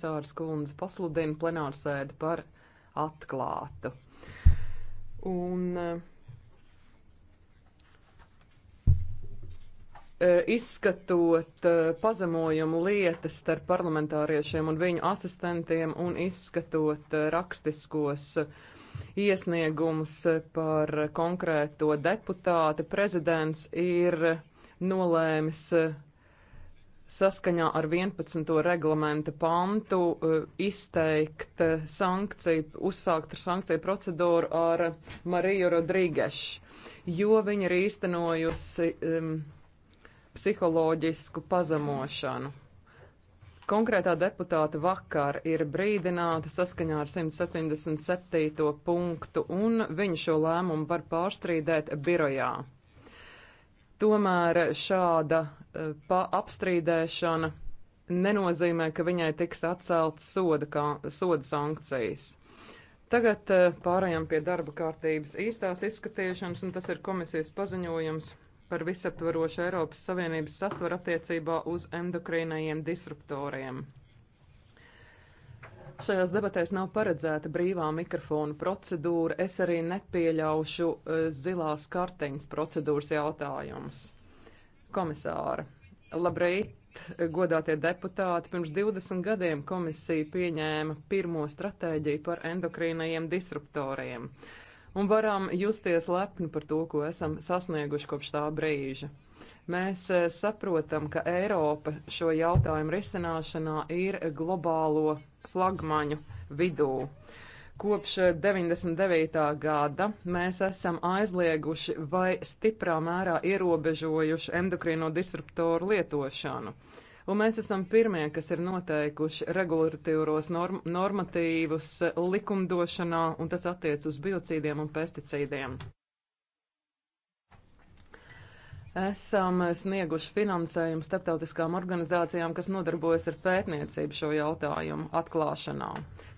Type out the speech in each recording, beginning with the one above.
Cārs kundze pasludina plenārsēdi par atklātu. Un uh, izskatot uh, pazemojumu lietas starp parlamentāriešiem un viņu asistentiem un izskatot uh, rakstiskos iesniegumus par konkrēto deputāti, prezidents ir nolēmis saskaņā ar 11. reglamenta pantu eh, izteikt eh, sankciju, uzsākt sankciju procedūru ar eh, Mariju Rodrīgešu, jo viņa ir īstenojusi um, psiholoģisku pazemošanu. Konkrētā deputāta vakar ir brīdināta saskaņā ar 177. punktu, un viņa šo lēmumu var pārstrīdēt birojā. Tomēr šāda Eh, pa apstrīdēšana nenozīmē, ka viņai tiks atcelts soda, kā, soda sankcijas. Tagad eh, pārējām pie darba kārtības īstās izskatīšanas, un tas ir komisijas paziņojums par visaptvarošu Eiropas Savienības satvaru attiecībā uz endokrīnajiem disruptoriem. Šajās debatēs nav paredzēta brīvā mikrofona procedūra. Es arī nepieļaušu eh, zilās karteņas procedūras jautājumus komisāra. Labrīt! Godātie deputāti, pirms 20 gadiem komisija pieņēma pirmo stratēģiju par endokrīnajiem disruptoriem, un varam justies lepni par to, ko esam sasnieguši kopš tā brīža. Mēs eh, saprotam, ka Eiropa šo jautājumu risināšanā ir globālo flagmaņu vidū. Kopš 99. gada mēs esam aizlieguši vai stiprā mērā ierobežojuši endokrino disruptoru lietošanu. Un mēs esam pirmie, kas ir noteikuši regulatīvos norm normatīvus likumdošanā, un tas attiec uz biocīdiem un pesticīdiem. Esam snieguši finansējumu starptautiskām organizācijām, kas nodarbojas ar pētniecību šo jautājumu atklāšanā.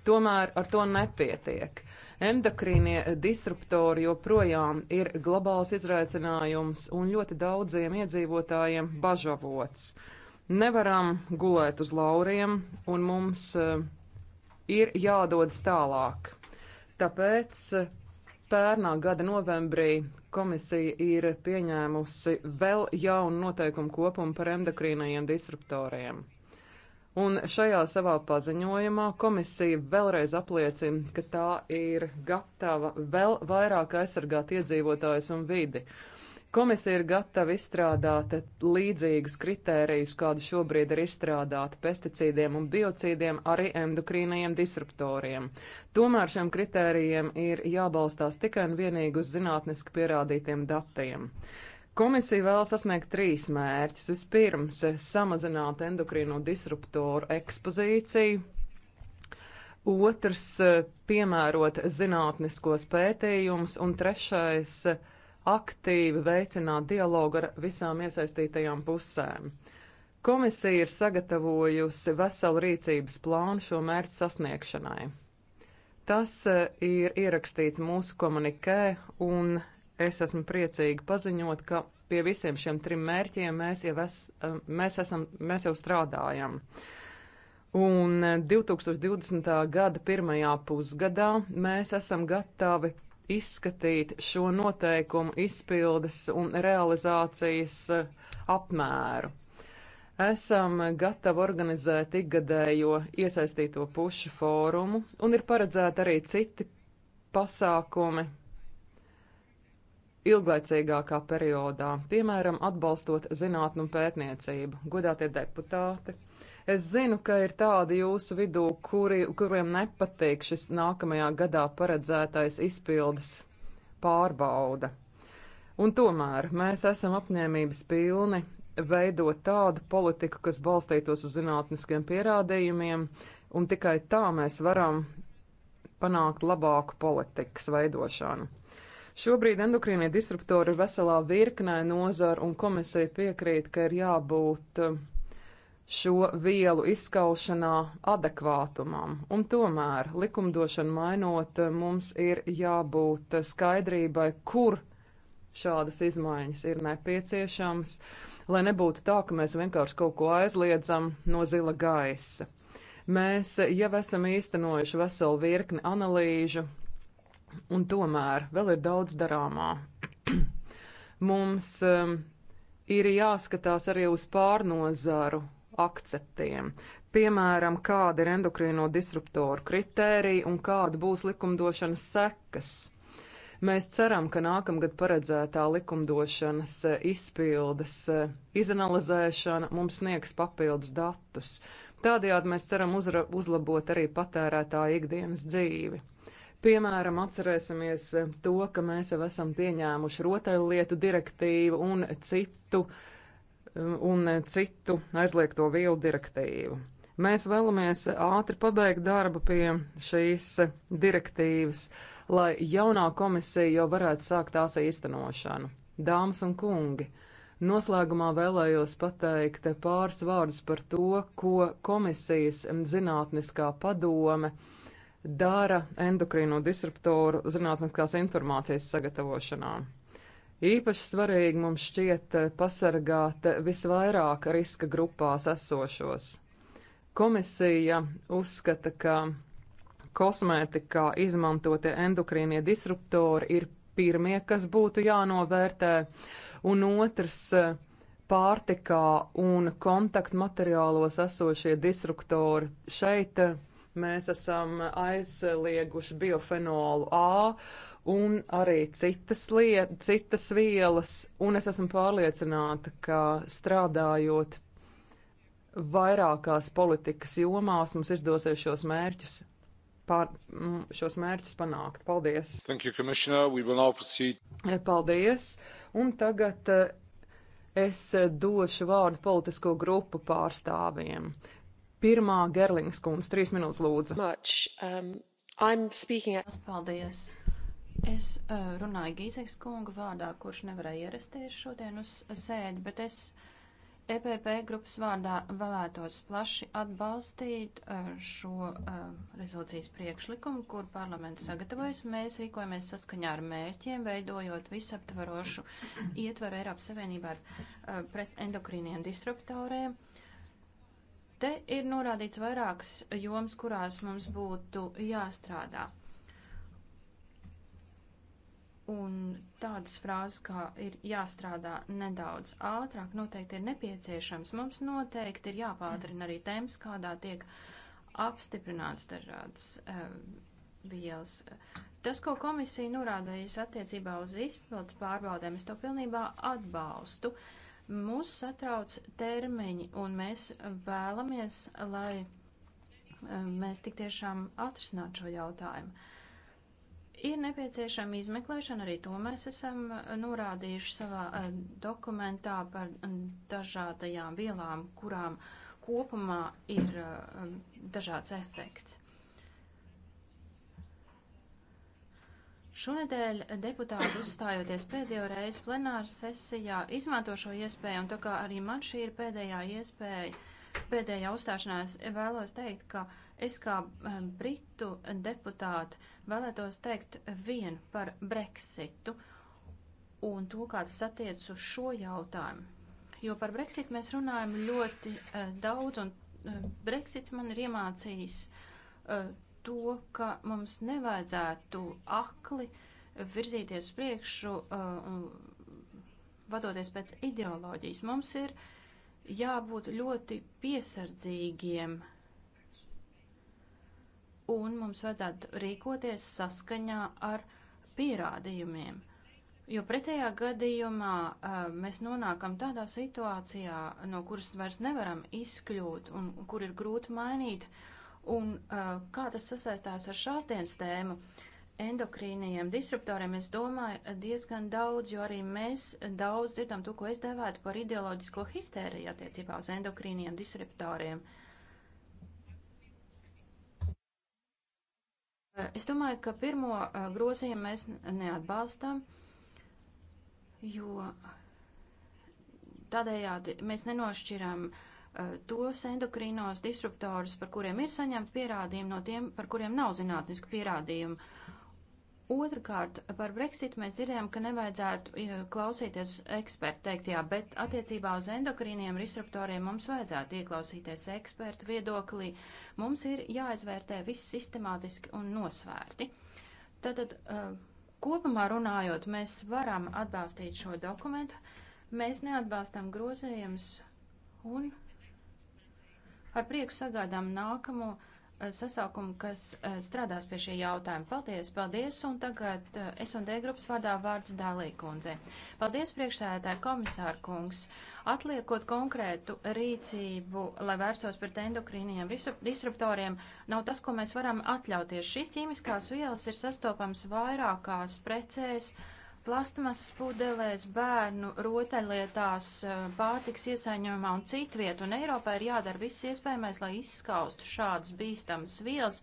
Tomēr ar to nepietiek. Endokrīnie disruptori joprojām ir globāls izaicinājums un ļoti daudziem iedzīvotājiem bažavots. Nevaram gulēt uz lauriem un mums eh, ir jādodas tālāk. Tāpēc eh, pērnā gada novembrī komisija ir pieņēmusi vēl jaunu noteikumu kopumu par endokrīnajiem disruptoriem. Un šajā savā paziņojumā komisija vēlreiz apliecina, ka tā ir gatava vēl vairāk aizsargāt iedzīvotājus un vidi. Komisija ir gatava izstrādāt līdzīgus kritērijus, kādi šobrīd ir izstrādāti pesticīdiem un biocīdiem, arī endokrīnajiem disruptoriem. Tomēr šiem kritērijiem ir jābalstās tikai un vienīgi uz zinātniski pierādītiem datiem. Uh, Komisija vēl sasniegt trīs mērķus. Vispirms, eh, samazināt endokrīno disruptoru ekspozīciju. Otrs, eh, piemērot zinātniskos pētījumus. Un trešais, eh, aktīvi veicināt dialogu ar visām iesaistītajām pusēm. Komisija ir sagatavojusi veselu rīcības plānu šo mērķu sasniegšanai. Tas ir ierakstīts mūsu komunikē, un es esmu priecīga paziņot, ka pie visiem šiem trim mērķiem mēs jau, es, eh, mēs esam, mēs jau strādājam. Un 2020. Eh, gada pirmajā pusgadā mēs esam gatavi izskatīt šo noteikumu izpildes un realizācijas eh, apmēru. Esam gatavi organizēt ikgadējo iesaistīto pušu fórumu un ir paredzēti arī citi pasākumi, ilglaicīgākā periodā, piemēram, atbalstot zinātnu un pētniecību. Godātie deputāti, es zinu, ka ir tādi jūsu vidū, kuri, kuriem nepatīk šis nākamajā gadā paredzētais izpildes pārbauda. Un tomēr mēs esam apņēmības pilni veidot tādu politiku, kas balstītos uz zinātniskiem pierādījumiem, un tikai tā mēs varam panākt labāku politikas veidošanu. Šobrīd endokrīnie disruptori ir veselā virknē nozaru, un komisija piekrīt, ka ir jābūt uh, šo vielu izskaušanā adekvātumam. Un tomēr likumdošanu mainot, uh, mums ir jābūt uh, skaidrībai, kur šādas izmaiņas ir nepieciešamas, lai nebūtu tā, ka mēs vienkārši kaut ko aizliedzam no zila gaisa. Mēs jau esam īstenojuši veselu virkni analīžu, Un tomēr vēl ir daudz darāmā. Mums um, ir jāskatās arī uz pārnozaru akceptiem. Piemēram, kāda ir endokrīno disruptoru kritērija un kāda būs likumdošanas sekas. Mēs ceram, ka nākamgad paredzētā likumdošanas eh, izpildes eh, izanalizēšana mums sniegs papildus datus. Tādējādi mēs ceram uzra, uzlabot arī patērētāju ikdienas dzīvi. Piemēram, atcerēsimies to, ka mēs jau esam pieņēmuši rotaļlietu direktīvu un citu, un citu aizliegto vielu direktīvu. Mēs vēlamies ātri pabeigt darbu pie šīs direktīvas, lai jaunā komisija jau varētu sākt tās īstenošanu. Dāmas un kungi, noslēgumā vēlējos pateikt pāris vārdus par to, ko komisijas zinātniskā padome uh, dara endokrīno disruptoru zinātniskās informācijas sagatavošanā. Īpaši svarīgi mums šķiet eh, pasargāt visvairāk riska grupās esošos. Komisija uzskata, ka kosmētikā izmantotie endokrīnie disruptori ir pirmie, kas būtu jānovērtē, un otrs eh, pārtikā un kontaktmateriālos esošie disruptori šeit eh, Mēs esam aizlieguši biofenolu A un arī citas, liet, citas vielas, un es esmu pārliecināta, ka strādājot vairākās politikas jomās mums izdosies šos mērķus pār, šos mērķus panākt. Paldies! Thank you, Commissioner. We will now proceed. Paldies! Un tagad eh, es eh, došu vārdu politisko grupu pārstāvjiem. Pirmā Gerlings kundze, trīs minūtes lūdzu. Much, um, at... Paldies. Es uh, runāju Gīzeks kunga vārdā, kurš nevarēja ierasties šodien uz sēdi, bet es EPP grupas vārdā vēlētos plaši atbalstīt uh, šo uh, rezolūcijas priekšlikumu, kur parlaments sagatavojas. Mēs rīkojamies saskaņā ar mērķiem, veidojot visaptvarošu ietvaru Eiropas Savienībā ar, uh, pret endokrīniem disruptoriem. Uh, Te ir norādīts vairākas jomas, kurās mums būtu jāstrādā. Un tādas frāzes, kā ir jāstrādā nedaudz ātrāk, noteikti ir nepieciešams. Mums noteikti ir jāpātrina arī temps, kādā tiek apstiprināts dažādas um, vielas. Tas, ko komisija norādījusi attiecībā uz izpildus pārbaudēm, es to pilnībā atbalstu. Uh, Mūs satrauc termiņi, un mēs vēlamies, lai e, mēs tik tiešām atrisinātu šo jautājumu. Ir nepieciešama izmeklēšana, arī to mēs esam e, norādījuši savā e, dokumentā par dažādajām vielām, kurām kopumā ir dažāds efekts. Šonedēļ deputāti uzstājoties pēdējo reizi plenāras sesijā izmanto šo iespēju, un tā kā arī man šī ir pēdējā iespēja, pēdējā uzstāšanās, vēlos teikt, ka es kā eh, britu deputāta vēlētos teikt vien par Brexitu un to, kā tas attiec uz šo jautājumu. Jo par Brexitu mēs runājam ļoti uh, daudz, un uh, Brexits man ir iemācījis uh, to, ka mums nevajadzētu akli virzīties priekšu uh, un vadoties pēc ideoloģijas. Mums ir jābūt ļoti piesardzīgiem un mums vajadzētu rīkoties saskaņā ar pierādījumiem. Jo pretējā gadījumā uh, mēs nonākam tādā situācijā, no kuras vairs nevaram izkļūt un kur ir grūti mainīt uh, Un uh, kā tas sasaistās ar šās dienas tēmu? Endokrīniem disruptoriem es domāju uh, diezgan daudz, jo arī mēs daudz dzirdam to, ko es devētu par ideoloģisko histēriju attiecībā uz endokrīniem disruptoriem. Uh, es domāju, ka pirmo uh, grozījumu mēs neatbalstam, jo tādējādi mēs nenošķiram uh, Eh, tos endokrīnos disruptorus, par kuriem ir saņemta pierādījuma, no tiem, par kuriem nav zinātnisku pierādījumu. Otrakārt, par Brexit mēs dzirdējām, ka nevajadzētu klausīties ekspertu teiktajā, bet attiecībā uz endokrīniem disruptoriem mums vajadzētu ieklausīties ekspertu viedoklī. Mums ir jāizvērtē viss sistemātiski un nosvērti. Tātad, eh, kopumā runājot, mēs varam atbalstīt šo dokumentu. Mēs neatbalstam grozējumus un Ar prieku sagādām nākamo eh, sasaukumu, kas eh, strādās pie šī jautājuma. Paldies, paldies, un tagad eh, S&D grupas vārdā vārds Dālī kundze. Paldies, priekšsēdētāji komisāra kungs. Atliekot konkrētu rīcību, lai vērstos pret endokrīniem disruptoriem, nav tas, ko mēs varam atļauties. Šīs ķīmiskās vielas ir sastopams vairākās precēs, uh, Plastmasas pudelēs, bērnu rotaļlietās, eh, pārtiks iesaņojumā un citviet, un Eiropā ir jādara viss iespējamais, lai izskaustu šādas bīstamas vielas,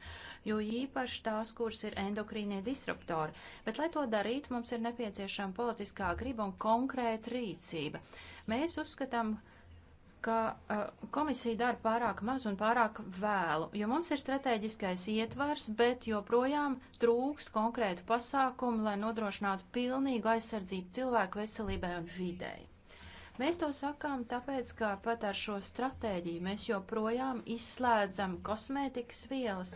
jo īpaši tās, kuras ir endokrīnie disruptori. Bet, lai to darītu, mums ir nepieciešama politiskā griba un konkrēta rīcība. Mēs uzskatām, ka uh, komisija dara pārāk maz un pārāk vēlu, jo mums ir strateģiskais ietvars, bet joprojām trūkst konkrētu pasākumu, lai nodrošinātu pilnīgu aizsardzību cilvēku veselībai un videi. Mēs to sakām tāpēc, ka pat ar šo stratēģiju mēs joprojām izslēdzam kosmētikas vielas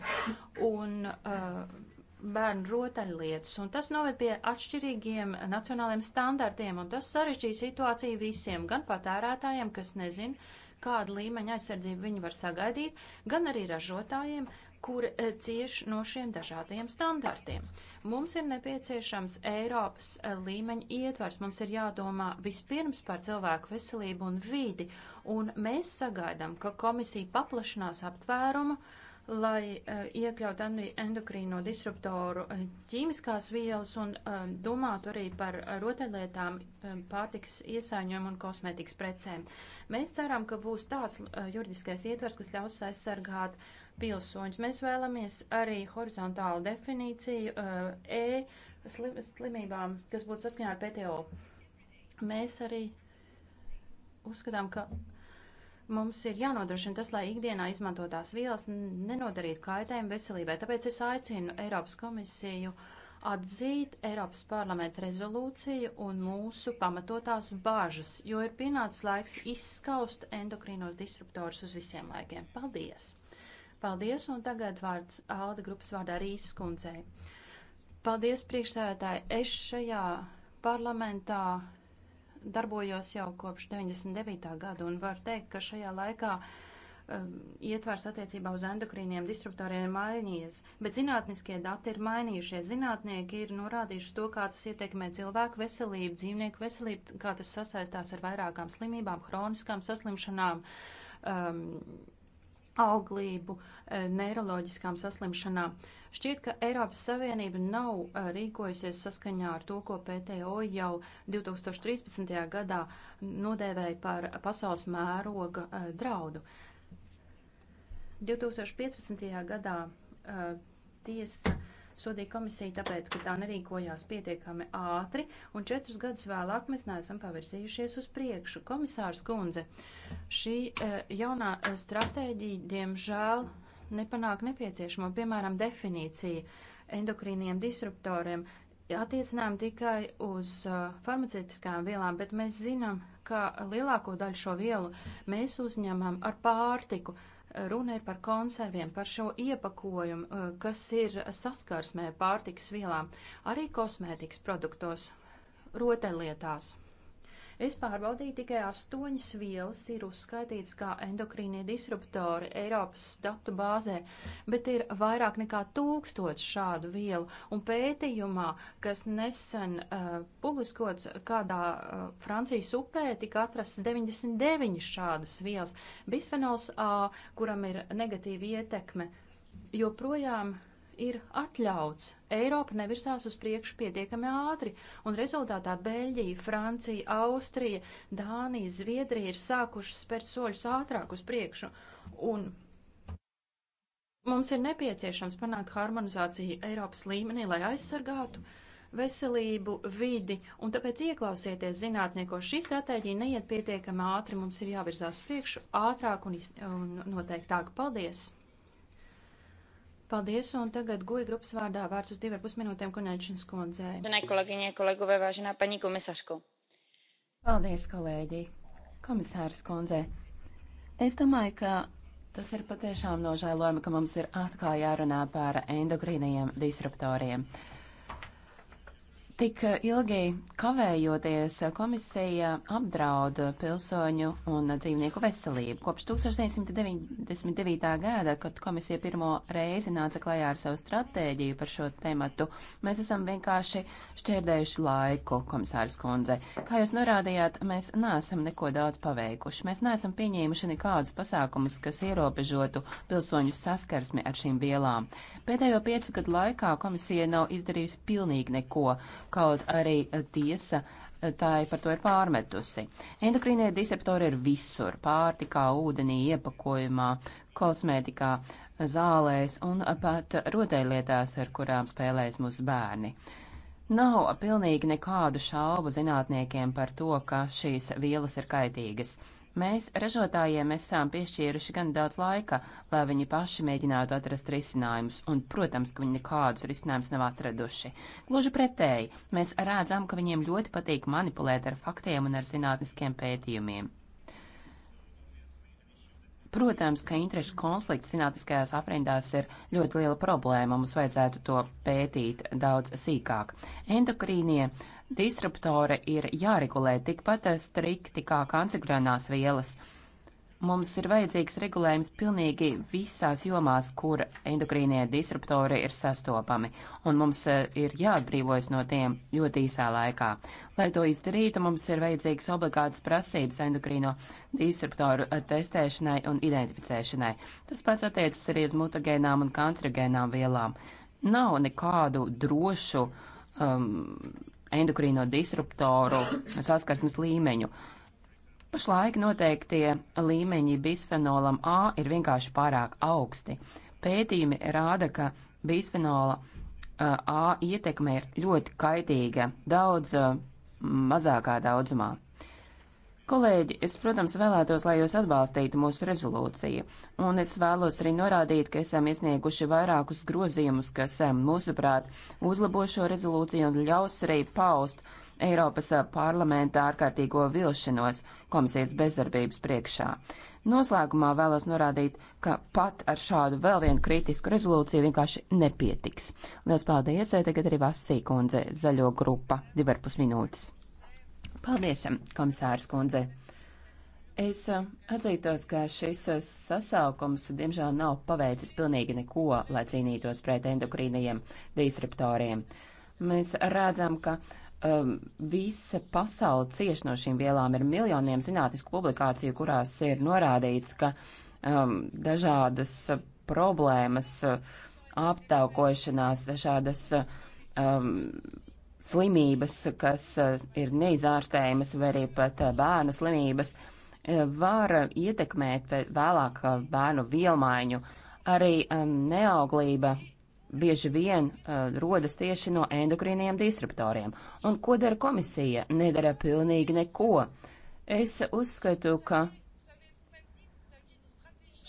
un uh, bērnu rotaļlietas, un tas noved pie atšķirīgiem nacionāliem standartiem, un tas sarežģīja situāciju visiem, gan patērētājiem, kas nezin, kādu līmeņa aizsardzību viņi var sagaidīt, gan arī ražotājiem, kur eh, cieš no šiem dažādiem standartiem. Mums ir nepieciešams Eiropas eh, līmeņa ietvars, mums ir jādomā vispirms par cilvēku veselību un vīdi, un mēs sagaidām, ka komisija paplašinās aptvērumu uh, lai eh, iekļaut endokrīno disruptoru eh, ķīmiskās vielas un eh, domātu arī par rotaļlietām, pārtiks iesāņojumu un kosmētikas precēm. Mēs ceram, ka būs tāds juridiskais ietvers, kas ļaus aizsargāt pilsoņus. Mēs vēlamies arī horizontālu definīciju E slim, slimībām, kas būtu saskaņā ar PTO. Mēs arī uzskatām, ka Mums ir jānodrošina tas, lai ikdienā izmantotās vielas nenodarītu kaitējumu veselībai. Tāpēc es aicinu Eiropas komisiju atzīt Eiropas parlamenta rezolūciju un mūsu pamatotās bāžas, jo ir pienācis laiks izskaust endokrinos disruptorus uz visiem laikiem. Paldies! Paldies, un tagad vārds Alda grupas vārdā Rīsas kundzei. Paldies, priekšsēdētāji! Es šajā parlamentā darbojos jau kopš 99. gada un var teikt, ka šajā laikā um, ietvars attiecībā uz endokrīniem disruptoriem ir mainījies, bet zinātniskie dati ir mainījušies. Zinātnieki ir norādījuši to, kā tas ietekmē cilvēku veselību, dzīvnieku veselību, kā tas sasaistās ar vairākām slimībām, hroniskām saslimšanām. Um, auglību, eh, neiroloģiskām saslimšanām. Uh, Šķiet, ka Eiropas Savienība nav rīkojusies saskaņā ar to, ko PTO jau 2013. gadā nodēvēja par pasaules mēroga draudu. 2015. gadā tiesa sodīja komisiju tāpēc, ka tā nerīkojās pietiekami ātri, un četrus gadus vēlāk mēs neesam pavirzījušies uz priekšu. Komisārs Kunze, šī jaunā stratēģija, diemžēl, nepanāk nepieciešamo, piemēram, definīcija endokrīniem disruptoriem attiecinām tikai uz uh, farmaceitiskām vielām, bet mēs zinām, ka lielāko daļu šo vielu mēs uzņemam ar pārtiku. Runa ir par konserviem, par šo iepakojumu, uh, kas ir saskarsmē pārtikas vielām, arī kosmētikas produktos, rotaļlietās. Es pārbaudīju tikai astoņas vielas ir uzskaitītas kā endokrīnie disruptori Eiropas datu bāzē, bet ir vairāk nekā tūkstots šādu vielu. Un pētījumā, kas nesen uh, publiskots kādā uh, Francijas upē, tika atrasts 99 šādas vielas. Bisfenols A, kuram ir negatīva ietekme, joprojām ir atļauts. Eiropa nevirzās uz priekšu pietiekami ātri, un rezultātā Beļģija, Francija, Austrija, Dānija, Zviedrija ir sākušas spērt soļus ātrāk uz priekšu, un mums ir nepieciešams panākt harmonizāciju Eiropas līmenī, lai aizsargātu veselību, vidi, un tāpēc ieklausieties zinātnieko. Šī stratēģija neiet pietiekami ātri, mums ir jāvirzās priekšu ātrāk un, iz, un noteiktāk. Paldies! Paldies, un tagad guļu grupas vārdā vārds uz divu ar pus minūtēm Konēčins kundzei. Ženai kolēģiņai, kolegovē, vāžanā paņī komisāršku. Paldies, kolēģi. Komisārs kundze. Es domāju, ka tas ir patiešām nožēlojami, ka mums ir atkal jārunā par endokrīnajiem disruptoriem. Uh, Tik ilgi kavējoties, komisija apdraud pilsoņu un dzīvnieku veselību. Kopš 1999. gada, kad komisija pirmo reizi nāca klajā ar savu stratēģiju par šo tematu, mēs esam vienkārši šķērdējuši laiku, komisārs kundze. Kā jūs norādījāt, mēs neesam neko daudz paveikuši. Mēs neesam pieņēmuši nekādus pasākumus, kas ierobežotu pilsoņu saskarsmi ar šīm vielām. Pēdējo piecu gadu laikā komisija nav izdarījusi pilnīgi neko kaut arī eh, tiesa eh, tā par to ir pārmetusi. Endokrīnie disruptori ir visur - pārtikā, ūdenī, iepakojumā, kosmētikā, zālēs un pat rotēlietās, ar kurām spēlēs mūsu bērni. Nav pilnīgi nekādu šaubu zinātniekiem par to, ka šīs vielas ir kaitīgas. Mēs ražotājiem esam piešķīruši gan daudz laika, lai viņi paši mēģinātu atrast risinājumus, un, protams, ka viņi nekādus risinājumus nav atraduši. Gluži pretēji, mēs redzam, ka viņiem ļoti patīk manipulēt ar faktiem un ar zinātniskiem pētījumiem. Protams, ka interešu konflikts zinātniskajās aprindās ir ļoti liela problēma, mums vajadzētu to pētīt daudz sīkāk. Endokrīnie uh, Disruptori ir jāregulē tikpat strikti kā kancerogēnās vielas. Mums ir vajadzīgs regulējums pilnīgi visās jomās, kur endokrīnie disruptori ir sastopami, un mums eh, ir jāatbrīvojas no tiem ļoti īsā laikā. Lai to izdarītu, mums ir vajadzīgs obligātas prasības endokrīno disruptoru testēšanai un identificēšanai. Tas pats attiecas arī uz mutagēnām un kancerogēnām vielām. Nav nekādu drošu um, endokrīno disruptoru saskarsmes līmeņu. Pašlaik noteiktie līmeņi bisfenolam A ir vienkārši pārāk augsti. Pētījumi rāda, ka bisfenola A ietekme ir ļoti kaitīga, daudz mazākā daudzumā. Kolēģi, es, protams, vēlētos, lai jūs atbalstītu mūsu rezolūciju, un es vēlos arī norādīt, ka esam iesnieguši vairākus grozījumus, kas, mūsuprāt, uzlabo šo rezolūciju un ļaus arī paust Eiropas parlamenta ārkārtīgo vilšanos komisijas bezdarbības priekšā. Noslēgumā vēlos norādīt, ka pat ar šādu vēl vienu kritisku rezolūciju vienkārši nepietiks. Lielas paldies, tagad arī Vasī kundze, zaļo grupa, divarpus minūtes. Paldies, komisārs kundze! Es uh, atzīstos, ka šis uh, sasaukums, diemžēl, nav paveicis pilnīgi neko, lai cīnītos pret endokrīniem disruptoriem. Mēs redzam, ka um, visa pasaule cieš no šīm vielām. Ir miljoniem zinātnisku publikāciju, kurās ir norādīts, ka um, dažādas uh, problēmas, aptaukošanās, dažādas um, slimības, kas uh, ir neizārstējamas, vai arī pat uh, bērnu slimības, uh, var ietekmēt vēlāk bērnu vielmaiņu. Arī um, neauglība bieži vien uh, rodas tieši no endokriniem disruptoriem. Un ko dara komisija? Nedara pilnīgi neko. Es uzskatu, ka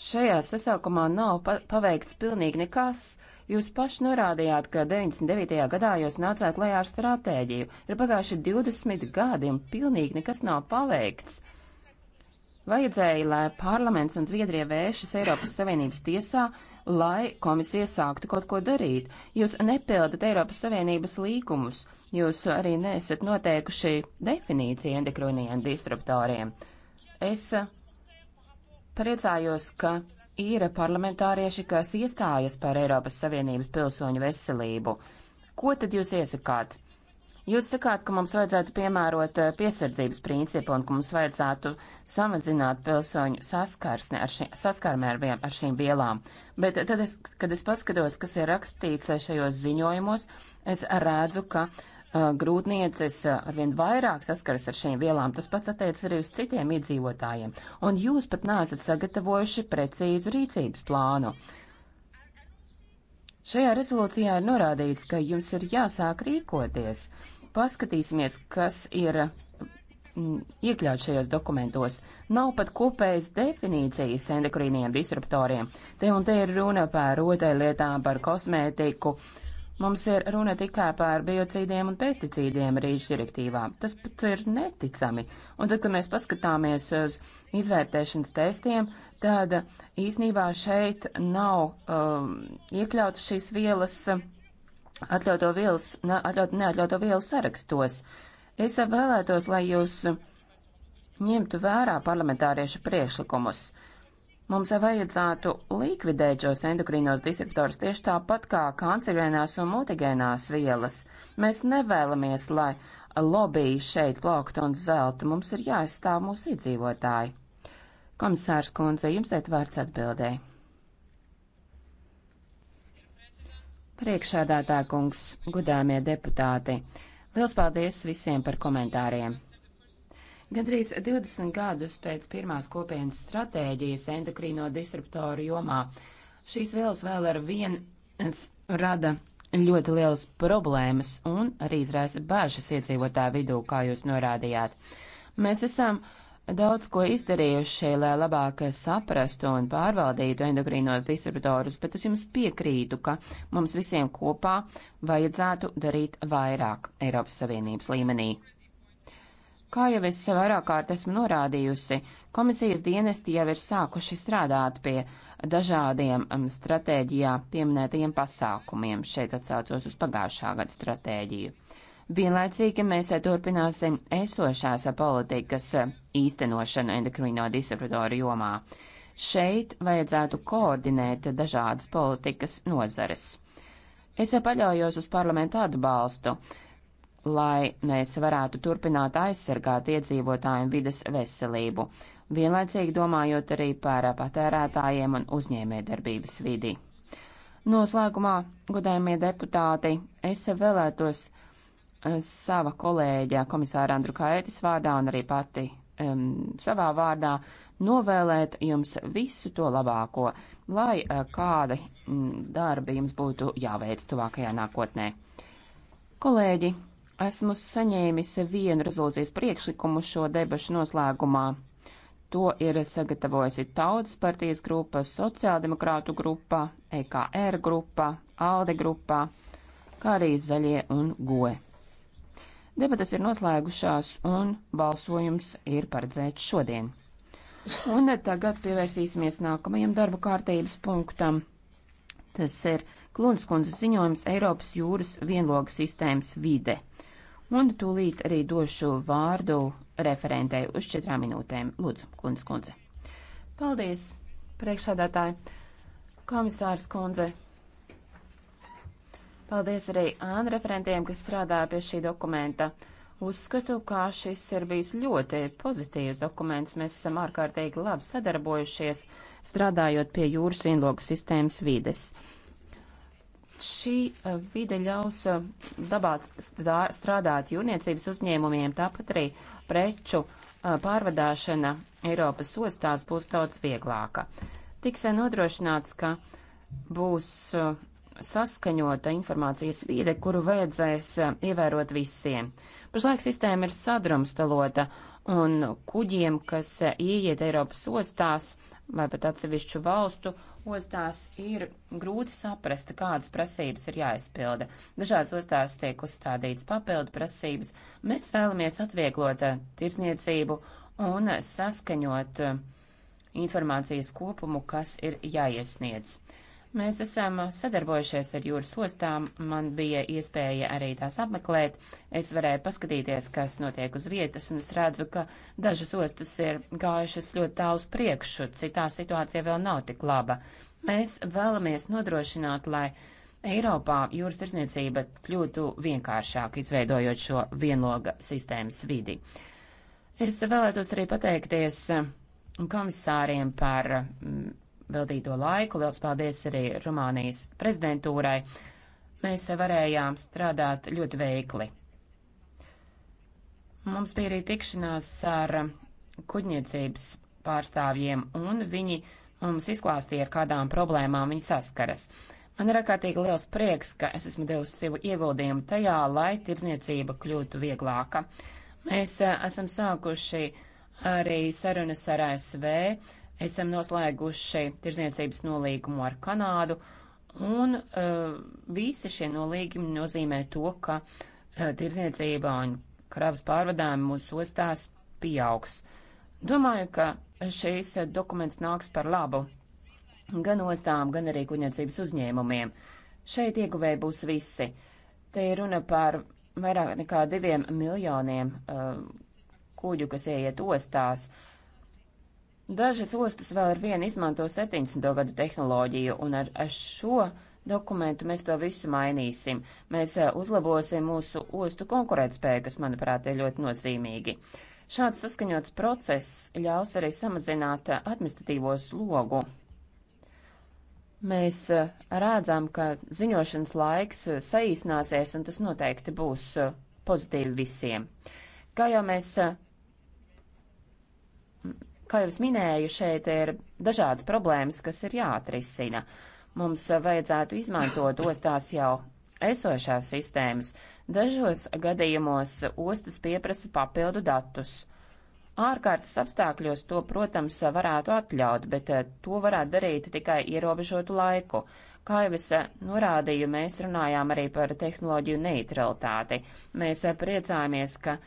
Šajā sasaukumā nav pa paveikts pilnīgi nekas. Jūs paši norādījāt, ka 99. gadā jūs nācāt klajā ar stratēģiju. Ir pagājuši 20 gadi un pilnīgi nekas nav paveikts. Vajadzēja, lai parlaments un Zviedrija vēršas Eiropas Savienības tiesā, lai komisija sāktu kaut ko darīt. Jūs nepildat Eiropas Savienības līkumus, jūs arī nesat noteikuši definīciju endokriniem disruptoriem. Es Priecājos, ka ir parlamentārieši, kas iestājas par Eiropas Savienības pilsoņu veselību. Ko tad jūs iesakāt? Jūs sakāt, ka mums vajadzētu piemērot eh, piesardzības principu un ka mums vajadzētu samazināt pilsoņu saskarsni ar, ši, saskarmi ar, vien, ar šīm vielām. Bet tad, es, kad es paskatos, kas ir rakstīts eh, šajos ziņojumos, es redzu, ka uh, Uh, grūtnieces uh, arvien vairāk saskaras ar šīm vielām. Tas pats attiecas arī uz citiem iedzīvotājiem. Un jūs pat nesat sagatavojuši precīzu rīcības plānu. Šajā rezolūcijā ir norādīts, ka jums ir jāsāk rīkoties. Paskatīsimies, kas ir mm, iekļaut šajos dokumentos. Nav pat kopējas definīcijas endokrīniem disruptoriem. Te un te ir runa par rotaļlietām, par kosmētiku, uh, Mums ir runa tikai par biocīdiem un pesticīdiem rīču direktīvā. Tas pat ir neticami. Un tad, kad mēs paskatāmies uz izvērtēšanas testiem, tad īsnībā šeit nav um, iekļautas šīs vielas atļauto vielas, ne, atļaut, neatļauto vielu sarakstos. Es vēlētos, lai jūs ņemtu vērā parlamentāriešu priekšlikumus. Uh, Mums vajadzētu likvidēt šos endokrinos disruptorus tieši tāpat kā kancerēnās un mutigēnās vielas. Mēs nevēlamies, lai lobby šeit plauktu un zelta. Mums ir jāizstāv mūsu iedzīvotāji. Komisārs Kunze, jums iet vārds atbildē. Priekšādātā kungs, gudāmie deputāti, liels paldies visiem par komentāriem. Gadrīz 20 gadus pēc pirmās kopienas stratēģijas endokrīno disruptoru jomā šīs vielas vēl ar vien rada ļoti lielas problēmas un arī izraisa bāžas iedzīvotāju vidū, kā jūs norādījāt. Mēs esam daudz ko izdarījuši, lai labāk saprastu un pārvaldītu endokrīnos disruptorus, bet es jums piekrītu, ka mums visiem kopā vajadzētu darīt vairāk Eiropas Savienības līmenī. Kā jau es vairāk kārt esmu norādījusi, komisijas dienesti jau ir sākuši strādāt pie dažādiem um, stratēģijā pieminētajiem pasākumiem. Šeit atsaucos uz pagājušā gada stratēģiju. Vienlaicīgi mēs eh, turpināsim esošās eh, politikas eh, īstenošanu endokrino disruptoru jomā. Šeit vajadzētu koordinēt dažādas politikas nozares. Es paļaujos uz parlamentu atbalstu, lai mēs varētu turpināt aizsargāt iedzīvotāju vidas veselību, vienlaicīgi domājot arī par patērētājiem un uzņēmējdarbības vidi. Noslēgumā, godējumie deputāti, es vēlētos eh, sava kolēģa komisāra Andru Kaitis vārdā un arī pati um, savā vārdā novēlēt jums visu to labāko, lai uh, kādi mm, darbi jums būtu jāveic tuvākajā nākotnē. Kolēģi, Esmu saņēmis vienu rezolūcijas priekšlikumu šo debašu noslēgumā. To ir sagatavojusi Tautas partijas grupa, Sociāldemokrātu grupa, EKR grupa, ALDE grupa, kā arī Zaļie un GOE. Debatas ir noslēgušās un balsojums ir paredzēts šodien. Un tagad pievērsīsimies nākamajam darba kārtības punktam. Tas ir Klunskundze ziņojums Eiropas jūras vienlogas sistēmas vide. Un tūlīt arī došu vārdu referentei uz četrām minūtēm. Lūdzu, Klundz kundze. Paldies, priekšādātāji. Komisārs kundze. Paldies arī ānu referentiem, kas strādāja pie šī dokumenta. Uzskatu, ka šis ir bijis ļoti pozitīvs dokuments. Mēs esam ārkārtīgi labi sadarbojušies, strādājot pie jūras vienlogu sistēmas vides. Šī eh, vide ļaus eh, dabā strādāt jūrniecības uzņēmumiem, tāpat arī preču eh, pārvadāšana Eiropas ostās būs daudz vieglāka. Tiks nodrošināts, ka būs saskaņota informācijas vide, kuru vajadzēs ievērot visiem. Pašlaik sistēma ir sadrumstalota, un kuģiem, kas ieiet Eiropas ostās vai pat atsevišķu valstu ostās ir grūti saprast, kādas prasības ir jāizpilda. Dažās ostās tiek uzstādīts papildu prasības. Mēs vēlamies atvieglot eh, tirdzniecību un saskaņot eh, informācijas kopumu, kas ir jāiesniedz. Mēs esam sadarbojušies ar jūras ostām, man bija iespēja arī tās apmeklēt, es varēju paskatīties, kas notiek uz vietas, un es redzu, ka dažas ostas ir gājušas ļoti tālu uz priekšu, citā situācija vēl nav tik laba. Mēs vēlamies nodrošināt, lai Eiropā jūras tirsniecība kļūtu vienkāršāk, izveidojot šo vienloga sistēmas vidi. Es vēlētos arī pateikties komisāriem par mm, veltīto laiku. Liels paldies arī Rumānijas prezidentūrai. Mēs varējām strādāt ļoti veikli. Mums bija arī tikšanās ar kuģniecības pārstāvjiem, un viņi mums izklāstīja, ar kādām problēmām viņi saskaras. Man ir ārkārtīgi liels prieks, ka es esmu devusi savu ieguldījumu tajā, lai tirdzniecība kļūtu vieglāka. Mēs eh, esam sākuši arī sarunas ar ASV esam noslēguši tirzniecības nolīgumu ar Kanādu, un uh, visi šie nolīgumi nozīmē to, ka uh, tirzniecība un kravas pārvadājumi mūsu ostās pieaugs. Domāju, ka šīs uh, dokuments nāks par labu gan ostām, gan arī kuģniecības uzņēmumiem. Šeit ieguvēji būs visi. Te ir runa par vairāk nekā diviem miljoniem uh, kuģu, kas ieiet ostās. Uh, Dažas ostas vēl ar vienu izmanto 70. gadu tehnoloģiju, un ar, ar šo dokumentu mēs to visu mainīsim. Mēs eh, uzlabosim mūsu ostu konkurētspēju, kas, manuprāt, ir ļoti nozīmīgi. Šāds saskaņots process ļaus arī samazināt eh, administratīvo slogu. Mēs eh, redzam, ka ziņošanas laiks saīsnāsies, un tas noteikti būs pozitīvi visiem. Kā jau mēs Kā jau es minēju, šeit ir dažādas problēmas, kas ir jāatrisina. Mums vajadzētu izmantot ostās jau esošās sistēmas. Dažos gadījumos ostas pieprasa papildu datus. Ārkārtas apstākļos to, protams, varētu atļaut, bet eh, to varētu darīt tikai ierobežotu laiku. Kā jau es eh, norādīju, mēs runājām arī par tehnoloģiju neutralitāti. Mēs eh, priecājamies, ka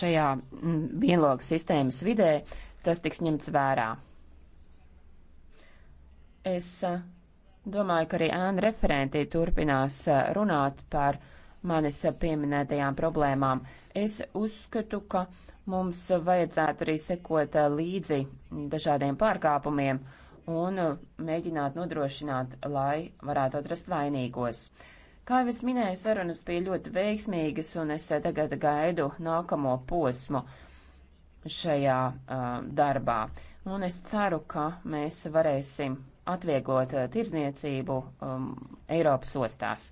šajā mm, vienlogas sistēmas vidē uh, tas tiks ņemts vērā. Es domāju, ka arī ēna referenti turpinās runāt par manis pieminētajām problēmām. Es uzskatu, ka mums vajadzētu arī sekot līdzi dažādiem pārkāpumiem un mēģināt nodrošināt, lai varētu atrast vainīgos. Kā jau es minēju, sarunas bija ļoti veiksmīgas, un es tagad gaidu nākamo posmu, šajā uh, darbā. Un es ceru, ka mēs varēsim atvieglot uh, tirzniecību um, Eiropas ostās.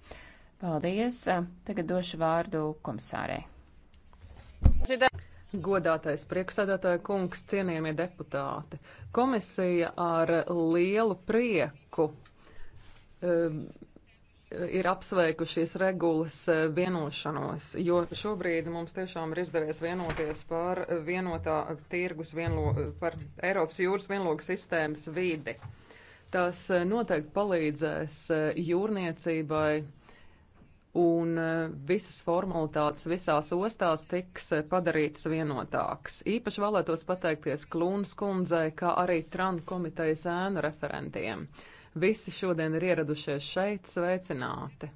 Paldies! Uh, tagad došu vārdu komisārei. Godātais priekšsēdētāja kungs, cienījamie deputāti, komisija ar lielu prieku um, ir apsveikušies regulas eh, vienošanos, jo šobrīd mums tiešām ir izdevies vienoties par vienotā tirgus, vienlo, par Eiropas jūras vienlogas sistēmas vidi. Tas eh, noteikti palīdzēs eh, jūrniecībai un visas formalitātes visās ostās tiks padarītas vienotākas. Īpaši vēlētos pateikties Klūnas kundzei, kā arī Tran komitejas ēnu referentiem. Uh, Visi šodien ir ieradušies šeit, sveicināti!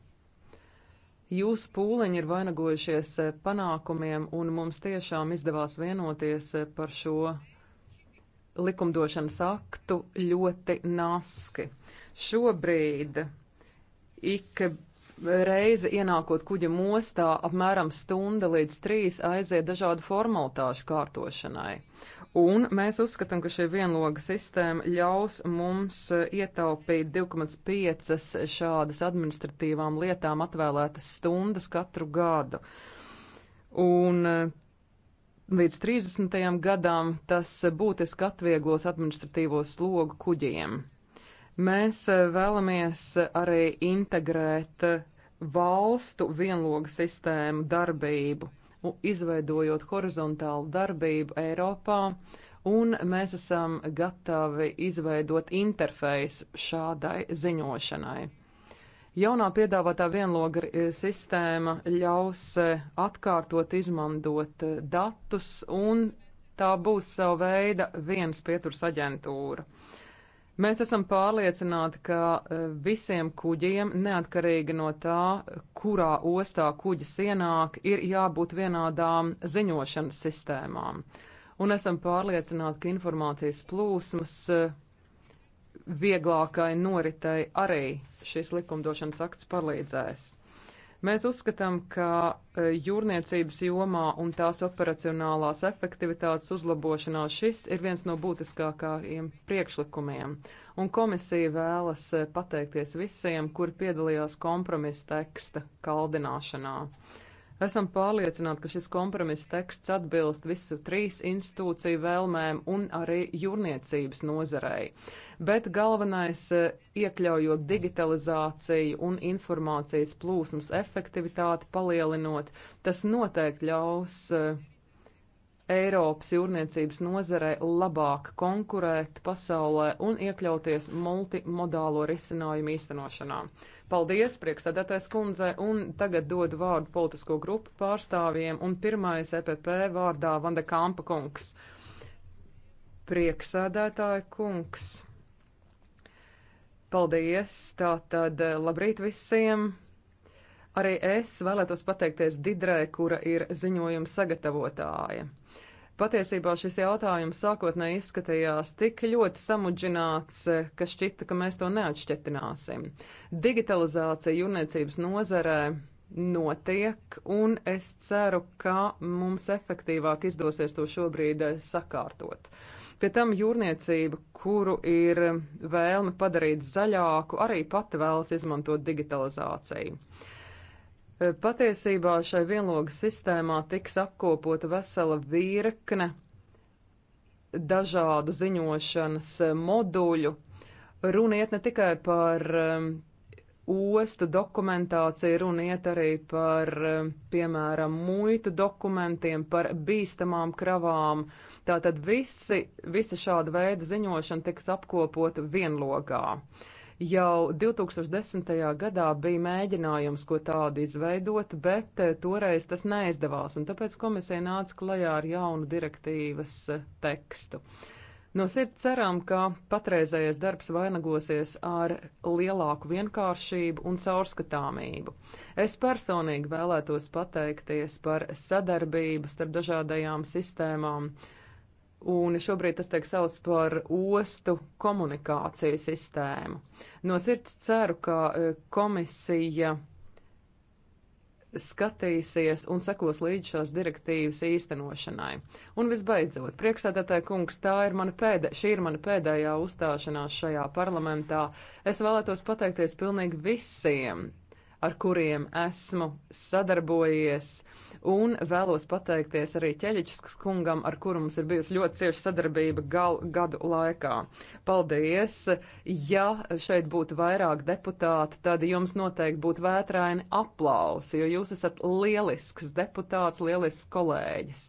Jūsu pūliņi ir vainagojušies panākumiem, un mums tiešām izdevās vienoties par šo likumdošanas aktu ļoti naski. Šobrīd ik reizi ienākot kuģa mostā, apmēram stunda līdz trīs aiziet dažādu formalitāšu kārtošanai. Un mēs uzskatām, ka šī vienloga sistēma ļaus mums eh, ietaupīt 2,5 šādas administratīvām lietām atvēlētas stundas katru gadu. Un eh, līdz 30. gadam tas būtiski atvieglos administratīvo slogu kuģiem. Mēs eh, vēlamies arī integrēt valstu vienloga sistēmu darbību izveidojot horizontālu darbību Eiropā, un mēs esam gatavi izveidot interfeisu šādai ziņošanai. Jaunā piedāvātā vienloga sistēma ļaus eh, atkārtot izmantot eh, datus, un tā būs sava veida viens pieturs aģentūra. Mēs esam pārliecināti, ka eh, visiem kuģiem, neatkarīgi no tā, kurā ostā kuģis ienāk, ir jābūt vienādām ziņošanas sistēmām. Un esam pārliecināti, ka informācijas plūsmas eh, vieglākai noritei arī šis likumdošanas akts palīdzēs. Mēs uzskatām, ka e, jūrniecības jomā un tās operacionālās efektivitātes uzlabošanā šis ir viens no būtiskākajiem priekšlikumiem, un komisija vēlas e, pateikties visiem, kur piedalījās kompromisa teksta kaldināšanā. Esam pārliecināti, ka šis kompromiss teksts atbilst visu trīs institūciju vēlmēm un arī jūrniecības nozarei. Bet galvenais eh, - iekļaujot digitalizāciju un informācijas plūsmas efektivitāti palielinot, tas noteikti ļaus uh, Eiropas jūrniecības nozarei labāk konkurēt pasaulē un iekļauties multimodālo risinājumu īstenošanā. Paldies, priekšsēdētājs kundze, un tagad dodu vārdu politisko grupu pārstāvjiem, un pirmais EPP vārdā Vanda Kampa kungs. Prieksēdētāja kungs. Paldies, tātad labrīt visiem! Arī es vēlētos pateikties Didrē, kura ir ziņojuma sagatavotāja. Patiesībā šis jautājums sākotnēji izskatījās tik ļoti samudžināts, ka šķita, ka mēs to neatšķetināsim. Digitalizācija jūrniecības nozarē notiek, un es ceru, ka mums efektīvāk izdosies to šobrīd eh, sakārtot. Pie tam jūrniecība, kuru ir vēlme padarīt zaļāku, arī pati vēlas izmantot digitalizāciju. Eh, patiesībā šai vienlogas sistēmā tiks apkopota vesela virkne dažādu ziņošanas eh, moduļu. Runa iet ne tikai par um, ostu dokumentācija runiet arī par, piemēram, muitu dokumentiem, par bīstamām kravām. Tātad visi, visi šāda veida ziņošana tiks apkopota vienlogā. Uh, Jau 2010. gadā bija mēģinājums, ko tādu izveidot, bet eh, toreiz tas neizdevās, un tāpēc komisija nāca klajā ar jaunu direktīvas eh, tekstu. No sirds ceram, ka patreizējais darbs vainagosies ar lielāku vienkāršību un caurskatāmību. Es personīgi vēlētos pateikties par sadarbību starp dažādajām sistēmām. Uh, un šobrīd tas tiek sauc par ostu komunikāciju sistēmu. No sirds ceru, ka e, komisija skatīsies un sekos līdz šās direktīvas īstenošanai. Un visbeidzot, priekšsēdētāja kungs, tā ir mana pēdē, šī ir mana pēdējā uzstāšanās šajā parlamentā. Es vēlētos pateikties pilnīgi visiem, ar kuriem esmu sadarbojies, un vēlos pateikties arī Ķeļiķis kungam, ar kuru mums ir bijusi ļoti cieša sadarbība gal, gadu laikā. Paldies! Ja šeit būtu vairāk deputāti, tad jums noteikti būtu vētraini aplausi, jo jūs esat lielisks deputāts, lielisks kolēģis.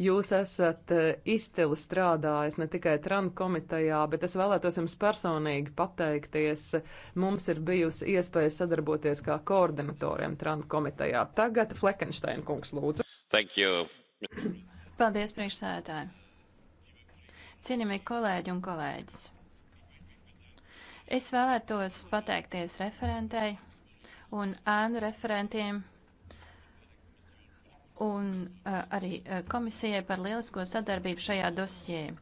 Jūs esat eh, izcili strādājis ne tikai TRAN komitejā, bet es vēlētos jums personīgi pateikties. Mums ir bijusi iespēja sadarboties kā koordinatoriem TRAN komitejā. Tagad Fleckensteina kungs lūdzu. Thank you. Paldies, priekšsēdētāji. Cienījamie kolēģi un kolēģis. Es vēlētos pateikties referentei un ēnu referentiem un uh, arī eh, komisijai par lielisko sadarbību šajā dosjē. Uh,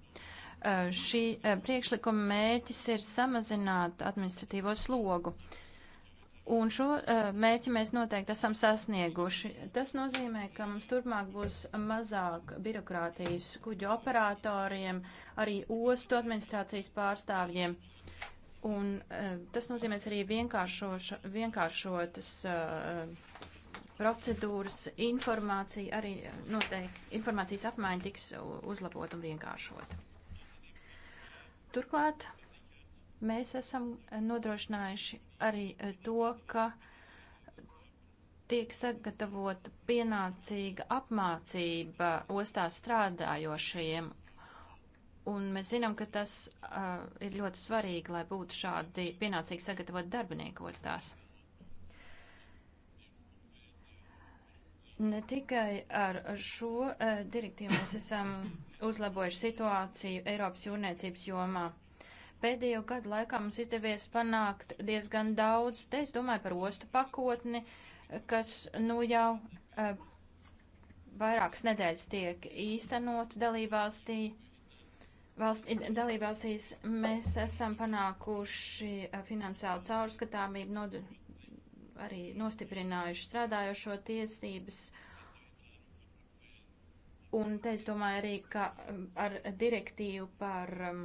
šī uh, priekšlikuma mērķis ir samazināt administratīvo slogu. Un šo uh, mērķi mēs noteikti esam sasnieguši. Tas nozīmē, ka mums turpmāk būs mazāk birokrātijas kuģu operatoriem, arī ostu administrācijas pārstāvjiem. Un uh, tas nozīmēs arī vienkāršotas uh, procedūras, informācija arī eh, noteikti, informācijas apmaiņa tiks uzlabot un vienkāršot. Turklāt mēs esam eh, nodrošinājuši arī eh, to, ka tiek sagatavota pienācīga apmācība ostās strādājošajiem, un mēs zinām, ka tas uh, ir ļoti svarīgi, lai būtu šādi pienācīgi sagatavot darbinieku ostās. Ne tikai ar šo uh, direktīvu mēs esam uzlabojuši situāciju Eiropas jūrniecības jomā. Pēdējo gadu laikā mums izdevies panākt diezgan daudz, te es domāju par ostu pakotni, kas nu jau uh, vairākas nedēļas tiek īstenot dalībvalstī. Valstī, dalībvalstīs mēs esam panākuši eh, finansiālu caurskatāmību, arī nostiprinājuši strādājošo tiesības. Un te es domāju arī, ka um, ar direktīvu par um,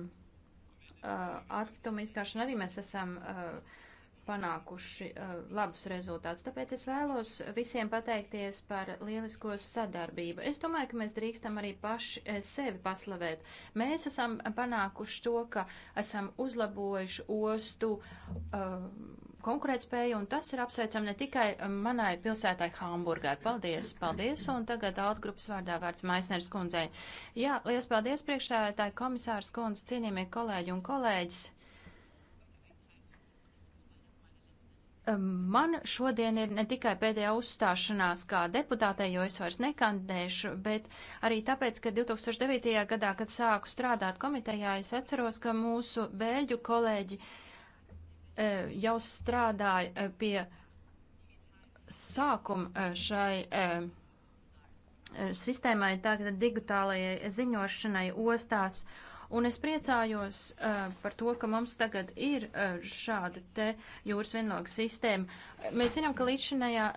uh, atkritumu izkāršanu arī mēs esam uh, panākuši uh, labus rezultātus. Tāpēc es vēlos visiem pateikties par lielisko sadarbību. Es domāju, ka mēs drīkstam arī paši eh, sevi paslavēt. Mēs esam panākuši to, ka esam uzlabojuši ostu uh, konkurētspēju, un tas ir apsveicam ne tikai manai pilsētai Hamburgai. Paldies, paldies, un tagad altgrupas vārdā vārds Maisners kundzei. Jā, liels paldies priekšstādātāji komisārs kundze, cienījamie kolēģi un kolēģis. Man šodien ir ne tikai pēdējā uzstāšanās kā deputātei, jo es vairs nekandēšu, bet arī tāpēc, ka 2009. gadā, kad sāku strādāt komitejā, es atceros, ka mūsu bēļu kolēģi e, jau strādāja e, pie sākuma e, šai sistēmai, tātad digitālajai ziņošanai ostās. Un es priecājos uh, par to, ka mums tagad ir uh, šāda te jūras vienloga sistēma. Mēs zinām, ka līdzšinējā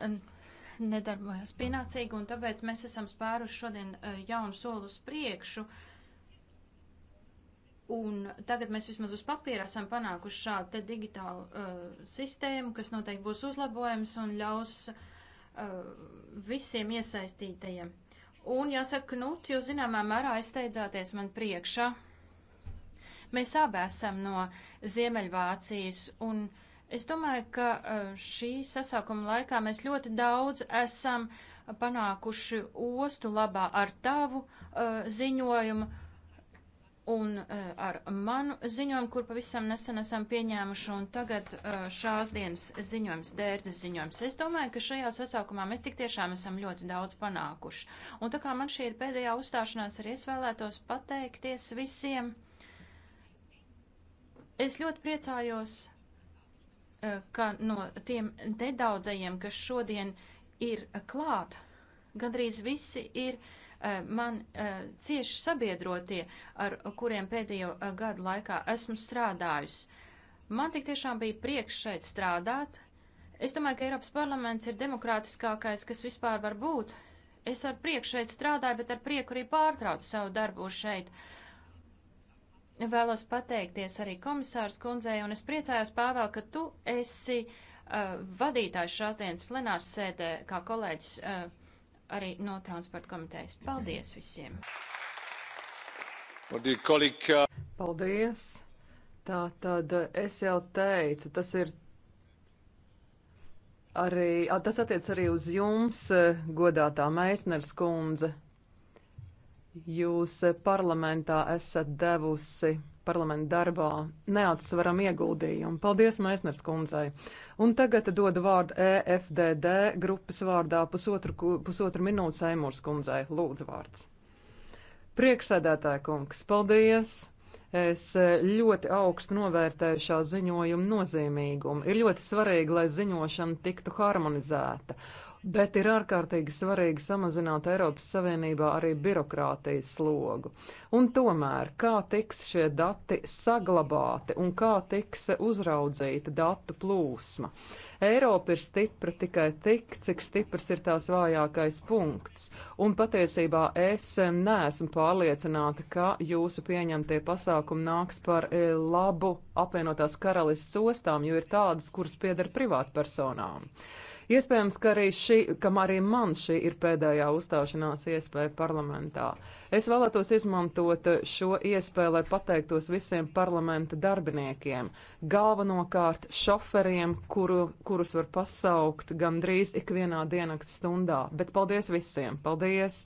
nedarbojas pienācīgi, un tāpēc mēs esam spēruši šodien uh, jaunu soli uz priekšu. Un tagad mēs vismaz uz papīra esam panākuši šādu te digitālu uh, sistēmu, kas noteikti būs uzlabojums un ļaus uh, visiem iesaistītajiem. Un jāsaka, Knut, jūs zināmā mērā aizsteidzāties man priekšā. Uh, Mēs abi esam no Ziemeļvācijas, un es domāju, ka e, šī sasaukuma laikā mēs ļoti daudz esam panākuši ostu labā ar tavu uh, ziņojumu un uh, ar manu ziņojumu, kur pavisam nesen esam pieņēmuši, un tagad uh, šās dienas ziņojums, dērdes ziņojums. Es domāju, ka šajā sasaukumā mēs tik tiešām esam ļoti daudz panākuši. Un tā kā man šī ir pēdējā uzstāšanās, arī es vēlētos pateikties visiem. Es ļoti priecājos, eh, ka no tiem nedaudzajiem, kas šodien ir eh, klāt, gandrīz visi ir eh, man cieši sabiedrotie, ar kuriem pēdējo gadu laikā esmu strādājusi. Man tik tiešām bija prieks šeit strādāt. Es domāju, ka Eiropas parlaments ir demokrātiskākais, kas vispār var būt. Es ar prieku šeit strādāju, bet ar prieku arī pārtraucu savu darbu šeit. Uh, Vēlos pateikties arī komisārs kundzei, un es priecājos, Pāvēl, ka tu esi uh, vadītājs šās dienas plenārs sēdē, kā kolēģis uh, arī no transporta komitejas. Paldies visiem! Uh, Paldies! Tā tad uh, es jau teicu, tas ir arī, tas attiec arī uz jums, uh, godātā Meisners kundze. Jūs parlamentā esat devusi parlamentu darbā neatsveram ieguldījumu. Paldies, Maisners kundzei. Un tagad dodu vārdu EFDD grupas vārdā pusotru, pusotru minūtu Seimūrs kundzei. Lūdzu vārds. Prieksēdētāja kungs, paldies! Es ļoti augstu novērtēju šā ziņojuma nozīmīgumu. Ir ļoti svarīgi, lai ziņošana tiktu harmonizēta bet ir ārkārtīgi svarīgi samazināt Eiropas Savienībā arī birokrātijas slogu. Un tomēr, kā tiks šie dati saglabāti un kā tiks uzraudzīta datu plūsma? Eiropa ir stipra tikai tik, cik stiprs ir tās vājākais punkts, un patiesībā es neesmu pārliecināta, ka jūsu pieņemtie pasākumi nāks par e, labu apvienotās karalists ostām, jo ir tādas, kuras pieder privātpersonām. personām. Iespējams, ka arī, šī, kam arī man šī ir pēdējā uzstāšanās iespēja parlamentā. Es vēlētos izmantot šo iespēju, lai pateiktos visiem parlamenta darbiniekiem, galvenokārt šoferiem, kuru, kurus var pasaukt gandrīz ikvienā dienakts stundā. Bet paldies visiem! Paldies!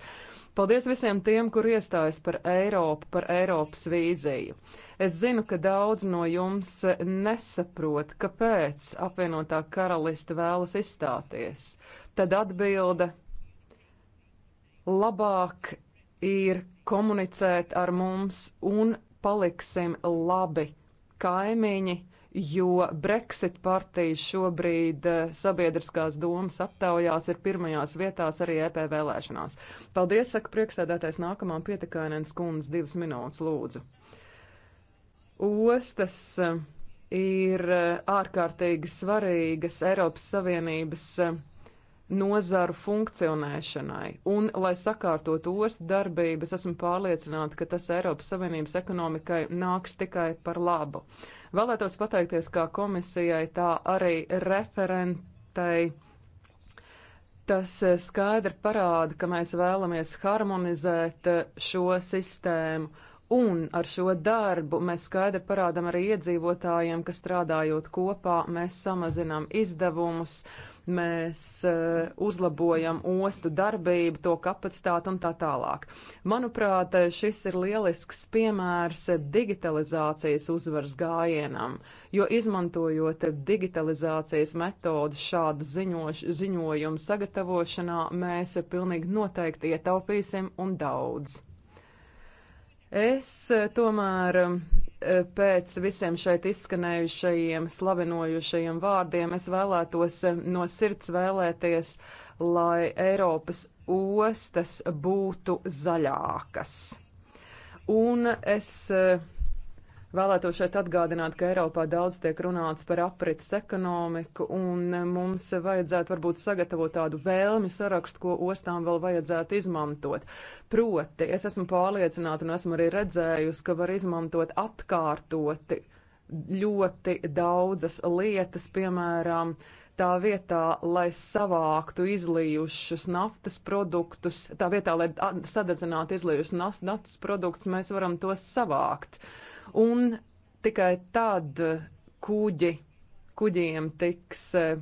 Paldies visiem tiem, kur iestājas par Eiropu, par Eiropas vīziju. Es zinu, ka daudz no jums nesaprot, kāpēc apvienotā karaliste vēlas izstāties. Tad atbilde labāk ir komunicēt ar mums un paliksim labi kaimiņi jo Brexit partija šobrīd eh, sabiedriskās domas aptaujās ir pirmajās vietās arī EP vēlēšanās. Paldies, saka prieksēdētais nākamā pietekainens kundze divas minūtes lūdzu. Ostas eh, ir eh, ārkārtīgi svarīgas Eiropas Savienības nozaru funkcionēšanai. Un, lai sakārtotu ostu darbības, esmu pārliecināta, ka tas Eiropas Savienības ekonomikai nāks tikai par labu. Vēlētos pateikties kā komisijai, tā arī referentei. Tas eh, skaidri parāda, ka mēs vēlamies harmonizēt eh, šo sistēmu. Un ar šo darbu mēs skaidri parādām arī iedzīvotājiem, ka strādājot kopā, mēs samazinām izdevumus mēs eh, uzlabojam ostu darbību, to kapacitātu un tā tālāk. Manuprāt, šis ir lielisks piemērs digitalizācijas uzvaras gājienam, jo izmantojot digitalizācijas metodu šādu ziņoš, ziņojumu sagatavošanā, mēs pilnīgi noteikti ietaupīsim un daudz. Es eh, tomēr pēc visiem šeit izskanējušajiem, slavinojušajiem vārdiem es vēlētos no sirds vēlēties, lai Eiropas ostas būtu zaļākas. Un es Vēlētos šeit atgādināt, ka Eiropā daudz tiek runāts par aprits ekonomiku, un mums vajadzētu varbūt sagatavot tādu vēlmi sarakstu, ko ostām vēl vajadzētu izmantot. Proti, es esmu pārliecināta un esmu arī redzējusi, ka var izmantot atkārtoti ļoti daudzas lietas, piemēram, tā vietā, lai savāktu izlijušus naftas produktus, tā vietā, lai sadedzinātu izlijušus naftas produktus, mēs varam tos savākt. Uh, un tikai tad kuģi, kuģiem tiks e,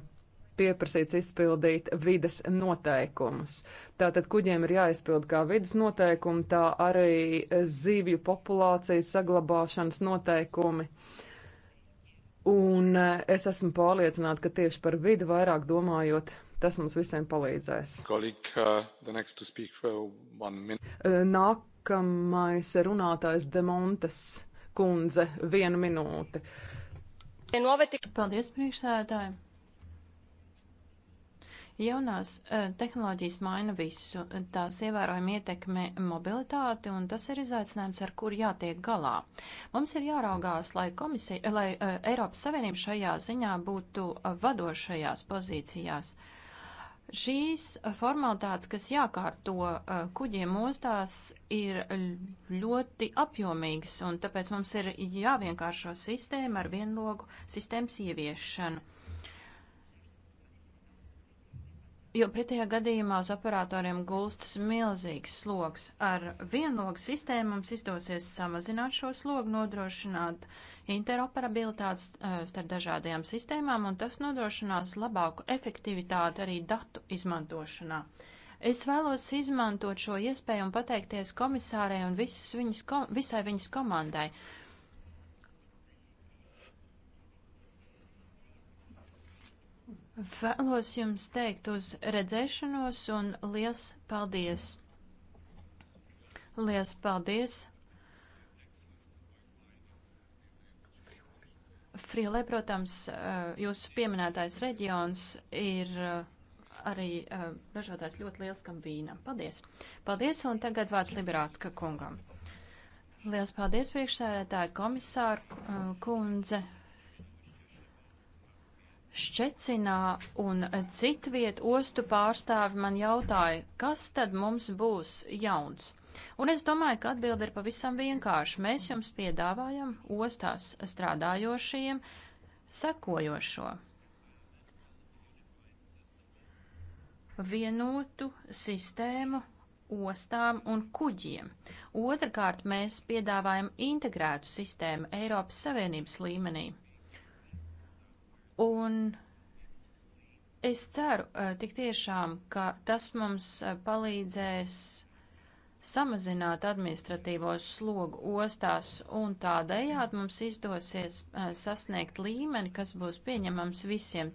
pieprasīts izpildīt vides noteikumus. Tātad kuģiem ir jāizpild kā vides noteikumi, tā arī zīvju populācijas saglabāšanas noteikumi. Un e, es esmu pārliecināta, ka tieši par vidi vairāk domājot, tas mums visiem palīdzēs. Colleague, uh, e, Nākamais runātājs Demontes kundze, viena minūte. Paldies, priekšsēdētāji! Jaunās e, tehnoloģijas maina visu, tās ievērojami ietekmē mobilitāti, un tas ir izaicinājums, ar kur jātiek galā. Mums ir jāraugās, lai, komisija, lai e, Eiropas Savienība šajā ziņā būtu vadošajās pozīcijās. Uh, Šīs formalitātes, kas jākārto eh, kuģiem ostās, ir ļoti apjomīgas, un tāpēc mums ir jāvienkāršo sistēma ar vienlogu sistēmas ieviešanu. Jo pretējā gadījumā uz operatoriem gulstas milzīgs sloks. Ar vienlogu sistēmu mums izdosies samazināt šo slogu, nodrošināt uh, interoperabilitātes eh, starp dažādajām sistēmām, un tas nodrošinās labāku efektivitāti arī datu izmantošanā. Es vēlos izmantot šo iespēju un pateikties komisārei un viņas, visai viņas komandai. Vēlos jums teikt uz redzēšanos un liels paldies! Liels paldies Friolē, protams, eh, jūsu pieminētais reģions ir eh, arī eh, ražotājs ļoti liels kam vīnam. Paldies! Paldies, un tagad vārds Liberātska kungam. Liels paldies, priekšsēdētāji komisāru kundze. Šķecinā un citviet ostu pārstāvi man jautāja, kas tad mums būs jauns? Un es domāju, ka atbilde ir pavisam vienkārša. Mēs jums piedāvājam ostās strādājošajiem sekojošo. Vienotu sistēmu ostām un kuģiem. Otrakārt, mēs piedāvājam integrētu sistēmu Eiropas Savienības līmenī. Un es ceru eh, tik tiešām, ka tas mums eh, palīdzēs samazināt administratīvo slogu ostās, un tādējādi mums izdosies eh, sasniegt līmeni, kas būs pieņemams visiem.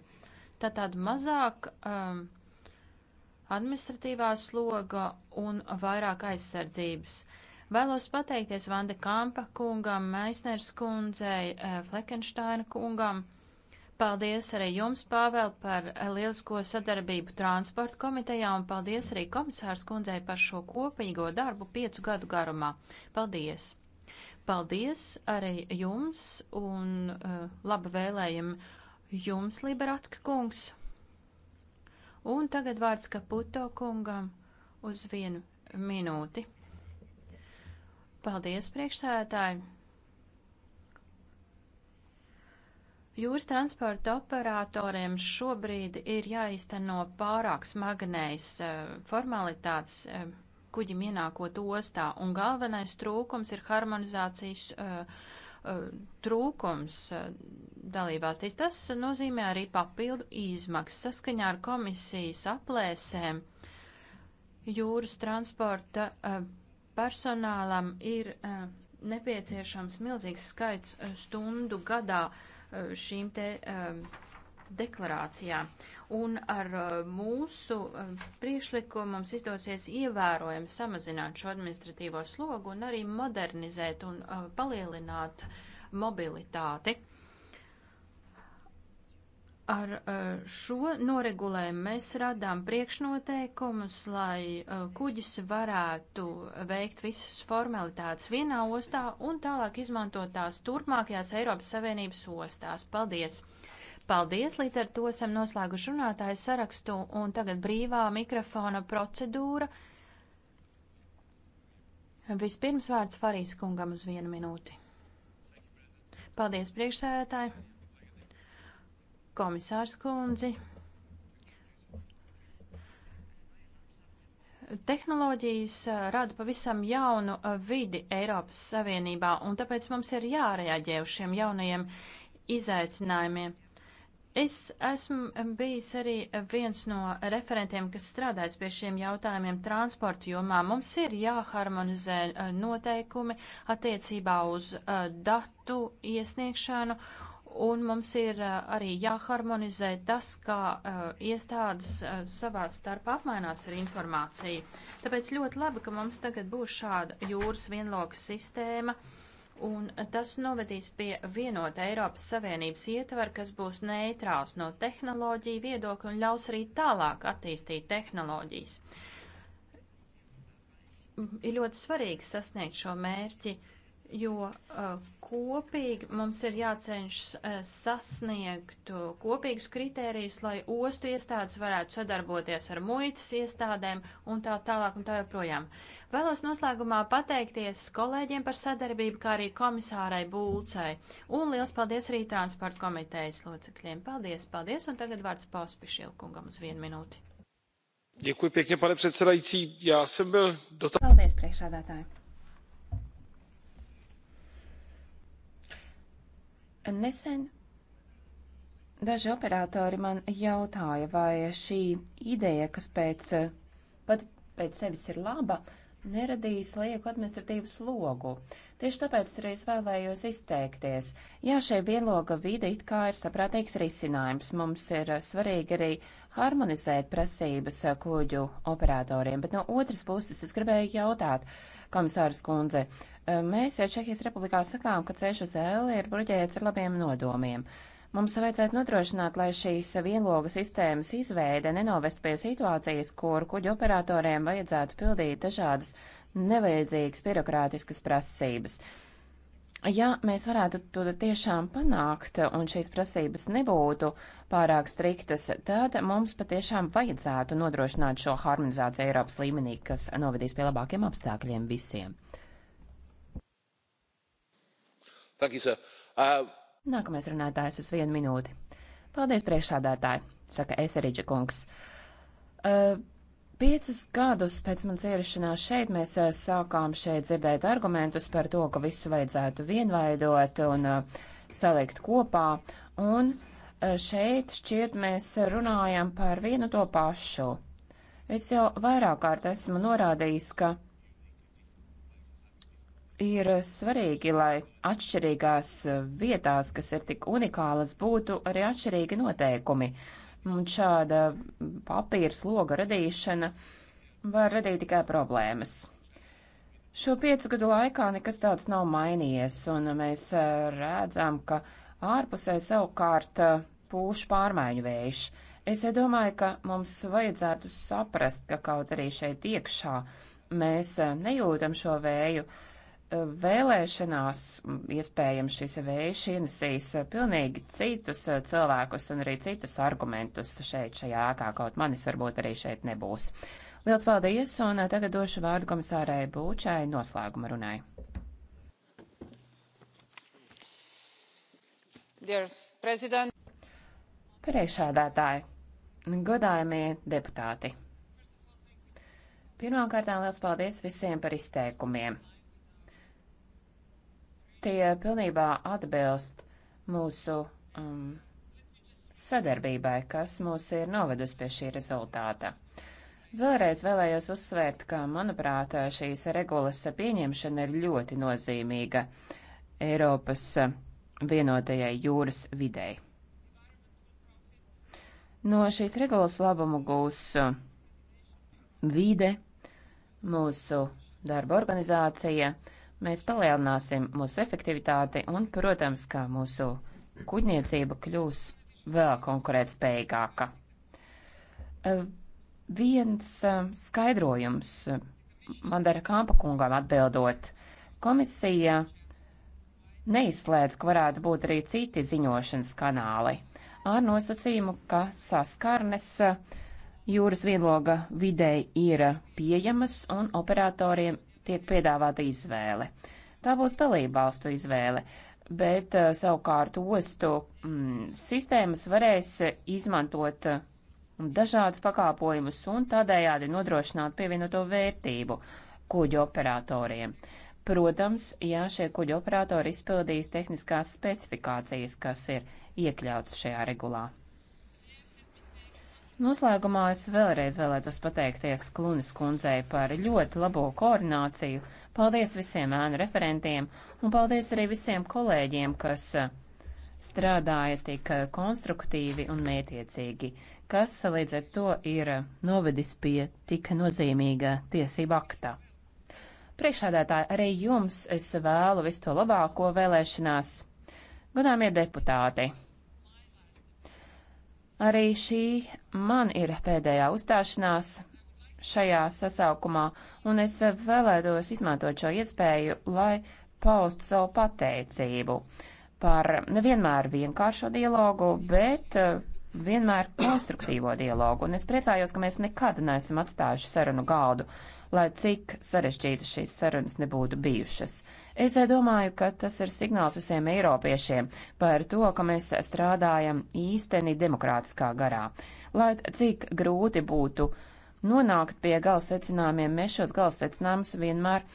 Tātad mazāk um, administratīvā sloga un vairāk aizsardzības. Vēlos pateikties Vanda Kampa kungam, Meisners kundzei, eh, Fleckensteina kungam Paldies arī jums, Pāvēl, par lielisko sadarbību transporta komitejā un paldies arī komisārs kundzei par šo kopīgo darbu piecu gadu garumā. Paldies! Paldies arī jums un uh, eh, laba vēlējumi jums, Liberatska kungs! Un tagad vārds Kaputo kungam uz vienu minūti. Paldies, priekšsēdētāji! Jūras transporta operatoriem šobrīd ir jāizteno pārāk smagnējas eh, formalitātes eh, kuģim ienākot ostā, un galvenais trūkums ir harmonizācijas eh, trūkums dalībvalstīs. Tas nozīmē arī papildu izmaksas saskaņā ar komisijas aplēsēm. Jūras transporta personālam ir nepieciešams milzīgs skaits stundu gadā, uh, Eh, šīm te eh, deklarācijām. Un ar eh, mūsu priekšlikumu mums izdosies ievērojami samazināt šo administratīvo slogu un arī modernizēt un palielināt mobilitāti. Ar eh, šo noregulējumu mēs radām priekšnoteikumus, lai eh, kuģis varētu veikt visas formalitātes vienā ostā un tālāk izmantot tās turpmākajās Eiropas Savienības ostās. Paldies! Paldies, līdz ar to esam noslēguši runātāju sarakstu un tagad brīvā mikrofona procedūra. Vispirms vārds Farīs kungam uz vienu minūti. Paldies, priekšsēdētāji! komisārs kundzi. Tehnoloģijas rada pavisam jaunu vidi Eiropas Savienībā, un tāpēc mums ir jārēģē uz šiem jaunajiem izaicinājumiem. Es esmu bijis arī viens no referentiem, kas strādājas pie šiem jautājumiem transporta jomā. Mums ir jāharmonizē noteikumi attiecībā uz datu iesniegšanu un mums ir eh, arī jāharmonizē tas, kā uh, iestādes uh, savā starpā apmainās ar informāciju. Tāpēc ļoti labi, ka mums tagad būs šāda jūras vienloka sistēma, un tas novedīs pie vienota Eiropas Savienības ietvera, kas būs neitrāls no tehnoloģiju viedokļa un ļaus arī tālāk attīstīt tehnoloģijas. Ir ļoti svarīgi sasniegt šo mērķi. Uh, jo eh, kopīgi mums ir jācenšas eh, sasniegt eh, kopīgus kritērijus, lai ostu iestādes varētu sadarboties ar muitas iestādēm un tā tālāk un tā joprojām. Vēlos noslēgumā pateikties kolēģiem par sadarbību, kā arī komisārai Būcai. Un liels paldies arī transporta komitejas locekļiem. Paldies, paldies, un tagad vārds pauspišilkungam uz vienu minūti. Děkuji pěkně, pane předsedající. Já jsem byl dotaz... Paldies, priekšādātāji. Nesen daži operatori man jautāja, vai šī ideja, kas pēc, pat pēc sevis ir laba, neradīs lieku administratīvu slogu. Tieši tāpēc arī es vēlējos izteikties. Jā, šai vienloga vide it kā ir saprātīgs risinājums. Mums ir svarīgi arī harmonizēt prasības kuģu operatoriem, bet no otras puses es gribēju jautāt, komisārs kundze, uh, Mēs jau Čehijas republikā sakām, ka ceļš uz Eli ir bruģēts ar labiem nodomiem. Mums vajadzētu nodrošināt, lai šīs vienloga sistēmas izveide nenovest pie situācijas, kur kuģu operatoriem vajadzētu pildīt dažādas nevajadzīgas birokrātiskas prasības. Ja mēs varētu to tiešām panākt un šīs prasības nebūtu pārāk striktas, tad mums patiešām vajadzētu nodrošināt šo harmonizāciju Eiropas līmenī, kas novedīs pie labākiem apstākļiem visiem. Thank you, sir. Uh... Nākamais runātājs uz vienu minūti. Paldies, priekšsādātāji, saka Etheridža kungs. Uh, Piecus gadus pēc manas ierašanās šeit mēs uh, sākām šeit dzirdēt argumentus par to, ka visu vajadzētu vienveidot un uh, salikt kopā, un uh, šeit šķiet mēs runājam par vienu to pašu. Es jau vairāk kārt esmu norādījis, ka ir svarīgi, lai atšķirīgās vietās, kas ir tik unikālas, būtu arī atšķirīgi noteikumi. Un šāda papīra sloga radīšana var radīt tikai problēmas. Šo piecu gadu laikā nekas daudz nav mainījies, un mēs eh, redzam, ka ārpusē savukārt eh, pūš pārmaiņu vējš. Es domāju, ka mums vajadzētu saprast, ka kaut arī šeit iekšā mēs eh, nejūtam šo vēju, uh, vēlēšanās iespējams šis vējš ienesīs pilnīgi citus eh, cilvēkus un arī citus argumentus šeit šajā ēkā, kaut manis varbūt arī šeit nebūs. Liels paldies, un eh, tagad došu vārdu komisārai Būčai noslēguma runai. Priekšādātāji, godājamie deputāti. Pirmkārt, liels paldies visiem par izteikumiem. Tie pilnībā atbilst mūsu um, sadarbībai, kas mūs ir novedusi pie šī rezultāta. Vēlreiz vēlējos uzsvērt, ka, manuprāt, šīs regulas pieņemšana ir ļoti nozīmīga Eiropas vienotajai jūras videi. No šīs regulas labumu gūs vide, mūsu darba organizācija, Mēs palielināsim mūsu efektivitāti un, protams, ka mūsu kuģniecība kļūs vēl konkurētspējīgāka. E, viens e, skaidrojums e, Mandara Kampa kungam atbildot. Komisija neizslēdz, ka varētu būt arī citi ziņošanas kanāli ar nosacījumu, ka saskarnes jūras vienloga videi ir pieejamas un operatoriem tiek piedāvāta izvēle. Tā būs dalībvalstu izvēle, bet eh, savukārt ostu mm, sistēmas varēs izmantot mm, dažādas pakāpojumus un tādējādi nodrošināt pievienoto vērtību kuģu operatoriem. Protams, ja šie kuģu operatori izpildīs tehniskās specifikācijas, kas ir iekļauts šajā regulā. Noslēgumā es vēlreiz vēlētos pateikties Klunis kundzei par ļoti labo koordināciju. Paldies visiem ēnu referentiem un paldies arī visiem kolēģiem, kas eh, strādāja tik eh, konstruktīvi un mētiecīgi, kas eh, līdz ar to ir novedis pie tik nozīmīga tiesība aktā. Priekšādātāji, arī jums es vēlu visu to labāko vēlēšanās. Godāmie deputāti! Arī šī man ir pēdējā uzstāšanās šajā sasaukumā, un es vēlētos izmantot šo iespēju, lai paustu savu pateicību par nevienmēr vienkāršo dialogu, bet eh, vienmēr konstruktīvo dialogu, un es priecājos, ka mēs nekad neesam atstājuši sarunu galdu lai cik sarežģītas šīs sarunas nebūtu bijušas. Es domāju, ka tas ir signāls visiem eiropiešiem par to, ka mēs strādājam īsteni demokrātiskā garā. Lai cik grūti būtu nonākt pie galsecinājumiem, mēs šos galsecinājumus vienmēr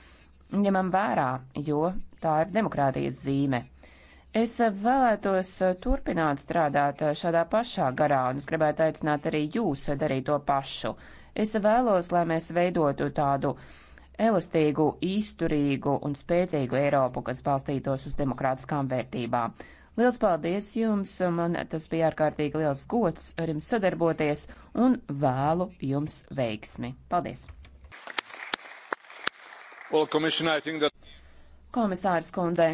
ņemam vērā, jo tā ir demokrātijas zīme. Es vēlētos turpināt strādāt šādā pašā garā, un es gribētu aicināt arī jūs darīt to pašu. Es vēlos, lai mēs veidotu tādu elastīgu, izturīgu un spēcīgu Eiropu, kas balstītos uz demokrātiskām vērtībām. Liels paldies jums, man tas bija ārkārtīgi liels gods ar jums sadarboties un vēlu jums veiksmi. Paldies! Well, that... Komisārs kundē,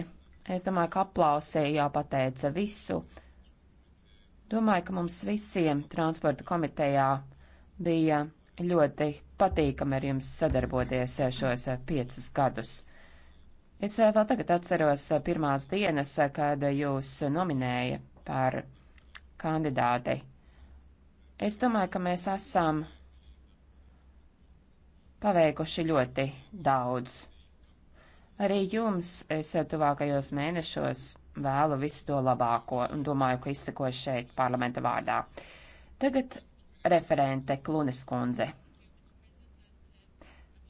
es domāju, ka aplausē jau pateica visu. Domāju, ka mums visiem transporta komitejā bija ļoti patīkami ar jums sadarboties šos piecus gadus. Es vēl tagad atceros pirmās dienas, kad jūs nominēja par kandidāti. Es domāju, ka mēs esam paveikuši ļoti daudz. Arī jums es tuvākajos mēnešos vēlu visu to labāko un domāju, ka izsako šeit parlamenta vārdā. Tagad referente Klunes kundze.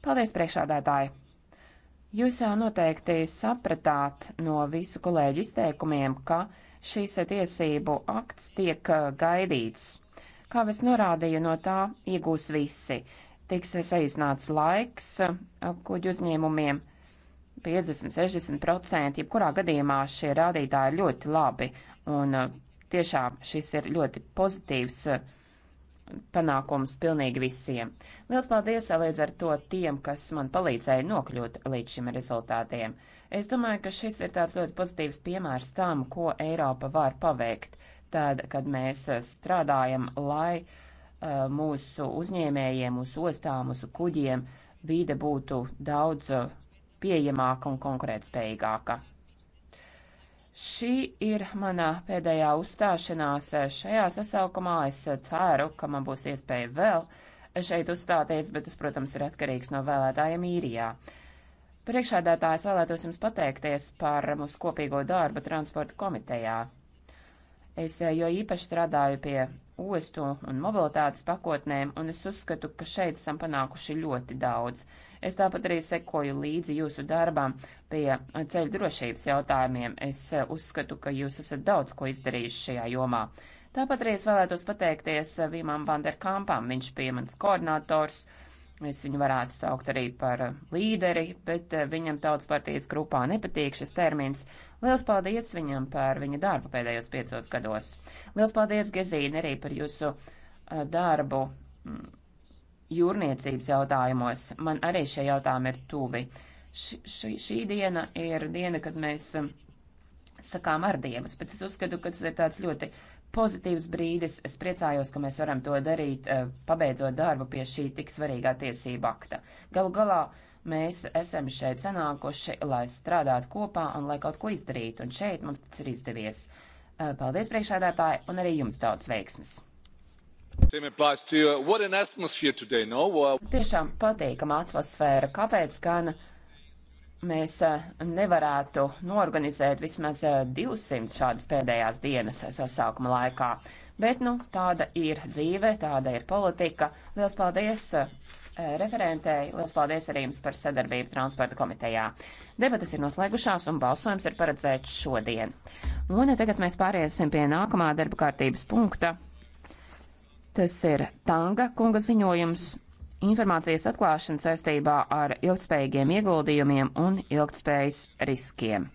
Paldies, priekšādētāji! Jūs jau noteikti sapratāt no visu kolēģu izteikumiem, ka šīs tiesību akts tiek uh, gaidīts. Kā es norādīju, no tā iegūs visi. Tiks saīsnāts laiks uh, kuģu uzņēmumiem 50-60%, jebkurā gadījumā šie rādītāji ir ļoti labi, un uh, tiešām šis ir ļoti pozitīvs uh, panākums pilnīgi visiem. Liels paldies līdz ar to tiem, kas man palīdzēja nokļūt līdz šim rezultātiem. Es domāju, ka šis ir tāds ļoti pozitīvs piemērs tam, ko Eiropa var paveikt, tad, kad mēs eh, strādājam, lai uh, mūsu uzņēmējiem, mūsu ostām, mūsu kuģiem vīde būtu daudz eh, pieejamāka un konkurētspējīgāka. Šī ir manā pēdējā uzstāšanās šajā sasaukumā. Es ceru, ka man būs iespēja vēl šeit uzstāties, bet tas, protams, ir atkarīgs no vēlētājiem īrijā. Priekšādātājs vēlētos jums pateikties par mūsu kopīgo darbu transporta komitejā. Es eh, jo īpaši strādāju pie ostu un mobilitātes pakotnēm, un es uzskatu, ka šeit esam panākuši ļoti daudz. Es tāpat arī sekoju līdzi jūsu darbām pie ceļu drošības jautājumiem. Es eh, uzskatu, ka jūs esat daudz ko izdarījuši šajā jomā. Tāpat arī es vēlētos pateikties eh, Vimam Vanderkampam, viņš bija mans koordinators. Es viņu varētu saukt arī par eh, līderi, bet viņam tautas partijas grupā nepatīk šis termins. Uh, Liels paldies viņam par viņa darbu pēdējos piecos gados. Liels paldies, Gezīne, arī par jūsu eh, darbu mm, jūrniecības jautājumos. Man arī šie jautājumi ir tuvi. Š šī, šī diena ir diena, kad mēs mm, sakām ar Dievas, bet es uzskatu, ka tas ir tāds ļoti pozitīvs brīdis. Es priecājos, ka mēs varam to darīt, eh, pabeidzot darbu pie šī tik svarīgā tiesība akta. Galu galā Mēs esam šeit sanākuši, lai strādātu kopā un lai kaut ko izdarītu, un šeit mums tas ir izdevies. Eh, paldies, priekšādātāji, un arī jums daudz veiksmes! Today, no? Tiešām patīkama atmosfēra. Kāpēc gan mēs eh, nevarētu norganizēt vismaz 200 eh, šādas pēdējās dienas sasākuma laikā? Bet, nu, tāda ir dzīve, tāda ir politika. Lielas paldies Eh, referentei. Lielas paldies arī jums par sadarbību transporta komitejā. Debatas ir noslēgušās un balsojums ir paredzēts šodien. Un ja tagad mēs pāriesim pie nākamā darba kārtības punkta. Tas ir Tanga kunga ziņojums informācijas atklāšana saistībā ar ilgspējīgiem ieguldījumiem un ilgspējas riskiem.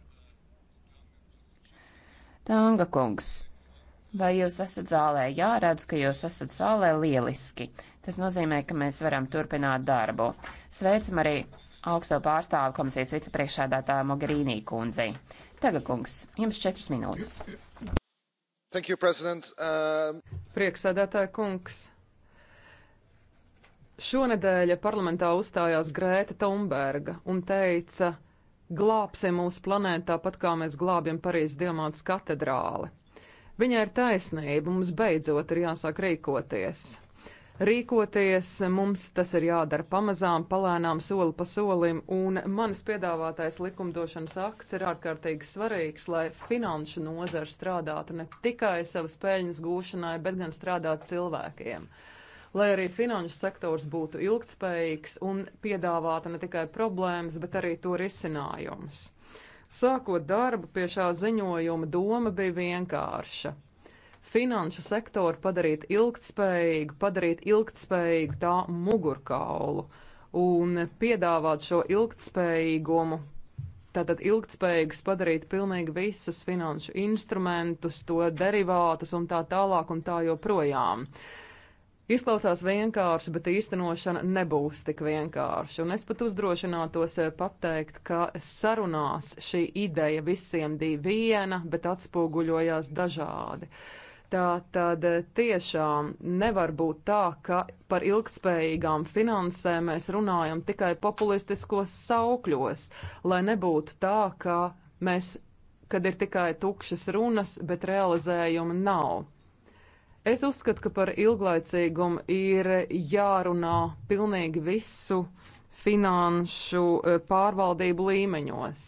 Tanga kungs, vai jūs esat zālē? Jā, redz, ka jūs esat zālē lieliski. Tas nozīmē, ka mēs varam turpināt darbu. Sveicam arī augsto pārstāvu komisijas vicepriekšādātāju Mogherīnī kundzi. Tagad, kungs, jums četras minūtes. Thank you, President. Um... Prieksēdētāja kungs. Šonedēļ parlamentā uzstājās Grēta Thunberga un teica, glābsim mūsu planētu tāpat kā mēs glābjam Parīzes diamantas katedrāli. Viņai ir taisnība, mums beidzot ir jāsāk rīkoties rīkoties. Mums tas ir jādara pamazām, palēnām, soli pa solim, un manas piedāvātais likumdošanas akts ir ārkārtīgi svarīgs, lai finanšu nozara strādātu ne tikai savas peļņas gūšanai, bet gan strādātu cilvēkiem. Lai arī finanšu sektors būtu ilgtspējīgs un piedāvātu ne tikai problēmas, bet arī to risinājumus. Sākot darbu pie šā ziņojuma, doma bija vienkārša finanšu sektoru padarīt ilgtspējīgu, padarīt ilgtspējīgu tā mugurkaulu un piedāvāt šo ilgtspējīgumu. Tātad ilgtspējīgs padarīt pilnīgi visus finanšu instrumentus, to derivātus un tā tālāk un tā joprojām. Izklausās vienkārši, bet īstenošana nebūs tik vienkārša. Un es pat uzdrošinātos eh, pateikt, ka sarunās šī ideja visiem bija viena, bet atspoguļojās dažādi. Uh, Tā tad tiešām nevar būt tā, ka par ilgspējīgām finansēm mēs runājam tikai populistiskos saukļos, lai nebūtu tā, ka mēs, kad ir tikai tukšas runas, bet realizējuma nav. Es uzskatu, ka par ilglaicīgumu ir jārunā pilnīgi visu finanšu eh, pārvaldību līmeņos.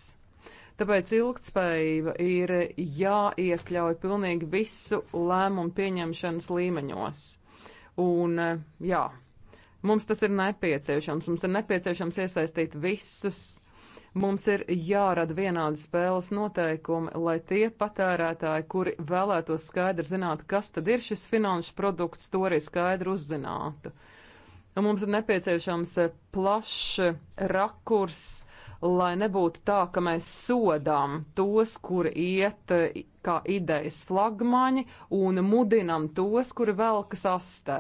Tāpēc ilgtspējība ir jāiekļauj pilnīgi visu lēmumu pieņemšanas līmeņos. Un eh, jā, mums tas ir nepieciešams. Mums ir nepieciešams iesaistīt visus. Mums ir jārada vienādi spēles noteikumi, lai tie patērētāji, kuri vēlētos skaidri zināt, kas tad ir šis finanšu produkts, to arī skaidri uzzinātu. Un mums ir nepieciešams eh, plašs rakurs, lai nebūtu tā, ka mēs sodām tos, kuri iet eh, kā idejas flagmaņi, un mudinam tos, kuri velkas astē.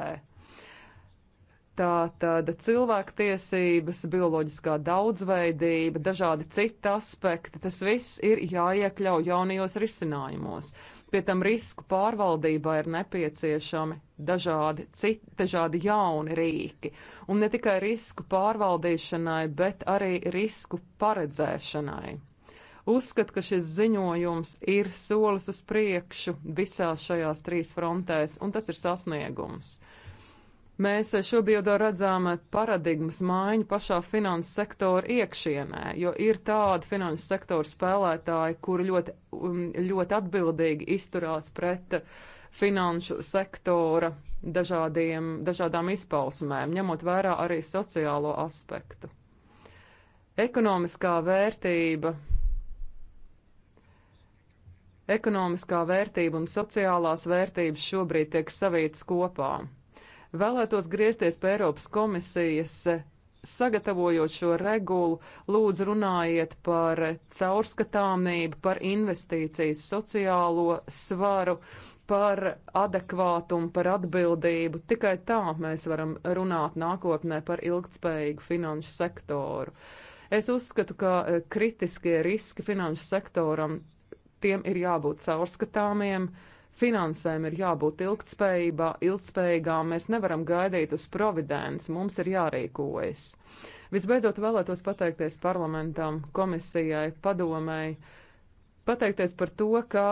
Tātad cilvēktiesības, bioloģiskā daudzveidība, dažādi citi aspekti, tas viss ir jāiekļauj jaunajos risinājumos. Pie tam risku pārvaldībā ir nepieciešami dažādi, citi, dažādi jauni rīki. Un ne tikai risku pārvaldīšanai, bet arī risku paredzēšanai. Uzskatu, ka šis ziņojums ir solis uz priekšu visās šajās trīs frontēs, un tas ir sasniegums. Mēs šobrīd redzam paradigmas maiņu pašā finanses sektora iekšienē, jo ir tādi finanses sektora spēlētāji, kuri ļoti, um, ļoti atbildīgi izturās pret finanšu sektora dažādiem, dažādām izpausmēm, ņemot vērā arī sociālo aspektu. Ekonomiskā vērtība Ekonomiskā vērtība un sociālās vērtības šobrīd tiek savītas kopā. Vēlētos griezties pie Eiropas komisijas sagatavojot šo regulu, lūdzu runājiet par caurskatāmību, par investīciju, sociālo svaru, par adekvātumu, par atbildību. Tikai tā mēs varam runāt nākotnē par ilgtspējīgu finanšu sektoru. Es uzskatu, ka eh, kritiskie riski finanšu sektoram tiem ir jābūt caurskatāmiem. Uh, Finansēm ir jābūt ilgspējīgām, mēs nevaram gaidīt uz providents, mums ir jārīkojas. Visbeidzot vēlētos pateikties parlamentam, komisijai, padomēji, pateikties par to, ka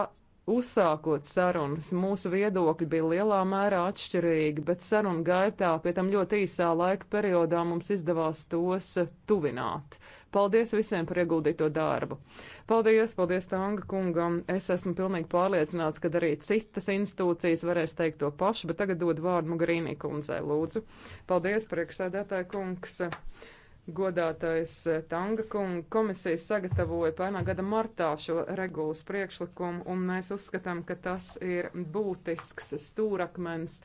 uzsākot sarunas, mūsu viedokļi bija lielā mērā atšķirīgi, bet sarunu gaitā, pie tam ļoti īsā laika periodā, mums izdevās tos tuvināt. Paldies visiem par ieguldīto darbu. Paldies, paldies Tanga kungam. Es esmu pilnīgi pārliecināts, ka arī citas institūcijas varēs teikt to pašu, bet tagad dod vārdu Mugarīnī kundzei, lūdzu. Paldies, prieksēdētāja kungs. Godātais eh, Tanga kunga komisija sagatavoja pērnā gada martā šo regulas priekšlikumu, un mēs uzskatām, ka tas ir būtisks stūrakmens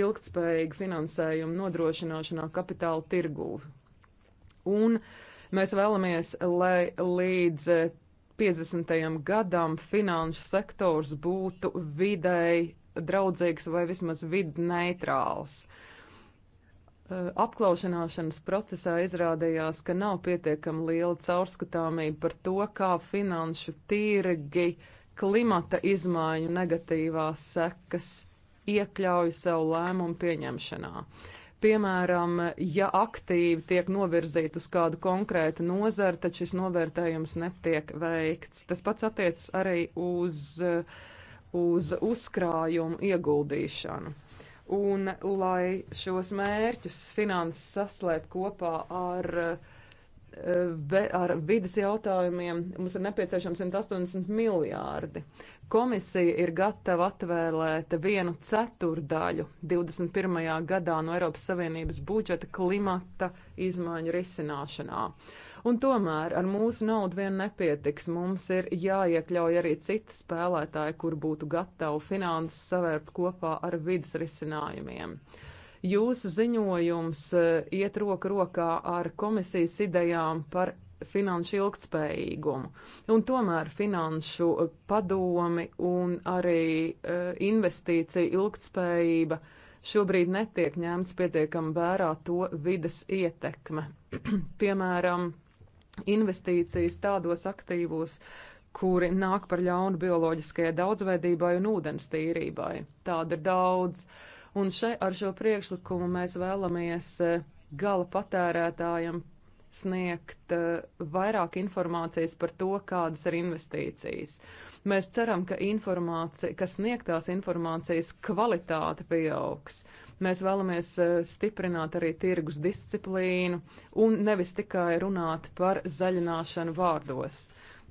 ilgtspējīgu finansējumu nodrošināšanā kapitāla tirgū. Un mēs vēlamies, lai līdz 50. Eh, gadam finanšu sektors būtu vidēji draudzīgs vai vismaz vid neitrāls. Uh, apklaušanāšanas procesā izrādījās, ka nav pietiekami liela caurskatāmība par to, kā finanšu tirgi klimata izmaiņu negatīvās sekas iekļauj savu lēmumu pieņemšanā. Piemēram, ja aktīvi tiek novirzīti uz kādu konkrētu nozari, tad šis novērtējums netiek veikts. Tas pats attiecas arī uz, uz uzkrājumu ieguldīšanu. Uh, un lai šos mērķus finanses saslēt kopā ar, eh, ar vidas jautājumiem, mums ir nepieciešams 180 miljārdi. Komisija ir gatava atvēlēt vienu ceturdaļu 21. gadā no Eiropas Savienības budžeta klimata izmaiņu risināšanā. Uh, Un tomēr ar mūsu naudu vien nepietiks. Mums ir jāiekļauj arī citi spēlētāji, kur būtu gatavi finanses savērpt kopā ar vidas risinājumiem. Jūsu ziņojums e, iet roka rokā ar komisijas idejām par finanšu ilgtspējīgumu. Un tomēr finanšu e, padomi un arī uh, investīcija ilgtspējība šobrīd netiek ņemts pietiekam vērā to vidas ietekme. Piemēram, investīcijas tādos aktīvos, kuri nāk par ļaunu bioloģiskajai daudzveidībai un ūdens tīrībai. Tāda ir daudz. Un še, ar šo priekšlikumu mēs vēlamies e, gala patērētājiem sniegt e, vairāk informācijas par to, kādas ir investīcijas. Mēs ceram, ka, informācija, ka sniegtās informācijas kvalitāte pieaugs. Uh, Mēs vēlamies eh, stiprināt arī tirgus disciplīnu un nevis tikai runāt par zaļināšanu vārdos.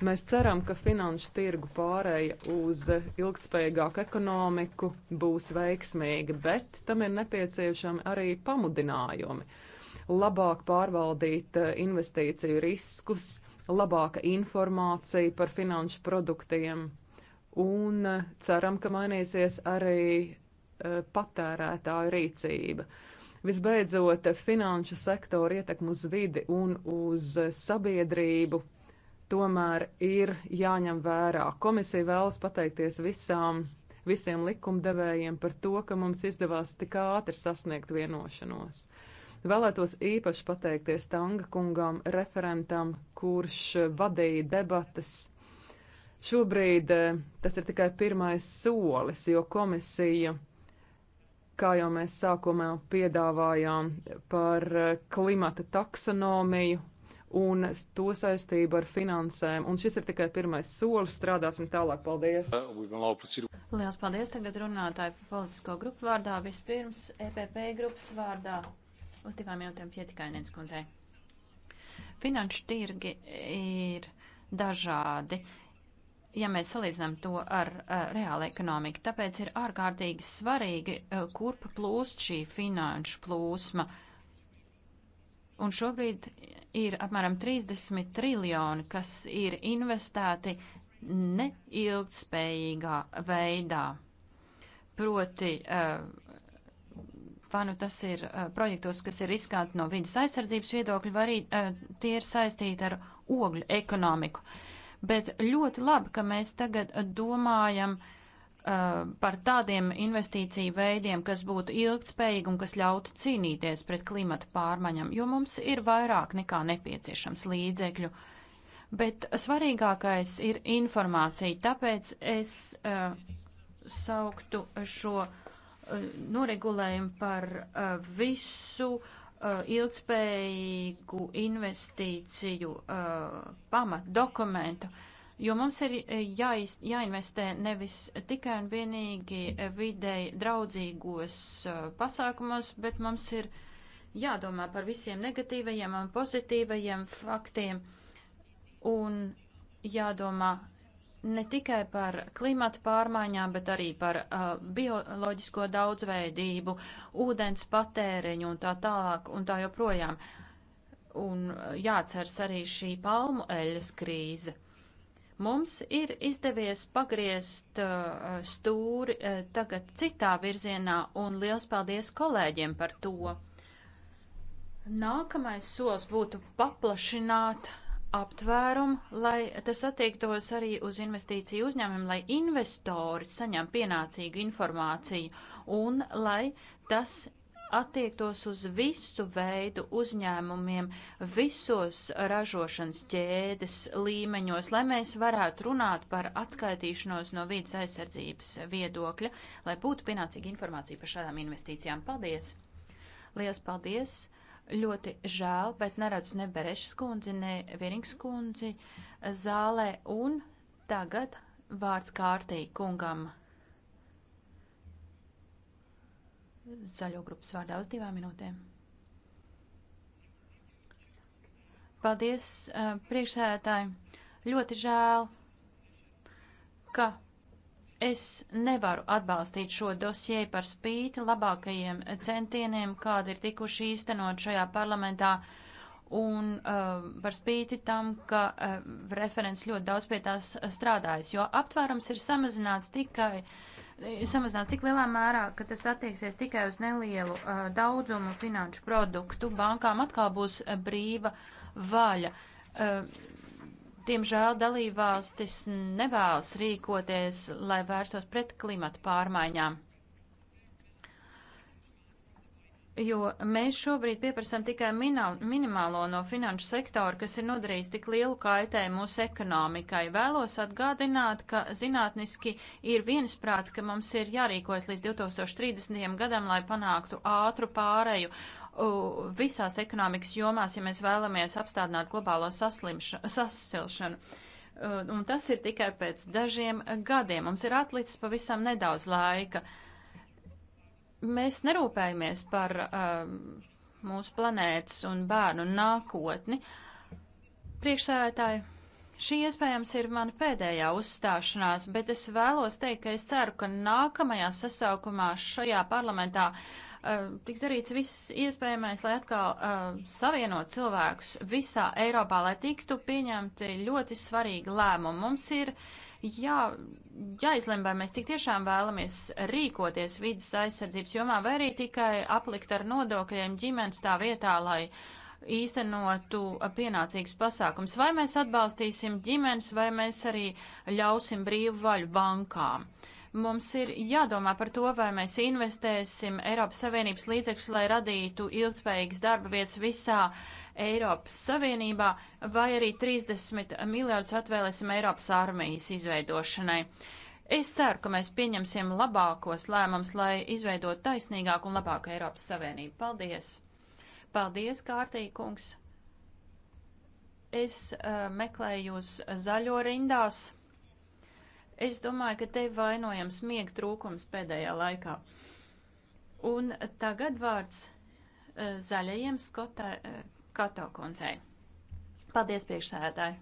Mēs ceram, ka finanšu tirgu pārēja uz ilgspējīgāku ekonomiku būs veiksmīga, bet tam ir nepieciešami arī pamudinājumi. Labāk pārvaldīt eh, investīciju riskus, labāka informācija par finanšu produktiem, un eh, ceram, ka mainīsies arī Eh, patērētāju rīcība. Visbeidzot, finanšu sektora ietekmu uz vidi un uz sabiedrību tomēr ir jāņem vērā. Komisija vēlas pateikties visām, visiem likumdevējiem par to, ka mums izdevās tik ātri sasniegt vienošanos. Vēlētos īpaši pateikties Tanga kungam, referentam, kurš vadīja debatas. Šobrīd eh, tas ir tikai pirmais solis, jo komisija kā jau mēs sākumā piedāvājām par eh, klimata taksonomiju un to saistību ar finansēm. Un šis ir tikai pirmais solis. Strādāsim tālāk. Paldies! Uh, Lielas paldies! Tagad runātāji par politisko grupu vārdā. Vispirms EPP grupas vārdā uz divām minūtēm pietikainiens kundzei. Finanšu tirgi ir dažādi ja mēs salīdzinām to ar uh, reālu ekonomiku. Tāpēc ir ārkārtīgi svarīgi, uh, kurp plūst šī finanšu plūsma. Un šobrīd ir apmēram 30 triljoni, kas ir investēti neilgtspējīgā veidā. Proti, uh, vai nu tas ir uh, projektos, kas ir riskanti no vidas aizsardzības viedokļa, vai arī uh, tie ir saistīti ar ogļu ekonomiku. Uh, bet ļoti labi, ka mēs tagad domājam uh, par tādiem investīciju veidiem, kas būtu ilgtspējīgi un kas ļautu cīnīties pret klimata pārmaiņam, jo mums ir vairāk nekā nepieciešams līdzekļu. Bet svarīgākais ir informācija, tāpēc es uh, sauktu šo uh, noregulējumu par uh, visu uh, Uh, ilgspējīgu investīciju uh, pamatdokumentu, jo mums ir uh, jāiz, jāinvestē nevis tikai un vienīgi videi draudzīgos pasākumos, bet mums ir jādomā par visiem negatīvajiem un pozitīvajiem faktiem un jādomā ne tikai par klimatu pārmaiņām, bet arī par uh, bioloģisko daudzveidību, ūdens patēriņu un tā tālāk un tā joprojām. Un uh, jāceras arī šī palmu eļas krīze. Mums ir izdevies pagriezt uh, stūri uh, tagad citā virzienā, un liels paldies kolēģiem par to. Nākamais solis būtu paplašināt aptvērumu, lai tas attiektos arī uz investīciju uzņēmumiem, lai investori saņem pienācīgu informāciju un lai tas attiektos uz visu veidu uzņēmumiem, visos ražošanas ķēdes līmeņos, lai mēs varētu runāt par atskaitīšanos no vidas aizsardzības viedokļa, lai būtu pienācīga informācija par šādām investīcijām. Paldies! Lielas paldies! ļoti žēl, bet neredzu ne Berešas kundzi, ne Vienīgas kundzi zālē. Un tagad vārds kārtī kungam. Zaļo grupas vārdā uz divām minūtēm. Paldies, eh, priekšsēdētāji. Ļoti žēl, ka Es nevaru atbalstīt šo dosieju par spīti labākajiem centieniem, kādi ir tikuši īstenot šajā parlamentā, un uh, par spīti tam, ka uh, referents ļoti daudz pie tās strādājas, jo aptvērums ir samazināts tikai, samazināts tik lielā mērā, ka tas attieksies tikai uz nelielu uh, daudzumu finanšu produktu. Bankām atkal būs brīva vaļa. Uh, Diemžēl dalībvalstis nevēlas rīkoties, lai vērstos pret klimata pārmaiņām. Jo mēs šobrīd pieprasām tikai minimālo no finanšu sektora, kas ir nodarījis tik lielu kaitēju mūsu ekonomikai. Vēlos atgādināt, ka zinātniski ir viensprāts, ka mums ir jārīkojas līdz 2030. gadam, lai panāktu ātru pāreju visās ekonomikas jomās, ja mēs vēlamies apstādināt globālo sasilšanu. Un tas ir tikai pēc dažiem gadiem. Mums ir atlicis pavisam nedaudz laika. Mēs nerūpējamies par um, mūsu planētas un bērnu nākotni. Priekšsēdētāji, Šī iespējams ir mana pēdējā uzstāšanās, bet es vēlos teikt, ka es ceru, ka nākamajā sasaukumā šajā parlamentā uh, Eh, tiks darīts viss iespējamais, lai atkal eh, savienot cilvēkus visā Eiropā, lai tiktu pieņemti ļoti svarīgi lēmumi. Mums ir jā, jāizlem, vai mēs tik tiešām vēlamies rīkoties vidas aizsardzības jomā, vai arī tikai aplikt ar nodokļiem ģimenes tā vietā, lai īstenotu pienācīgus pasākums. Vai mēs atbalstīsim ģimenes, vai mēs arī ļausim brīvu vaļu bankām. Uh, Mums ir jādomā par to, vai mēs investēsim Eiropas Savienības līdzekļus, lai radītu ilgspējīgas darba vietas visā Eiropas Savienībā, vai arī 30 miljardus atvēlēsim Eiropas armijas izveidošanai. Es ceru, ka mēs pieņemsim labākos lēmums, lai izveidotu taisnīgāku un labāku Eiropas Savienību. Paldies! Paldies, Kārtīkungs! Es uh, meklēju jūs zaļo rindās. Es domāju, ka te vainojam smiega trūkums pēdējā laikā. Un tagad vārds e, zaļajiem Skotā e, Kato kundzei. Paldies, priekšsēdētāji.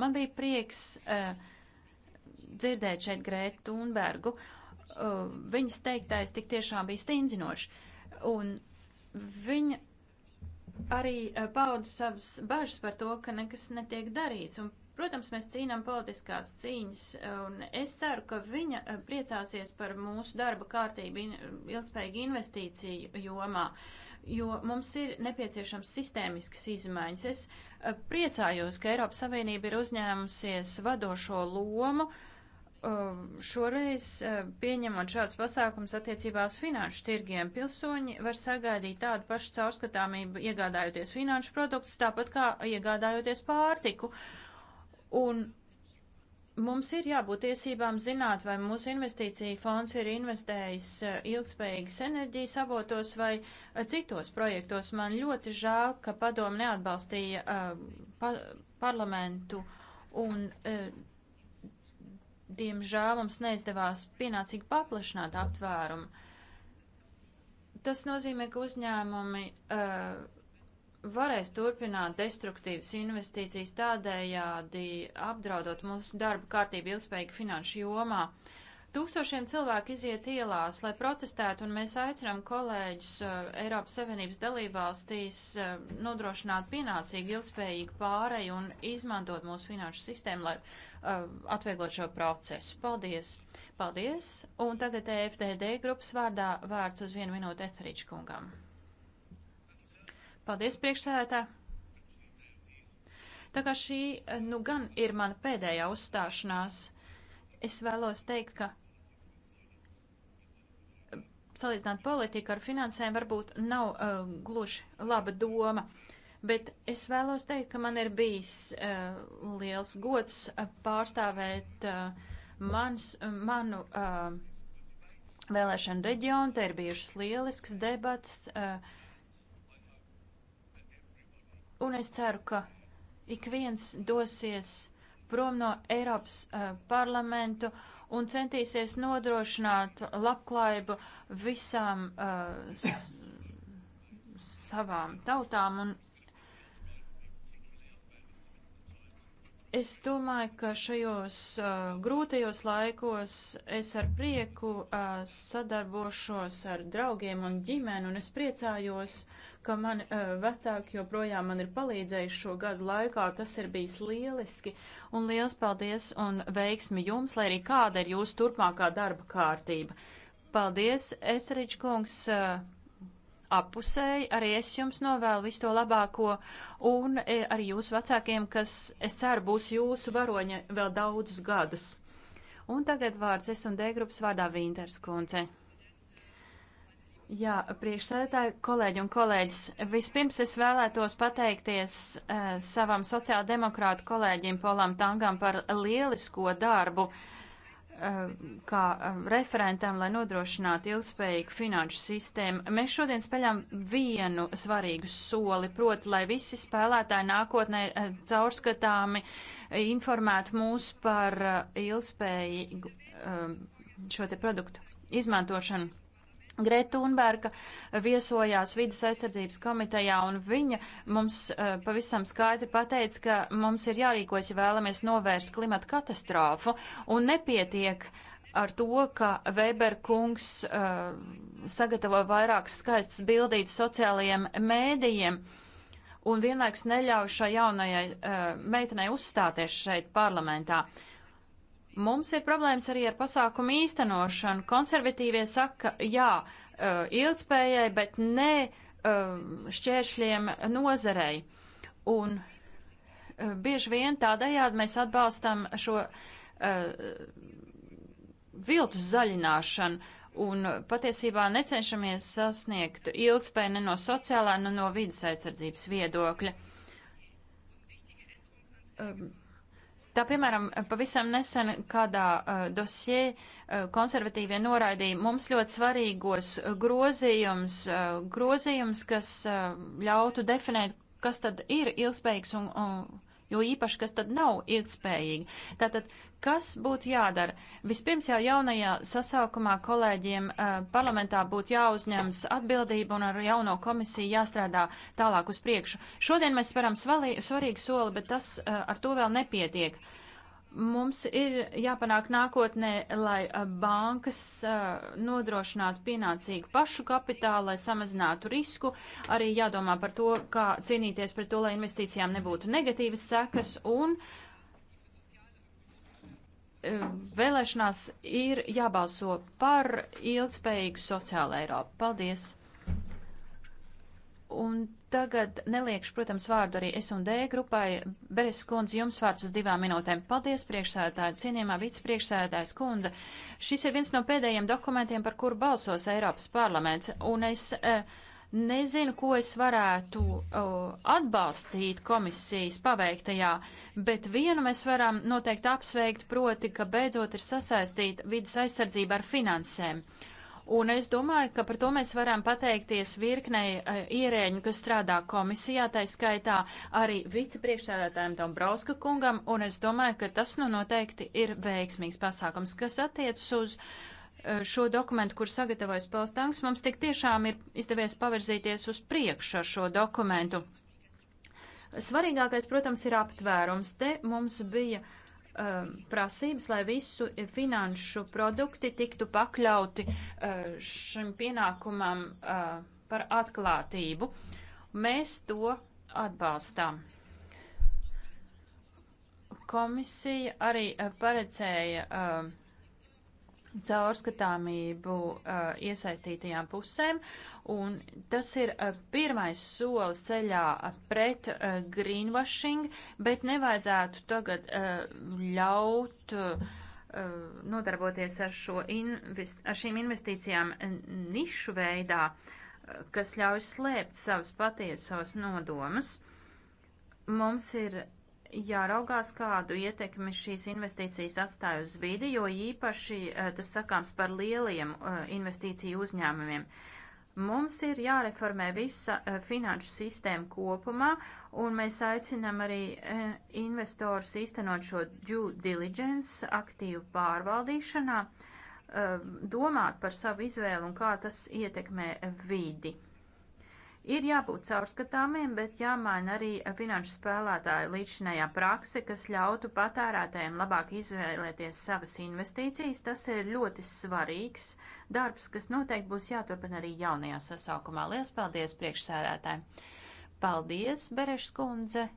Man bija prieks uh, dzirdēt šeit Grētu Thunbergu. Uh, viņas teiktais tik tiešām bija stingzinošs. Un viņa arī uh, pauda savas bažas par to, ka nekas netiek darīts. Un Protams, mēs cīnām politiskās cīņas, un es ceru, ka viņa eh, priecāsies par mūsu darba kārtību ilgspējīgu investīciju jomā, jo mums ir nepieciešams sistēmiskas izmaiņas. Es eh, priecājos, ka Eiropas Savienība ir uzņēmusies vadošo lomu. Um, šoreiz, eh, pieņemot šādus pasākumus attiecībā uz finanšu tirgiem, pilsoņi var sagaidīt tādu pašu caurskatāmību, iegādājoties finanšu produktus, tāpat kā iegādājoties pārtiku. Uh, Un mums ir jābūt tiesībām zināt, vai mūsu investīcija fonds ir investējis eh, ilgspējīgas enerģijas avotos vai eh, citos projektos. Man ļoti žēl, ka padomu neatbalstīja uh, pa parlamentu un, uh, diemžēl, mums neizdevās pienācīgi paplašināt aptvērumu. Tas nozīmē, ka uzņēmumi uh, varēs turpināt destruktīvas investīcijas tādējādi apdraudot mūsu darba kārtību ilgspējīgi finanšu jomā. Tūkstošiem cilvēku iziet ielās, lai protestētu, un mēs aicinām kolēģus uh, Eiropas Savienības dalībvalstīs uh, nodrošināt pienācīgi ilgspējīgu pāreju un izmantot mūsu finanšu sistēmu, lai uh, atvieglot šo procesu. Paldies! Paldies! Un tagad EFTD grupas vārdā vārds uz vienu minūti Eteričkungam. Paldies, priekšsēdētā! Tā kā šī nu gan ir mana pēdējā uzstāšanās, es vēlos teikt, ka salīdzināt politiku ar finansēm varbūt nav uh, gluži laba doma, bet es vēlos teikt, ka man ir bijis uh, liels gods uh, pārstāvēt uh, mans, manu uh, vēlēšanu reģionu, te ir bijušas lielisks debats. Uh, un es ceru, ka ik viens dosies prom no Eiropas uh, parlamentu un centīsies nodrošināt labklājību visām uh, savām tautām. Un es domāju, ka šajos uh, grūtajos laikos es ar prieku uh, sadarbošos ar draugiem un ģimeni, un es priecājos uh, ka mani uh, vecāki joprojām man ir palīdzējuši šo gadu laikā. Tas ir bijis lieliski. Un liels paldies un veiksmi jums, lai arī kāda ir jūsu turpmākā darba kārtība. Paldies, Esriģ kungs. Uh, Apusēji arī es jums novēlu visu to labāko un e, arī jūsu vecākiem, kas, es ceru, būs jūsu varoņa vēl daudzus gadus. Un tagad vārds es un D grupas vārdā Vinters kundze. Jā, priekšsēdētāji, kolēģi un kolēģis, vispirms es vēlētos pateikties eh, savam sociāldemokrātu kolēģim Polam Tangam par lielisko darbu eh, kā eh, referentam, lai nodrošinātu ilgspējīgu finanšu sistēmu. Mēs šodien spēļam vienu svarīgu soli, proti, lai visi spēlētāji nākotnē eh, caurskatāmi informētu mūs par eh, ilgspējīgu eh, šo te produktu izmantošanu. Greta Thunberga viesojās vidas aizsardzības komitejā, un viņa mums uh, pavisam skaidri pateica, ka mums ir jārīkojas, ja vēlamies novērst klimata katastrofu, un nepietiek ar to, ka Weber kungs uh, sagatavo vairākas skaistas bildītas sociālajiem mēdījiem, un vienlaiks neļauj šai jaunajai uh, meitenei uzstāties šeit parlamentā. Uh, Mums ir problēmas arī ar pasākumu īstenošanu. Konservatīvie saka, jā, eh, ilgspējai, bet ne eh, šķēršļiem nozarei. Un eh, bieži vien tādējādi mēs atbalstam šo viltus zaļināšanu un patiesībā necenšamies sasniegt ilgspēju ne no sociālā, ne no vidas aizsardzības viedokļa. Um, Tā piemēram, pavisam nesen kādā uh, dosjē uh, konservatīvie noraidīja mums ļoti svarīgos grozījums, uh, grozījums, kas uh, ļautu definēt, kas tad ir ilgspējīgs un, un jo īpaši, kas tad nav ilgspējīgi. Tātad, kas būtu jādara? Vispirms jau jaunajā sasaukumā kolēģiem uh, parlamentā būtu jāuzņems atbildība un ar jauno komisiju jāstrādā tālāk uz priekšu. Šodien mēs varam svarīgu soli, bet tas uh, ar to vēl nepietiek. Uh, Mums ir jāpanāk nākotnē, lai bankas nodrošinātu pienācīgu pašu kapitālu, lai samazinātu risku, arī jādomā par to, kā cīnīties par to, lai investīcijām nebūtu negatīvas sekas un e, vēlēšanās ir jābalso par ilgspējīgu sociālu Eiropu. Paldies! Un Tagad neliekšu, protams, vārdu arī S&D grupai. Beres kundze, jums vārds uz divām minūtēm. Paldies, priekšsēdētāji, cienījumā vicepriekšsēdētājs kundze. Šis ir viens no pēdējiem dokumentiem, par kuru balsos Eiropas parlaments, un es eh, nezinu, ko es varētu atbalstīt komisijas paveiktajā, bet vienu mēs varam noteikti apsveikt, proti, ka beidzot ir sasaistīta vidas aizsardzība ar finansēm. Un es domāju, ka par to mēs varam pateikties virknei uh, e, ierēņu, kas strādā komisijā, tā skaitā arī vicepriekšsēdētājiem Dombrovska kungam, un es domāju, ka tas nu noteikti ir veiksmīgs pasākums, kas attiecas uz uh, šo dokumentu, kur sagatavojas Polstanks. Mums tik tiešām ir izdevies pavirzīties uz priekšu ar šo dokumentu. Svarīgākais, protams, ir aptvērums. Te mums bija uh, um, prasības, lai visu finanšu produkti tiktu pakļauti uh, šim pienākumam uh, par atklātību. Mēs to atbalstām. Komisija arī uh, paredzēja uh, caurskatāmību uh, iesaistītajām pusēm, un tas ir uh, pirmais solis ceļā pret uh, greenwashing, bet nevajadzētu tagad uh, ļaut uh, nodarboties ar, šo invest ar šīm investīcijām nišu veidā, uh, kas ļauj slēpt savas patiesas, savas nodomas. Mums ir jāraugās, kādu ietekmi šīs investīcijas atstāja uz vidi, jo īpaši eh, tas sakāms par lieliem eh, investīciju uzņēmumiem. Mums ir jāreformē visa eh, finanšu sistēma kopumā, un mēs aicinām arī investorus īstenot šo due diligence aktīvu pārvaldīšanā, domāt par savu izvēlu un kā tas ietekmē vidi. Ir jābūt caurskatāmiem, bet jāmaina arī finanšu spēlētāju līdzinējā prakse, kas ļautu patērētājiem labāk izvēlēties savas investīcijas. Tas ir ļoti svarīgs darbs, kas noteikti būs jāturpina arī jaunajā sasaukumā. Lielas paldies priekšsēdētājiem! Paldies, Berešs kundze!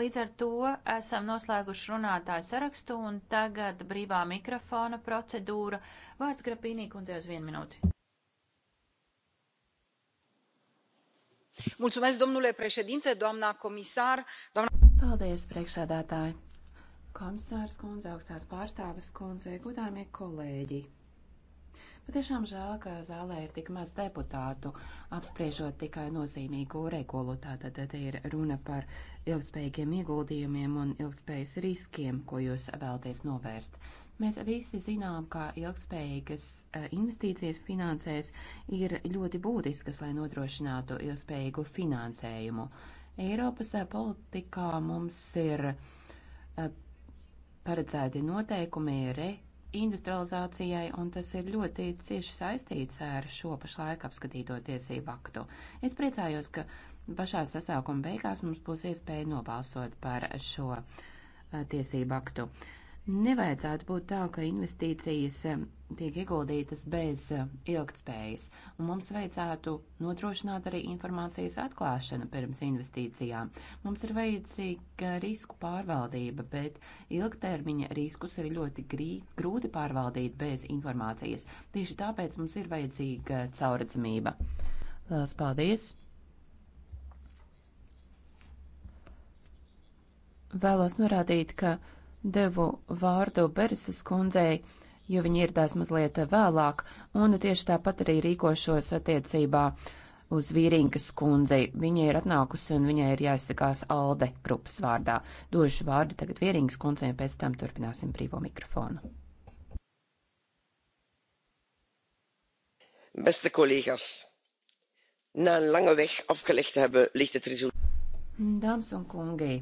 Līdz ar to esam noslēguši runātāju sarakstu un tagad brīvā mikrofona procedūra. Vārds Grapīnī kundzei uz vienu minūti. domnule președinte doamnă comisar doamnă. paldies priekšsēdētāji komisārs kundze augstās pārstāves kundze godājamie kolēģi. Patiešām žēl, ka zālē ir tik maz deputātu, apspriežot tikai nozīmīgu regulu. Tātad ir runa par ilgspējīgiem ieguldījumiem un ilgspējas riskiem, ko jūs vēlties novērst. Mēs visi zinām, ka ilgspējīgas e, investīcijas finansēs ir ļoti būtiskas, lai nodrošinātu ilgspējīgu finansējumu. Eiropas e, politikā mums ir e, paredzēti noteikumi reindustrializācijai, un tas ir ļoti cieši saistīts ar šo pašlaik apskatīto tiesību aktu. Es priecājos, ka pašā sasākuma beigās mums būs iespēja nobalsot par šo tiesību aktu. Uh, Nevajadzētu būt tā, ka investīcijas eh, tiek ieguldītas bez eh, ilgtspējas, un mums vajadzētu nodrošināt arī informācijas atklāšanu pirms investīcijām. Mums ir vajadzīga risku pārvaldība, bet ilgtermiņa riskus ir ļoti grūti pārvaldīt bez informācijas. Tieši tāpēc mums ir vajadzīga caurredzamība. Lielas paldies! Vēlos norādīt, ka devu vārdu Bereses kundzei, jo viņa ieradās mazliet vēlāk, un tieši tāpat arī rīkošos attiecībā uz vīrinkas kundzei. Viņa ir atnākusi un viņai ir jāizsakās Alde grupas vārdā. Došu vārdu tagad vīrinkas kundzei, un pēc tam turpināsim brīvo mikrofonu. Beste collega's, na een lange weg afgelegd hebben, ligt het resultaat. Dames en kungi,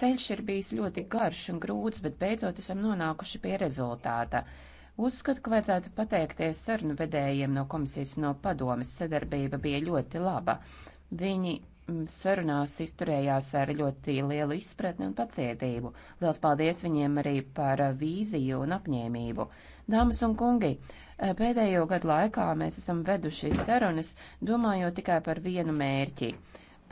Ceļš ir bijis ļoti garš un grūts, bet beidzot esam nonākuši pie rezultāta. Uzskatu, ka vajadzētu pateikties sarunu vedējiem no komisijas no padomes. Sadarbība bija ļoti laba. Viņi mm, sarunās izturējās ar ļoti lielu izpratni un pacietību. Liels paldies viņiem arī par vīziju un apņēmību. Dāmas un kungi, pēdējo gadu laikā mēs esam veduši sarunas, domājot tikai par vienu mērķi.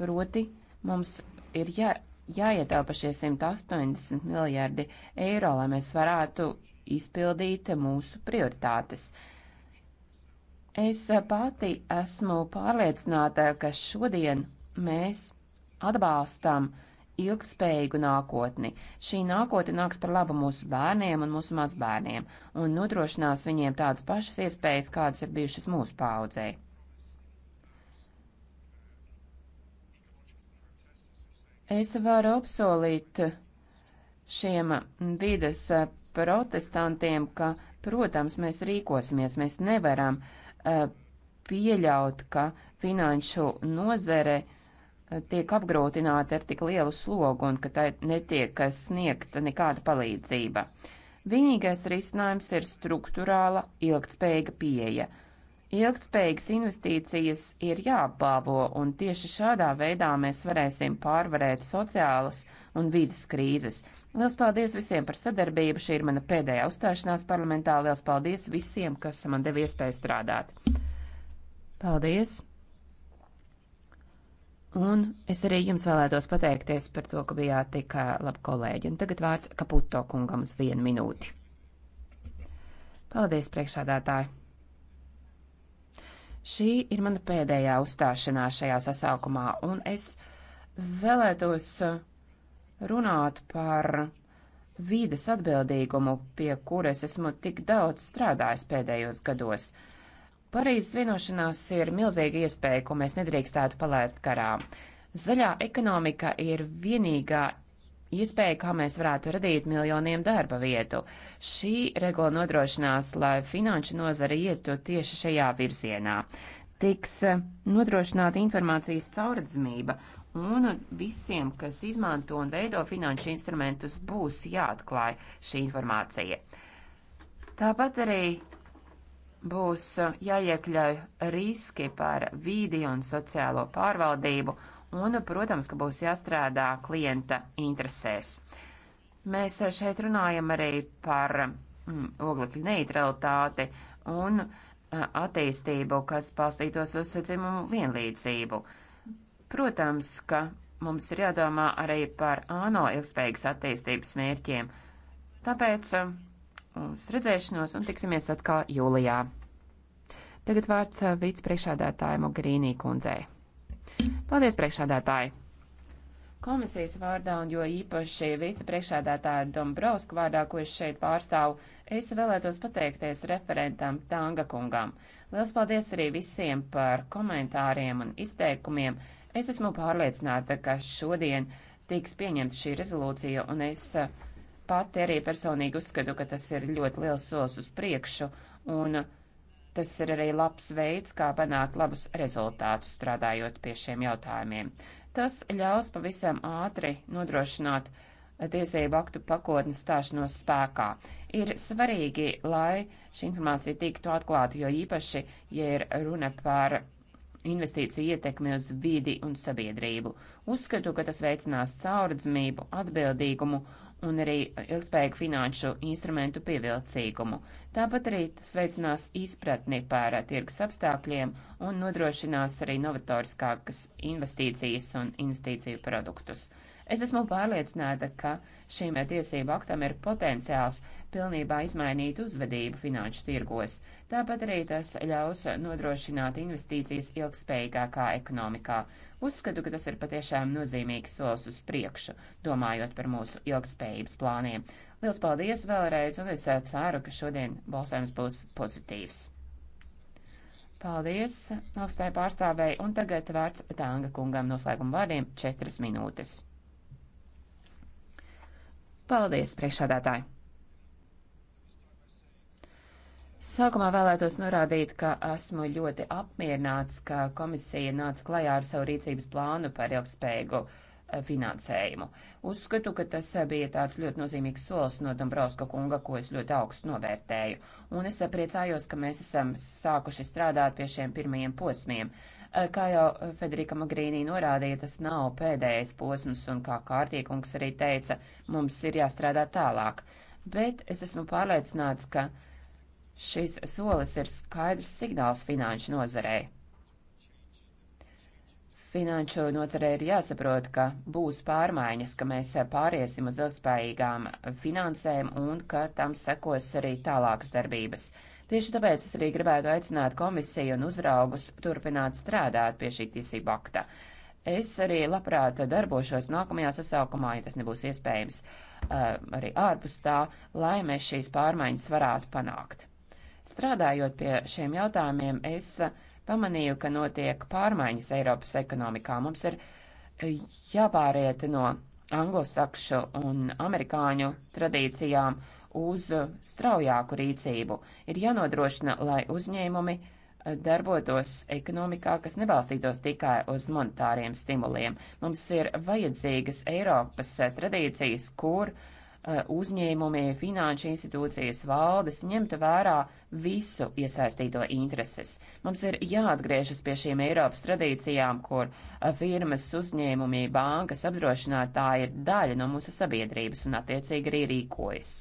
Proti, mums ir jā, jāietaupa šie 180 miljardi eiro, lai mēs varētu izpildīt mūsu prioritātes. Es pati esmu pārliecināta, ka šodien mēs atbalstām ilgspējīgu nākotni. Šī nākotne nāks par labu mūsu bērniem un mūsu mazbērniem un nodrošinās viņiem tādas pašas iespējas, kādas ir bijušas mūsu paudzei. Es varu apsolīt šiem vides protestantiem, ka, protams, mēs rīkosimies, mēs nevaram e, pieļaut, ka finanšu nozare e, tiek apgrūtināta ar tik lielu slogu un ka tai netiek sniegta nekāda palīdzība. Vienīgais risinājums ir struktūrāla, ilgtspējīga pieeja. Ilgtspējīgas investīcijas ir jāapbalvo, un tieši šādā veidā mēs varēsim pārvarēt sociālas un vidas krīzes. Lielas paldies visiem par sadarbību. Šī ir mana pēdējā uzstāšanās parlamentā. Lielas paldies visiem, kas man deva iespēju strādāt. Paldies! Un es arī jums vēlētos pateikties par to, ka bijāt tik labi kolēģi. Un tagad vārds Kaputo kungam uz vienu minūti. Paldies, priekšādātāji! Šī ir mana pēdējā uzstāšanās šajā sasaukumā, un es vēlētos uh, runāt par vīdes atbildīgumu, pie kuras esmu tik daudz strādājis pēdējos gados. Parīzes vienošanās ir milzīga iespēja, ko mēs nedrīkstētu palaist garām. Zaļā ekonomika ir vienīgā iespēja, kā mēs varētu radīt miljoniem darba vietu. Šī regula nodrošinās, lai finanšu nozara ietu tieši šajā virzienā. Tiks eh, nodrošināta informācijas caurredzamība, un visiem, kas izmanto un veido finanšu instrumentus, būs jāatklāj šī informācija. Tāpat arī būs eh, jāiekļauj riski par vīdi un sociālo pārvaldību Un, protams, ka būs jāstrādā klienta interesēs. Mēs šeit runājam arī par mm, oglekļa neutralitāti un attīstību, kas balstītos uz dzimumu vienlīdzību. Protams, ka mums ir jādomā arī par ANO ilgspējīgas attīstības mērķiem. Tāpēc uz redzēšanos un tiksimies atkal jūlijā. Tagad vārds vicepriekšādātājai Mogherīnī kundzei. Paldies, priekšādātāji! Komisijas vārdā un jo īpaši vicepriekšādātāja Dombrovska vārdā, ko es šeit pārstāvu, es vēlētos pateikties referentam Tanga kungam. Liels paldies arī visiem par komentāriem un izteikumiem. Es esmu pārliecināta, ka šodien tiks pieņemta šī rezolūcija un es eh, pati arī personīgi uzskatu, ka tas ir ļoti liels solis uz priekšu un uh, Tas ir arī labs veids, kā panākt labus rezultātus strādājot pie šiem jautājumiem. Tas ļaus pavisam ātri nodrošināt tiesību aktu pakotnes stāšanos spēkā. Ir svarīgi, lai šī informācija tiktu atklāta, jo īpaši, ja ir runa par investīciju ietekmi uz vidi un sabiedrību. Uzskatu, ka tas veicinās caurdzmību, atbildīgumu un arī ilgspējīgu finanšu instrumentu pievilcīgumu. Tāpat arī tas veicinās izpratni par tirgus apstākļiem un nodrošinās arī novatoriskākas investīcijas un investīciju produktus. Es esmu pārliecināta, ka šim tiesību aktam ir potenciāls pilnībā izmainīt uzvedību finanšu tirgos. Tāpat arī tas ļaus nodrošināt investīcijas ilgspējīgākā ekonomikā Uzskatu, ka tas ir patiešām nozīmīgs solis uz priekšu, domājot par mūsu ilgspējības plāniem. Lielas paldies vēlreiz, un es eh, ceru, ka šodien balsojums būs pozitīvs. Paldies augstai pārstāvēji, un tagad vērts Tānga kungam noslēguma vārdiem četras minūtes. Paldies, priekšādātāji! Sākumā vēlētos norādīt, ka esmu ļoti apmierināts, ka komisija nāca klajā ar savu rīcības plānu par ilgspējīgu eh, finansējumu. Uzskatu, ka tas eh, bija tāds ļoti nozīmīgs solis no Dombrovska kunga, ko es ļoti augstu novērtēju, un es eh, priecājos, ka mēs esam sākuši strādāt pie šiem pirmajiem posmiem. Kā jau Federika Magrīnī norādīja, tas nav pēdējais posms, un kā kārtīkungs arī teica, mums ir jāstrādā tālāk. Bet es esmu pārliecināts, ka Šis solis ir skaidrs signāls finanšu nozarei. Finanšu nozarei ir jāsaprot, ka būs pārmaiņas, ka mēs pāriesim uz ilgspējīgām finansēm un ka tam sekos arī tālākas darbības. Tieši tāpēc es arī gribētu aicināt komisiju un uzraugus turpināt strādāt pie šī tiesību akta. Es arī labprāt darbošos nākamajā sasaukumā, ja tas nebūs iespējams, eh, arī ārpus tā, lai mēs šīs pārmaiņas varētu panākt. Strādājot pie šiem jautājumiem, es pamanīju, ka notiek pārmaiņas Eiropas ekonomikā. Mums ir e, jāpāriet no anglosakšu un amerikāņu tradīcijām uz straujāku rīcību. Ir jānodrošina, lai uzņēmumi e, darbotos ekonomikā, kas nebalstītos tikai uz monetāriem stimuliem. Mums ir vajadzīgas Eiropas e, tradīcijas, kur uh, Eh, uzņēmumi, finanšu institūcijas, valdes ņemtu vērā visu iesaistīto intereses. Mums ir jāatgriežas pie šīm Eiropas tradīcijām, kur eh, firmas, uzņēmumi, bankas, apdrošinātāji ir daļa no mūsu sabiedrības un attiecīgi arī rīkojas.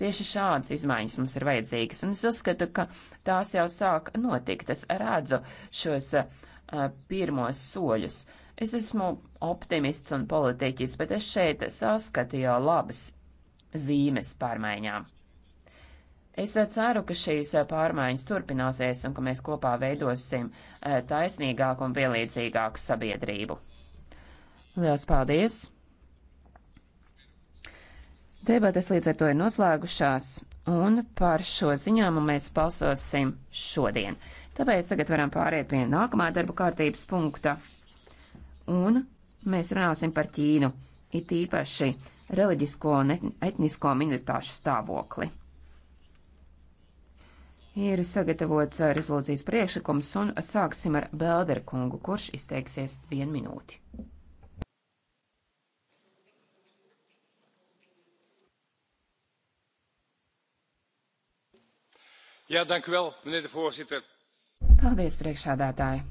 Tieši šādas izmaiņas mums ir vajadzīgas, un es uzskatu, ka tās jau sāk notikt. Es redzu šos uh, pirmos soļus. Uh, Es esmu optimists un politiķis, bet es šeit saskatu jau labas zīmes pārmaiņām. Es ceru, ka šīs pārmaiņas turpināsies un ka mēs kopā veidosim e, taisnīgāku un pielīdzīgāku sabiedrību. Lielas paldies! Debates līdz ar to ir noslēgušās, un par šo ziņojumu mēs balsosim šodien. Tāpēc tagad varam pāriet pie nākamā darba kārtības punkta. Un mēs runāsim par Ķīnu, it īpaši reliģisko un etnisko minoritāšu stāvokli. Ir sagatavots rezolūcijas priekšlikums un sāksim ar Belderu kungu, kurš izteiksies vienu minūti. Jā, dank vēl, minēta forsita. Paldies, priekšādātāji.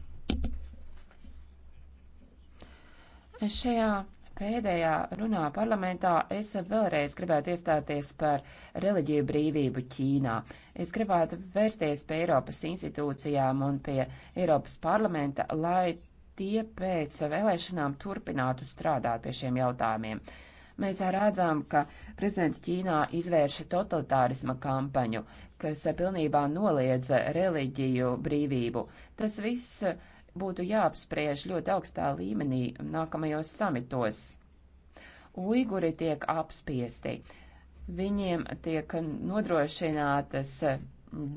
Šajā pēdējā runā parlamentā es vēlreiz gribētu iestāties par reliģiju brīvību Ķīnā. Es gribētu vērsties pie Eiropas institūcijām un pie Eiropas parlamenta, lai tie pēc vēlēšanām turpinātu strādāt pie šiem jautājumiem. Mēs redzam, ka prezidents Ķīnā izvērš totalitārisma kampaņu, kas pilnībā noliedz reliģiju brīvību. Tas viss būtu jāapspriež ļoti augstā līmenī nākamajos samitos. Uiguri tiek apspiesti. Viņiem tiek nodrošinātas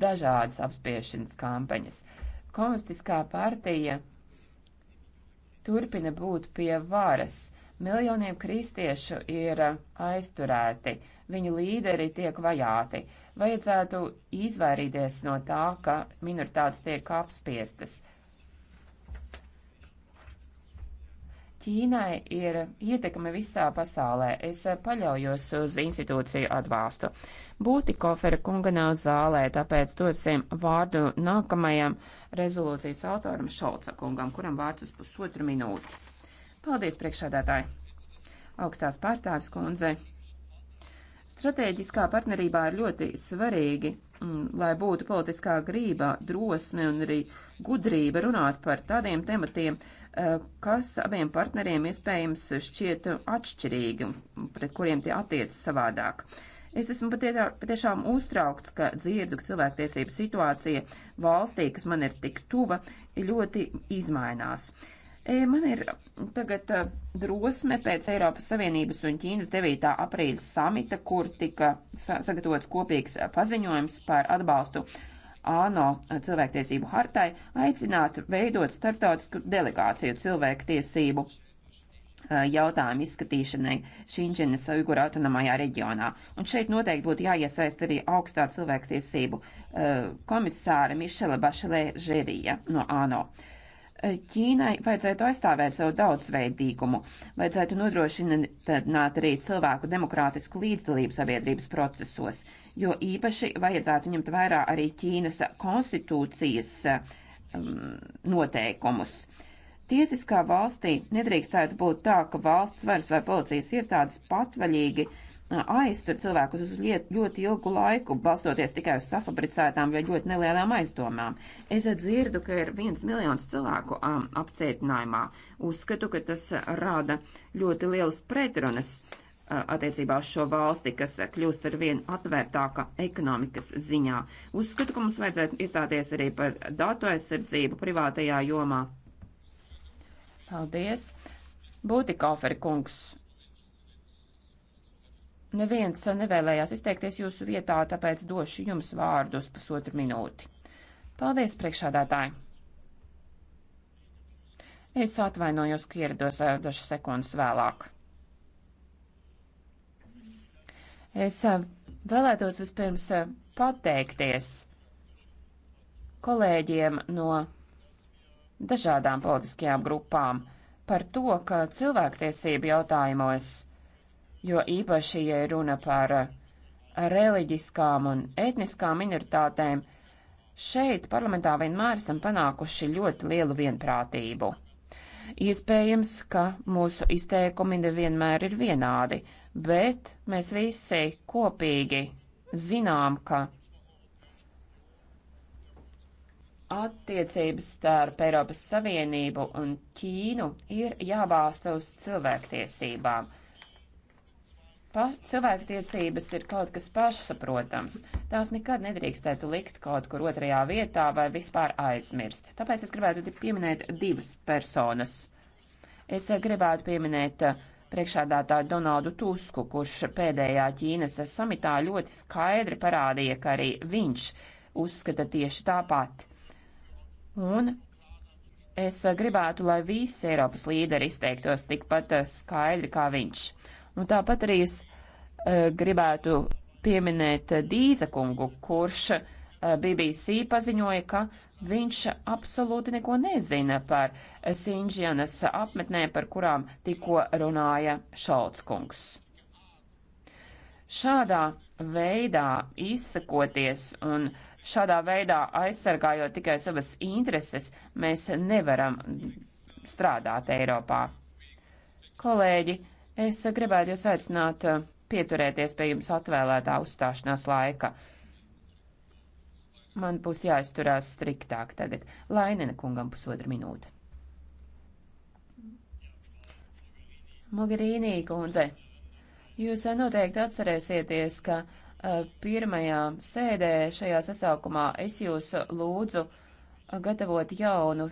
dažādas apspiešanas kampaņas. Komunistiskā partija turpina būt pie varas. Miljoniem kristiešu ir aizturēti, viņu līderi tiek vajāti. Vajadzētu izvairīties no tā, ka minoritātes tiek apspiestas. Ķīnai ir ietekme visā pasaulē. Es paļaujos uz institūciju atbalstu. Būtikofera kunga nav zālē, tāpēc dosim vārdu nākamajam rezolūcijas autoram Šolca kungam, kuram vārds uz pusotru minūti. Paldies, priekšādātāji! Augstās pārstāvis kundze! Stratēģiskā partnerībā ir ļoti svarīgi, m, mm, lai būtu politiskā grība, drosme un arī gudrība runāt par tādiem tematiem, uh, Eh, kas abiem partneriem iespējams šķiet atšķirīgi, pret kuriem tie attiecas savādāk. Es esmu patiešām, patiešām uztraukts, ka dzirdu, ka cilvēktiesība situācija valstī, kas man ir tik tuva, ļoti izmainās. E, man ir tagad eh, drosme pēc Eiropas Savienības un Ķīnas 9. aprīļa samita, kur tika sagatavots kopīgs eh, paziņojums par atbalstu ANO cilvēktiesību hartai aicināt veidot starptautisku delegāciju cilvēktiesību eh, jautājumu izskatīšanai Šīņģenes Uigura autonomajā reģionā. Un šeit noteikti būtu jāiesaist arī augstā cilvēktiesību eh, komisāra Mišela Bašelē Žerija no ANO. Uh, Ķīnai vajadzētu aizstāvēt savu daudzveidīgumu, vajadzētu nodrošināt arī cilvēku demokrātisku līdzdalību sabiedrības procesos, jo īpaši vajadzētu ņemt vērā arī Ķīnas konstitūcijas um, noteikumus. Tiesiskā valstī nedrīkstētu būt tā, ka valsts varas vai policijas iestādes patvaļīgi uh, aiztur cilvēkus uz liet, ļoti ilgu laiku, balstoties tikai uz safabricētām vai ļoti nelielām aizdomām. Es dzirdu, ka ir viens miljons cilvēku um, apcietinājumā. Uzskatu, ka tas rada ļoti lielas pretrunas uh, attiecībā uz šo valsti, kas kļūst ar vien atvērtāka ekonomikas ziņā. Uzskatu, ka mums vajadzētu iestāties arī par datu aizsardzību privātajā jomā. Paldies! Būti koferi kungs Neviens nevēlējās izteikties jūsu vietā, tāpēc došu jums vārdu uz pusotru minūti. Paldies, priekšādātāji! Es atvainojos, ka ierados dažas sekundes vēlāk. Es vēlētos vispirms pateikties kolēģiem no dažādām politiskajām grupām par to, ka cilvēktiesību jautājumos jo īpaši, ja runa par eh, reliģiskām un etniskām minoritātēm, šeit parlamentā vienmēr esam panākuši ļoti lielu vienprātību. Iespējams, ka mūsu izteikumi nevienmēr ir vienādi, bet mēs visi kopīgi zinām, ka attiecības starp Eiropas Savienību un Ķīnu ir jābāsta uz cilvēktiesībām Pa, cilvēktiesības ir kaut kas pašsaprotams. Tās nekad nedrīkstētu likt kaut kur otrajā vietā vai vispār aizmirst. Tāpēc es gribētu pieminēt divas personas. Es eh, gribētu pieminēt eh, priekšādātāju Donaldu Tusku, kurš pēdējā Ķīnas samitā ļoti skaidri parādīja, ka arī viņš uzskata tieši tāpat. Un es eh, gribētu, lai visi Eiropas līderi izteiktos tikpat skaidri kā viņš. Un tāpat arī es uh, gribētu pieminēt eh, Dīza kungu, kurš uh, eh, BBC paziņoja, ka viņš absolūti neko nezina par Sinģianas apmetnēm, par kurām tikko runāja Šalts kungs. Šādā veidā izsakoties un šādā veidā aizsargājot tikai savas intereses, mēs nevaram strādāt Eiropā. Kolēģi, Es gribētu jūs aicināt eh, pieturēties pie jums atvēlētā uzstāšanās laika. Man būs jāizturās striktāk tagad. Lainina kungam pusotra minūte. Mogherīnī kundze, jūs eh, noteikti atcerēsieties, ka eh, pirmajā sēdē šajā sasaukumā es jūs lūdzu gatavot jaunu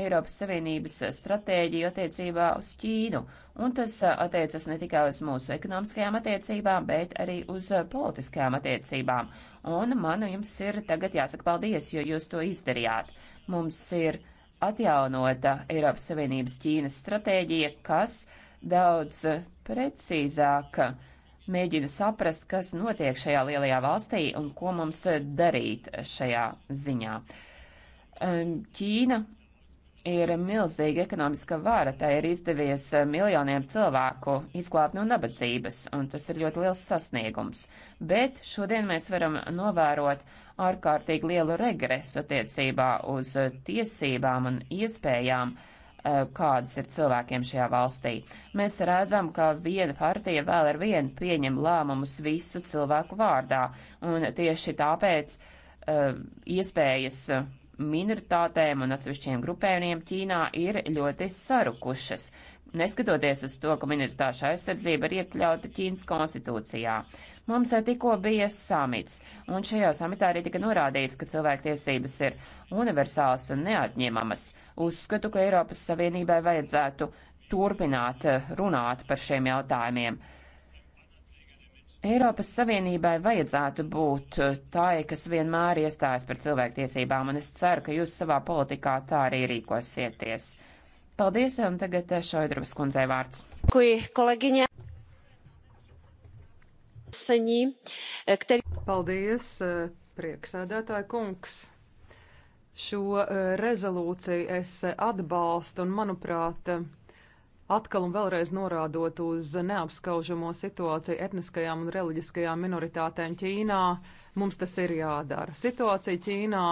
Eiropas Savienības stratēģiju attiecībā uz Ķīnu, un tas attiecas ne tikai uz mūsu ekonomiskajām attiecībām, bet arī uz politiskajām attiecībām. Un man jums ir tagad jāsaka paldies, jo jūs to izdarījāt. Mums ir atjaunota Eiropas Savienības Ķīnas stratēģija, kas daudz precīzāk mēģina saprast, kas notiek šajā lielajā valstī un ko mums darīt šajā ziņā. Ķīna ir milzīga ekonomiska vara. Tā ir izdevies eh, miljoniem cilvēku izglābt no nabadzības, un tas ir ļoti liels sasniegums. Bet šodien mēs varam novērot ārkārtīgi lielu regresu attiecībā uz eh, tiesībām un iespējām eh, kādas ir cilvēkiem šajā valstī. Mēs redzam, ka viena partija vēl ar vienu pieņem lēmumus visu cilvēku vārdā, un tieši tāpēc uh, iespējas uh, minoritātēm un atsevišķiem grupējumiem Ķīnā ir ļoti sarukušas, neskatoties uz to, ka minoritāšu aizsardzība ir iekļauta Ķīnas konstitūcijā. Mums tikko bija samits, un šajā samitā arī tika norādīts, ka cilvēktiesības ir universālas un neatņemamas. Uzskatu, ka Eiropas Savienībai vajadzētu turpināt eh, runāt par šiem jautājumiem. Eiropas Savienībai vajadzētu būt eh, tai, kas vienmēr iestājas par cilvēktiesībām, un es ceru, ka jūs savā politikā tā arī rīkosieties. Paldies, un tagad eh, Šoidrubas kundzei vārds. Kui, kolēģiņa. Eh, Paldies, prieksēdētāja kungs. Šo rezolūciju es atbalstu un, manuprāt, atkal un vēlreiz norādot uz neapskaužamo situāciju etniskajām un reliģiskajām minoritātēm Ķīnā. Mums tas ir jādara. Situācija Ķīnā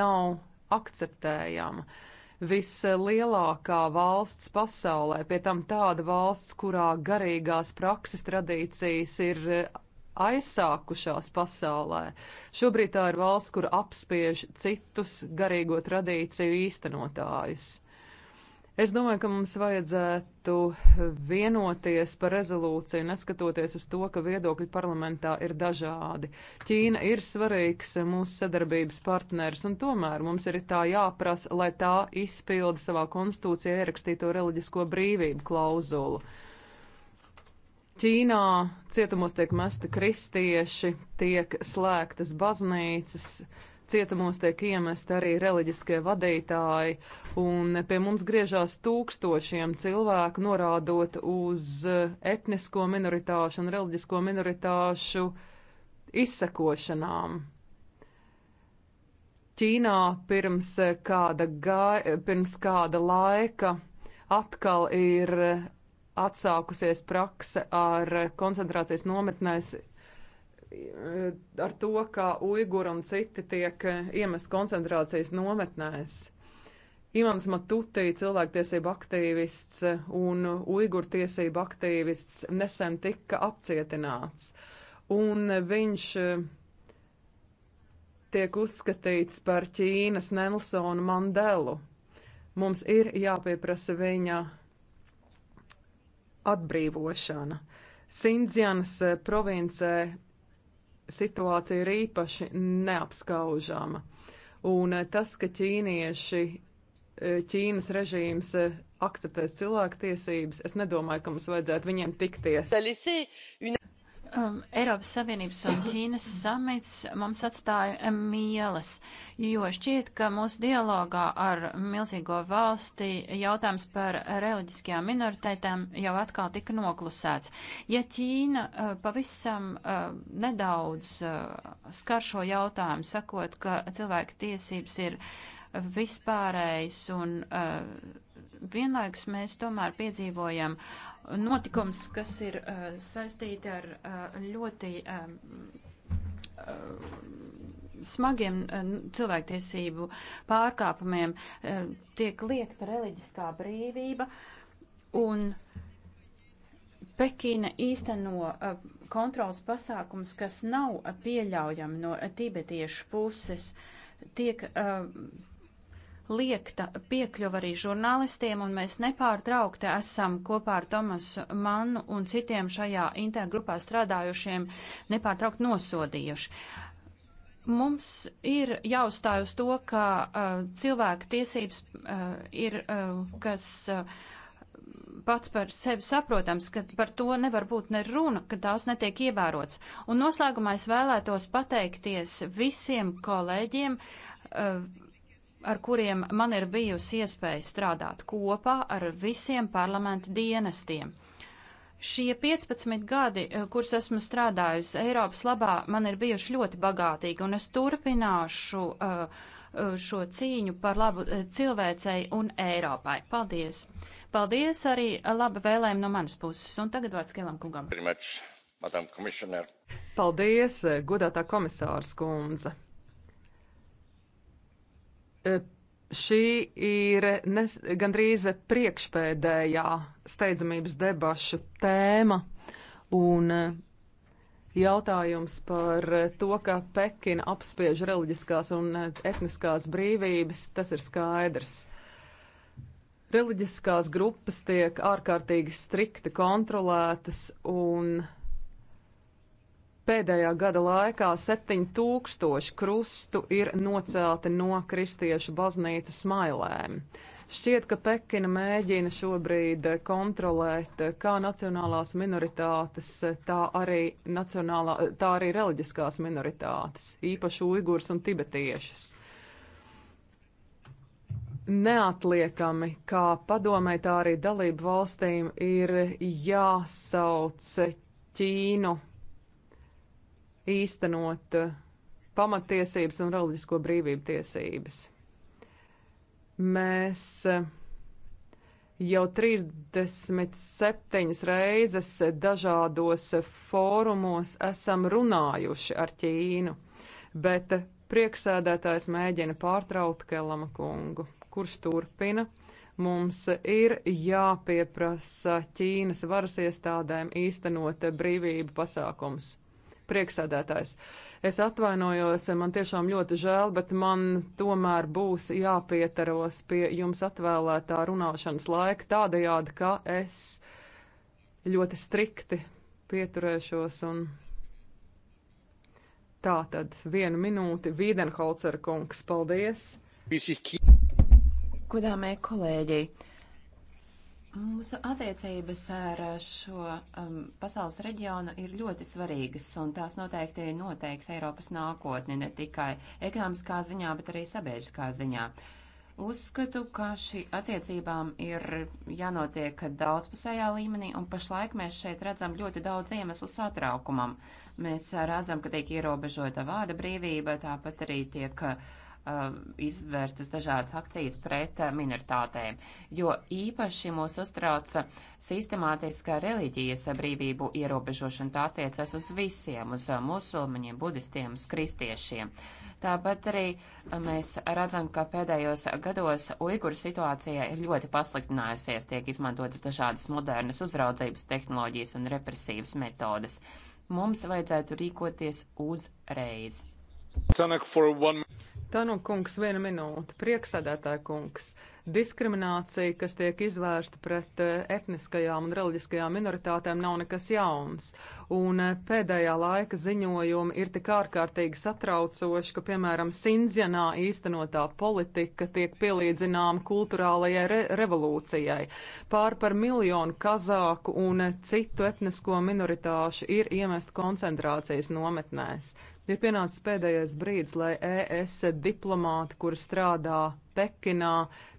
nav akceptējama vislielākā valsts pasaulē, pie tam tāda valsts, kurā garīgās prakses tradīcijas ir aizsākušās pasaulē. Šobrīd tā ir valsts, kur apspiež citus garīgo tradīciju īstenotājus. Es domāju, ka mums vajadzētu vienoties par rezolūciju, neskatoties uz to, ka viedokļi parlamentā ir dažādi. Ķīna ir svarīgs mūsu sadarbības partners, un tomēr mums ir tā jāprasa, lai tā izpilda savā konstitūcijā ierakstīto reliģisko brīvību klauzulu. Ķīnā cietumos tiek mesti kristieši, tiek slēgtas baznīcas Cietumos tiek iemesti arī reliģiskie vadītāji, un pie mums griežās tūkstošiem cilvēku, norādot uz etnisko minoritāšu un reliģisko minoritāšu izsekošanām. Ķīnā pirms kāda, gai, pirms kāda laika atkal ir atsākusies prakse ar koncentrācijas nometnēs ar to, ka Uiguri un citi tiek eh, iemest koncentrācijas nometnēs. Imants Matutī, cilvēktiesība aktīvists eh, un Uiguru tiesība aktīvists, nesen tika apcietināts. Un viņš eh, tiek uzskatīts par Ķīnas Nelsonu Mandelu. Mums ir jāpieprasa viņa atbrīvošana. Sindzjanas provincē situācija ir īpaši neapskaužama. Un eh, tas, ka ķīnieši, eh, Ķīnas režīms eh, akceptēs cilvēktiesības, es nedomāju, ka mums vajadzētu viņiem tikties. Um, Eiropas Savienības un Ķīnas samits mums atstāja mīlas, um, jo šķiet, ka mūsu dialogā ar milzīgo valsti jautājums par reliģiskajām minoritētām jau atkal tika noklusēts. Ja Ķīna uh, pavisam uh, nedaudz uh, skar šo jautājumu, sakot, ka cilvēka tiesības ir vispārējs un. Uh, vienlaikus mēs tomēr piedzīvojam notikums, kas ir uh, saistīti ar uh, ļoti uh, uh, smagiem uh, cilvēktiesību pārkāpumiem, uh, tiek liekta reliģiskā brīvība un Pekīna īsteno uh, kontrols pasākums, kas nav pieļaujami no tibetiešu puses, tiek uh, liekta piekļuva arī žurnālistiem, un mēs nepārtraukti esam kopā ar Tomasu Mannu un citiem šajā intergrupā strādājušiem nepārtraukti nosodījuši. Mums ir jāuzstāj uz to, ka uh, cilvēka tiesības uh, ir, uh, kas uh, pats par sevi saprotams, ka par to nevar būt ne runa, ka tās netiek ievērots. Un noslēgumā es vēlētos pateikties visiem kolēģiem, uh, ar kuriem man ir bijusi iespēja strādāt kopā ar visiem parlamenta dienestiem. Šie 15 gadi, eh, kurus esmu strādājusi Eiropas labā, man ir bijuši ļoti bagātīgi, un es turpināšu eh, eh, šo cīņu par labu cilvēcei un Eiropai. Paldies! Paldies arī laba vēlējumu no manas puses, un tagad vārds Kēlam kungam. Paldies, godātā komisārs kundze! E, šī ir nes, gandrīz priekšpēdējā steidzamības debašu tēma, un e, jautājums par to, ka Pekina apspiež reliģiskās un e, etniskās brīvības, tas ir skaidrs. Reliģiskās grupas tiek ārkārtīgi strikti kontrolētas, un Pēdējā gada laikā 7000 krustu ir nocelti no kristiešu baznīcu smailēm. Šķiet, ka Pekina mēģina šobrīd kontrolēt kā nacionālās minoritātes, tā arī, nacionālā, tā arī reliģiskās minoritātes, īpaši uigurs un tibetiešus. Neatliekami, kā padomē, tā arī dalību valstīm ir jāsauc Ķīnu īstenot eh, pamatiesības un reliģisko brīvību tiesības. Mēs eh, jau 37 reizes dažādos fórumos esam runājuši ar Ķīnu, bet prieksēdētājs mēģina pārtraukt Kelama kungu, kurš turpina. Mums ir jāpieprasa Ķīnas varas iestādēm īstenot brīvību pasākums. Prieksēdētājs. Es atvainojos, man tiešām ļoti žēl, bet man tomēr būs jāpietaros pie jums atvēlētā runāšanas laika tādajādi, ka es ļoti strikti pieturēšos un tā tad vienu minūti Vīdenholcer kungs, paldies! Godāmie kolēģi! Mūsu attiecības ar šo um, pasaules reģionu ir ļoti svarīgas, un tās noteikti noteiks Eiropas nākotni ne tikai ekonomiskā ziņā, bet arī sabiedriskā ziņā. Uzskatu, ka šī attiecībām ir jānotiek daudzpusējā līmenī, un pašlaik mēs šeit redzam ļoti daudz iemeslu satraukumam. Mēs redzam, ka tiek ierobežota vārda brīvība, tāpat arī tiek uh, Eh, izvērstas dažādas akcijas pret eh, minoritātēm, jo īpaši mūs uztrauca eh, sistemātiskā reliģijas brīvību ierobežošana. Tā attiecas uz visiem, uz musulmaņiem, budistiem, uz kristiešiem. Tāpat arī mēs redzam, ka pēdējos gados uiguru situācija ir ļoti pasliktinājusies, tiek izmantotas dažādas modernas uzraudzības tehnoloģijas un represīvas metodas. Mums vajadzētu rīkoties uzreiz. Tanak for one minute. Tā nu, kungs, viena minūte. Prieksēdētāja kungs. Diskriminācija, kas tiek izvērsta pret eh, etniskajām un reliģiskajām minoritātēm, nav nekas jauns. Un eh, pēdējā laika ziņojumi ir tik ārkārtīgi satraucoši, ka, piemēram, Sindzjanā īstenotā politika tiek pielīdzināma kulturālajai re revolūcijai. Pār par miljonu kazāku un eh, citu etnisko minoritāšu ir iemest koncentrācijas nometnēs. Ir pienācis pēdējais brīdis, lai ES diplomāti, kuri strādā Pekinā,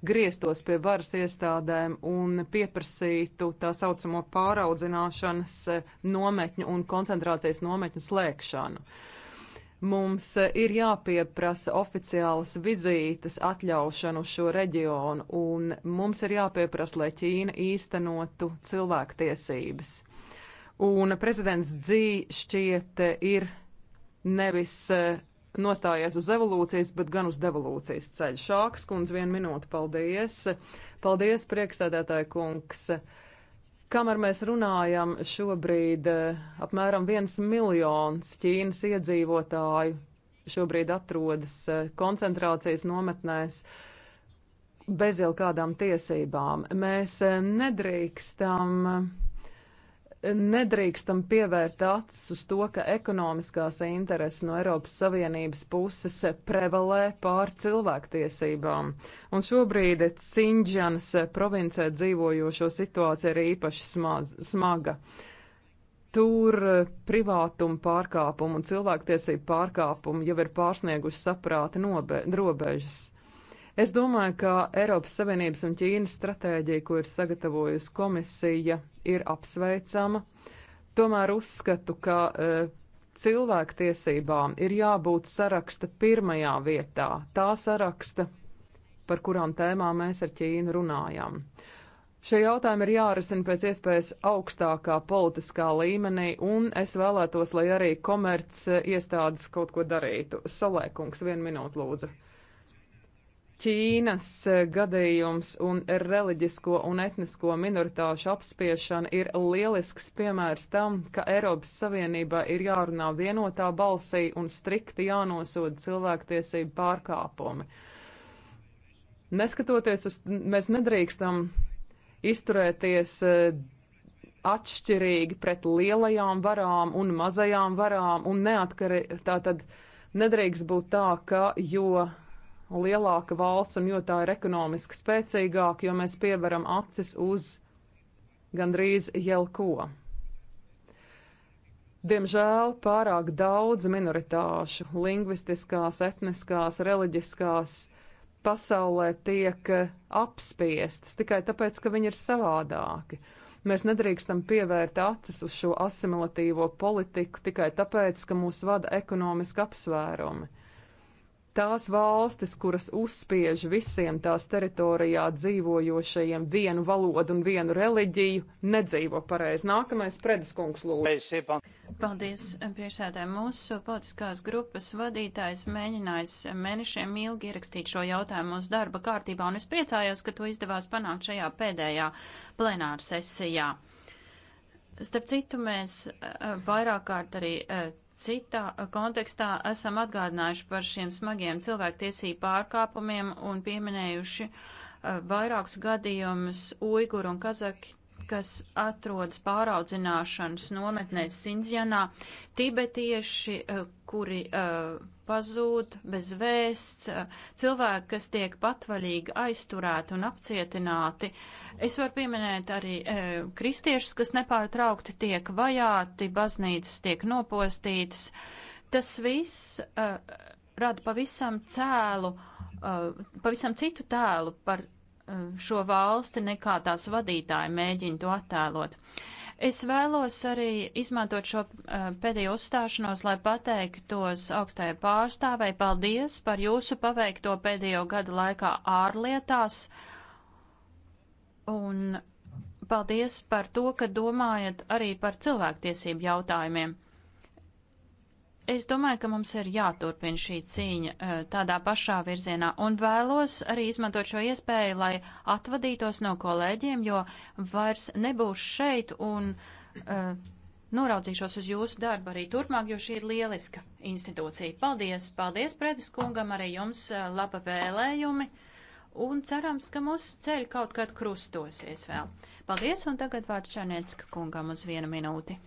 grieztos pie varas iestādēm un pieprasītu tā saucamo pāraudzināšanas nometņu un koncentrācijas nometņu slēgšanu. Mums ir jāpieprasa oficiālas vizītes atļaušanu uz šo reģionu, un mums ir jāpieprasa, lai Ķīna īstenotu cilvēktiesības. Un prezidents Dzī šķiet ir nevis e, nostājies uz evolūcijas, bet gan uz devolūcijas ceļa. Šāks kundz vienu minūti, paldies. Paldies, priekšsēdētāja kungs. Kamēr mēs runājam, šobrīd e, apmēram viens miljons Ķīnas iedzīvotāju šobrīd atrodas e, koncentrācijas nometnēs bez jau kādām tiesībām. Mēs nedrīkstam nedrīkstam pievērt acis uz to, ka ekonomiskās intereses no Eiropas Savienības puses prevalē pār cilvēktiesībām. Un šobrīd Cinģanas provincē dzīvojošo situācija ir īpaši smaz, smaga. Tur privātuma pārkāpumu un cilvēktiesību pārkāpumu jau ir pārsnieguši saprāta robežas. Es domāju, ka Eiropas Savienības un Ķīnas stratēģija, ko ir sagatavojusi komisija, ir apsveicama. Tomēr uzskatu, ka e, cilvēktiesībām ir jābūt saraksta pirmajā vietā, tā saraksta, par kurām tēmām mēs ar Ķīnu runājam. Šie jautājumi ir jārisina pēc iespējas augstākā politiskā līmenī, un es vēlētos, lai arī komerc eh, iestādes kaut ko darītu. Solēkungs, vienu minūtu lūdzu. Ķīnas eh, gadījums un reliģisko un etnisko minoritāšu apspiešana ir lielisks piemērs tam, ka Eiropas Savienībā ir jārunā vienotā balsī un strikti jānosoda cilvēktiesību pārkāpumi. Neskatoties uz, mēs nedrīkstam izturēties eh, atšķirīgi pret lielajām varām un mazajām varām un neatkarīgi. Nedrīkst būt tā, ka jo lielāka valsts un jo tā ir ekonomiski spēcīgāka, jo mēs pieveram acis uz gandrīz jau ko. Diemžēl pārāk daudz minoritāšu, lingvistiskās, etniskās, reliģiskās pasaulē tiek apspiestas tikai tāpēc, ka viņi ir savādāki. Mēs nedrīkstam pievērt acis uz šo asimilatīvo politiku tikai tāpēc, ka mūs vada ekonomiski apsvērumi. Tās valstis, kuras uzspiež visiem tās teritorijā dzīvojošajiem vienu valodu un vienu reliģiju, nedzīvo pareizi. Nākamais prediskungs lūdzu. Paldies, priekšsēdē. Mūsu politiskās grupas vadītājs mēģinājis mēnešiem ilgi ierakstīt šo jautājumu uz darba kārtībā, un es priecājos, ka to izdevās panākt šajā pēdējā plenāra sesijā. Starp citu, mēs eh, vairāk kārt arī eh, Citā kontekstā esam atgādinājuši par šiem smagiem cilvēktiesību pārkāpumiem un pieminējuši uh, vairākus gadījumus Uiguru un Kazaki kas atrodas pāraudzināšanas nometnē Sindzjanā, tibetieši, eh, kuri uh, pazūd bez vēsts, uh, cilvēki, kas tiek patvaļīgi aizturēti un apcietināti. Es varu pieminēt arī uh, kristiešus, kas nepārtraukti tiek vajāti, baznīcas tiek nopostītas. Tas viss rada pavisam cēlu, pavisam citu tēlu par šo valsti, nekā tās vadītāji mēģina to attēlot. Es vēlos arī izmantot šo pēdējo uzstāšanos, lai pateiktos augstajai pārstāvei paldies par jūsu paveikto pēdējo gadu laikā ārlietās. Un paldies par to, ka domājat arī par cilvēktiesību jautājumiem. Es domāju, ka mums ir jāturpina šī cīņa eh, tādā pašā virzienā un vēlos arī izmantot šo iespēju, lai atvadītos no kolēģiem, jo vairs nebūs šeit un uh, noraudzīšos uz jūsu darbu arī turpmāk, jo šī ir lieliska institūcija. Paldies, paldies, Predis kungam, arī jums eh, laba vēlējumi un cerams, ka mūsu ceļi kaut kad krustosies vēl. Paldies un tagad vārds Čarniecka kungam uz vienu minūti.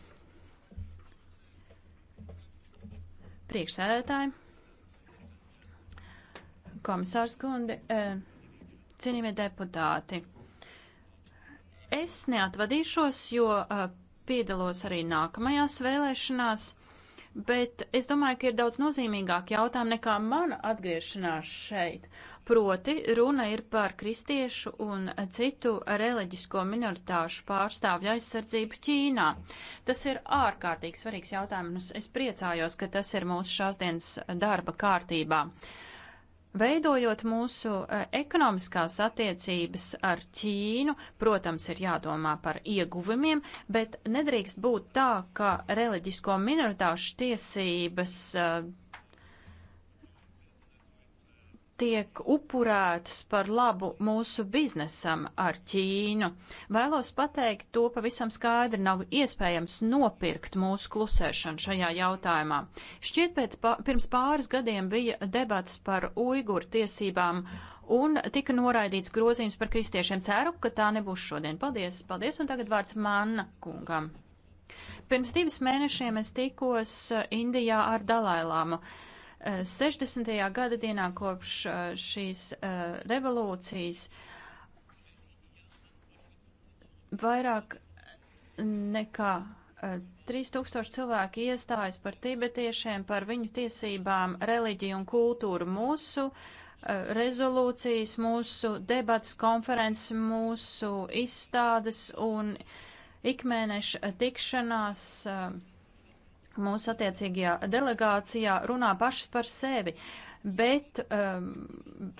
Priekšsēdētāji, komisārs kundi, eh, cienījamie deputāti, es neatvadīšos, jo eh, piedalos arī nākamajās vēlēšanās, bet es domāju, ka ir daudz nozīmīgāk jautājumu nekā mana atgriešanās šeit. Proti runa ir par kristiešu un citu reliģisko minoritāšu pārstāvju aizsardzību Ķīnā. Tas ir ārkārtīgi svarīgs jautājums. Es priecājos, ka tas ir mūsu šāsdienas darba kārtībā. Veidojot mūsu eh, ekonomiskās attiecības ar Ķīnu, protams, ir jādomā par ieguvumiem, bet nedrīkst būt tā, ka reliģisko minoritāšu tiesības uh, tiek upurētas par labu mūsu biznesam ar Ķīnu. Vēlos pateikt, to pavisam skaidri nav iespējams nopirkt mūsu klusēšanu šajā jautājumā. Šķiet, pēc pā, pirms pāris gadiem bija debats par uiguru tiesībām un tika noraidīts grozījums par kristiešiem. Ceru, ka tā nebūs šodien. Paldies, paldies, un tagad vārds Manna kungam. Pirms divas mēnešiem es tikos eh, Indijā ar Dalailāmu. Uh, 60. Eh, gada dienā kopš eh, šīs eh, revolūcijas vairāk nekā 3000 cilvēki iestājas par tibetiešiem, par viņu tiesībām, reliģiju un kultūru. Mūsu rezolūcijas, mūsu debats, konferences, mūsu izstādes un ikmēneša tikšanās uh, mūsu attiecīgajā delegācijā runā pašas par sevi, bet um,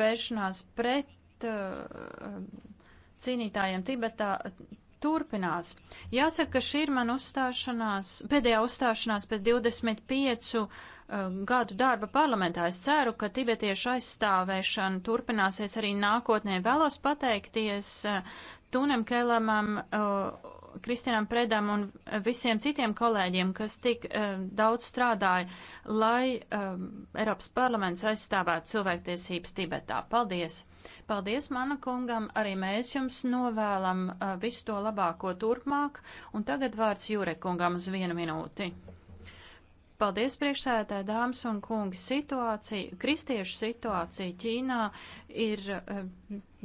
vēršanās pret uh, cīnītājiem Tibetā turpinās. Jāsaka, ka šī ir man uzstāšanās, pēdējā uzstāšanās pēc 25 uh, um, gadu darba parlamentā. Es ceru, ka tibetiešu aizstāvēšana turpināsies arī nākotnē. Vēlos pateikties uh, Tunem Kelamam uh, Kristinam Predam un visiem citiem kolēģiem, kas tik uh, daudz strādāja, lai uh, Eiropas parlaments aizstāvētu cilvēktiesības Tibetā. Paldies! Paldies, mana kungam! Arī mēs jums novēlam uh, visu to labāko turpmāk, un tagad vārds Jurekungam uz vienu minūti. Paldies priekšsēdētāji, dāmas un kungi. Situācija, kristiešu situācija Ķīnā ir uh,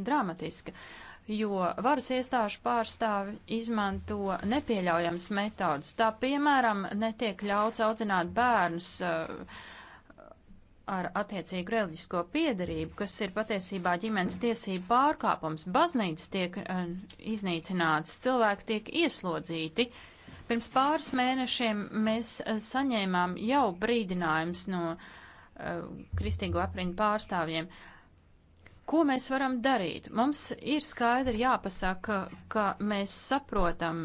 dramatiska. Uh, jo varas iestāžu pārstāvi izmanto nepieļaujams metodus. Tā piemēram, netiek ļauts audzināt bērnus uh, ar attiecīgu reliģisko piedarību, kas ir patiesībā ģimenes tiesību pārkāpums. Baznīcas tiek uh, iznīcinātas, cilvēki tiek ieslodzīti. Pirms pāris mēnešiem mēs uh, saņēmām jau brīdinājums no uh, kristīgo apriņu pārstāvjiem. Uh, Ko mēs varam darīt? Mums ir skaidri jāpasaka, ka mēs saprotam,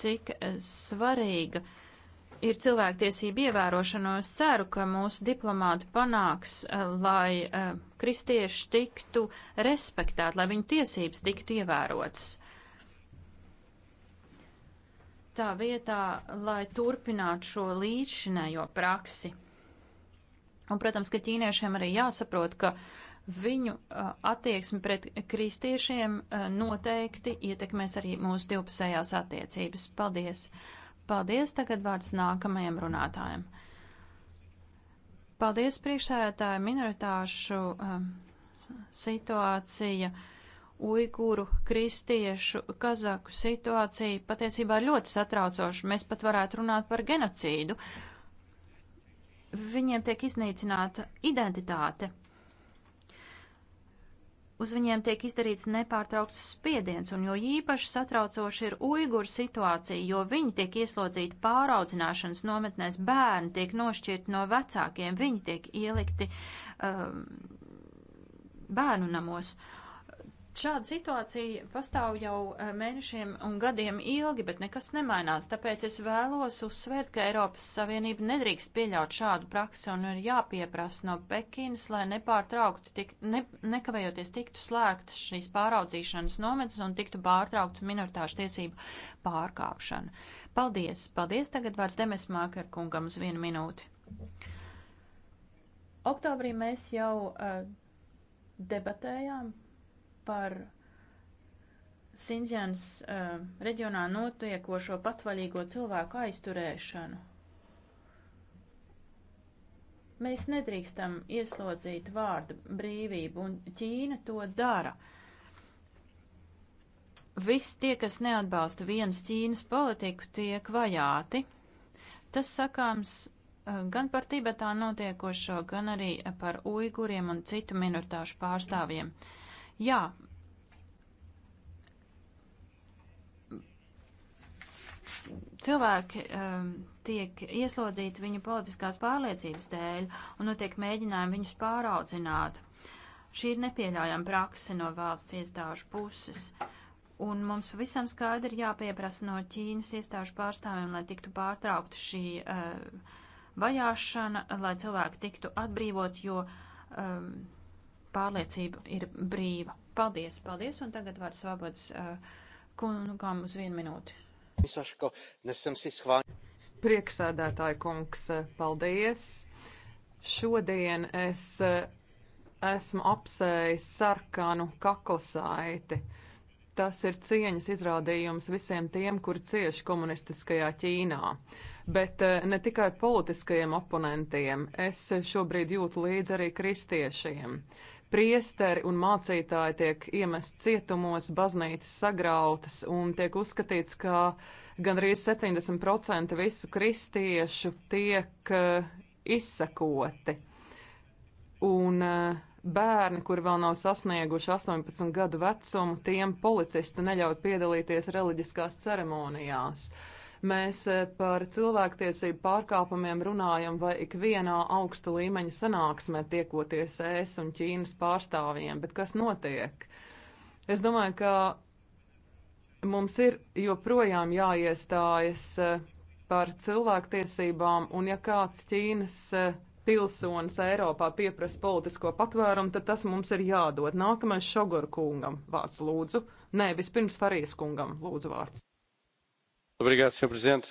cik svarīga ir cilvēktiesība ievērošana. Es ceru, ka mūsu diplomāti panāks, eh, lai eh, kristieši tiktu respektēti, lai viņu tiesības tiktu ievērotas. Tā vietā, lai turpinātu šo līdzšinējo praksi. Un, protams, ka ķīniešiem arī jāsaprot, ka uh, viņu attieksme pret kristiešiem noteikti ietekmēs arī mūsu divpusējās attiecības. Paldies! Paldies! Tagad vārds nākamajam runātājam. Paldies priekšsēdētāju minoritāšu situācija, uiguru, kristiešu, kazaku situācija patiesībā ir ļoti satraucoša. Mēs pat varētu runāt par genocīdu. Viņiem tiek iznīcināta identitāte uz viņiem tiek izdarīts nepārtraukts spiediens, un jo īpaši satraucoši ir uiguru situācija, jo viņi tiek ieslodzīti pāraudzināšanas nometnēs, bērni tiek nošķirti no vecākiem, viņi tiek ielikti um, bērnu namos. Uh, Šāda situācija pastāv jau eh, mēnešiem un gadiem ilgi, bet nekas nemainās, tāpēc es vēlos uzsvērt, ka Eiropas Savienība nedrīkst pieļaut šādu praksi un ir jāpieprasa no Pekinas, lai nepārtraukti, tik, ne, nekavējoties tiktu slēgts šīs pāraudzīšanas nometnes un tiktu pārtraukts minoritāšu tiesību pārkāpšana. Paldies! Paldies! Tagad vārds Demes Māker kungam uz vienu minūti. Oktobrī mēs jau uh, debatējām par Sindzjans uh, reģionā notiekošo patvaļīgo cilvēku aizturēšanu. Mēs nedrīkstam ieslodzīt vārdu brīvību, un Ķīna to dara. Visi tie, kas neatbalsta vienas Ķīnas politiku, tiek vajāti. Tas sakāms uh, gan par Tibetā notiekošo, gan arī par uiguriem un citu minoritāšu pārstāvjiem. Uh, Jā, cilvēki um, tiek ieslodzīti viņu politiskās pārliecības dēļ un notiek mēģinājumi viņus pāraudzināt. Šī ir nepieļaujama prakse no valsts iestāžu puses. Un mums pavisam skaidri jāpieprasa no Ķīnas iestāžu pārstāvjiem, lai tiktu pārtraukta šī uh, vajāšana, lai cilvēki tiktu atbrīvot, jo um, pārliecība ir brīva. Paldies, paldies, un tagad vārds Vabods uh, kungam uz vienu minūti. Prieksēdētāji kungs, uh, paldies! Šodien es uh, esmu apsējis sarkanu kaklasaiti. Tas ir cieņas izrādījums visiem tiem, kuri cieši komunistiskajā Ķīnā. Bet ne tikai politiskajiem oponentiem, es šobrīd jūtu līdzi arī kristiešiem priesteri un mācītāji tiek iemest cietumos, baznīcas sagrautas un tiek uzskatīts, ka gandrīz 70% visu kristiešu tiek uh, izsakoti. Un uh, bērni, kuri vēl nav sasnieguši 18 gadu vecumu, tiem policisti neļauj piedalīties reliģiskās ceremonijās. Uh, Mēs eh, par cilvēktiesību pārkāpumiem runājam vai ikvienā augsta līmeņa sanāksmē tiekoties es un Ķīnas pārstāvjiem, bet kas notiek? Es domāju, ka mums ir joprojām jāiestājas eh, par cilvēktiesībām, un ja kāds Ķīnas eh, pilsonis Eiropā pieprasa politisko patvērumu, tad tas mums ir jādod. Nākamais Šogor kungam vārds lūdzu. Nē, vispirms Farijas kungam lūdzu vārds. Obrigāt, senhor prezident.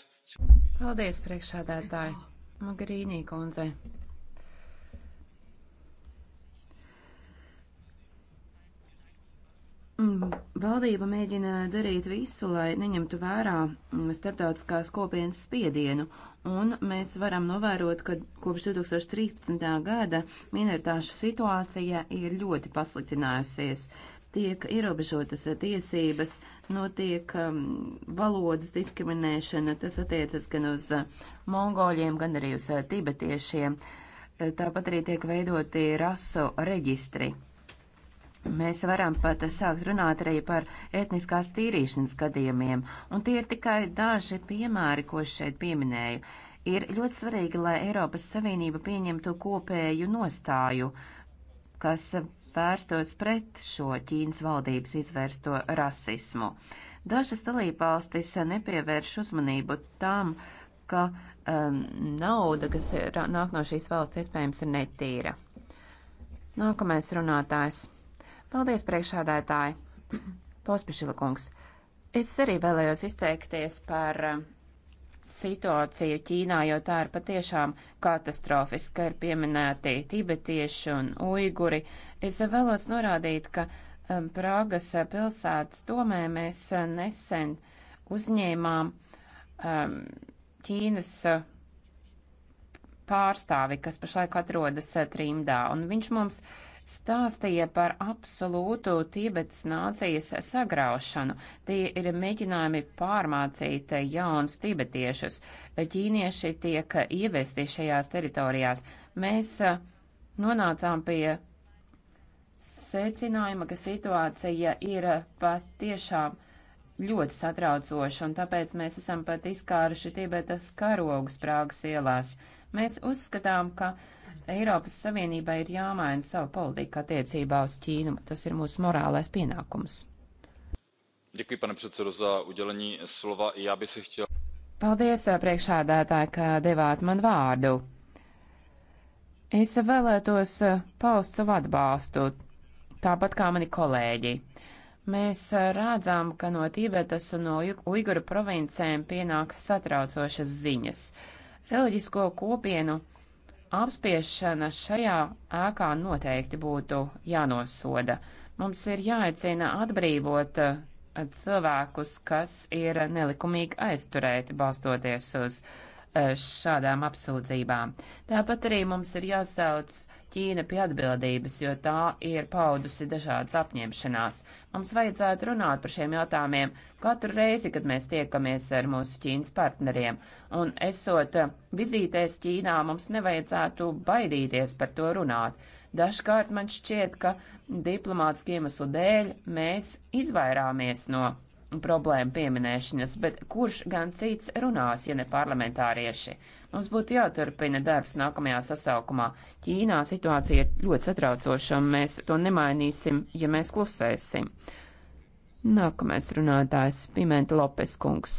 Paldies, priekšsādātāji. Magarīnī kundze. Mm, valdība mēģina darīt visu, lai neņemtu vērā mm, starptautiskās kopienas spiedienu, un mēs varam novērot, ka kopš 2013. gada minoritāšu situācija ir ļoti pasliktinājusies tiek ierobežotas tiesības, notiek um, valodas diskriminēšana, tas attiecas gan uz uh, mongoļiem, gan arī uz uh, tibetiešiem. Uh, tāpat arī tiek veidoti rasu reģistri. Mēs varam pat sākt runāt arī par etniskās tīrīšanas gadījumiem, un tie ir tikai daži piemēri, ko šeit pieminēju. Ir ļoti svarīgi, lai Eiropas Savienība pieņemtu kopēju nostāju, kas vērstos pret šo Ķīnas valdības izvērsto rasismu. Dažas dalībvalstis nepievērš uzmanību tam, ka um, nauda, kas nāk no šīs valsts, iespējams ir netīra. Nākamais runātājs. Paldies, priekšādētāji! Pospišila kungs. Es arī vēlējos izteikties par uh, situāciju Ķīnā, jo tā ir patiešām katastrofiska, ir pieminēti tibetieši un uiguri. Es vēlos norādīt, ka um, Prāgas pilsētas domē mēs uh, nesen uzņēmām um, Ķīnas uh, pārstāvi, kas pašlaik atrodas uh, trimdā, un viņš mums stāstīja par absolūtu Tibetas nācijas sagraušanu. Tie ir mēģinājumi pārmācīt jaunus tibetiešus. Ķīnieši tiek ievesti šajās teritorijās. Mēs nonācām pie secinājuma, ka situācija ir patiešām ļoti satraucoši, un tāpēc mēs esam pat izkāruši Tibetas karogu sprāgas ielās. Mēs uzskatām, ka Eiropas Savienībai ir jāmaina savu politiku attiecībā uz Ķīnu. Tas ir mūsu morālais pienākums. Děkuji, pane předsedo, za udělení slova. Já bych se chtěl. Paldies, eh, priekšādātāji, ka devāt man vārdu. Es vēlētos eh, paust savu atbalstu, tāpat kā mani kolēģi. Mēs eh, rādzām, ka no Tibetas un no Uiguru provincēm pienāk satraucošas ziņas. Reliģisko kopienu apspiešana šajā ēkā noteikti būtu jānosoda. Mums ir jāaicina atbrīvot eh, cilvēkus, kas ir nelikumīgi aizturēti, balstoties uz Eh, šādām apsūdzībām. Tāpat arī mums ir jāsauc Ķīna pie atbildības, jo tā ir paudusi dažādas apņemšanās. Mums vajadzētu runāt par šiem jautājumiem katru reizi, kad mēs tiekamies ar mūsu Ķīnas partneriem, un esot vizītēs Ķīnā, mums nevajadzētu baidīties par to runāt. Dažkārt man šķiet, ka diplomātski iemeslu dēļ mēs izvairāmies no problēmu pieminēšanas, bet kurš gan cits runās, ja ne parlamentārieši? Mums būtu jāturpina darbs nākamajā sasaukumā. Ķīnā situācija ir ļoti satraucoša, un mēs to nemainīsim, ja mēs klusēsim. Nākamais runātājs - Pimenta Lopes kungs.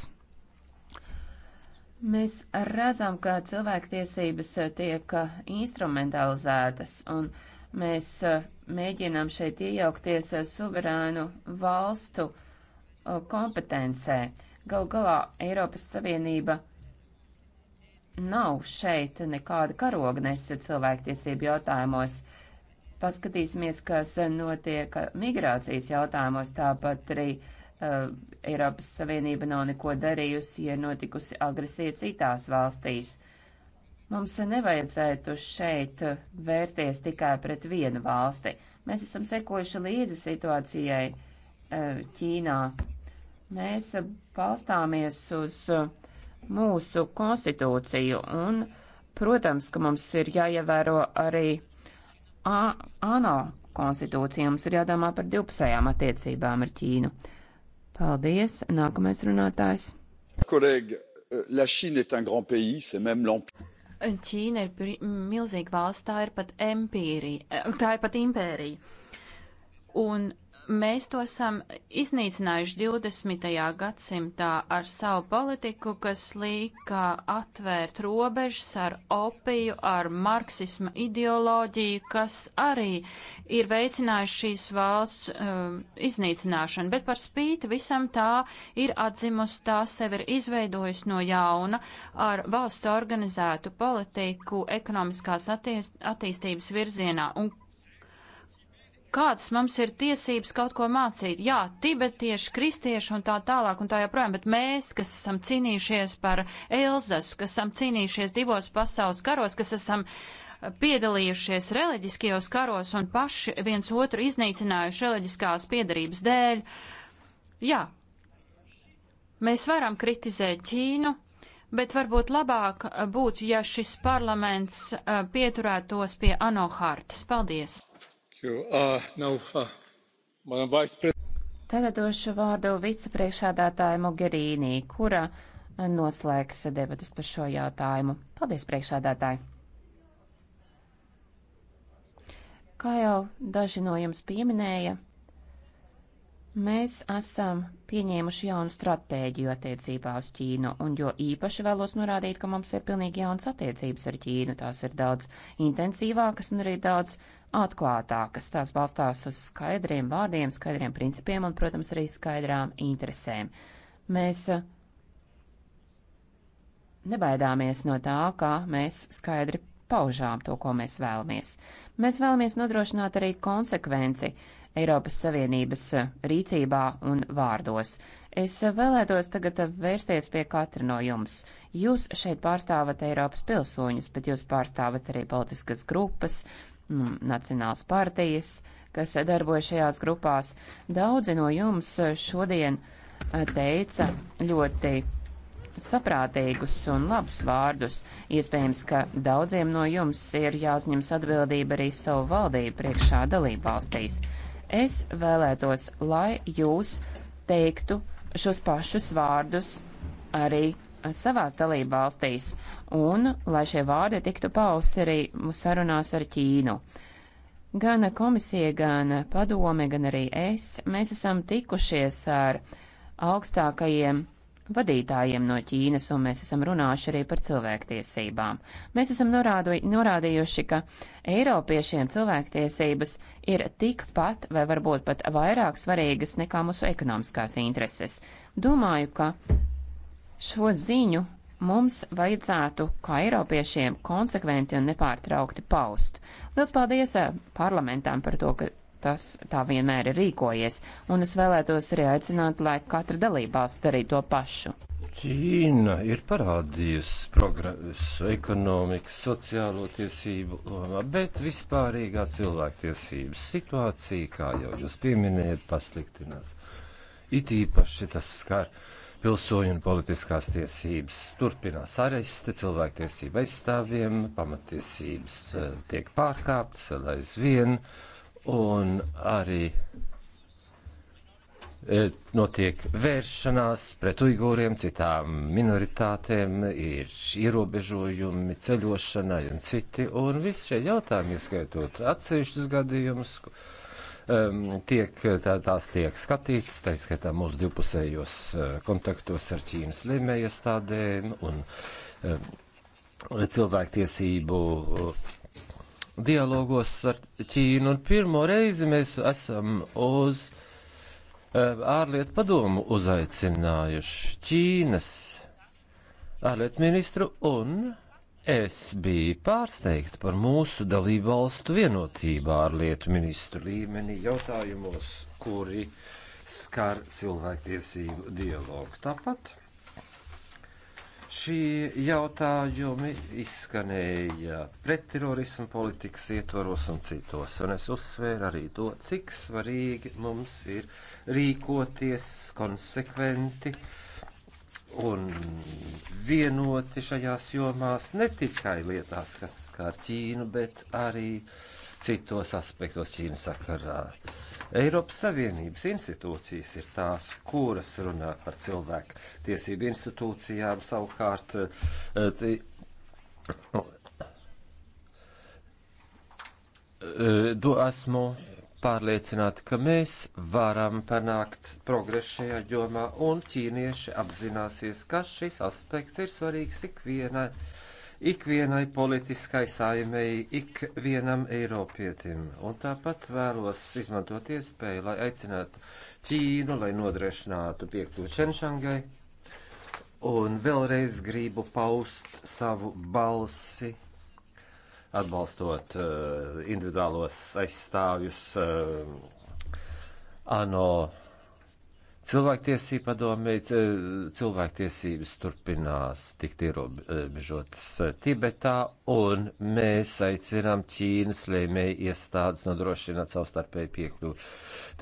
Mēs redzam, ka cilvēktiesības tiek instrumentalizētas, un mēs eh, mēģinām šeit iejaukties eh, suverēnu valstu uh, Uh, kompetencē. Galu galā Eiropas Savienība nav šeit nekāda karoga nese cilvēktiesību jautājumos. Paskatīsimies, kas notiek migrācijas jautājumos, tāpat arī uh, Eiropas Savienība nav neko darījusi, ja notikusi agresija citās valstīs. Mums nevajadzētu šeit vērsties tikai pret vienu valsti. Mēs esam sekojuši līdzi situācijai uh, Ķīnā Mēs eh, balstāmies uz eh, mūsu konstitūciju un, protams, ka mums ir jāievēro arī ANO konstitūcija. Mums ir jādomā par divpusējām attiecībām ar Ķīnu. Paldies. Nākamais runātājs. Kolēģi, eh, la Chine est un grand pays, c'est même l'empire. Ķīna ir milzīga valsts, tā ir pat empīrija, tā ir pat impērija. Un mēs to esam iznīcinājuši 20. gadsimtā ar savu politiku, kas lika atvērt robežas ar opiju, ar marksisma ideoloģiju, kas arī ir veicinājuši šīs valsts um, iznīcināšanu, bet par spīti visam tā ir atzimusi, tā sevi ir izveidojusi no jauna ar valsts organizētu politiku ekonomiskās attīstības virzienā. Un kādas mums ir tiesības kaut ko mācīt. Jā, tibetieši, kristieši un tā tālāk un tā joprojām, bet mēs, kas esam cīnījušies par Elzasu, kas esam cīnījušies divos pasaules karos, kas esam eh, piedalījušies reliģiskajos karos un paši viens otru iznīcinājuši reliģiskās piedarības dēļ. Jā, mēs varam kritizēt Ķīnu, bet varbūt labāk būtu, ja šis parlaments eh, pieturētos pie ANO hartas. Paldies! Uh, uh, Tagad došu vārdu vicepriekšādātāja Mogherīnī, kura uh, noslēgs debatas par šo jautājumu. Paldies, priekšādātāji! Kā jau daži no jums pieminēja, Mēs esam pieņēmuši jaunu stratēģiju attiecībā uz Ķīnu, un jo īpaši vēlos norādīt, ka mums ir pilnīgi jauns attiecības ar Ķīnu. Tās ir daudz intensīvākas un arī daudz atklātākas. Tās balstās uz skaidriem vārdiem, skaidriem principiem un, protams, arī skaidrām interesēm. Mēs eh, nebaidāmies no tā, kā mēs skaidri paužām to, ko mēs vēlamies. Mēs vēlamies nodrošināt arī konsekvenci Eiropas Savienības eh, rīcībā un vārdos. Es eh, vēlētos tagad eh, vērsties pie katra no jums. Jūs šeit pārstāvat Eiropas pilsoņus, bet jūs pārstāvat arī politiskas grupas, mm, nacionāls partijas, kas darbojas šajās grupās. Daudzi no jums šodien teica ļoti saprātīgus un labus vārdus. Iespējams, ka daudziem no jums ir jāuzņems atbildība arī savu valdību priekšā dalību valstīs. Es vēlētos, lai jūs teiktu šos pašus vārdus arī savās dalībvalstīs, un lai šie vārdi tiktu pausti arī sarunās ar Ķīnu. Gan komisija, gan padome, gan arī es, mēs esam tikušies ar augstākajiem vadītājiem no Ķīnas, un mēs esam runājuši arī par cilvēktiesībām. Mēs esam norādu, norādījuši, ka Eiropiešiem cilvēktiesības ir tikpat vai varbūt pat vairāk svarīgas nekā mūsu ekonomiskās intereses. Domāju, ka šo ziņu mums vajadzētu, kā Eiropiešiem, konsekventi un nepārtraukti paust. Liels paldies eh, parlamentām par to, ka tas tā vienmēr ir rīkojies, un es vēlētos arī aicināt, lai katra dalībās darītu to pašu. Ķīna ir parādījusi progresu ekonomikas, sociālo tiesību lomā, bet vispārīgā cilvēktiesību situācija, kā jau jūs pieminējat, pasliktinās. It īpaši tas skar pilsoņu un politiskās tiesības. Turpinās aresti cilvēktiesību aizstāvjiem, pamatiesības eh, tiek pārkāptas vēl aizvien. Uh, un arī e, notiek vēršanās pret uigūriem, citām minoritātēm, ir ierobežojumi ceļošanai un citi, un visi šie jautājumi, ieskaitot atsevišķus gadījumus, um, tiek, tā, tās tiek skatītas, tā izskaitā mūsu divpusējos e, kontaktos ar Ķīnas lēmējiestādēm un um, cilvēktiesību dialogos ar Ķīnu, un pirmo reizi mēs esam uz eh, ārlietu padomu uzaicinājuši Ķīnas ārlietu ministru, un es biju pārsteigta par mūsu dalību valstu vienotību ārlietu ministru līmenī jautājumos, kuri skar cilvēktiesību dialogu. Tāpat Šie jautājumi izskanēja pretterorismu politikas ietvaros un citos, un es uzsvēru arī to, cik svarīgi mums ir rīkoties konsekventi un vienoti šajās jomās ne tikai lietās, kas skār Ķīnu, bet arī citos aspektos Ķīnas sakarā. Uh, Eiropas Savienības institūcijas ir tās, kuras runā par cilvēku tiesību institūcijām savukārt. Eh, Tī, eh, do esmu pārliecināti, ka mēs varam panākt progresu šajā jomā, un ķīnieši apzināsies, ka šis aspekts ir svarīgs ikvienai ikvienai politiskai saimēji, ikvienam Eiropietim. Un tāpat vēlos izmantot iespēju, lai aicinātu Ķīnu, lai nodrošinātu piekļuvi Čenšangai. Un vēlreiz gribu paust savu balsi atbalstot uh, individuālos aizstāvjus uh, ANO Cilvēktiesība padomē, cilvēktiesības turpinās tikt ierobežotas Tibetā, un mēs aicinām Ķīnas lēmēju iestādes nodrošināt savstarpēju piekļuvi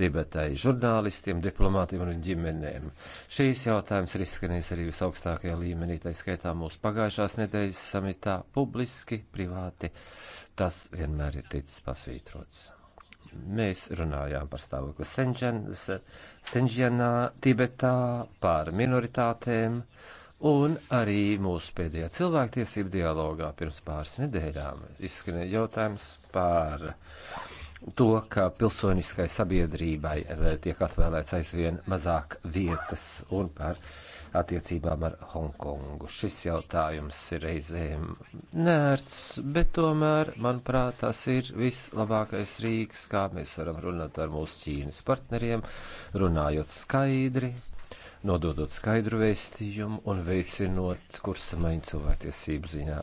Tibetai žurnālistiem, diplomātiem un ģimenēm. Šīs jautājums ir izskanējis arī visaugstākajā līmenī, tā skaitā mūsu pagājušās nedēļas samitā, publiski, privāti. Tas vienmēr ir ticis pasvītrots. Mēs runājām par stāvokli Senģenā, Tibetā, par minoritātēm un arī mūsu pēdējā cilvēktiesību dialogā pirms pāris nedēļām izskanēja jautājums par to, ka pilsoniskai sabiedrībai tiek atvēlēts aizvien mazāk vietas un par uh, attiecībām ar Hongkongu. Šis jautājums ir reizēm nērts, bet tomēr, manuprāt, tas ir vislabākais rīks, kā mēs varam runāt ar mūsu Ķīnas partneriem, runājot skaidri, nododot skaidru vēstījumu un veicinot kursa maiņu cilvēktiesību ziņā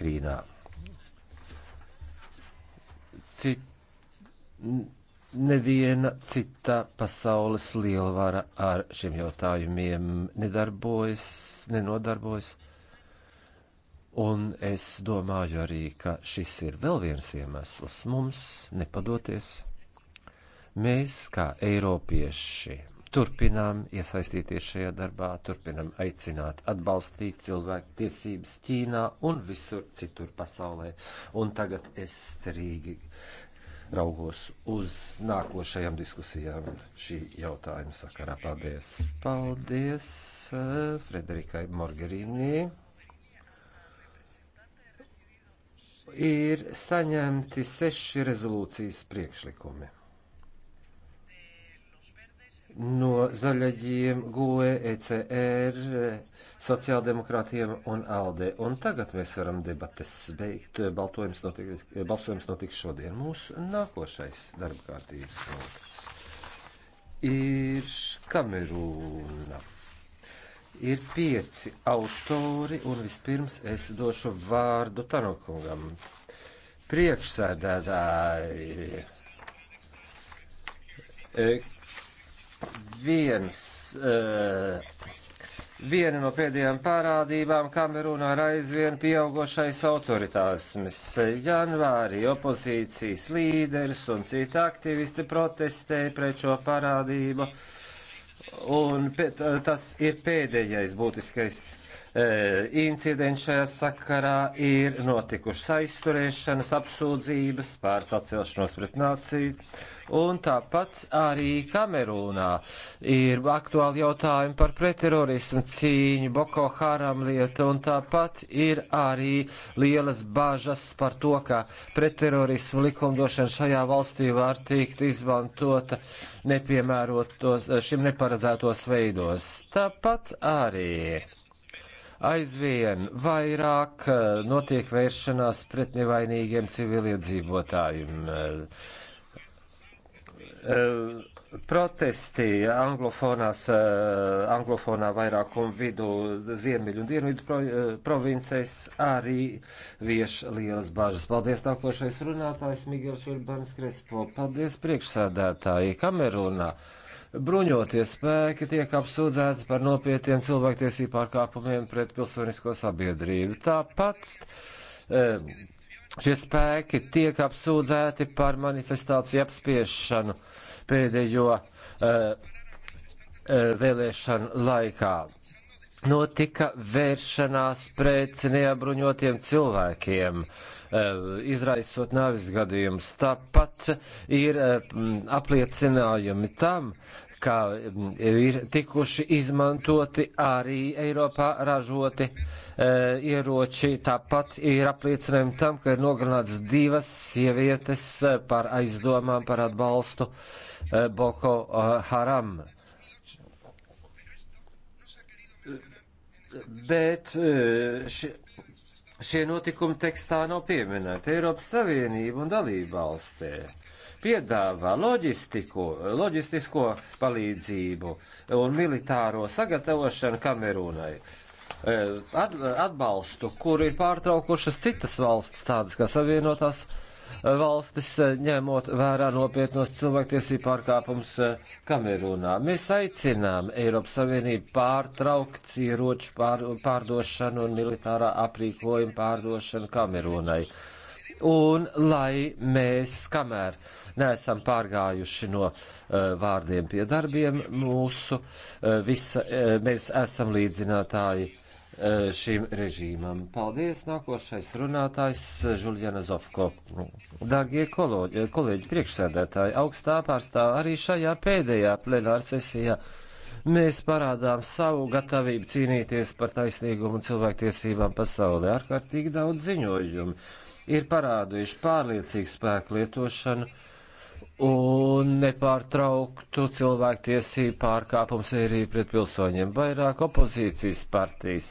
Krīnā. Cit neviena cita pasaules lielvara ar šiem jautājumiem nedarbojas, nenodarbojas. Un es domāju arī, ka šis ir vēl viens iemesls mums nepadoties. Mēs, kā Eiropieši, turpinām iesaistīties šajā darbā, turpinām aicināt, atbalstīt cilvēku tiesības Ķīnā un visur citur pasaulē. Un tagad es cerīgi raugos uz nākošajām diskusijām šī jautājuma sakarā. Paldies! Paldies eh, Frederikai Morgerīnī! Ir saņemti seši rezolūcijas priekšlikumi no zaļaģiem, GOE, ECR, sociāldemokrātiem un ALDE. Un tagad mēs varam debates beigt. Baltojums notiks, balsojums notiks šodien. Mūsu nākošais darba kārtības punkts ir Kamerūna. Ir pieci autori, un vispirms es došu vārdu Tanokungam. Priekšsēdētāji. E, viens, eh, viena no pēdējām parādībām Kamerūnā ir aizvien pieaugošais autoritārisms. Janvārī opozīcijas līderis un citi aktivisti protestēja pret šo parādību, un tas ir pēdējais būtiskais incidenti šajā sakarā ir notikušas aizturēšanas, apsūdzības pār sacelšanos pret nāciju. Un tāpat arī Kamerūnā ir aktuāli jautājumi par pretterorismu cīņu, Boko Haram lieta, un tāpat ir arī lielas bažas par to, ka pretterorismu likumdošana šajā valstī var tikt izmantota nepiemērotos šim neparedzētos veidos. Tāpat arī aizvien vairāk eh, notiek vēršanās pret nevainīgiem civiliedzīvotājiem. Eh, protesti anglofonās, eh, anglofonā vairākumu vidu ziemeļu un dienvidu pro, provincēs arī vieš lielas bažas. Paldies nākošais runātājs Migels Urbans Krespo. Paldies priekšsādātāji Kamerunā. Uh, bruņotie spēki tiek apsūdzēti par nopietniem cilvēktiesību pārkāpumiem pret pilsonisko sabiedrību. Tāpat e, šie spēki tiek apsūdzēti par manifestāciju apspiešanu pēdējo e, e, vēlēšanu laikā. Notika vēršanās pret neabruņotiem cilvēkiem. Uh, Eh, izraisot nāvis gadījumus. Tāpat ir eh, apliecinājumi tam, ka mm, ir tikuši izmantoti arī Eiropā ražoti eh, ieroči. Tāpat ir apliecinājumi tam, ka ir nogalināts divas sievietes par aizdomām par atbalstu Boko Haram. Bet ši, Šie notikumi tekstā nav pieminēti. Eiropas Savienība un dalībvalstē piedāvā loģistiku, loģistisko palīdzību un militāro sagatavošanu Kamerūnai. E, atbalstu, kur ir pārtraukušas citas valsts, tādas kā Savienotās valsts valstis, eh, ņemot vērā nopietnos cilvēktiesību pārkāpumus eh, Kamerūnā. Mēs aicinām Eiropas Savienību pārtraukt ieroču pār, pārdošanu un militārā aprīkojuma pārdošanu Kamerūnai. Un lai mēs, kamēr neesam pārgājuši no uh, vārdiem pie darbiem, mūsu uh, visa, uh, mēs esam līdzinātāji uh, Eh, šim režīmam. Paldies! Nākošais runātājs eh, Žuljana Zofko. Dārgie kolēģi, eh, kolēģi priekšsēdētāji, augstā pārstāv arī šajā pēdējā plenāra sesijā. Mēs parādām savu gatavību cīnīties par taisnīgumu un cilvēktiesībām pasaulē. Ārkārtīgi daudz ziņojumu ir parādījuši pārliecīgu spēku lietošanu un nepārtrauktu cilvēktiesību pārkāpums arī pret pilsoņiem. Vairāk opozīcijas partijas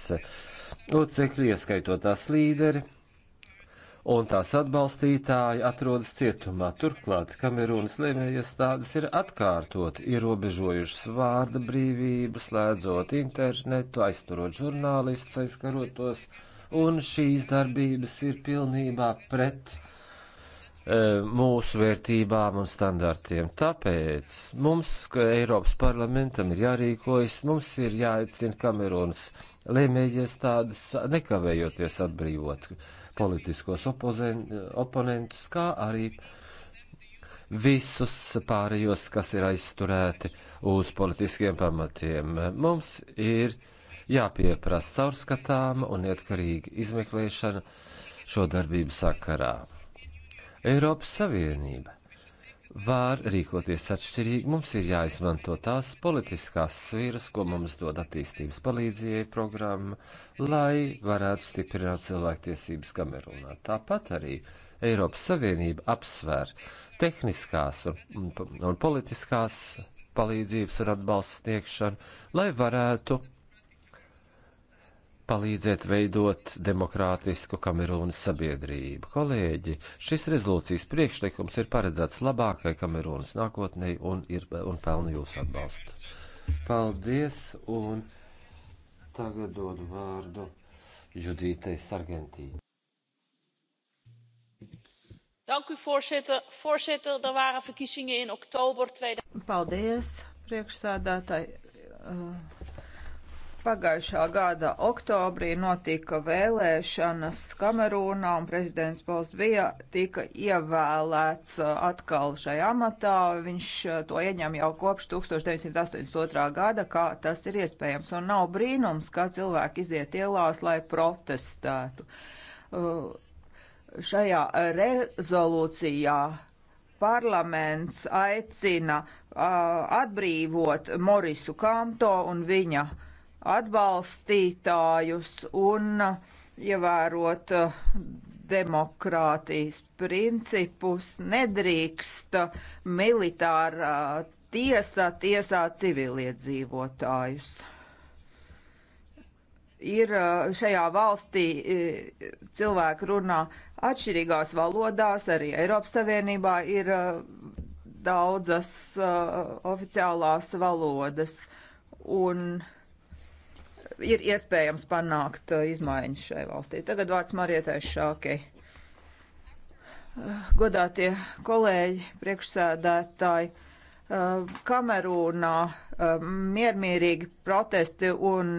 locekļi, ieskaitot tās līderi un tās atbalstītāji, atrodas cietumā. Turklāt Kamerūnas lēmējas tādas ir atkārtot, ierobežojušas vārda brīvību, slēdzot internetu, aizturot žurnālistus, aizkarot tos, un šīs darbības ir pilnībā pret E, mūsu vērtībām un standartiem. Tāpēc mums, Eiropas parlamentam, ir jārīkojas, mums ir jāicina Kamerons lēmējies tādas nekavējoties atbrīvot politiskos opozen, oponentus, kā arī visus pārējos, kas ir aizturēti uz politiskiem pamatiem. Mums ir jāpieprasa caurskatāma un neatkarīga izmeklēšana šo darbību sakarā. Eiropas Savienība var rīkoties atšķirīgi. Mums ir jāizmanto tās politiskās sfīras, ko mums dod attīstības palīdzēja programma, lai varētu stiprināt cilvēktiesības Kamerunā. Tāpat arī Eiropas Savienība apsver tehniskās un, un, un politiskās palīdzības un atbalsts sniegšanu, lai varētu palīdzēt veidot demokrātisku Kamerūnas sabiedrību. Kolēģi, šis rezolūcijas priekšlikums ir paredzēts labākai Kamerūnas nākotnē un, ir, un pelna jūsu atbalstu. Paldies, un tagad dodu vārdu Judītei Sargentīnai. Voorzitter, er waren verkiezingen in oktober 2000. Paldies, priekšsēdētāji. Uh, Pagājušā gada oktobrī notika vēlēšanas Kamerūnā un prezidents Pauls bija tika ievēlēts uh, atkal šai amatā. Viņš uh, to ieņem jau kopš 1982. gada, kā tas ir iespējams. Un nav brīnums, kā cilvēki iziet ielās, lai protestētu. Uh, šajā rezolūcijā parlaments aicina uh, atbrīvot Morisu Kanto un viņa atbalstītājus un ievērot uh, demokrātijas principus, nedrīkst militārā tiesā tiesāt civiliedzīvotājus. Ir uh, šajā valstī uh, cilvēki runā atšķirīgās valodās, arī Eiropas Savienībā ir daudzas oficiālās valodas. Un uh, ir iespējams panākt uh, izmaiņas šai valstī. Tagad vārds Marietai Šākei. Uh, godātie kolēģi, priekšsēdētāji, uh, Kamerūnā miermīrīgi protesti un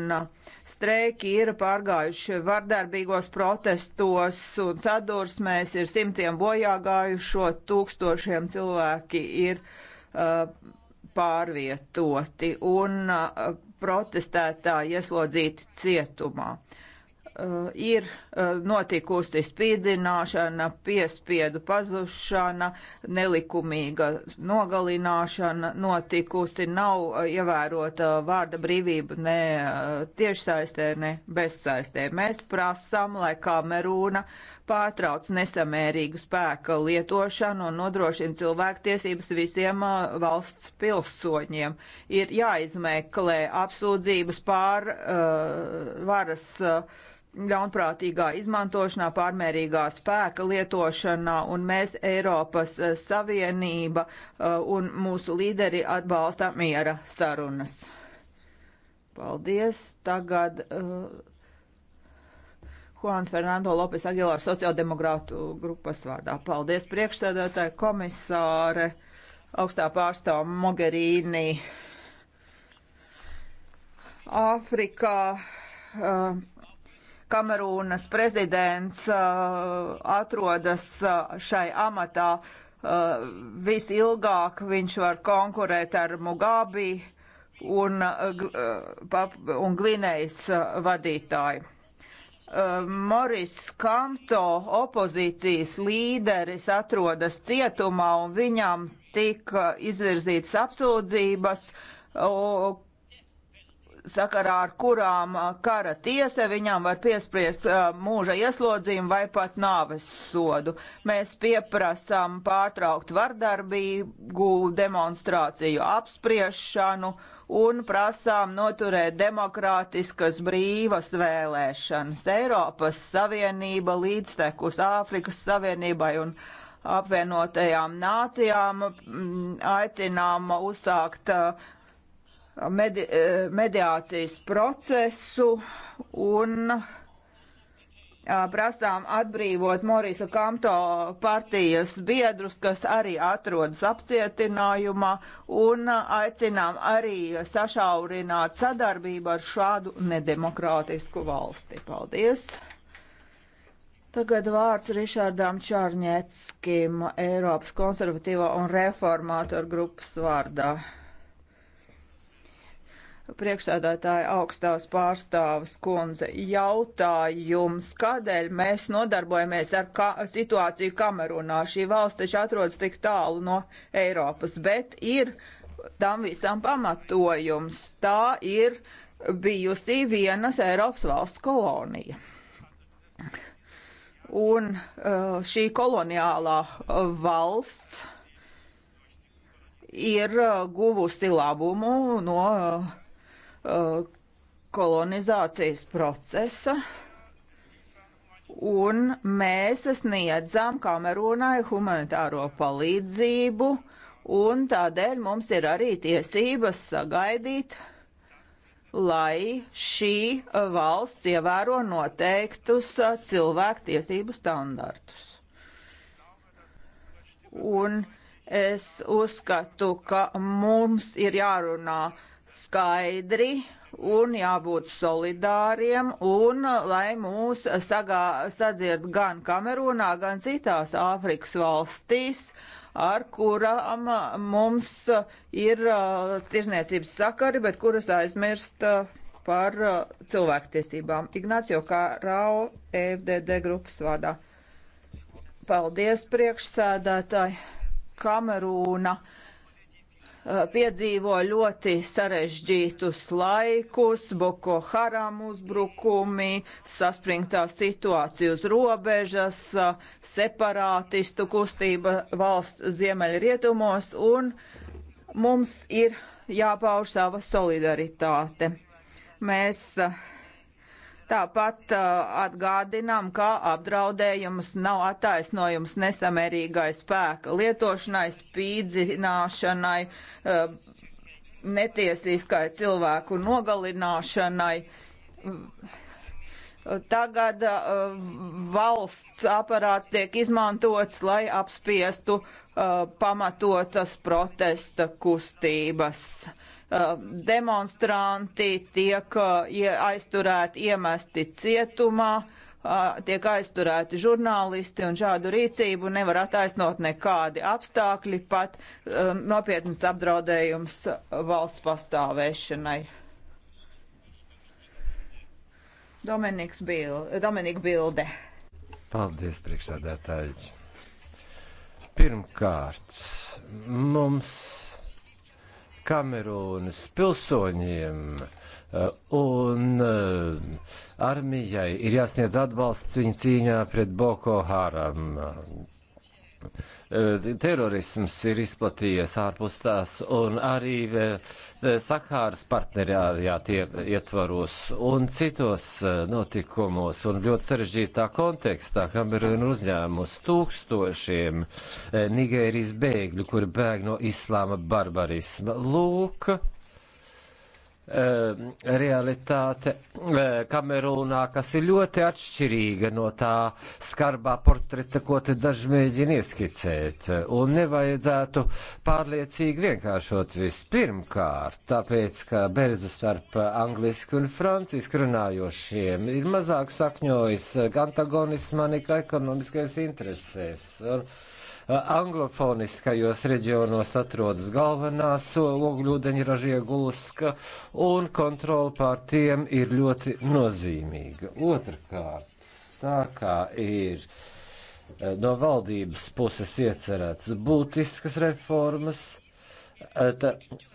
streiki ir pārgājuši vardarbīgos protestos un sadursmēs ir simtiem bojā gājušo, tūkstošiem cilvēki ir pārvietoti un protestētāji ieslodzīti cietumā. Uh, ir uh, eh, notikusi spīdzināšana, piespiedu pazušana, nelikumīga nogalināšana notikusi, nav uh, eh, ievērota vārda brīvība ne tiešsaistē, ne bezsaistē. Mēs prasām, lai Kamerūna pārtrauc nesamērīgu spēka lietošanu un nodrošina cilvēktiesības visiem valsts pilsoņiem. Ir jāizmeklē apsūdzības pār uh, varas uh, ļaunprātīgā izmantošanā, pārmērīgā spēka lietošanā, un mēs Eiropas eh, Savienība eh, un mūsu līderi atbalsta miera sarunas. Paldies. Tagad uh, Juans Fernando Lopes Agilārs sociāldemokrātu grupas vārdā. Paldies priekšsēdētāji komisāre, augstā pārstāva Mogherīni. Āfrikā. Uh, Kamerūnas prezidents uh, atrodas uh, šai amatā uh, visilgāk, viņš var konkurēt ar Mugabi un, un Gvinējas vadītāju. Moris Kamto, opozīcijas līderis, atrodas cietumā un viņam tika izvirzītas apsūdzības, sakarā ar kurām kara tiesa viņam var piespriest mūža ieslodzījumu vai pat nāves sodu. Mēs pieprasām pārtraukt vardarbīgu demonstrāciju apspriešanu un prasām noturēt demokrātiskas brīvas vēlēšanas. Eiropas Savienība līdztekus Āfrikas Savienotībai un apvienotajām nācijām aicinām uzsākt uh, medi e, mediācijas procesu un e, prasām atbrīvot Morisa Kamto partijas biedrus, kas arī atrodas apcietinājumā, un e, aicinām arī sašaurināt sadarbību ar šādu nedemokrātisku valsti. Paldies! Tagad vārds Rišardam Čārņeckim, Eiropas konservatīvā un reformātoru grupas vārdā priekšsēdētāja augstās pārstāvas kundze, jautājums, kādēļ mēs nodarbojamies ar ka situāciju Kamerunā? Šī valsts taču atrodas tik tālu no Eiropas, bet ir tam visam pamatojums. Tā ir bijusi vienas Eiropas valsts kolonija. Un uh, šī koloniālā valsts ir uh, guvusi labumu no uh, Uh, kolonizācijas procesa, un mēs sniedzam Kamerūnai humanitāro palīdzību, un tādēļ mums ir arī tiesības sagaidīt, lai šī uh, valsts ievēro noteiktus uh, cilvēktiesību standartus. Un es uzskatu, ka mums ir jārunā uh, skaidri un jābūt solidāriem, un lai mūs sagā, sadzird gan Kamerūnā, gan citās Āfrikas valstīs, ar kurām mums ir uh, tirzniecības sakari, bet kuras aizmirst uh, par uh, cilvēktiesībām. Ignācio Kārau, FDD grupas vārdā. Paldies, priekšsēdētāji. Kamerūna. Uh, Eh, piedzīvo ļoti sarežģītus laikus, Boko Haram uzbrukumi, saspringtā situācija uz robežas, eh, separātistu kustība valsts ziemeļrietumos, un mums ir jāpauž sava solidaritāte. Mēs uh, Tāpat uh, atgādinām, ka apdraudējums nav attaisnojums nesamērīgai spēka lietošanai, spīdzināšanai, uh, netiesiskai cilvēku nogalināšanai. Tagad uh, valsts aparāts tiek izmantots, lai apspiestu uh, pamatotas protesta kustības. Uh, Um, demonstranti tiek uh, aizturēti, iemesti cietumā, uh, tiek aizturēti žurnālisti, un šādu rīcību nevar attaisnot nekādi apstākļi, pat um, nopietnas apdraudējums valsts pastāvēšanai. Dominiks Bild, Dominika Bilde. Paldies, priekšsādātāji. Pirmkārt, mums Kamerūnas pilsoņiem eh, un eh, armijai ir jāsniedz atbalsts viņa cīņā pret Boko Haram. Eh, terorisms ir izplatījies ārpus tās, un arī eh, Sakāras partnerjā tie ietvaros un citos eh, notikumos, un ļoti sarežģītā kontekstā, Kamerūna uzņēmus tūkstošiem Nigērijas bēgļu, kuri bēg no islāma barbarisma. Lūk, Eh, realitāte eh, Kamerūnā, kas ir ļoti atšķirīga no tā skarbā portreta, ko te daži mēģina ieskicēt. Un nevajadzētu pārliecīgi vienkāršot visu. Pirmkārt, tāpēc, ka berza starp angliski un franciski runājošiem ir mazāk sakņojis antagonismā nekā ekonomiskais interesēs. Un, uh, anglofoniskajos reģionos atrodas galvenās ogļūdeņražie gulska, un kontrola pār tiem ir ļoti nozīmīga. Otrkārt, tā kā ir e, no valdības puses iecerētas būtiskas reformas, Eh, tā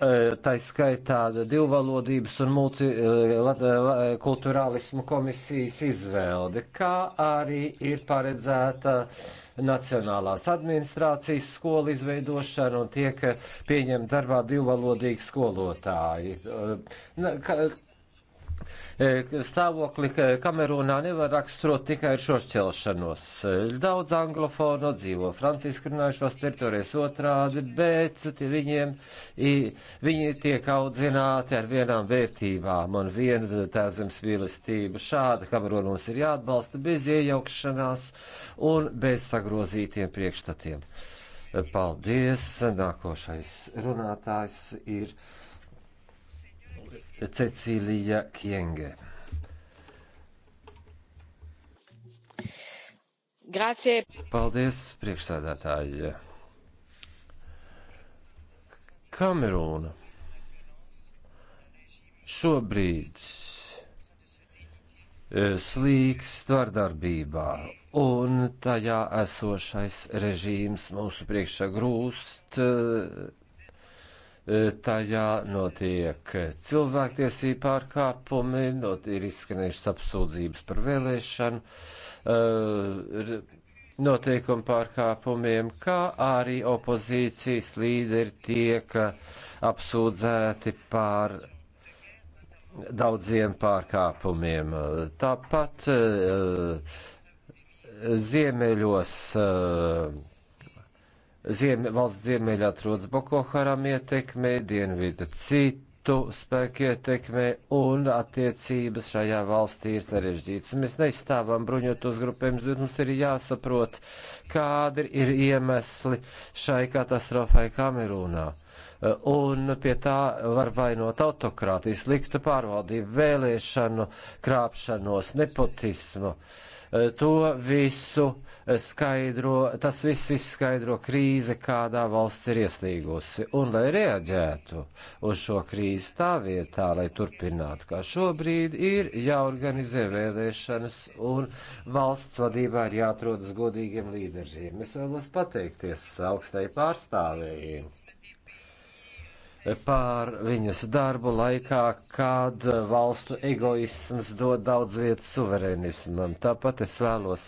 eh, skaitā divvalodības un multikulturālismu eh, komisijas izvēle, kā arī ir paredzēta Nacionālās administrācijas skola izveidošana un tiek pieņemta darbā divvalodīgi skolotāji. E, stāvokli Kamerūnā nevar raksturot tikai ar šo šķelšanos. E, daudz anglofonu dzīvo Francijas runājušos teritorijas otrādi, bet viņiem, viņi tiek audzināti ar vienām vērtībām un vienu tā zemes mīlestību. Šāda Kamerūna mums ir jāatbalsta bez iejaukšanās un bez sagrozītiem priekšstatiem. E, paldies! Nākošais runātājs ir. Cecīlija Kienge. Grācie. Paldies, priekšsēdētāji. Kamerūna šobrīd e, slīkst vardarbībā, un tajā esošais režīms mūsu priekšā grūst e, E, tajā notiek cilvēktiesība pārkāpumi, not, ir izskanējušas apsūdzības par vēlēšanu, e, noteikumu pārkāpumiem, kā arī opozīcijas līderi tiek apsūdzēti par daudziem pārkāpumiem. Tāpat e, ziemeļos Ziem, valsts ziemeļā atrodas Boko Haram ietekmē, dienvidu citu spēku ietekmē, un attiecības šajā valstī ir sarežģītas. Mēs neizstāvam bruņot uzgrupējumus, bet mums ir jāsaprot, kādi ir iemesli šai katastrofai Kamerūnā. Un pie tā var vainot autokrātiju, sliktu pārvaldību, vēlēšanu, krāpšanos, nepotismu. Uh, Eh, to visu eh, skaidro, tas viss izskaidro krīze, kādā valsts ir ieslīgusi. Un, lai reaģētu uz šo krīzi tā vietā, lai turpinātu kā šobrīd, ir jāorganizē vēlēšanas un valsts vadībā ir jāatrodas godīgiem līderiem. Es vēlos pateikties augstai pārstāvējiem pār viņas darbu laikā, kad valstu egoisms dod daudz vietas suverēnismam. Tāpat es vēlos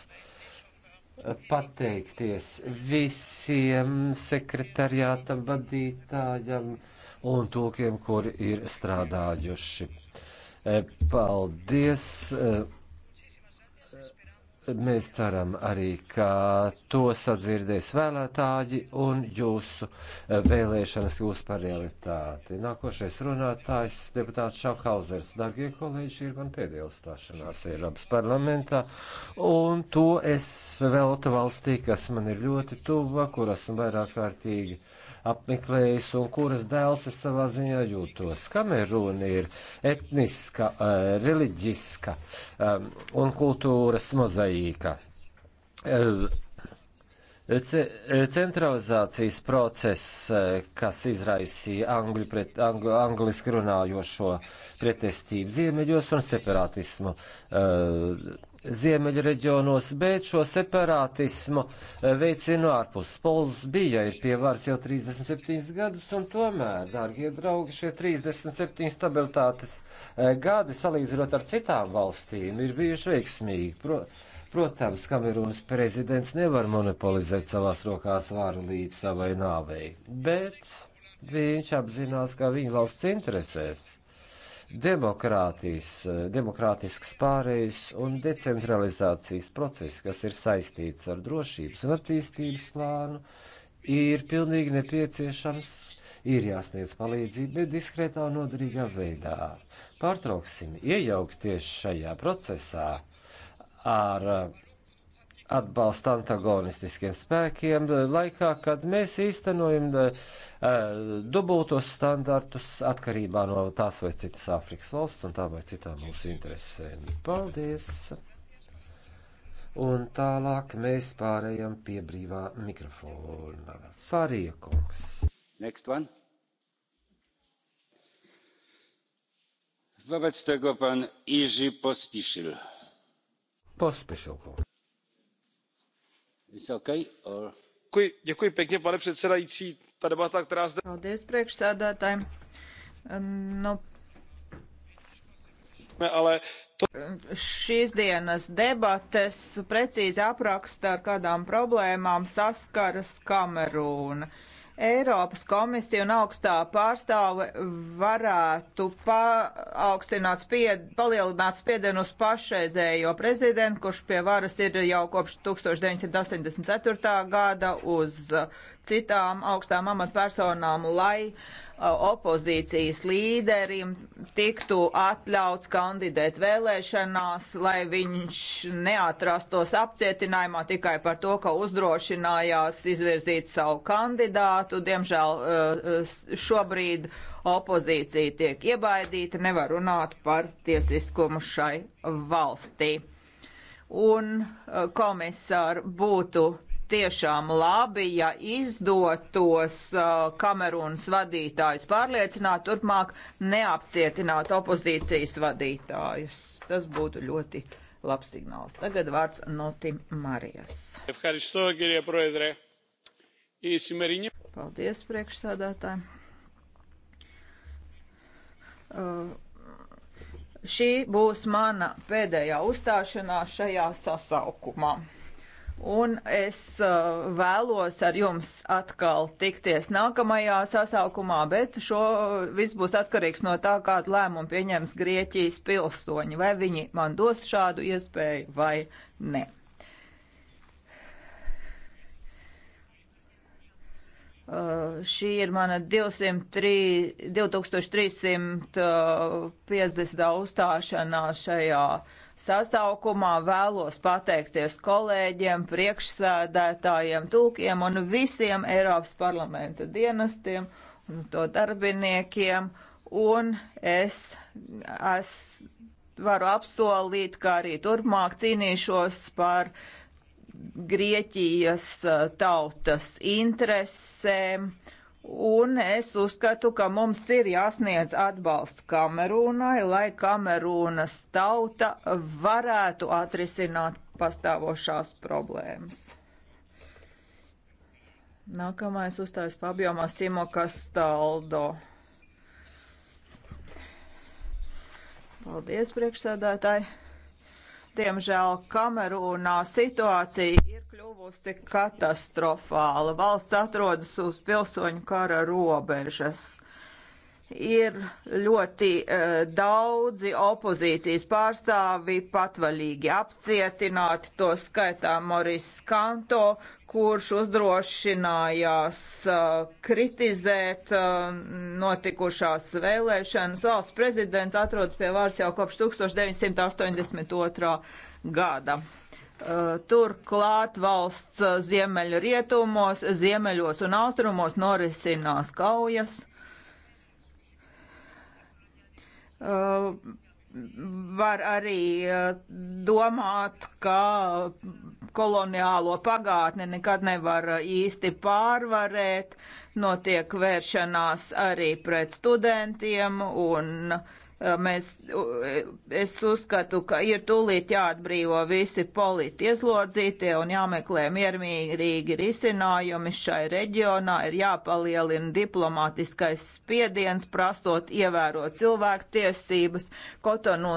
pateikties visiem sekretariātam, vadītājam un tūkiem, kuri ir strādājuši. Paldies! Mēs ceram arī, ka to sadzirdēs vēlētāji un jūsu eh, vēlēšanas kļūs par realitāti. Nākošais runātājs, deputāts Šafhauzers, darbie kolēģi, šī ir man pēdējā uzstāšanās Eiropas parlamentā, un to es veltu valstī, kas man ir ļoti tuva, kur esmu vairāk kārtīgi apmeklējis un kuras dēls es savā ziņā jūtos. Kamerūna ir etniska, reliģiska un kultūras mozaīka. Ce centralizācijas process, kas izraisīja angļu pret, angļu, angliski runājošo pretestību ziemeļos un separatismu uh, ziemeļu reģionos, bet šo separātismu eh, veicinu ārpus. Pols bija pie varas jau 37 gadus, un tomēr, dārgie draugi, šie 37 stabilitātes eh, gadi, salīdzinot ar citām valstīm, ir bijuši veiksmīgi. Pro, Protams, Kamerūnas prezidents nevar monopolizēt savās rokās varu līdz savai nāvei, bet viņš apzinās, ka viņa valsts interesēs demokrātijas, eh, demokrātisks pārējais un decentralizācijas process, kas ir saistīts ar drošības un attīstības plānu, ir pilnīgi nepieciešams, ir jāsniedz palīdzība, bet diskrētā un noderīgā veidā. Pārtrauksim iejaukties šajā procesā ar uh, atbalsta antagonistiskiem spēkiem, laikā, kad mēs īstenojam uh, dubultos standartus atkarībā no tās vai citas Āfrikas valsts un tā vai citām mūsu interesēm. Paldies! Un tālāk mēs pārējām pie brīvā mikrofona. Farija kungs. Next one. Wobec tego pan Iży Pospiszil. Pospiszil kungs pane předsedající ta debata která zde. paldies priekšsēdētājam. Nu, ale to... Šīs dienas debates precīzi apraksta, ar kādām problēmām saskaras Kamerūna. Eiropas komisija un augstā pārstāve varētu paaugstināt spied, palielināt spiedienu uz pašreizējo prezidentu, kurš pie varas ir jau kopš 1984. gada uz citām augstām amatpersonām, lai uh, opozīcijas līderim tiktu atļauts kandidēt vēlēšanās, lai viņš neatrastos apcietinājumā tikai par to, ka uzdrošinājās izvirzīt savu kandidātu. Diemžēl eh, šobrīd opozīcija tiek iebaidīta, nevar runāt par tiesiskumu šai valstī. Un eh, komisāri būtu tiešām labi, ja izdotos uh, Kamerūnas vadītājus pārliecināt, turpmāk neapcietināt opozīcijas vadītājus. Tas būtu ļoti labs signāls. Tagad vārds Notim Marijas. Paldies, priekšsādātāji. Uh, šī būs mana pēdējā uzstāšanās šajā sasaukumā. Un es uh, vēlos ar jums atkal tikties nākamajā sasaukumā, bet šo uh, viss būs atkarīgs no tā, kādu lēmumu pieņems Grieķijas pilsoņi. Vai viņi man dos šādu iespēju vai ne. Uh, šī ir mana 203, 2350 uh, uzstāšanās šajā uh, sasaukumā vēlos pateikties kolēģiem, priekšsēdētājiem, tulkiem un visiem Eiropas parlamenta dienestiem un to darbiniekiem. Un es, es varu apsolīt, ka arī turpmāk cīnīšos par Grieķijas uh, tautas interesēm Un es uzskatu, ka mums ir jāsniedz atbalsts Kamerūnai, lai Kamerūnas tauta varētu atrisināt pastāvošās problēmas. Nākamais uzstājas Fabio Masimo Castaldo. Paldies, priekšsēdētāji! Diemžēl Kamerūnā situācija ir kļuvusi katastrofāla. Valsts atrodas uz pilsoņu kara robežas ir ļoti uh, daudzi opozīcijas pārstāvi patvaļīgi apcietināti, to skaitā Moris Kanto, kurš uzdrošinājās uh, kritizēt uh, notikušās vēlēšanas. Valsts prezidents atrodas pie vārds jau kopš 1982. gada. Turklāt valsts ziemeļu rietumos, ziemeļos un austrumos norisinās kaujas var arī domāt, ka koloniālo pagātni nekad nevar īsti pārvarēt, notiek vēršanās arī pret studentiem un uh, Eh, mēs, e, es uzskatu, ka ir tūlīt jāatbrīvo visi politi ieslodzītie un jāmeklē miermīrīgi risinājumi šai reģionā, ir jāpalielina diplomātiskais spiediens, prasot ievērot cilvēktiesības, kaut nu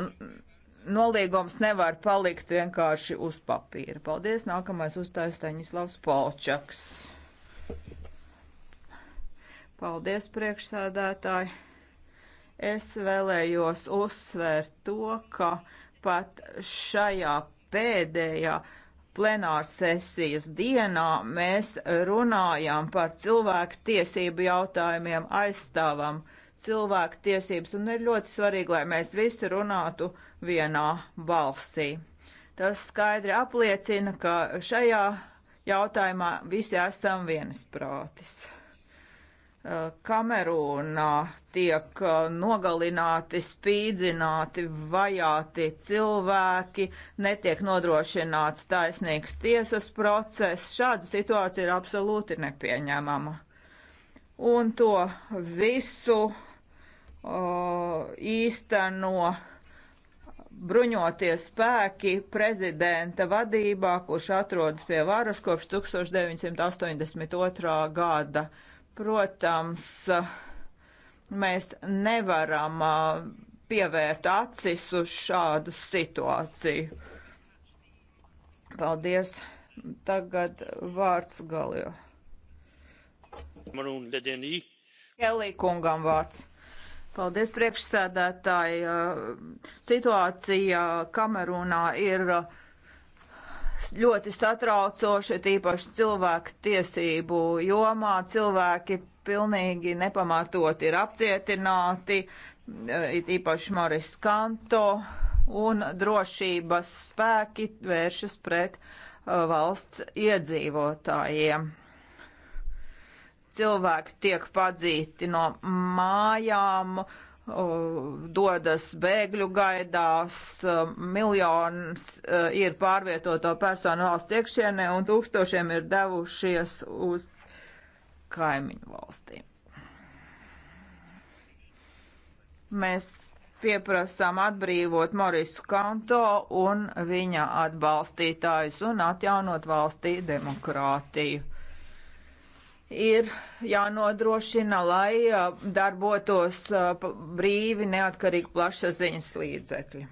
nolīgums nevar palikt vienkārši uz papīra. Paldies, nākamais uzstājas Taņislavs Polčaks. Paldies, priekšsēdētāji! Es vēlējos uzsvērt to, ka pat šajā pēdējā plenārsesijas dienā mēs runājām par cilvēku tiesību jautājumiem, aizstāvam cilvēku tiesības, un ir ļoti svarīgi, lai mēs visi runātu vienā balsī. Tas skaidri apliecina, ka šajā jautājumā visi esam vienas prātis. Kamerūnā tiek uh, nogalināti, spīdzināti, vajāti cilvēki, netiek nodrošināts taisnīgs tiesas process. Šāda situācija ir absolūti nepieņemama. Un to visu o, uh, īsteno bruņotie spēki prezidenta vadībā, kurš atrodas pie varas kopš 1982. gada Protams, mēs nevaram pievērt acis uz šādu situāciju. Paldies. Tagad vārds galio. Kelī kungam vārds. Paldies priekšsēdētāji. Situācija Kamerunā ir ļoti satraucoši, tīpaši cilvēku tiesību jomā. Cilvēki pilnīgi nepamatot ir apcietināti, e, tīpaši Moris Kanto, un drošības spēki vēršas pret e, valsts iedzīvotājiem. Cilvēki tiek padzīti no mājām, uh, dodas bēgļu gaidās, miljons ir pārvietoto personu valsts iekšienē un tūkstošiem ir devušies uz kaimiņu valstīm. Mēs pieprasām atbrīvot Morisu Kanto un viņa atbalstītājus un atjaunot valstī demokrātiju ir jānodrošina, lai darbotos brīvi, neatkarīgi plašsaziņas līdzekļi.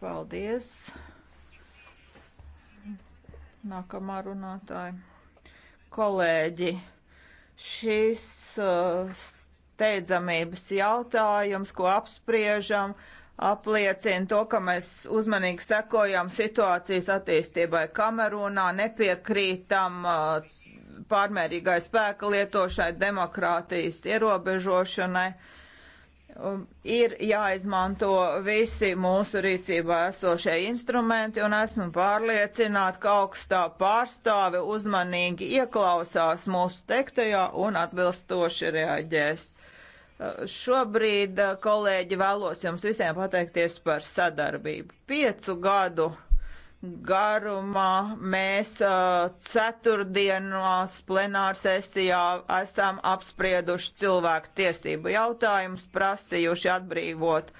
Paldies. Nākamā runātāja. Kolēģi, šis steidzamības jautājums, ko apspriežam, uh, apliecina to, ka mēs uzmanīgi sekojam situācijas attīstībai Kamerūnā, nepiekrītam uh, pārmērīgai spēka lietošai, demokrātijas ierobežošanai. Ir jāizmanto visi mūsu rīcībā esošie instrumenti, un esmu pārliecināta, ka augstā pārstāve uzmanīgi ieklausās mūsu teiktajā un atbilstoši reaģēs. Šobrīd, eh, kolēģi, vēlos jums visiem pateikties par sadarbību. Piecu gadu garumā mēs eh, ceturtdienās plenārsesijā esam apsprieduši cilvēku tiesību jautājumus, prasījuši atbrīvot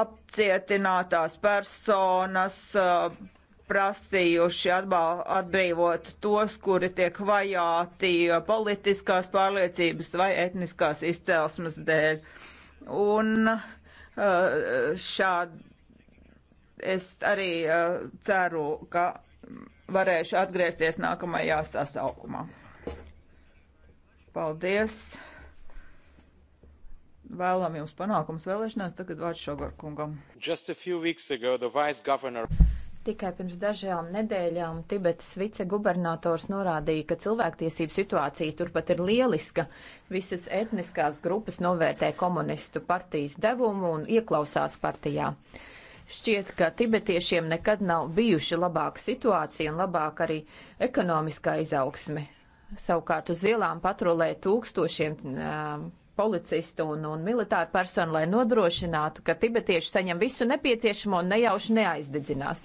apcietinātās personas, eh, prasījuši atbal, atbrīvot tos, kuri tiek vajāti politiskās pārliecības vai etniskās izcelsmes dēļ. Un uh, šādi es arī uh, ceru, ka varēšu atgriezties nākamajā sasaukumā. Paldies! Vēlam jums panākums vēlēšanās, tagad vārds Šogar kungam. Just a few weeks ago the vice governor Tikai pirms dažām nedēļām Tibetas vicegubernators norādīja, ka cilvēktiesību situācija turpat ir lieliska. Visas etniskās grupas novērtē komunistu partijas devumu un ieklausās partijā. Šķiet, ka tibetiešiem nekad nav bijuši labāka situācija un labāka arī ekonomiskā izaugsme. Savukārt uz ielām patrulē tūkstošiem. Uh, policistu un, un militāru personu, lai nodrošinātu, ka tibetieši saņem visu nepieciešamo un nejauši neaizdedzinās.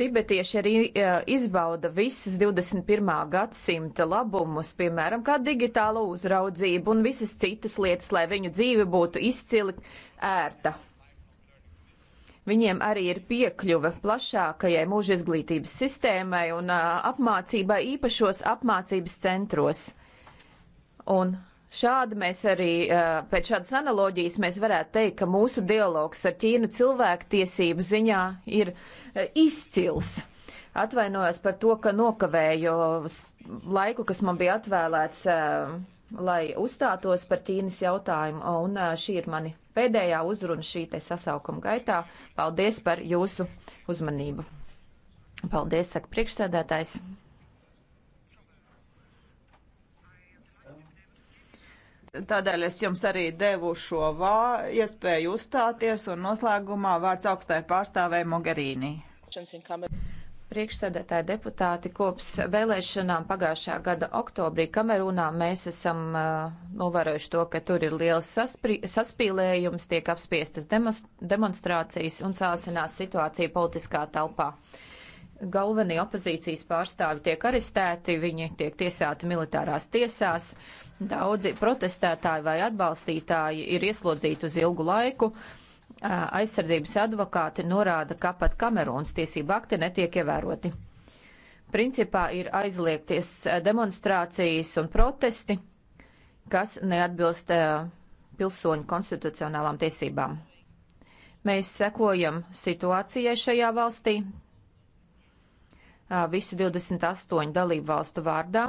Tibetieši arī e, izbauda visas 21. gadsimta labumus, piemēram, kā digitālo uzraudzību un visas citas lietas, lai viņu dzīve būtu izcili ērta. Viņiem arī ir piekļuve plašākajai mūža izglītības sistēmai un apmācībai īpašos apmācības centros. Un Šādi mēs arī, pēc šādas analoģijas, mēs varētu teikt, ka mūsu dialogs ar Ķīnu cilvēktiesību ziņā ir izcils. Atvainojos par to, ka nokavēju laiku, kas man bija atvēlēts, lai uzstātos par Ķīnas jautājumu, un šī ir mani pēdējā uzruna šī te sasaukuma gaitā. Paldies par jūsu uzmanību. Paldies, saka priekšsēdētājs. Tādēļ es jums arī devu šo vā, iespēju uzstāties un noslēgumā vārds augstai pārstāvē Mogherīnī. Priekšsēdētāji deputāti kops vēlēšanām pagājušā gada oktobrī Kamerūnā mēs esam uh, novērojuši to, ka tur ir liels saspri, saspīlējums, tiek apspiestas demonstrācijas un sāsinās situācija politiskā telpā. Uh, galvenie opozīcijas pārstāvi tiek arestēti, viņi tiek tiesāti militārās tiesās, daudzi protestētāji vai atbalstītāji ir ieslodzīti uz ilgu laiku. Aizsardzības advokāti norāda, ka pat Kamerūnas tiesība akti netiek ievēroti. Principā ir aizliegties demonstrācijas un protesti, kas neatbilst pilsoņu konstitucionālām tiesībām. Mēs sekojam situācijai šajā valstī, visu 28 dalību valstu vārdā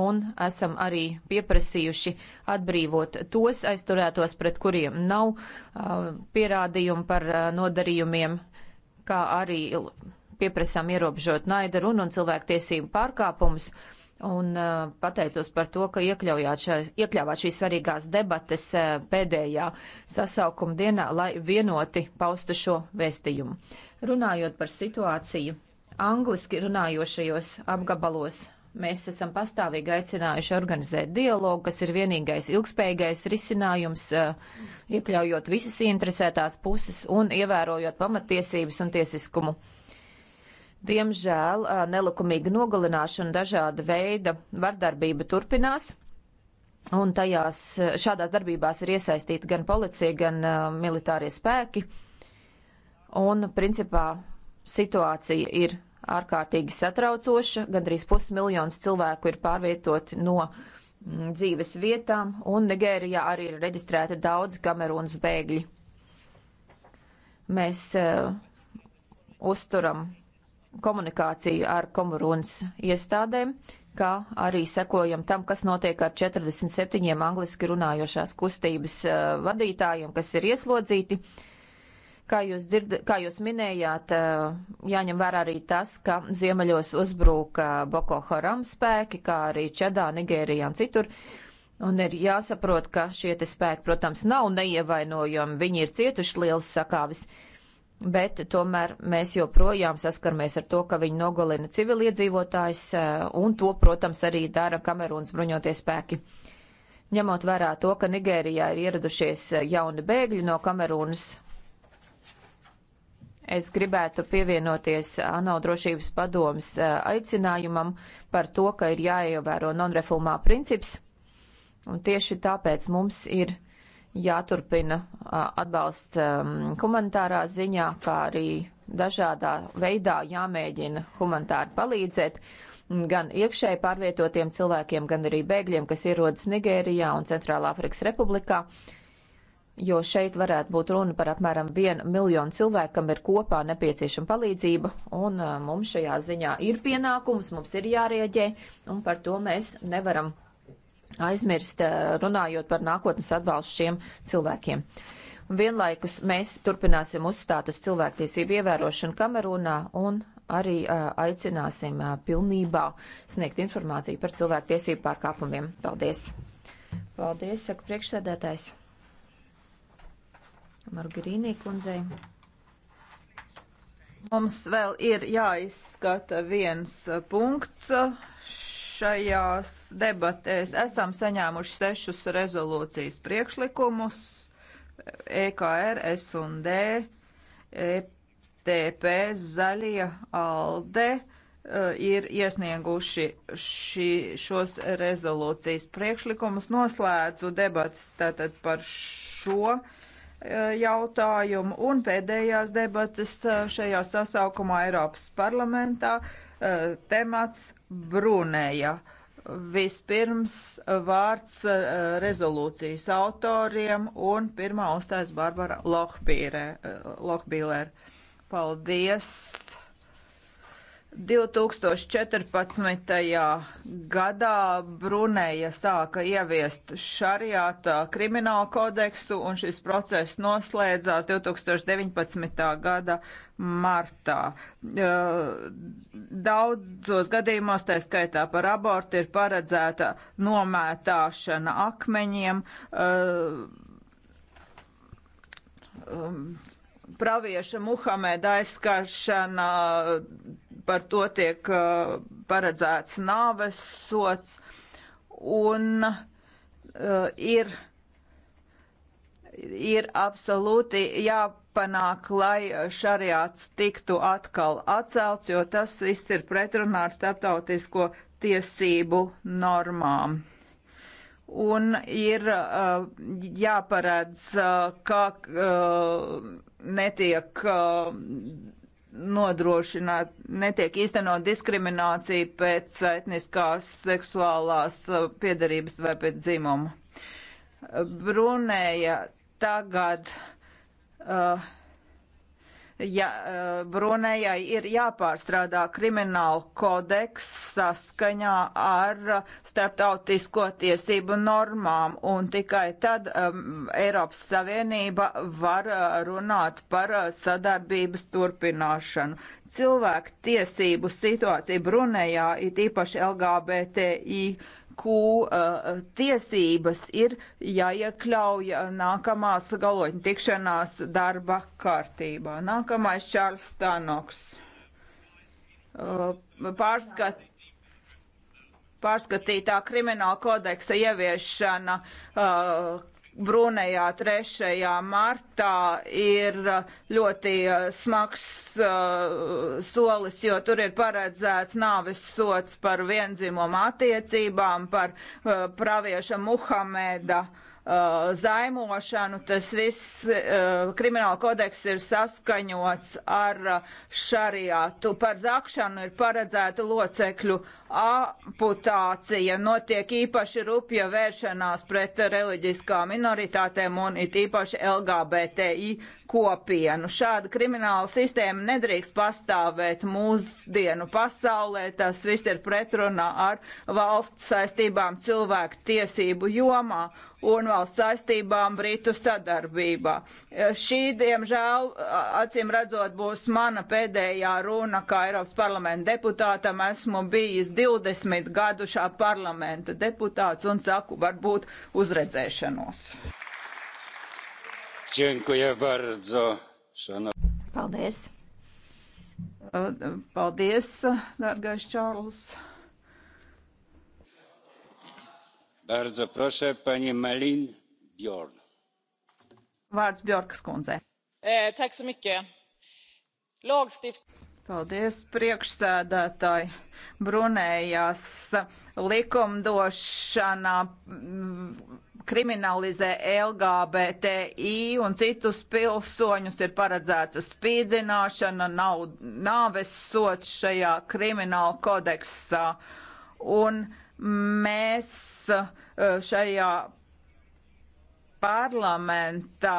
un esam arī pieprasījuši atbrīvot tos aizturētos, pret kuriem nav uh, pierādījumu par uh, nodarījumiem, kā arī pieprasām ierobežot naida runu un cilvēktiesību pārkāpumus. Un uh, pateicos par to, ka iekļaujāt šā, iekļāvāt šīs svarīgās debates uh, pēdējā sasaukuma dienā, lai vienoti paustu šo vēstījumu. Runājot par situāciju angliski runājošajos apgabalos. Mēs esam pastāvīgi aicinājuši organizēt dialogu, kas ir vienīgais ilgspējīgais risinājums, eh, iekļaujot visas interesētās puses un ievērojot pamatiesības un tiesiskumu. Diemžēl eh, nelikumīga nogalināšana dažāda veida vardarbība turpinās. Un tajās eh, šādās darbībās ir iesaistīti gan policija, gan uh, militārie spēki. Un, principā, situācija ir ārkārtīgi satraucoša. Gandrīz pusmiljons cilvēku ir pārvietoti no mm, dzīves vietām, un Nigērijā arī ir reģistrēta daudzi kamerūnas bēgļi. Mēs uh, uzturam komunikāciju ar kamerūnas iestādēm, kā arī sekojam tam, kas notiek ar 47 angliski runājošās kustības uh, vadītājiem, kas ir ieslodzīti. Uh, Kā jūs, dzird, kā jūs minējāt, eh, jāņem vērā arī tas, ka ziemeļos uzbruka eh, Boko Haram spēki, kā arī Čadā, Nigērijā un citur. Un ir jāsaprot, ka šie spēki, protams, nav neievainojami, viņi ir cietuši liels sakāvis, bet tomēr mēs joprojām saskaramies ar to, ka viņi nogalina civiliedzīvotājs, eh, un to, protams, arī dara Kamerūnas bruņotie spēki. Ņemot vērā to, ka Nigērijā ir ieradušies jauni bēgļi no Kamerūnas, Es gribētu pievienoties ANO drošības padomas eh, aicinājumam par to, ka ir jāievēro non-refulmā princips. Un tieši tāpēc mums ir jāturpina eh, atbalsts ehm, humanitārā ziņā, kā arī dažādā veidā jāmēģina humanitāri palīdzēt gan iekšēji pārvietotiem cilvēkiem, gan arī bēgļiem, kas ierodas Nigērijā un Centrālā Afrikas Republikā. Uh, jo šeit varētu būt runa par apmēram 1 miljonu cilvēku, kam ir kopā nepieciešama palīdzība, un uh, mums šajā ziņā ir pienākums, mums ir jārieģē, un par to mēs nevaram aizmirst, uh, runājot par nākotnes atbalstu šiem cilvēkiem. Vienlaikus mēs turpināsim uzstāt uz cilvēktiesību ievērošanu Kamerūnā un arī uh, aicināsim pilnībā sniegt informāciju par cilvēktiesību pārkāpumiem. Paldies! Paldies, saka priekšsēdētājs. Margarīnī kundzei. Mums vēl ir jāizskata viens uh, punkts uh, šajās debatēs. Esam saņēmuši sešus rezolūcijas priekšlikumus e, - EKR, S&D, ETP, Zaļie, ALDE uh, ir iesnieguši šī, šos rezolūcijas priekšlikumus. Noslēdzu debats tātad par šo Eh, jautājumu. Un pēdējās debatas eh, šajā sasaukumā Eiropas parlamentā eh, temats Brunēja. Vispirms vārds rezolūcijas autoriem un pirmā uzstājas Barbara Lohbīlēra. Paldies! 2014. gadā Bruneja sāka ieviest šariāta kriminālu kodeksu, un šis process noslēdzās 2019. gada martā. Daudzos gadījumos, tā skaitā par abortu, ir paredzēta nomētāšana akmeņiem. Um, pravieša Muhameda aizskaršana, par to tiek uh, paredzēts nāves sots un uh, ir, ir absolūti jāpanāk, lai šariāts tiktu atkal atcelts, jo tas viss ir pretrunā ar starptautisko tiesību normām. Un ir uh, jāparedz, uh, ka uh, netiek uh, nodrošināt, netiek īstenot diskriminācija pēc etniskās, seksuālās uh, piedarības vai pēc dzimuma. Brunēja tagad uh, ja eh, Brunējai ir jāpārstrādā krimināla kodeks saskaņā ar starptautisko tiesību normām, un tikai tad um, Eiropas Savienība var eh, runāt par sadarbības turpināšanu. Cilvēku tiesību situācija Brunējā, it īpaši LGBTI ku uh, eh, tiesības ir jāiekļauj eh, nākamās galotņu tikšanās darba kārtībā. Nākamais Čārls Tanoks. Uh, eh, pārskat, pārskatītā krimināla kodeksa ieviešana uh, Brunejā 3. martā ir uh, ļoti uh, smags uh, solis, jo tur ir paredzēts nāves sots par vienzimumu attiecībām, par uh, pravieša Muhameda uh, uh, zaimošanu. Tas viss uh, krimināla kodeks ir saskaņots ar uh, šariātu. Par zakšanu ir paredzēta locekļu amputācija. Notiek īpaši rupja vēršanās pret reliģiskām minoritātēm un it īpaši LGBTI kopienu. Šāda krimināla sistēma nedrīkst pastāvēt mūsdienu pasaulē. Tas viss ir pretrunā ar valsts saistībām cilvēku tiesību jomā un valsts saistībām Britu sadarbībā. Šī, diemžēl, acīm redzot, būs mana pēdējā runa kā Eiropas parlamenta deputātam. Esmu bijis 20 gadu šā parlamenta deputāts un saku varbūt uzredzēšanos. Paldies! Paldies, dārgais Čārlis! Bardzo proszę, pani Malin Bjorn. Vārds Bjorkas kundzei. E, Logstift. Paldies, priekšsēdētāji. Brunējās likumdošanā mm, kriminalizē LGBTI un citus pilsoņus ir paredzēta spīdzināšana, nav nāves sots šajā krimināla kodeksā. Un, uh, mēs eh, šajā parlamentā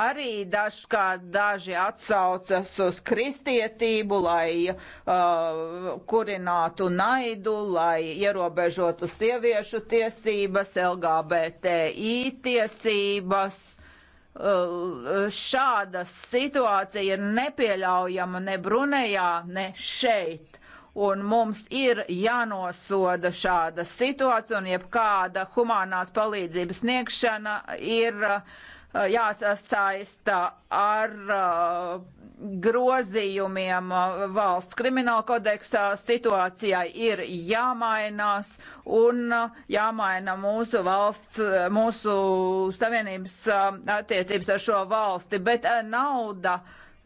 arī dažkārt daži atsaucas uz kristietību, lai uh, kurinātu naidu, lai ierobežotu sieviešu tiesības, LGBTI tiesības. Uh, šāda situācija ir nepieļaujama ne Brunejā, ne šeit un mums ir jānosoda šāda situācija, un jebkāda humanās palīdzības sniegšana ir uh, jāsasaista ar uh, grozījumiem uh, valsts krimināla kodeksā. Situācijai ir jāmainās un jāmaina mūsu valsts, mūsu savienības attiecības ar šo valsti, bet nauda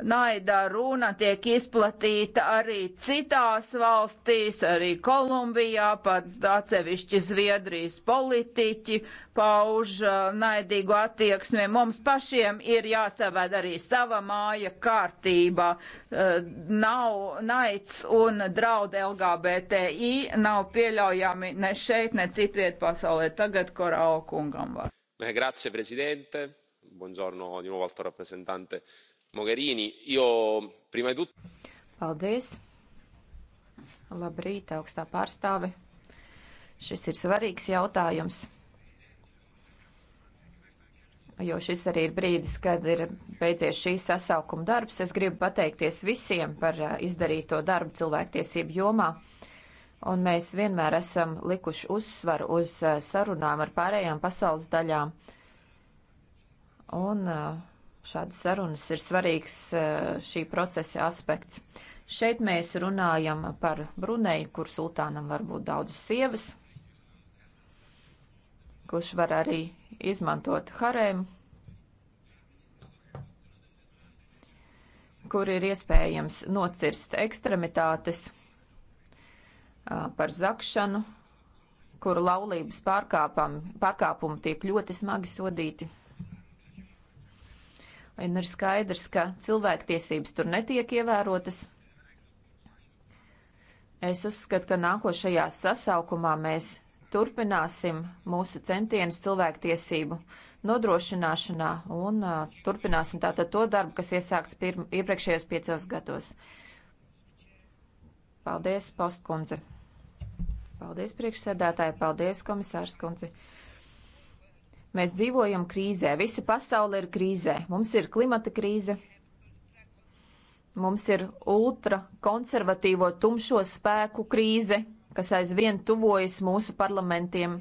Naida runa tiek izplatīta arī citās valstīs, arī Kolumbijā, pat atsevišķi Zviedrijas politiķi pauž uh, naidīgu attieksmi. Mums pašiem ir jāsavēd arī sava māja kārtībā. Uh, nav naids un draudi LGBTI, nav pieļaujami ne šeit, ne citviet pasaulē. Tagad Korāla kungam var. Grazie, prezidente. Buongiorno di nuovo alto rappresentante Mogherini, jo prima di tutto. Paldies! Labrīt, augstā pārstāve! Šis ir svarīgs jautājums, jo šis arī ir brīdis, kad ir beidzies šī sasaukuma darbs. Es gribu pateikties visiem par izdarīto darbu cilvēktiesību jomā, un mēs vienmēr esam likuši uzsvaru uz sarunām ar pārējām pasaules daļām. Un uh, šādas sarunas ir svarīgs eh, šī procesa aspekts. Šeit mēs runājam par Bruneju, kur sultānam var būt daudzas sievas, kurš var arī izmantot harēmu, kur ir iespējams nocirst ekstremitātes par zakšanu, kur laulības pārkāpumi tiek ļoti smagi sodīti. Un ir skaidrs, ka cilvēktiesības tur netiek ievērotas. Es uzskatu, ka nākošajā sasaukumā mēs turpināsim mūsu centienus cilvēktiesību nodrošināšanā un uh, turpināsim tātad to darbu, kas iesākts pirm, iepriekšējos piecos gados. Paldies, postkundze. Paldies, priekšsēdētāji. Paldies, komisārs kundze. Mēs dzīvojam krīzē, visa pasaule ir krīzē. Mums ir klimata krīze, mums ir ultrakonservatīvo tumšo spēku krīze, kas aizvien tuvojas mūsu parlamentiem.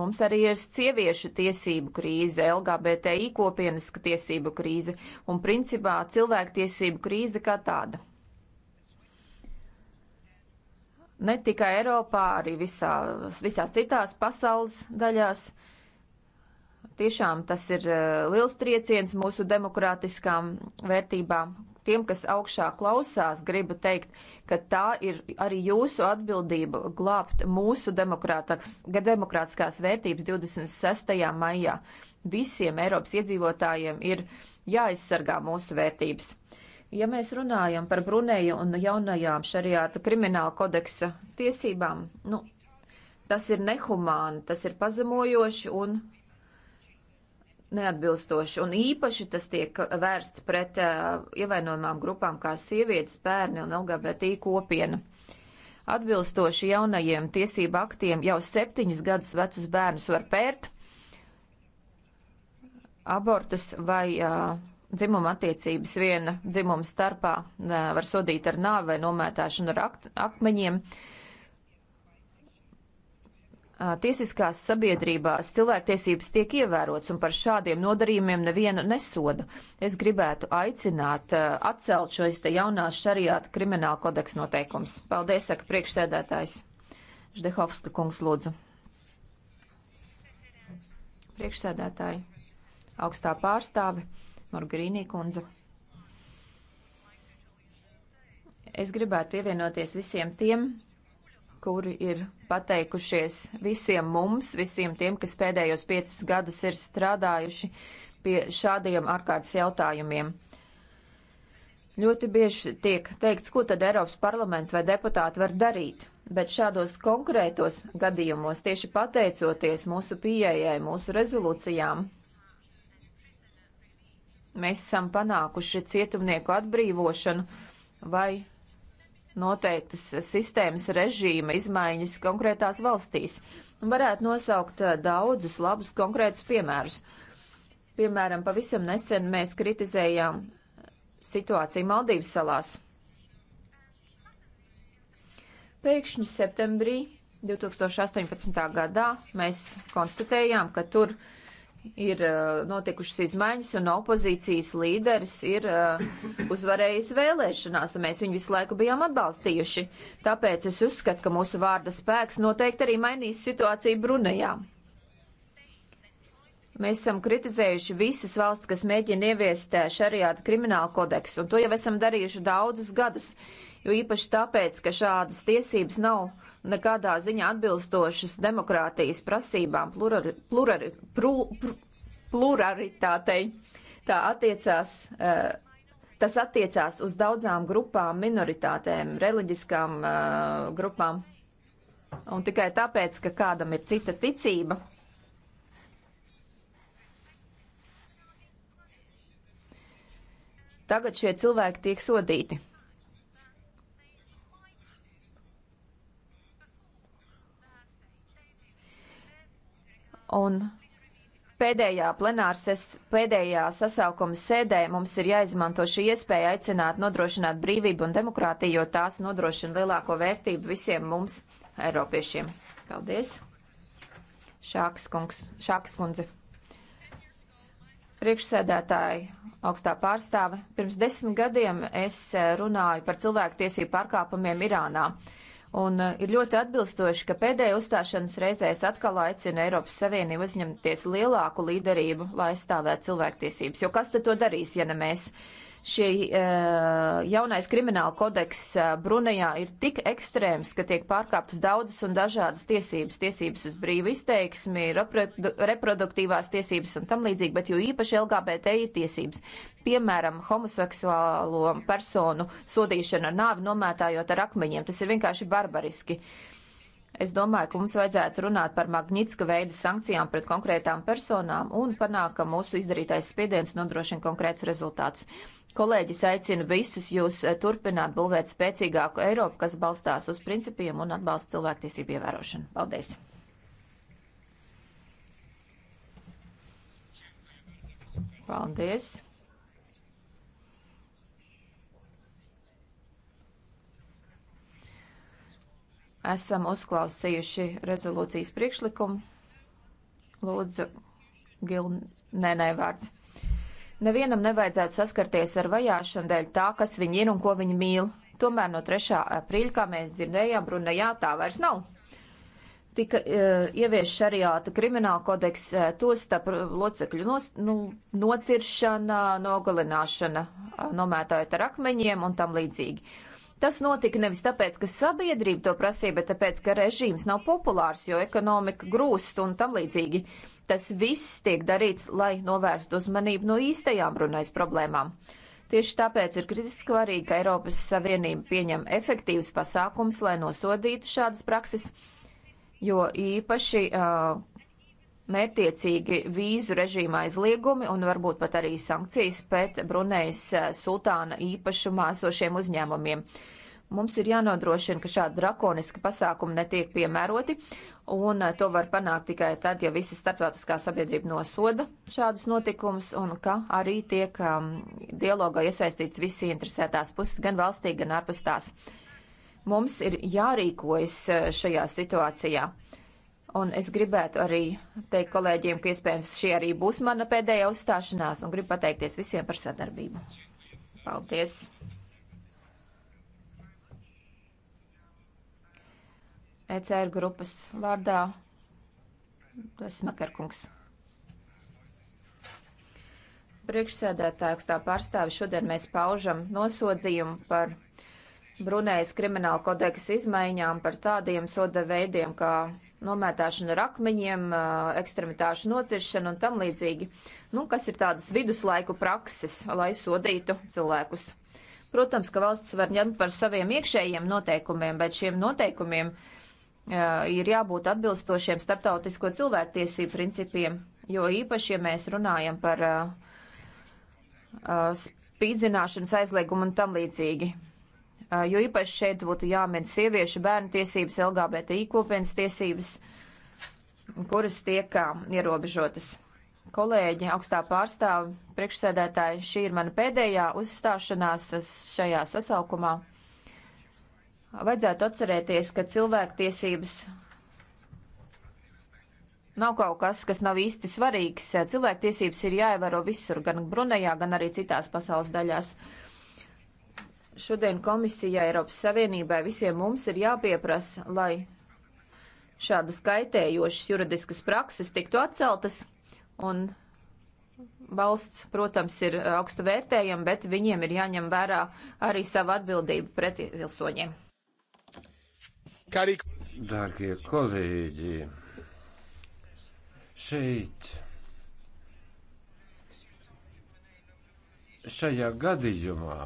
Mums arī ir sieviešu tiesību krīze, LGBTI kopienas tiesību krīze un principā cilvēktiesību krīze kā tāda. ne tikai Eiropā, arī visā, visās citās pasaules daļās. Tiešām tas ir eh, liels trieciens mūsu demokrātiskām vērtībām. Tiem, kas augšā klausās, gribu teikt, ka tā ir arī jūsu atbildība glābt mūsu demokrātiskās vērtības 26. maijā. Visiem Eiropas iedzīvotājiem ir jāaizsargā mūsu vērtības. Ja mēs runājam par Bruneju un jaunajām šariāta krimināla kodeksa tiesībām, nu, tas ir nehumāni, tas ir pazemojoši un neatbilstoši. Un īpaši tas tiek vērsts pret uh, ievainojumām grupām kā sievietes, bērni un LGBT kopiena. Atbilstoši jaunajiem tiesību aktiem jau septiņus gadus vecus bērnus var pērt abortus vai uh, dzimuma attiecības viena dzimuma starpā var sodīt ar nāvi vai nomētāšanu ar ak akmeņiem. Tiesiskās sabiedrībās cilvēktiesības tiek ievērots un par šādiem nodarījumiem nevienu nesoda. Es gribētu aicināt atcelt šos te jaunās šariāta krimināla kodeksa noteikums. Paldies, saka priekšsēdētājs. Ždehovska kungs lūdzu. Priekšsēdētāji, augstā pārstāve. Morgrīnī kundze. Es gribētu pievienoties visiem tiem, kuri ir pateikušies visiem mums, visiem tiem, kas pēdējos piecus gadus ir strādājuši pie šādiem ārkārtas jautājumiem. Ļoti bieži tiek teikts, ko tad Eiropas parlaments vai deputāti var darīt, bet šādos konkrētos gadījumos tieši pateicoties mūsu pieejai, mūsu rezolūcijām, mēs esam panākuši cietumnieku atbrīvošanu vai noteiktas sistēmas režīma izmaiņas konkrētās valstīs. Varētu nosaukt eh, daudzus labus konkrētus piemērus. Piemēram, pavisam nesen mēs kritizējām situāciju Maldīvas salās. Pēkšņi septembrī 2018. gadā mēs konstatējām, ka tur uh, ir uh, notikušas izmaiņas, un opozīcijas līderis ir uh, uzvarējis vēlēšanās, un mēs viņu visu laiku bijām atbalstījuši. Tāpēc es uzskatu, ka mūsu vārda spēks noteikti arī mainīs situāciju Brunejā. Mēs esam kritizējuši visas valsts, kas mēģina ieviest uh, šariāta kriminālu kodeksu, un to jau esam darījuši daudzus gadus. Uh, jo īpaši tāpēc, ka šādas tiesības nav nekādā ziņā atbilstošas demokrātijas prasībām, plurari, plurari, pru, pru, pluraritātei. Tā attiecās, eh, tas attiecās uz daudzām grupām, minoritātēm, reliģiskām eh, grupām. Un tikai tāpēc, ka kādam ir cita ticība, tagad šie cilvēki tiek sodīti. Un pēdējā plenāras, pēdējā sasaukuma sēdē mums ir jāizmanto šī iespēja aicināt nodrošināt brīvību un demokrātiju, jo tās nodrošina lielāko vērtību visiem mums, Eiropiešiem. Paldies! Šāks, kungs, šāks kundze. Priekšsēdētāji, augstā pārstāve, pirms desmit gadiem es eh, runāju par cilvēku tiesību pārkāpumiem Irānā. Un eh, ir ļoti atbilstoši, ka pēdējā uzstāšanās reizē es atkal aicinu Eiropas Savienību uzņemties lielāku līderību, lai aizstāvētu cilvēktiesības. Jo kas tad to darīs, ja ne mēs? Uh, Šie eh, jaunais krimināla kodeks eh, Brunejā ir tik ekstrēms, ka tiek pārkāptas daudzas un dažādas tiesības - tiesības uz brīvu izteiksmi, reproduktīvās tiesības un tam līdzīgi, bet jo īpaši LGBTI tiesības. Piemēram, homoseksuālo personu sodīšana ar nāvi nomētājot ar akmeņiem. Tas ir vienkārši barbariski. Uh, Es domāju, ka mums vajadzētu runāt par Magnitska veida sankcijām pret konkrētām personām un panākt, ka mūsu izdarītais spiediens nodrošina konkrēts rezultāts. Kolēģis aicina visus jūs eh, turpināt būvēt spēcīgāku Eiropu, kas balstās uz principiem un atbalsta cilvēktiesību ievērošanu. Paldies! Paldies! Esam uzklausījuši rezolūcijas priekšlikumu. Lūdzu, Gilnēnai vārds. Nevienam nevajadzētu saskarties ar vajāšanu dēļ tā, kas viņi ir un ko viņi mīl. Tomēr no 3. aprīļa, kā mēs dzirdējām, Brunejā tā vairs nav. Tika uh, ievies šariāta krimināla kodeks, uh, e, tostap locekļu nos, nu, nociršana, nogalināšana, uh, e, nomētājot ar akmeņiem un tam līdzīgi. Uh, Tas notika nevis tāpēc, ka sabiedrība to prasīja, bet tāpēc, ka režīms nav populārs, jo ekonomika grūst un tam līdzīgi. Tas viss tiek darīts, lai novērstu uzmanību no īstajām brunais problēmām. Tieši tāpēc ir kritiski svarīgi, ka Eiropas Savienība pieņem efektīvus pasākums, lai nosodītu šādas prakses, jo īpaši uh, mērtiecīgi vīzu režīma aizliegumi un varbūt pat arī sankcijas pēc Brunejas eh, sultāna īpašumā esošiem uzņēmumiem. Mums ir jānodrošina, ka šādi drakoniski pasākumi netiek piemēroti, un eh, to var panākt tikai tad, ja visa starptautiskā sabiedrība nosoda šādus notikumus, un ka arī tiek um, dialogā iesaistīts visi interesētās puses, gan valstī, gan ārpus tās. Mums ir jārīkojas eh, šajā situācijā. Un es gribētu arī teikt kolēģiem, ka iespējams šī arī būs mana pēdējā uzstāšanās, un gribu pateikties visiem par sadarbību. Paldies! ECR grupas vārdā Smakarkungs. Priekšsēdētājs tā pārstāvi šodien mēs paužam nosodzījumu par Brunējas krimināla kodeksa izmaiņām par tādiem soda veidiem kā nomētāšanu ar akmeņiem, ekstremitāšu nociršanu un tam līdzīgi. Nu, kas ir tādas viduslaiku prakses, lai sodītu cilvēkus? Protams, ka valsts var ņemt par saviem iekšējiem noteikumiem, bet šiem noteikumiem uh, ir jābūt atbilstošiem starptautisko cilvēktiesību principiem, jo īpaši, ja mēs runājam par uh, uh, spīdzināšanas aizliegumu un tam līdzīgi. Uh, jo īpaši šeit būtu jāmin sieviešu bērnu tiesības, LGBTI kopienas tiesības, kuras tiek uh, ierobežotas. Kolēģi, augstā pārstāve, priekšsēdētāji, šī ir mana pēdējā uzstāšanās šajā sasaukumā. Vajadzētu atcerēties, ka cilvēktiesības nav kaut kas, kas nav īsti svarīgs. Cilvēktiesības ir jāievēro visur, gan Brunejā, gan arī citās pasaules daļās. Uh, Šodien komisijai, Eiropas Savienībai, visiem mums ir jāpieprasa, lai šādas kaitējošas juridiskas prakses tiktu atceltas, un valsts, protams, ir augstu vērtējama, bet viņiem ir jāņem vērā arī sava atbildība pret pilsoņiem. Dārgie kolēģi, šeit. šajā gadījumā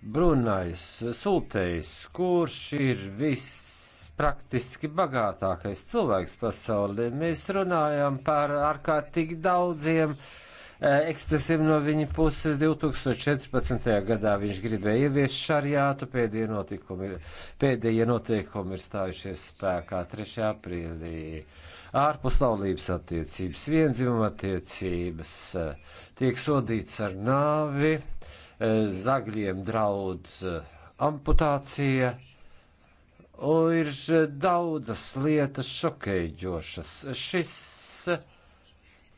Brunais Sultejs, kurš ir viss praktiski bagātākais cilvēks pasaulē. Mēs runājam par ārkārtīgi daudziem eh, ekscesiem no viņa puses. 2014. gadā viņš gribēja ieviest šarjātu, pēdējie notikumi, pēdējie noteikumi ir stājušies spēkā 3. aprīlī ārpuslaulības attiecības, vienzimuma attiecības, eh, tiek sodīts ar nāvi zagļiem draudz eh, amputācija. Un ir eh, daudzas lietas šokējošas. Šis eh,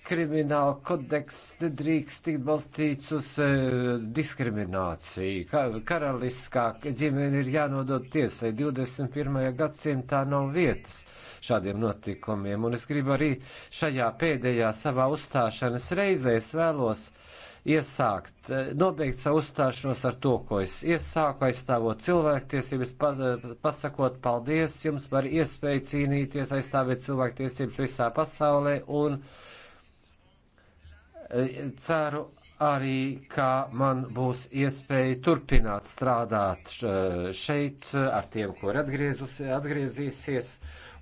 krimināla kodeks nedrīkst tikt balstīts uz e, diskrimināciju. Ka, karaliskā ģimene ir jānodod tiesai. 21. gadsimtā nav vietas šādiem notikumiem. Un es gribu arī šajā pēdējā savā uzstāšanas reizē es vēlos uh, iesākt, eh, nobeigt savu uzstāšanos ar to, ko es iesāku, aizstāvot cilvēktiesības, pasakot paldies jums par iespēju cīnīties, aizstāvēt cilvēktiesības visā pasaulē un eh, ceru arī, ka man būs iespēja turpināt strādāt eh, šeit ar tiem, kur atgriezīsies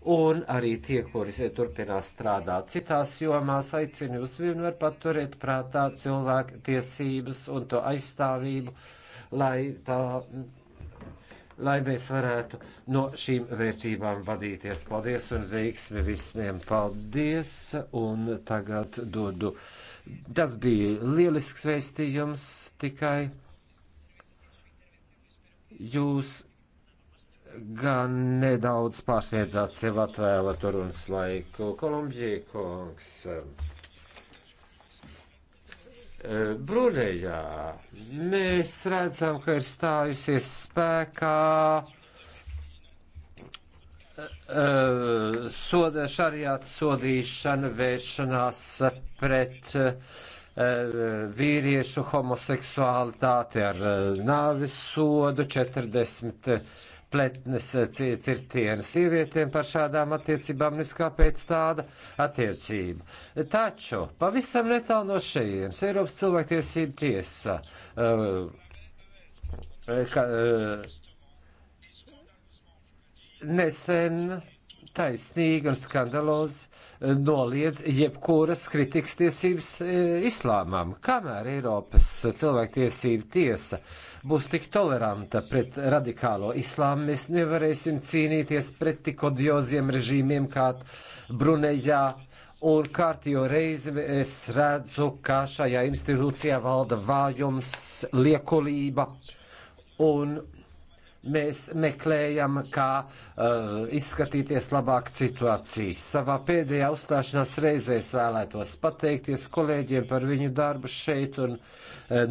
un arī tie, kuri turpinās strādāt citās jomās, aicinu jūs vienmēr paturēt prātā cilvēku tiesības un to aizstāvību, lai tā lai mēs varētu no šīm vērtībām vadīties. Paldies un veiksmi visiem! Paldies! Un tagad dodu. Tas bija lielisks vēstījums tikai. Jūs gan nedaudz pārsniedzāt sev atvēlēto runas laiku. Kolumbija kungs. Eh, Brunejā mēs redzam, ka ir stājusies spēkā eh, soda, šariāta sodīšana, vēršanās pret eh, vīriešu homoseksualitāti ar nāvis sodu 40 pletnes eh, cirtiena sievietēm par šādām attiecībām, nevis kāpēc tāda attiecība. Taču pavisam netālu no šejienes Eiropas cilvēktiesība tiesa. Uh, ka, uh, nesen taisnīgi un skandalozi eh, noliedz jebkuras kritikas tiesības eh, islāmam. Kamēr Eiropas cilvēktiesība tiesa būs tik toleranta pret radikālo islāmu, mēs nevarēsim cīnīties pret tik odioziem režīmiem kā Brunejā. Un kārtīgo reizi es redzu, ka šajā institūcijā valda vājums, liekulība un mēs meklējam, kā uh, izskatīties labāk situācijas. Savā pēdējā uzstāšanās reizē es vēlētos pateikties kolēģiem par viņu darbu šeit un uh,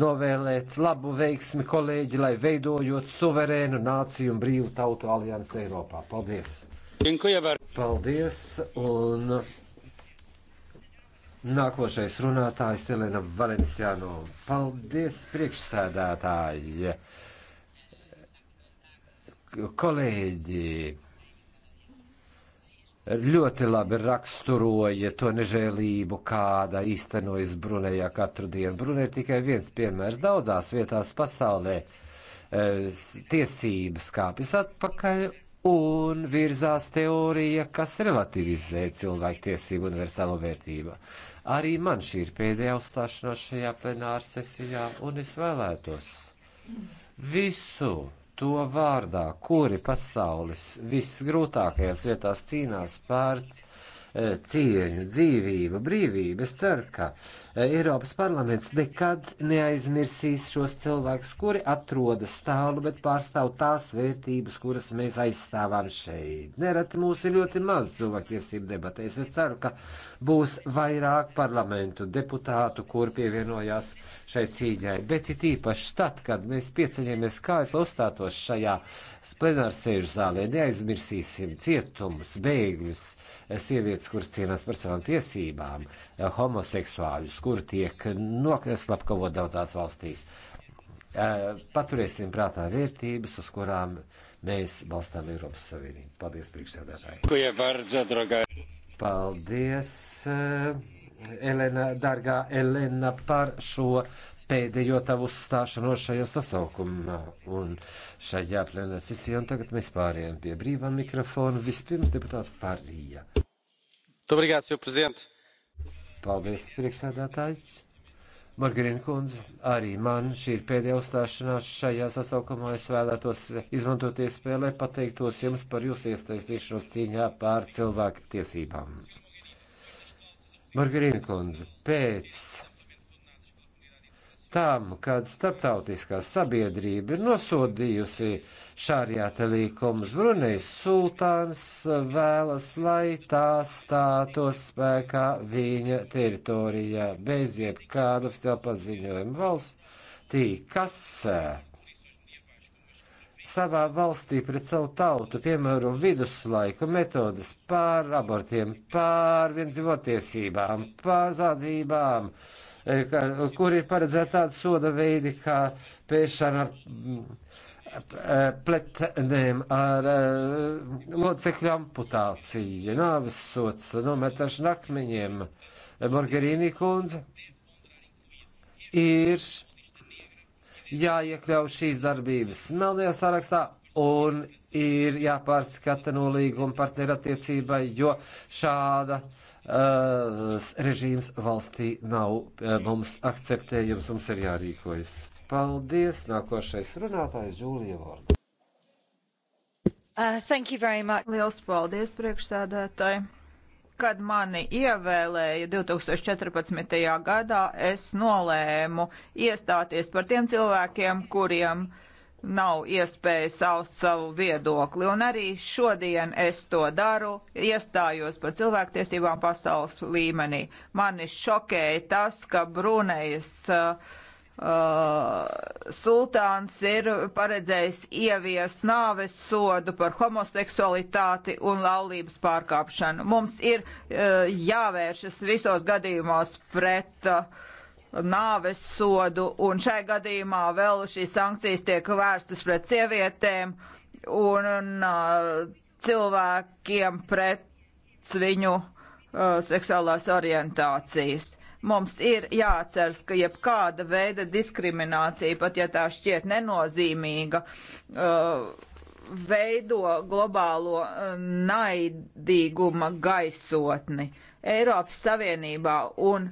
novēlēt labu veiksmi kolēģi, lai veidojot suverēnu nāciju un brīvu tautu aliansu Eiropā. Paldies! Paldies! Un nākošais runātājs Elena Valenciano. Paldies, priekšsēdētāji! kolēģi ļoti labi raksturoja to nežēlību, kāda īstenojas Brunejā katru dienu. Brunē ir tikai viens piemērs daudzās vietās pasaulē. Eh, tiesības kāpjas atpakaļ un virzās teorija, kas relativizē cilvēku tiesību universālo vērtību. Arī man šī ir pēdējā uzstāšanās šajā plenāra sesijā, un es vēlētos visu to vārdā, kuri pasaules visgrūtākajās vietās cīnās pār eh, cieņu, dzīvību, brīvību. Es ceru, ka Eiropas parlaments nekad neaizmirsīs šos cilvēkus, kuri atrodas tālu, bet pārstāv tās vērtības, kuras mēs aizstāvām šeit. Nereti mūs ir ļoti maz cilvēktiesību debatēs. Es ceru, ka būs vairāk parlamentu deputātu, kur pievienojās šai cīņai. Bet it īpaši tad, kad mēs pieceļamies kājas, lai uzstātos šajā plenārsēžu zālē, neaizmirsīsim cietumus, bēgļus, sievietes, kuras cīnās par savām tiesībām, homoseksuāļus, kur tiek noslapkavot daudzās valstīs. Paturēsim prātā vērtības, uz kurām mēs balstām Eiropas Savienību. Paldies, priekšsēdētāji! Paldies, Elena, dārgā Elena, par šo pēdējo tavu uzstāšanos šajā sasaukumā un šajā plenā sesijā. Un tagad mēs pārējām pie brīvā mikrofona. Vispirms deputāts Pārija. Obrigado, senhor presidente. Paldies, priekšsēdētājs. Margarina kundze, arī man šī ir pēdējā uzstāšanās šajā sasaukumā. Es vēlētos izmantot iespēju, lai pateiktos jums par jūsu iesaistīšanos cīņā pār cilvēku tiesībām. Margarina kundze, pēc tam, kad starptautiskā sabiedrība ir nosodījusi šārjāta līkumus, Brunejs sultāns vēlas, lai tā stātos spēkā viņa teritorijā bez jebkāda oficiāla paziņojuma valstī, kas eh, savā valstī pret savu tautu piemēro viduslaiku metodas pār abortiem, pār vienzimotiesībām, pār zādzībām. Uh, E, kur ir paredzēta tāda soda veidi, kā pēšana ar e, pletnēm, ar e, locekļu amputācija, nāves sots, nometašana akmeņiem. Morgerīnī kundze ir jāiekļauj šīs darbības melnajā sarakstā un ir jāpārskata nolīguma partnerattiecībai, jo šāda uh, Eh, režīms valstī nav eh, mums akceptējams, mums ir jārīkojas. Paldies! Nākošais runātājs Džūlija Vorda. Uh, thank you very much. Liels paldies priekšsēdētāji. Kad mani ievēlēja 2014. gadā, es nolēmu iestāties par tiem cilvēkiem, kuriem uh, nav iespēja saust savu viedokli. Un arī šodien es to daru, iestājos par cilvēktiesībām pasaules līmenī. Mani šokēja tas, ka Brunejas uh, uh, sultāns ir paredzējis ieviest nāves sodu par homoseksualitāti un laulības pārkāpšanu. Mums ir uh, jāvēršas visos gadījumos pret. Uh, nāves sodu, un šai gadījumā vēl šīs sankcijas tiek vērstas pret sievietēm un, un cilvēkiem pret viņu uh, seksuālās orientācijas. Mums ir jāatceras, ka jebkāda veida diskriminācija, pat ja tā šķiet nenozīmīga, uh, veido globālo naidīguma gaisotni. Uh, Eiropas Savienībā un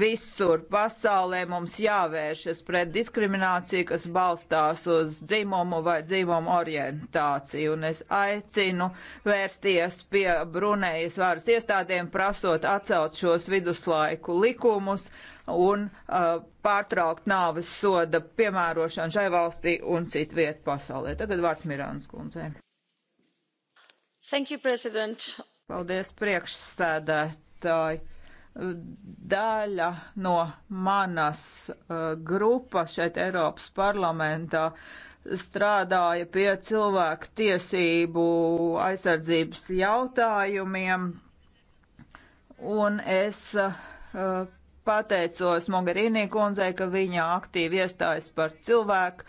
visur pasaulē mums jāvēršas pret diskrimināciju, kas balstās uz dzimumu vai dzimumu orientāciju. Un es aicinu vērsties pie Brunējas varas iestādēm, prasot atcelt šos viduslaiku likumus un uh, pārtraukt nāves soda piemērošanu šai valstī un citu vietu pasaulē. Tagad vārds Mirānas kundzei. Thank you, President. Paldies, priekšsēdētāji priekšsēdētāji. Daļa no manas uh, grupas šeit Eiropas parlamentā strādāja pie cilvēku tiesību aizsardzības jautājumiem, un es uh, pateicos Mogherini kundzei, ka viņa aktīvi iestājas par cilvēku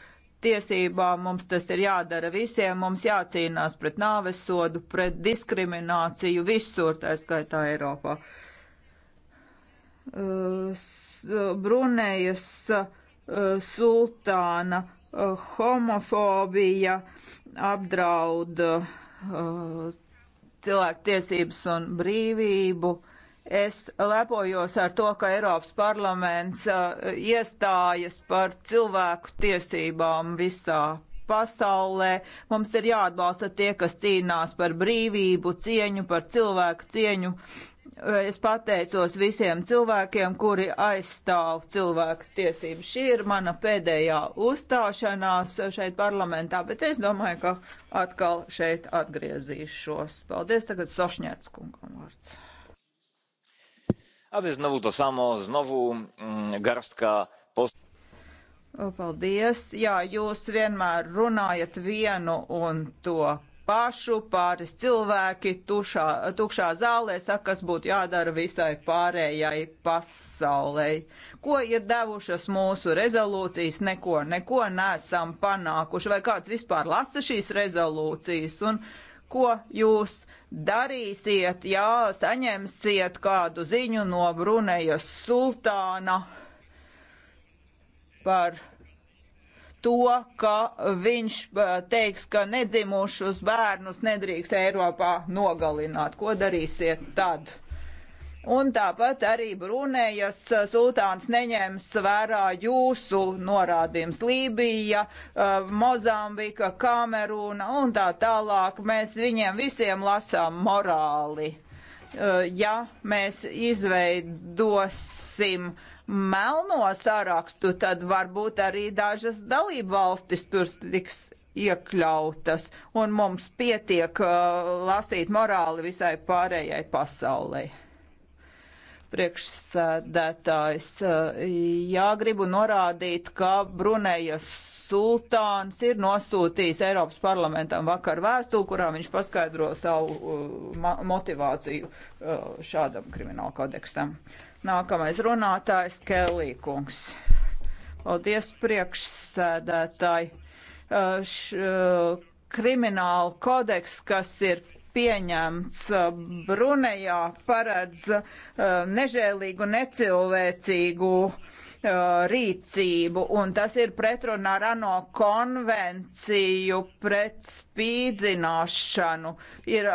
tiesībām, mums tas ir jādara visiem, mums jācīnās pret nāvesodu, pret diskrimināciju visur, tā skaitā Eiropā. Uh, Brunejas uh, sultāna uh, homofobija apdraud cilvēku tiesības un brīvību. Uh, Es lepojos ar to, ka Eiropas parlaments uh, iestājas par cilvēku tiesībām visā pasaulē. Mums ir jāatbalsta tie, kas cīnās par brīvību, cieņu, par cilvēku cieņu. Es pateicos visiem cilvēkiem, kuri aizstāv cilvēku tiesību. Šī ir mana pēdējā uzstāšanās šeit parlamentā, bet es domāju, ka atkal šeit atgriezīšos. Paldies, tagad Sošņērts kungam vārds aby znovu to samo, znovu mm, garstkā posma. Paldies. Jā, jūs vienmēr runājat vienu un to pašu, pāris cilvēki tušā, tukšā zālē saka, kas būtu jādara visai pārējai pasaulē. Ko ir devušas mūsu rezolūcijas? Neko, neko nesam panākuši. Vai kāds vispār lasa šīs rezolūcijas un ko jūs darīsiet, ja saņemsiet kādu ziņu no Brunejas sultāna par to, ka viņš eh, teiks, ka nedzimušus bērnus nedrīkst Eiropā nogalināt. Ko darīsiet tad? Un tāpat arī Brunējas eh, sultāns neņēma vērā jūsu norādījums Lībija, eh, Mozambika, Kamerūna un tā tālāk. Mēs viņiem visiem lasām morāli. Eh, ja mēs izveidosim melno sārakstu, tad varbūt arī dažas dalību valstis tur tiks iekļautas, un mums pietiek uh, lasīt morāli visai pārējai pasaulei priekšsēdētājs. Eh, jā, gribu norādīt, ka Brunejas sultāns ir nosūtījis Eiropas parlamentam vakar vēstuli, kurā viņš paskaidro savu eh, motivāciju eh, šādam krimināla kodeksam. Nākamais runātājs Kelī kungs. Paldies priekšsēdētāji. Š, krimināla kodeks, kas ir pieņemts Brunejā, paredz uh, nežēlīgu, necilvēcīgu uh, rīcību, un tas ir pretrunā ar ANO konvenciju pret spīdzināšanu. Ir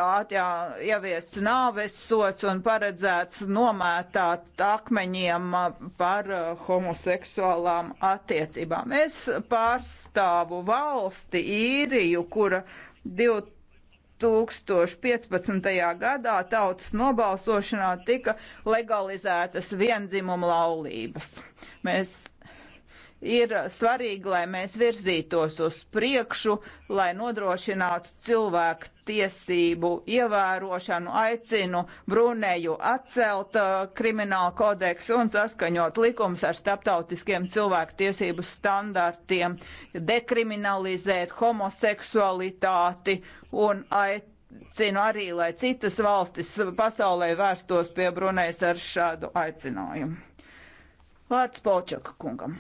ieviests nāves sots un paredzēts nomētāt akmeņiem uh, par homoseksuālām attiecībām. Es pārstāvu valsti īriju, kura 2000 2015. gadā tautas nobalsošanā tika legalizētas viendzimuma laulības. Mēs ir svarīgi, lai mēs virzītos uz priekšu, lai nodrošinātu cilvēku tiesību ievērošanu. Aicinu Brunēju atcelt uh, kriminālu kodeksu un saskaņot likums ar starptautiskiem cilvēku tiesību standartiem, dekriminalizēt homoseksualitāti un aicināt aicinu arī, lai citas valstis pasaulē vērstos pie Brunējas ar šādu aicinājumu. Vārds Polčaka kungam.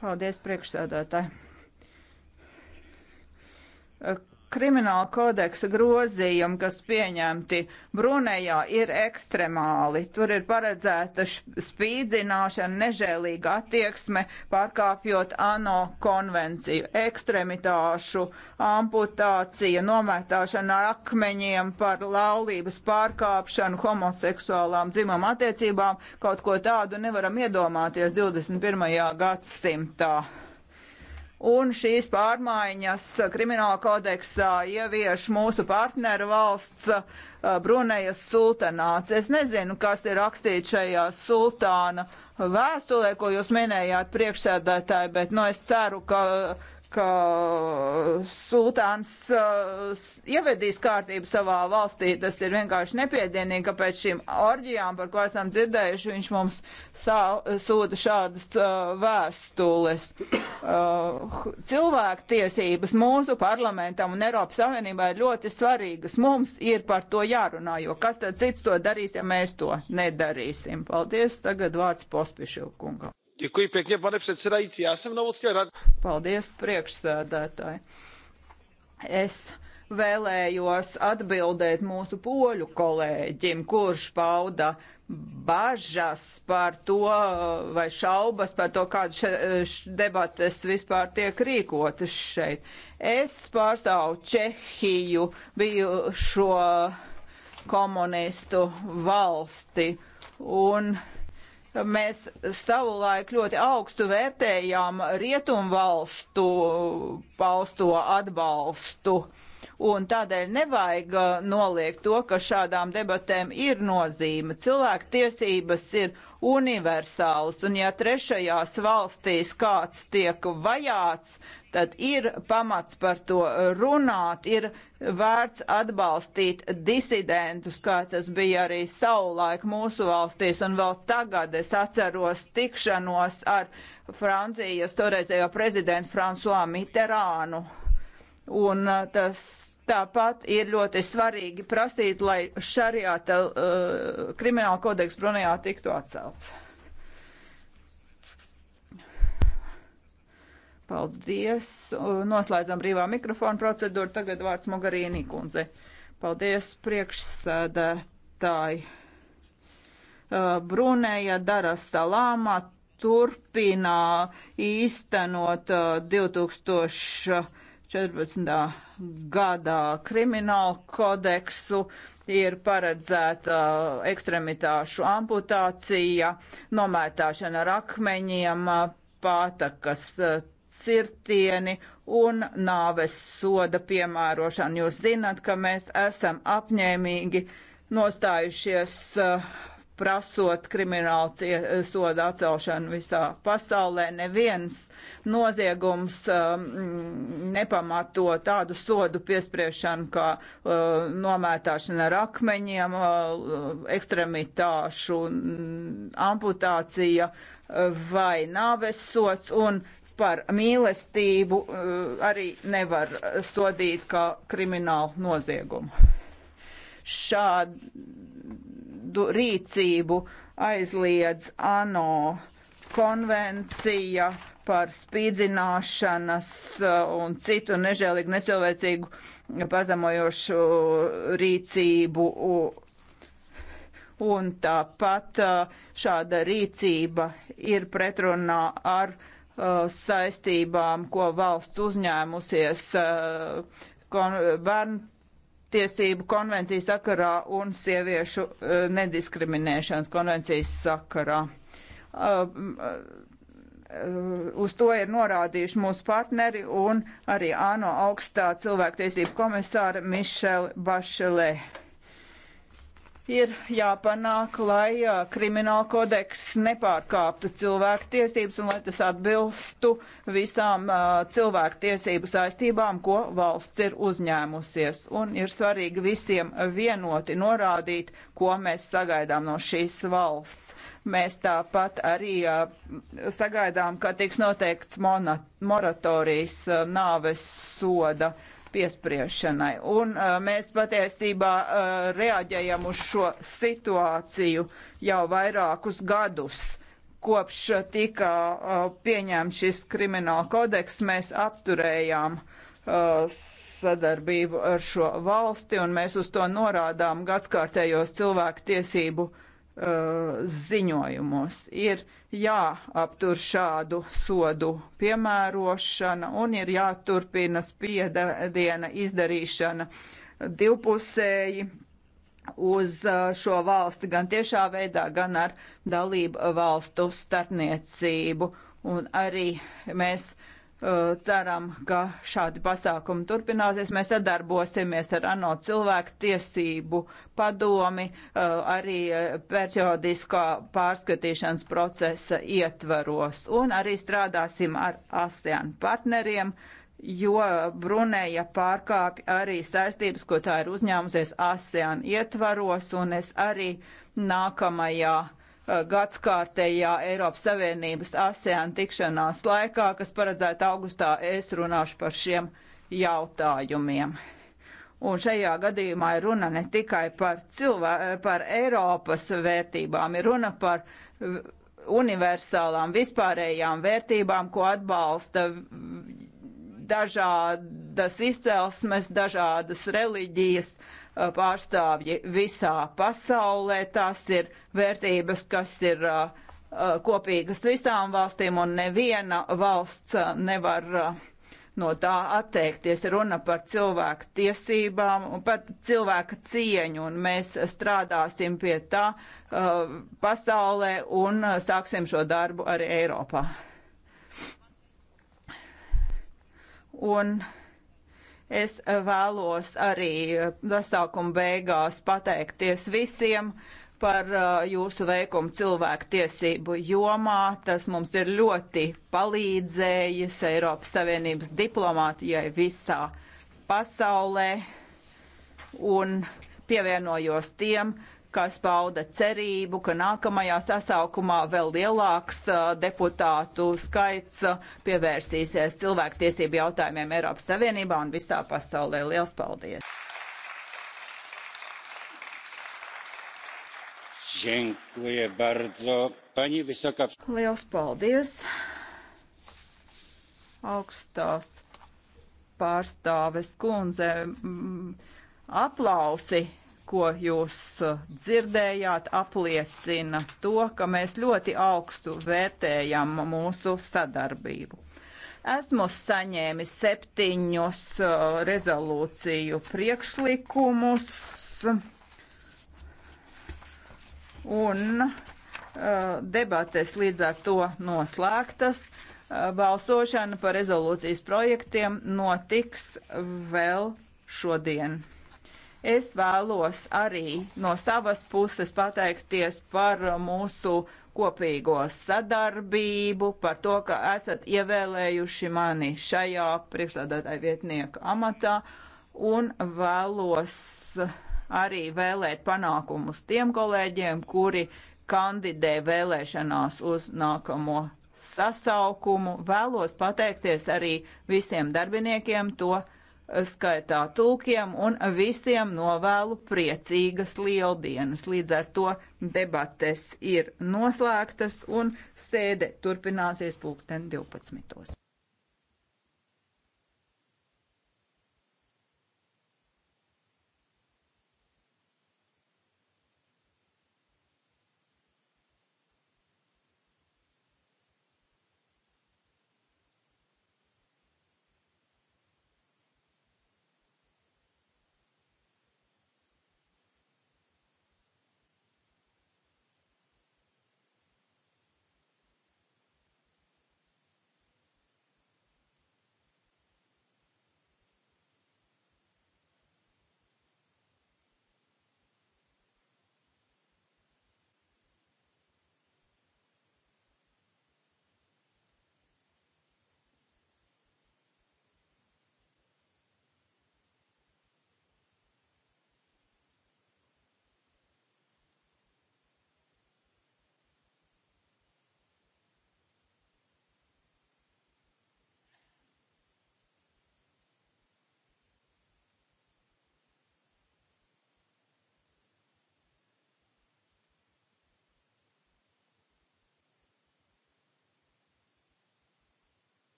Paldies, priekšsēdētāji krimināla kodeksa grozījumi, kas pieņemti Brunejā, ir ekstremāli. Tur ir paredzēta spīdzināšana, nežēlīga attieksme, pārkāpjot ANO konvenciju, ekstremitāšu, amputācija, nometāšana ar akmeņiem par laulības pārkāpšanu, homoseksuālām dzimuma attiecībām. Kaut ko tādu nevaram iedomāties 21. gadsimtā un šīs pārmaiņas krimināla kodeksā ievieš mūsu partneru valsts uh, Brunejas sultanāts. Es nezinu, kas ir rakstīts šajā sultāna vēstulē, ko jūs minējāt priekšsēdētāji, bet nu, es ceru, ka ka sultāns uh, ievedīs kārtību savā valstī. Tas ir vienkārši nepiedienīgi, ka pēc šīm orģijām, par ko esam dzirdējuši, viņš mums sā, sūta šādas uh, vēstules. Uh, cilvēktiesības mūsu parlamentam un Eiropas Savienībā ir ļoti svarīgas. Mums ir par to jārunā, jo kas tad cits to darīs, ja mēs to nedarīsim. Paldies, tagad vārds Pospišu kungam pane předsedající já jsem na úvod chtěl reagovat. paldies priekšsēdētāj. es vēlējos atbildēt mūsu poļu kolēģim, kurš pauda bažas par to vai šaubas par to, kādas debates vispār tiek rīkotas šeit. Es pārstāvu Čehiju, biju šo komunistu valsti un uh, Mēs savulaik ļoti augstu vērtējām rietumvalstu pausto atbalstu. Uh, un tādēļ nevajag uh, noliegt to, ka šādām debatēm ir nozīme. Cilvēku tiesības ir universālas, un ja trešajās valstīs kāds tiek vajāts, tad ir pamats par to runāt, ir vērts atbalstīt disidentus, kā tas bija arī savulaik mūsu valstīs, un vēl tagad es atceros tikšanos ar Francijas toreizējo prezidentu François Mitterānu. Un uh, tas Tāpat ir ļoti svarīgi prasīt, lai šariāta uh, krimināla kodeks Brunejā tiktu atcelts. Paldies. Uh, noslēdzam brīvā mikrofona procedūru. Tagad vārds Mogarīnī kundze. Paldies, priekšsēdētāji. Uh, Bruneja dara salāmā turpina īstenot uh, 2000. 14. gadā kriminālu kodeksu ir paredzēta ekstremitāšu amputācija, nomētāšana ar akmeņiem, pātakas eh, cirtieni un nāves soda piemērošana. Jūs zināt, ka mēs esam apņēmīgi nostājušies eh, prasot kriminālu sodu atcelšanu visā pasaulē. Neviens noziegums um, nepamato tādu sodu piespriešanu kā uh, nomētāšana ar akmeņiem, uh, ekstremitāšu amputācija uh, vai nāves sots un par mīlestību uh, arī nevar sodīt kā kriminālu noziegumu šādu rīcību aizliedz ANO konvencija par spīdzināšanas uh, un citu nežēlīgu, necilvēcīgu pazemojošu rīcību. Un tāpat uh, šāda rīcība ir pretrunā ar uh, saistībām, ko valsts uzņēmusies bērnu tiesību konvencijas sakarā un sieviešu eh, nediskriminēšanas konvencijas sakarā. Eh, eh, uz to ir norādījuši mūsu partneri un arī ANO augstā cilvēktiesību komisāra Mišela Bašelē ir jāpanāk, lai krimināla kodeks nepārkāptu cilvēku tiesības un lai tas atbilstu visām uh, cilvēku tiesību saistībām, ko valsts ir uzņēmusies. Un ir svarīgi visiem vienoti norādīt, ko mēs sagaidām no šīs valsts. Mēs tāpat arī uh, sagaidām, ka tiks noteikts moratorijas uh, nāves soda. Uh, piespriešanai. Un uh, mēs patiesībā uh, reaģējam uz šo situāciju jau vairākus gadus. Kopš tika uh, pieņemts šis krimināla kodeks, mēs apturējām uh, sadarbību ar šo valsti, un mēs uz to norādām gadskārtējos cilvēku tiesību uh, Eh, ziņojumos. Ir jāaptur šādu sodu piemērošana un ir jāturpina spiediena izdarīšana divpusēji uz eh, šo valsti gan tiešā veidā, gan ar dalību valstu starpniecību. Un arī mēs uh, Eh, ceram, ka šādi pasākumi turpināsies. Mēs sadarbosimies ar ANO cilvēku tiesību padomi eh, arī eh, periodiskā pārskatīšanas procesa ietvaros un arī strādāsim ar ASEAN partneriem, jo Brunēja pārkāpja arī saistības, ko tā ir uzņēmusies ASEAN ietvaros un es arī nākamajā Uh, gadskārtējā Eiropas Savienības ASEAN tikšanās laikā, kas paredzēta augustā, es runāšu par šiem jautājumiem. Un šajā gadījumā ir runa ne tikai par, cilvē, par Eiropas vērtībām, ir runa par uh, universālām vispārējām vērtībām, ko atbalsta dažādas izcelsmes, dažādas reliģijas, uh, pārstāvji visā pasaulē. Tās ir vērtības, kas ir kopīgas visām valstīm, un neviena valsts nevar no tā atteikties. Runa par cilvēku tiesībām un par cilvēka cieņu, un mēs strādāsim pie tā uh, pasaulē un sāksim šo darbu arī Eiropā. Un Es vēlos arī pasākuma beigās pateikties visiem par uh, jūsu veikumu cilvēku tiesību jomā. Tas mums ir ļoti palīdzējis Eiropas Savienības diplomātijai visā pasaulē un pievienojos tiem, kas pauda cerību, ka nākamajā sasaukumā vēl lielāks uh, deputātu skaits uh, pievērsīsies cilvēktiesību jautājumiem Eiropas Savienībā un visā pasaulē. Liels paldies! Liels paldies! Augstās pārstāves kundze mm, aplausi ko jūs uh, dzirdējāt, apliecina to, ka mēs ļoti augstu vērtējam mūsu sadarbību. Esmu saņēmis septiņus uh, rezolūciju priekšlikumus un uh, debates līdz ar to noslēgtas. Balsošana par rezolūcijas projektiem notiks vēl šodien. Es vēlos arī no savas puses pateikties par mūsu kopīgo sadarbību, par to, ka esat ievēlējuši mani šajā priekšsādātāja vietnieka amatā un vēlos arī vēlēt panākumus tiem kolēģiem, kuri kandidē vēlēšanās uz nākamo sasaukumu. Vēlos pateikties arī visiem darbiniekiem to skaitā tulkiem un visiem novēlu priecīgas lieldienas. Līdz ar to debates ir noslēgtas un sēde turpināsies pulksten 12.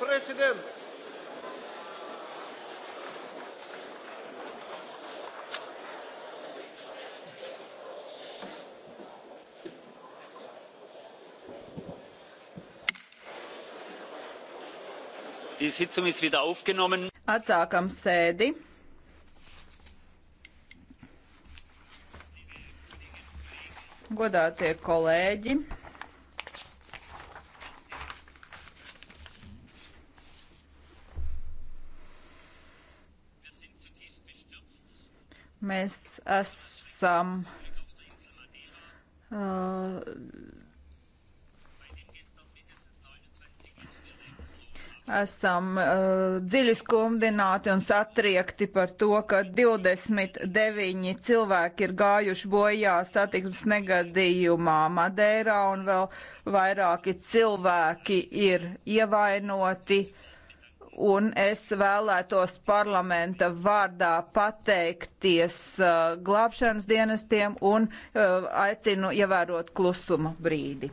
president. Die Sitzung ist wieder aufgenommen. Atsākam sēdi. Godātie kolēģi! mēs esam uh, esam uh, dziļi skumdināti un satriekti par to, ka 29 cilvēki ir gājuši bojā satiksmes negadījumā Madeirā un vēl vairāki cilvēki ir ievainoti. Uh, un es vēlētos parlamenta vārdā pateikties uh, glābšanas dienestiem un uh, aicinu ievērot klusuma brīdi.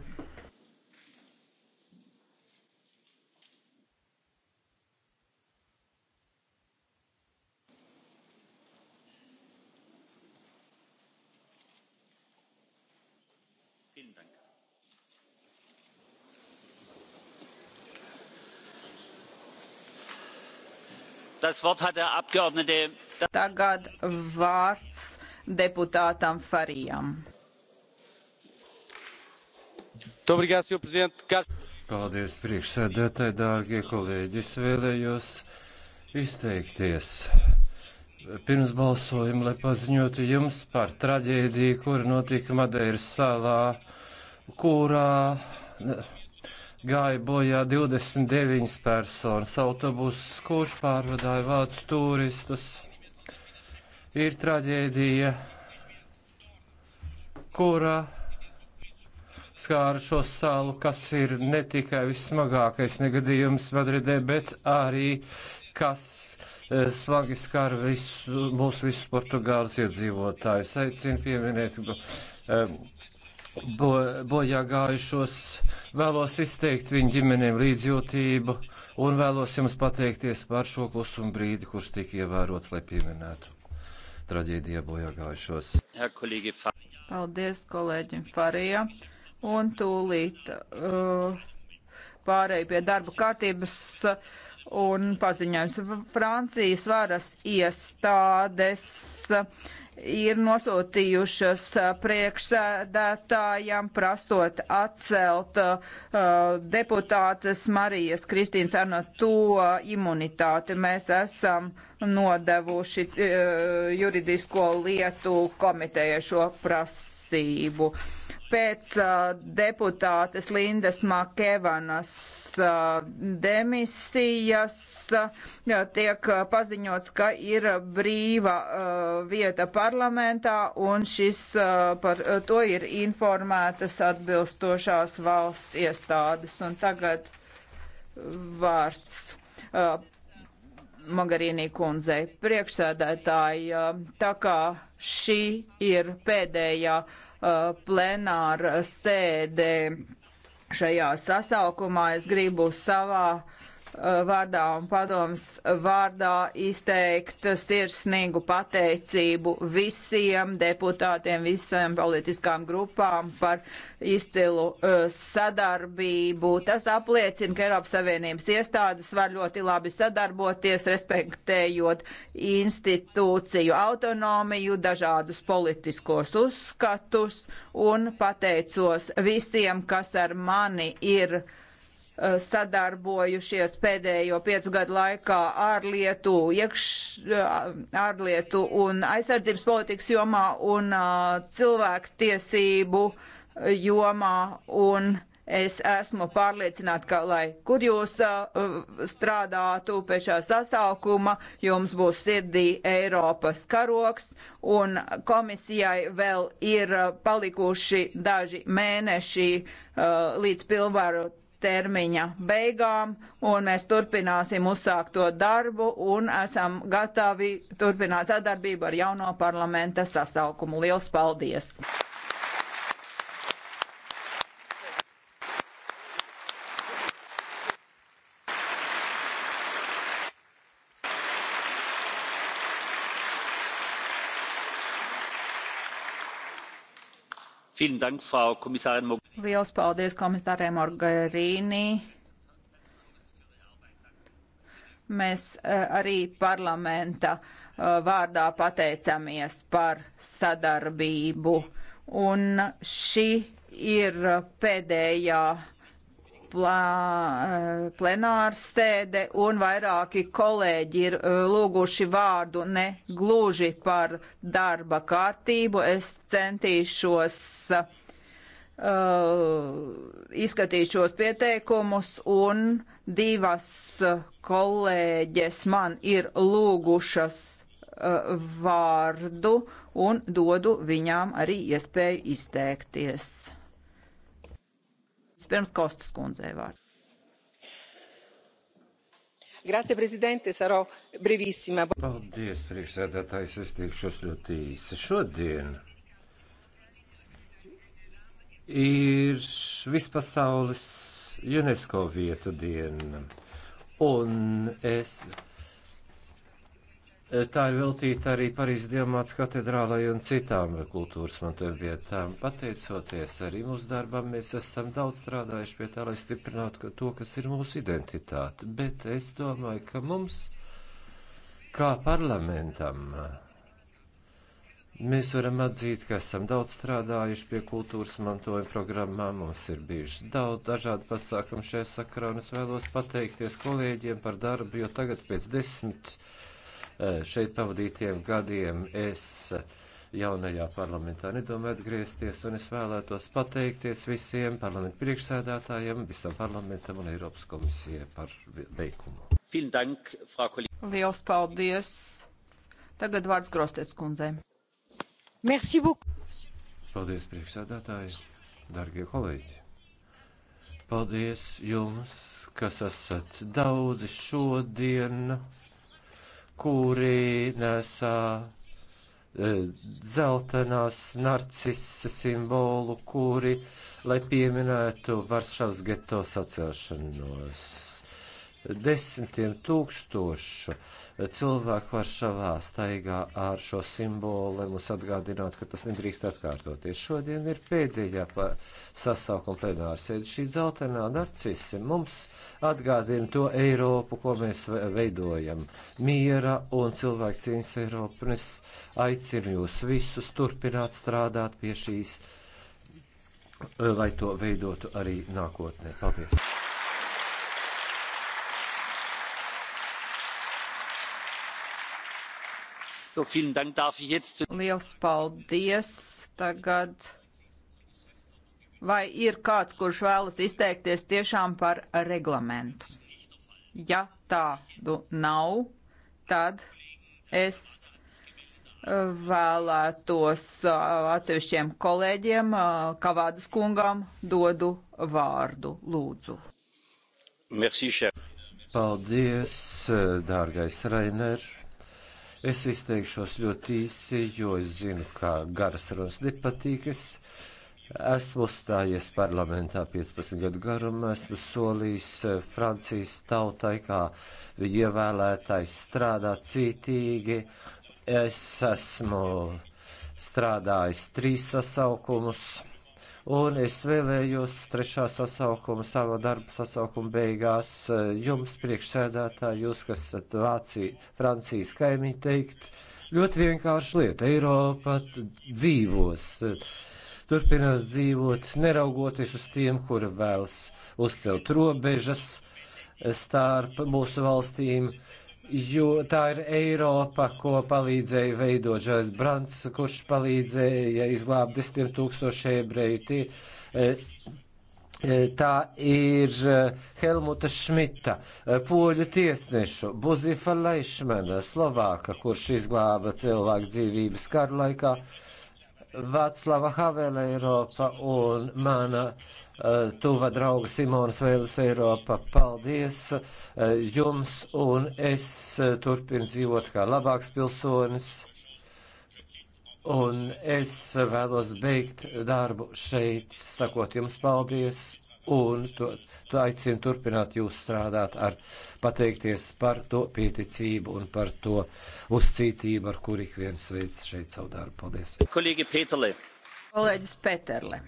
Tagad vārds deputātam Farijam. Paldies, priekšsēdētāji, dārgie kolēģi. Es vēlējos izteikties pirms balsojuma, lai paziņotu jums par traģēdiju, kur notika Madeiras salā, kurā gāja bojā 29 personas autobuss, kurš pārvadāja vācu turistus. Ir traģēdija, kura skāra šo salu, kas ir ne tikai vissmagākais negadījums Madridē, bet arī kas eh, smagi skar visu, mūsu visus Portugāles iedzīvotājus. Aicinu pieminēt um, bo, bojā gājušos, vēlos izteikt viņu ģimenēm līdzjūtību un vēlos jums pateikties par šo klusumu brīdi, kurš tika ievērots, lai pieminētu traģēdijā bojā gājušos. Paldies kolēģim Farijā un tūlīt uh, pārēju pie darba kārtības. Uh, un paziņojums. Francijas varas iestādes ir nosūtījušas priekšsēdētājam prasot atcelt uh, deputātes Marijas Kristīnas Arnoto imunitāti. Mēs esam nodevuši uh, juridisko lietu komiteja šo prasību pēc uh, deputātes Lindas Makevanas uh, demisijas uh, tiek paziņots, ka ir brīva vieta parlamentā un šis par to ir informētas atbilstošās valsts iestādes. Un tagad vārds. Mogarīnī kundzei priekšsēdētāji, tā kā šī ir pēdējā uh, Uh, plenāra sēdē šajā sasaukumā. Es gribu savā vārdā un padomas vārdā izteikt sirsnīgu pateicību visiem deputātiem, visiem politiskām grupām par izcilu uh, sadarbību. Tas apliecina, ka Eiropas Savienības iestādes var ļoti labi sadarboties, respektējot institūciju autonomiju, dažādus politiskos uzskatus un pateicos visiem, kas ar mani ir Eh, sadarbojušies pēdējo piecu gadu laikā ārlietu, iekš, eh, ārlietu un aizsardzības politikas jomā un eh, cilvēku tiesību jomā. Un es esmu pārliecināta, ka, lai kur jūs strādātu pēc šā sasaukuma, jums būs sirdī Eiropas karoks un komisijai vēl ir palikuši daži mēneši līdz pilnvaru termiņa beigām, un mēs turpināsim uzsākt to darbu un esam gatavi turpināt sadarbību ar jauno parlamenta sasaukumu. Liels paldies! Liels paldies komisārē Morgarīnī. Mēs eh, arī parlamenta eh, vārdā pateicamies par sadarbību. Un šī ir eh, pēdējā plā, eh, plenārsēde un vairāki kolēģi ir eh, lūguši vārdu ne gluži par darba kārtību. Es centīšos uh, izskatīt šos pieteikumus un divas kolēģes man ir lūgušas uh, vārdu un dodu viņām arī iespēju izteikties. Vispirms Kostas kundzei vārds. Grazie, prezidente, sarau brīvīsima. Paldies, priekšsēdētājs, es tiekšos ļoti īsi. Šodien ir vispasaules UNESCO vietu diena, un es Eh, tā ir veltīta arī Parīzes Dienvidas katedrālai un citām eh, kultūras mantojuma vietām. Pateicoties arī mūsu darbam, mēs esam daudz strādājuši pie tā, lai stiprinātu to, kas ir mūsu identitāte. Bet es domāju, ka mums, kā parlamentam, mēs varam atzīt, ka esam daudz strādājuši pie kultūras mantojuma programmām. Mums ir bijuši daudz dažādu pasākumu šajā sakarā, un es vēlos pateikties kolēģiem par darbu, jo tagad pēc desmit gadiem Eh, šeit pavadītiem gadiem es eh, jaunajā parlamentā nedomāju atgriezties, un es vēlētos pateikties visiem parlamentu priekšsēdētājiem, visam parlamentam un Eiropas komisijai par veikumu. Liels paldies! Tagad vārds Grostets kundzei. Merci beaucoup! Paldies, priekšsēdētāji, darbie kolēģi! Paldies jums, kas esat daudzi šodien! kuri nesā e, dzeltenās narcisa simbolu, kuri, lai pieminētu Varšavas geto sacelšanos desmitiem tūkstošu cilvēku Varšavā staigā ar šo simbolu, lai mums atgādinātu, ka tas nedrīkst atkārtoties. Šodien ir pēdējā sasaukuma plenāra sēde. Šī dzeltenā narcisi mums atgādina to Eiropu, ko mēs veidojam - miera un cilvēku cīņas Eiropu. Un es aicinu jūs visus turpināt strādāt pie šīs, lai to veidotu arī nākotnē. Paldies! So, vielen Dank darf ich jetzt. Liels paldies. Tagad. Vai ir kāds, kurš vēlas izteikties tiešām par reglamentu? Ja tādu nav, tad es eh, vēlētos eh, atsevišķiem kolēģiem, eh, Kavādas kungam, dodu vārdu. Lūdzu. Merci, šef. Paldies, dārgais Rainer. Es izteikšos ļoti īsi, jo es zinu, ka garas runas nepatīk. Es esmu uzstājies parlamentā 15 gadu garumā, esmu solījis eh, Francijas tautai, kā viņa ievēlētājs strādāt cītīgi. Es esmu strādājis trīs sasaukumus un es vēlējos trešā sasaukuma, sava darba sasaukuma beigās eh, jums priekšsēdētā, jūs, kas esat Vācija, Francijas kaimiņi, teikt ļoti vienkārši lieta. Eiropa dzīvos, turpinās dzīvot, neraugoties uz tiem, kuri vēlas uzcelt robežas starp mūsu valstīm. Uh, jo tā ir Eiropa, ko palīdzēja veidot Žēls Brants, kurš palīdzēja izglābt desmit tūkstoši ebreju. Tie, eh, eh, Tā ir eh, Helmuta Šmita, poļu tiesnešu, Buzifa Leišmana, Slovāka, kurš izglāba cilvēku dzīvības karu laikā. Uh, Vaclava Havela Eiropa un mana uh, tuva drauga Simonas Vēles Eiropa. Paldies uh, jums un es uh, turpinu dzīvot kā labāks pilsonis. Un es vēlos beigt darbu šeit, sakot jums paldies un to, to aicinu turpināt jūs strādāt ar pateikties par to pieticību un par to uzcītību, ar kur ik viens veids šeit savu darbu. Paldies. Kolēģi Pēterle. Kolēģis Pēterle.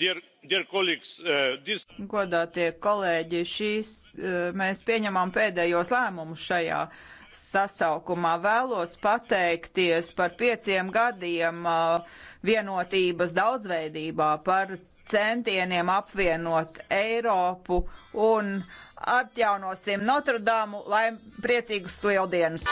Dear, dear colleagues, uh, this... Godātie kolēģi, šīs, uh, mēs pieņemam pēdējos lēmumus šajā uh, sasaukumā. Vēlos pateikties par pieciem gadiem uh, vienotības daudzveidībā, par centieniem apvienot Eiropu un atjaunosim Notre Damu, lai priecīgus lieldienas!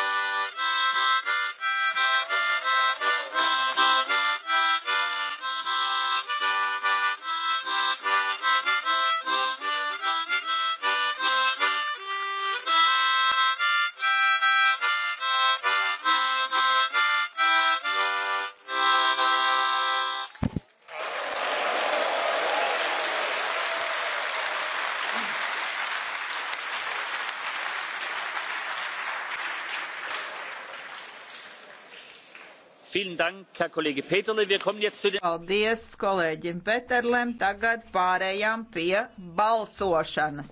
Paldies kolēģim Peterlem. Tagad pārējām pie balsošanas.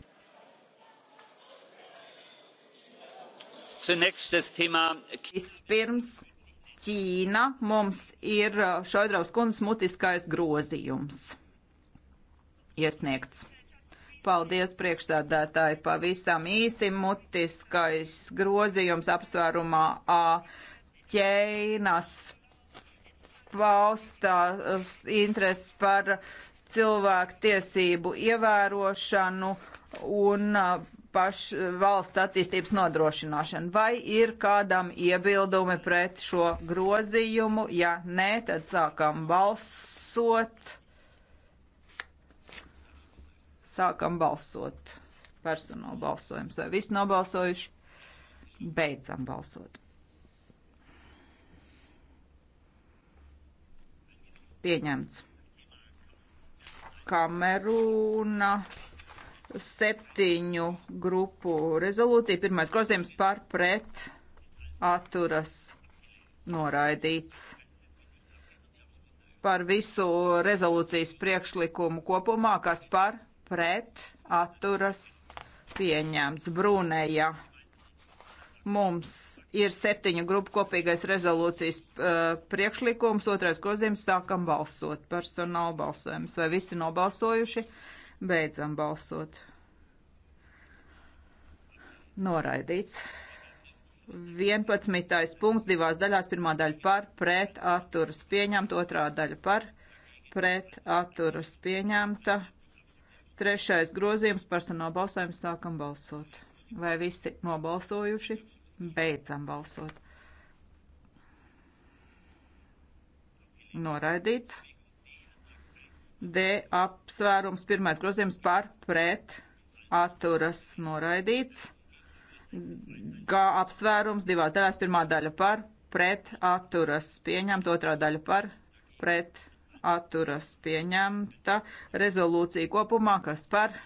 Vispirms Ķīna mums ir uh, Šoidraus kundas mutiskais grozījums iesniegts. Paldies priekšsādātāji pavisam īsi mutiskais grozījums apsvērumā A. Ķēnas paustās intereses par cilvēku tiesību ievērošanu un pašu valsts attīstības nodrošināšanu. Vai ir kādam iebildumi pret šo grozījumu? Ja nē, tad sākam balsot. Sākam balsot. Personāla balsojums. Vai visi nobalsojuši? Beidzam balsot. pieņemts. Kamerūna septiņu grupu rezolūcija. Pirmais grozījums par pret atturas noraidīts. Par visu rezolūcijas priekšlikumu kopumā, kas par pret atturas pieņemts Brūnējā. Mums ir septiņu grupu kopīgais rezolūcijas uh, priekšlikums. Otrais grozījums sākam balsot. Personāla balsojums. Vai visi nobalsojuši? Beidzam balsot. Noraidīts. 11. punkts divās daļās. Pirmā daļa par, pret, atturas pieņemta. Otrā daļa par, pret, atturas pieņemta. Trešais grozījums personāla balsojums sākam balsot. Vai visi nobalsojuši? Beidzam balsot. Noraidīts. D apsvērums pirmais grozījums par pret atturas noraidīts. G apsvērums divās daļās pirmā daļa par pret atturas pieņemt, otrā daļa par pret atturas pieņemta. Rezolūcija kopumā, kas par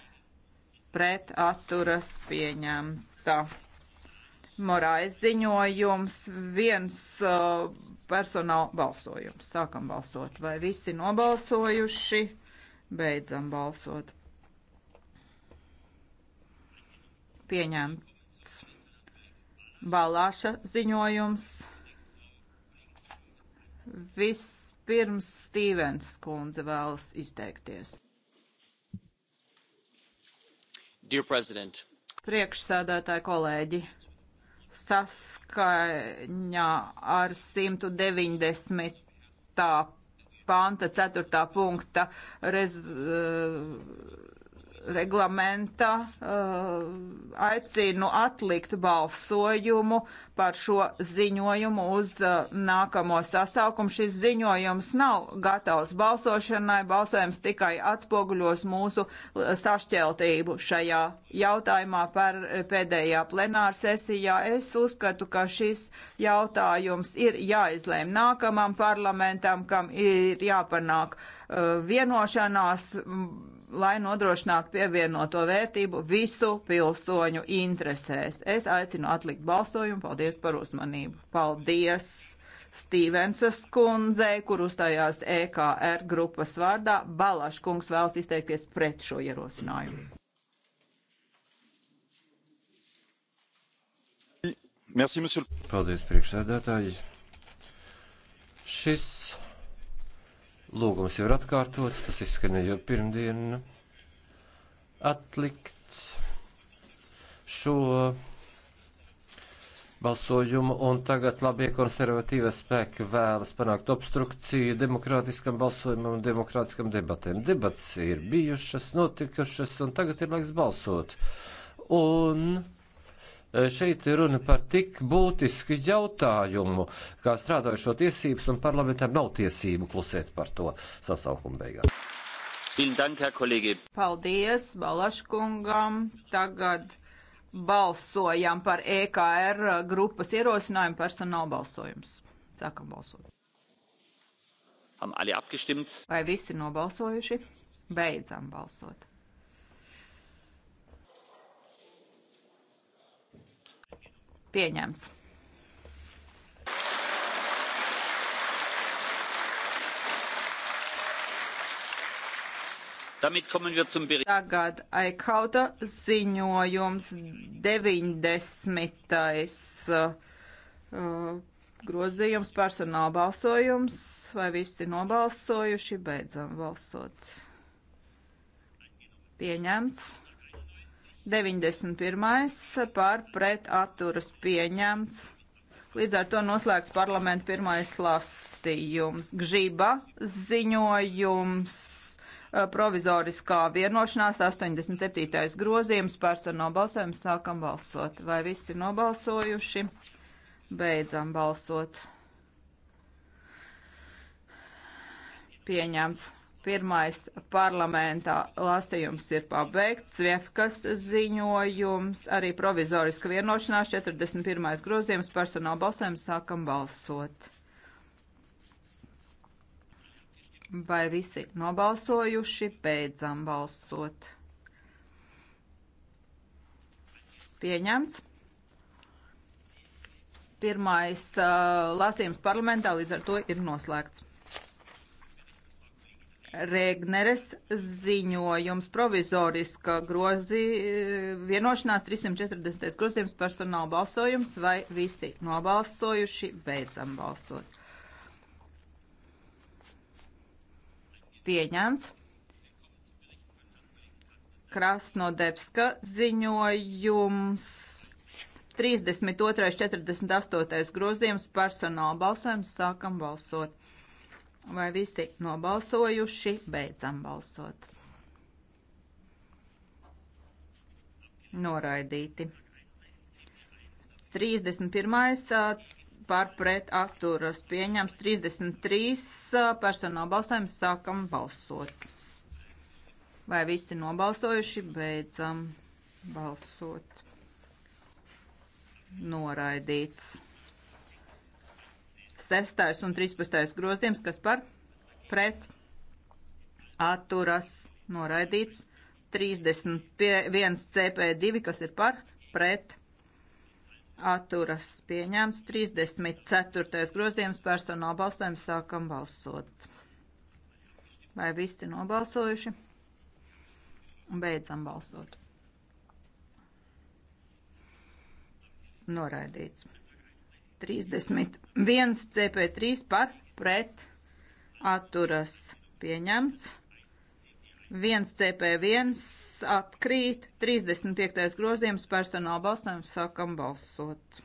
pret atturas pieņemta. Morais ziņojums, viens uh, personāla balsojums. Sākam balsot. Vai visi nobalsojuši? Beidzam balsot. Pieņemts. Balāša ziņojums. Vispirms Stīvens kundze vēlas izteikties. Dear President. Priekšsēdētāji kolēģi saskaņā ar 190. panta 4. punkta rez, reglamenta uh, aicinu atlikt balsojumu par šo ziņojumu uz uh, nākamo sasaukumu. Šis ziņojums nav gatavs balsošanai, balsojums tikai atspoguļos mūsu uh, sašķeltību šajā jautājumā par pēdējā plenāra sesijā. Es uzskatu, ka šis jautājums ir jāizlēm nākamam parlamentam, kam ir jāpanāk vienošanās lai nodrošinātu pievienoto vērtību visu pilsoņu interesēs. Es aicinu atlikt balsojumu. Paldies par uzmanību. Paldies Stīvensas kundzei, kur uzstājās EKR grupas vārdā. Balaškungs vēlas izteikties pret šo ierosinājumu. Merci, Paldies, priekšsēdētāji. Šis Lūgums jau ir atkārtots, tas izskanēja jau pirmdien. Atlikt šo balsojumu, un tagad labie konservatīvie spēki vēlas panākt obstrukciju demokrātiskam balsojumam un demokrātiskam debatēm. Debats ir bijušas, notikušas, un tagad ir laiks balsot. Un Eh, šeit ir runa par tik būtisku jautājumu, kā strādājušo tiesības, un parlamentam nav tiesību klusēt par to sasaukumu beigās. Paldies Balaškungam. Tagad balsojam par EKR grupas ierosinājumu personāla balsojums. Sākam balsot. Vai visi nobalsojuši? Beidzam balsot. Pieņemts. Tagad Aikauda ziņojums 90. Uh, grozījums personāla balsojums, vai visi nobalsojuši, beidzam balsot. Pieņemts. 91. par pret atturas pieņemts. Līdz ar to noslēgts parlamenta pirmais lasījums. Gžiba ziņojums eh, provizoriskā vienošanās 87. grozījums personu nobalsojumu sākam balsot. Vai visi ir nobalsojuši? Beidzam balsot. Pieņemts. Pirmais parlamentā lasījums ir pabeigts, Sviefkas ziņojums, arī provizoriska vienošanās, 41. grozījums, personāla balsojums, sākam balsot. Vai visi nobalsojuši, beidzam balsot. Pieņemts. Pirmais uh, lasījums parlamentā līdz ar to ir noslēgts. Regneres ziņojums provizoriska grozī, eh, vienošanās 340. grozījums personāla balsojums vai visi nobalsojuši beidzam balsot. Pieņemts. Krasnodebska ziņojums 32. 48. grozījums personāla balsojums sākam balsot. Vai visi nobalsojuši? Beidzam balsot. Noraidīti. 31. par pret atturas pieņems. 33. personāla balsojums sākam balsot. Vai visi nobalsojuši? Beidzam balsot. Noraidīts. 6. un 13. grozījums, kas par pret atturas noraidīts. 31 CP2, kas ir par pret atturas pieņēmts. 34. grozījums personāla balsojums sākam balsot. Vai visi nobalsojuši? Un beidzam balsot. Noraidīts. 31 CP3 par pret atturas pieņemts. 1 CP1 atkrīt, 35. grozījums personāla balsojums sākam balsot.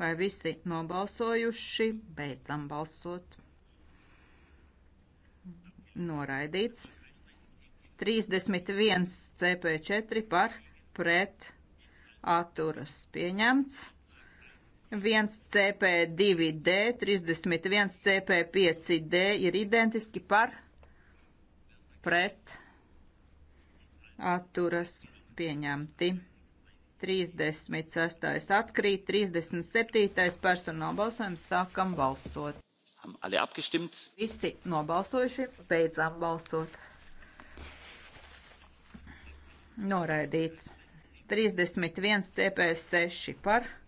Vai visi nobalsojuši, beidzam balsot. Noraidīts. 31 CP4 par pret atturas pieņemts. 1 CP2D, 31 CP5D ir identiski par pret atturas pieņemti. 36. atkrīt, 37. personāla balsojums sākam balsot. Alle abgestimmt? Visi nobalsojuši, beidzām balsot. Noraidīts. 31 CP6 par pret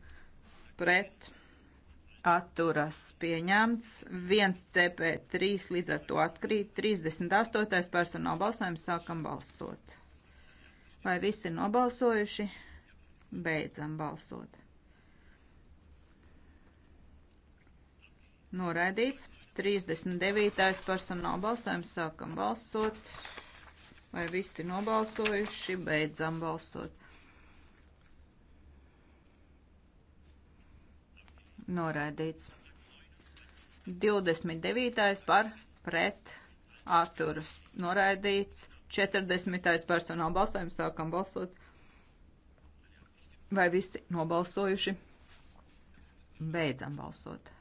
pret atturas pieņemts, 1 CP3 līdz ar to atkrīt, 38. personāla balsojums sākam balsot. Vai visi ir nobalsojuši? Beidzam balsot. Noraidīts. 39. personāla balsojums sākam balsot. Vai visi ir nobalsojuši? Beidzam balsot. noraidīts. 29. par pret atturas noraidīts. 40. personāla balsojums sākam balsot. Vai visi nobalsojuši? Beidzam balsot.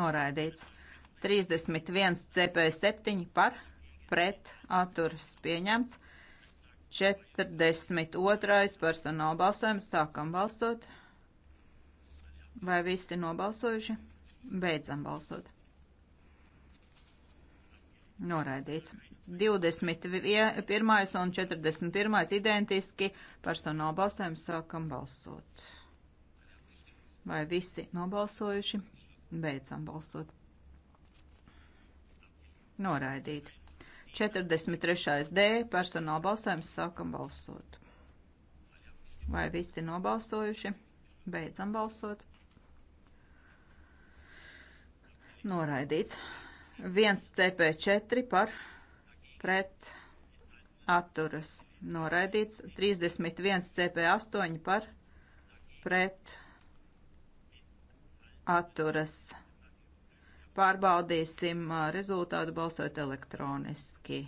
Noraidīts. 31 CP7 par pret atturas pieņemts. 42. personāla balsojums. Sākam balsot. Vai visi nobalsojuši? Beidzam balsot. Noraidīts. 21. un 41. identiski personāla balsojums. Sākam balsot. Vai visi nobalsojuši? Beidzam balsot. Noraidīts. 43. D personāla balsojums sākam balsot. Vai visi nobalsojuši? Beidzam balsot. Noraidīts. 1 CP4 par pret atturas. Noraidīts. 31 CP8 par pret atturas. Pārbaudīsim rezultātu balsot elektroniski.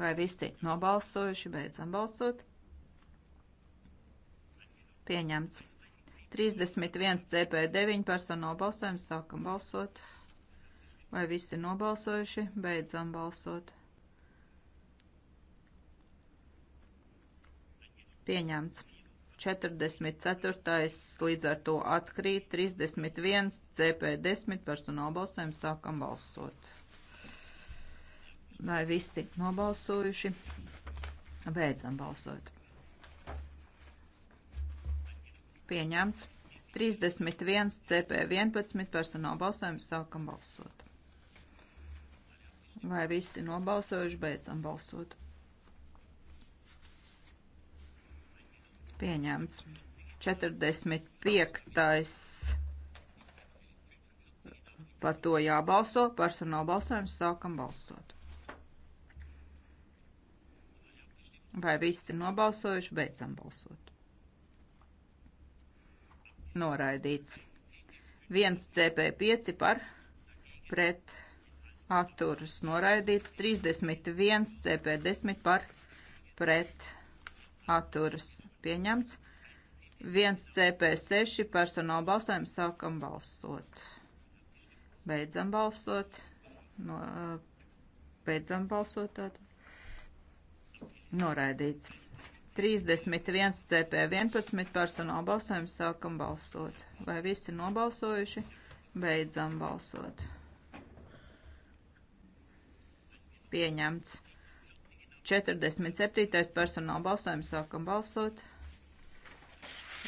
Vai visi nobalsojuši? Beidzam balsot. Pieņemts. 31 CP9 personu nobalsojums. Sākam balsot. Vai visi nobalsojuši? Beidzam balsot. Pieņemts. 44. līdz ar to atkrīt, 31. CP10 personāla balsojums sākam balsot. Vai visi nobalsojuši? Beidzam balsot. Pieņemts. 31 CP11 personāla balsojums sākam balsot. Vai visi nobalsojuši? Beidzam balsot. Pieņemts. 45. Par to jābalso. Personāla balsojums sākam balsot. Vai visi ir nobalsojuši? Beidzam balsot. Noraidīts. 1 CP5 par pret atturas noraidīts. 31 CP10 par pret atturas pieņemts. 1 CP6 personāla balsojums sākam balsot. Beidzam balsot. No, beidzam balsot tātad. Noraidīts. 31 CP11 personāla balsojums sākam balsot. Vai visi nobalsojuši? Beidzam balsot. Pieņemts. 47. personāla balsojums sākam balsot.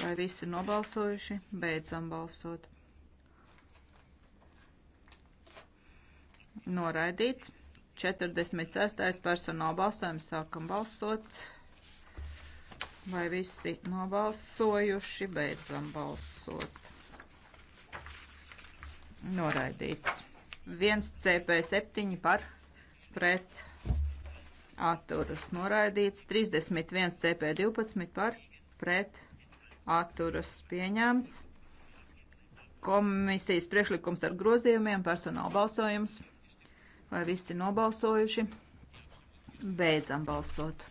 Vai visi ir nobalsojuši? Beidzam balsot. Noraidīts. 46. personāla balsojums sākam balsot. Vai visi nobalsojuši? Beidzam balsot. Noraidīts. 1 CP7 par pret atturas. Noraidīts. 31 CP12 par pret atturas atturas pieņemts. Komisijas priekšlikums ar grozījumiem, personāla balsojums. Vai visi nobalsojuši? Beidzam balsot.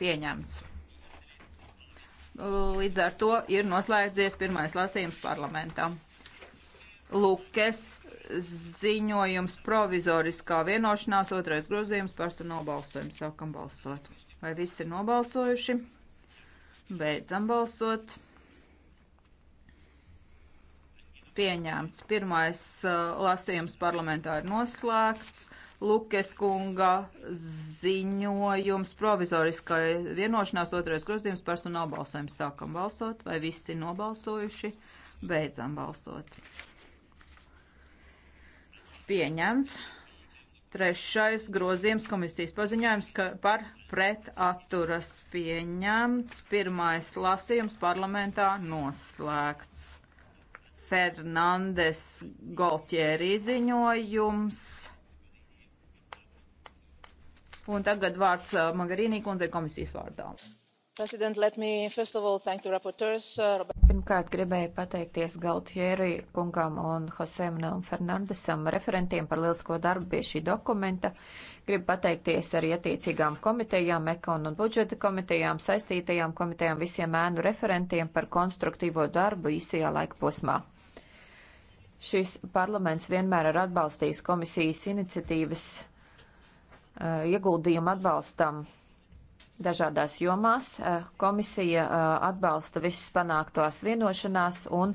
Pieņemts. Līdz ar to ir noslēdzies pirmais lasījums parlamentam. Lukes ziņojums provizoriskā vienošanās, otrais grozījums, personāla balsojums. Sākam balsot. Vai visi ir nobalsojuši? Beidzam balsot. Pieņemts. Pirmais uh, lasījums parlamentā ir noslēgts. Lukes kunga ziņojums provizoriskai vienošanās otrais grozījums personāla balsojums. Sākam balsot. Vai visi nobalsojuši? Beidzam balsot. Pieņemts. Trešais grozījums komisijas paziņojums par pretaturas pieņemts. Pirmais lasījums parlamentā noslēgts. Fernandes Goltjērī ziņojums. Un tagad vārds uh, Magarīnī kundzei komisijas vārdā. President, let me first of all thank the rapporteurs. Uh, Pirmkārt, gribēju pateikties Galtjēri kungam un Josemanam Fernandesam referentiem par lielisko darbu pie šī dokumenta. Gribu pateikties arī attiecīgām komitejām, ekon un budžeta komitejām, saistītajām komitejām, visiem ēnu referentiem par konstruktīvo darbu īsajā laika posmā. Šis parlaments vienmēr ir atbalstījis komisijas iniciatīvas uh, ieguldījumu atbalstam dažādās jomās. Eh, komisija eh, atbalsta visus panāktās vienošanās un,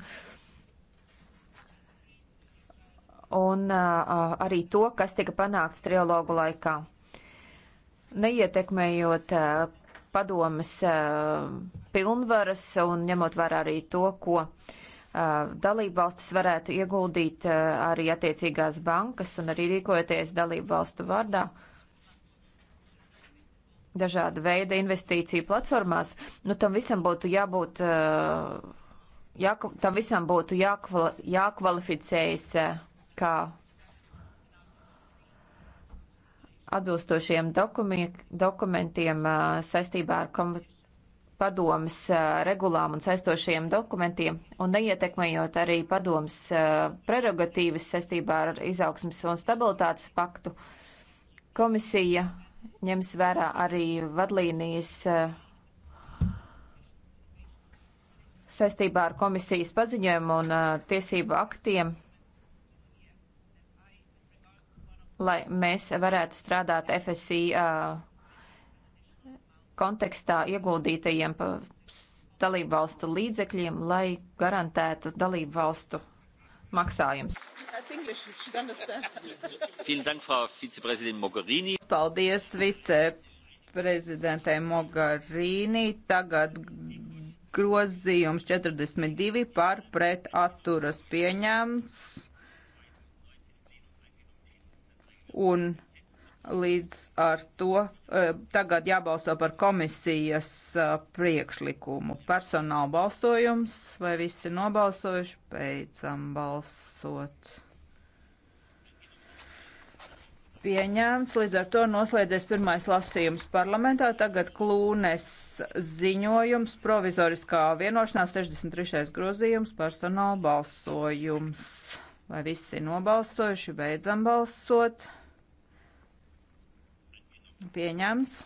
un eh, arī to, kas tika panākts trialogu laikā. Neietekmējot padomas pilnvaras un ņemot vērā arī to, ko dalību valstis varētu ieguldīt arī attiecīgās bankas un arī rīkojoties dalību valstu vārdā. Uh, dažāda veida investīciju platformās, nu tam visam būtu jābūt, eh, jā, tam visam būtu jākval, jākvalificējas eh, kā atbilstošiem dokumentiem eh, saistībā ar komunikāciju padomas regulām un saistošajiem dokumentiem un neietekmējot arī padomas prerogatīvas saistībā ar izaugsmas un stabilitātes paktu, komisija ņems vērā arī vadlīnijas eh, saistībā ar komisijas paziņojumu un eh, tiesību aktiem, lai mēs varētu strādāt FSI eh, kontekstā ieguldītajiem dalību valstu līdzekļiem, lai garantētu dalību valstu maksājums. Paldies viceprezidentē Mogarīnī. Tagad grozījums 42 par pret atturas pieņemts. Un Līdz ar to e, tagad jābalso par komisijas e, priekšlikumu. Personāla balsojums, vai visi nobalsojuši, beidzam balsot. Pieņēmts, līdz ar to noslēdzies pirmais lasījums parlamentā. Tagad klūnes ziņojums, provizoriskā vienošanās 63. grozījums, personāla balsojums. Vai visi nobalsojuši, beidzam balsot. Pieņemts.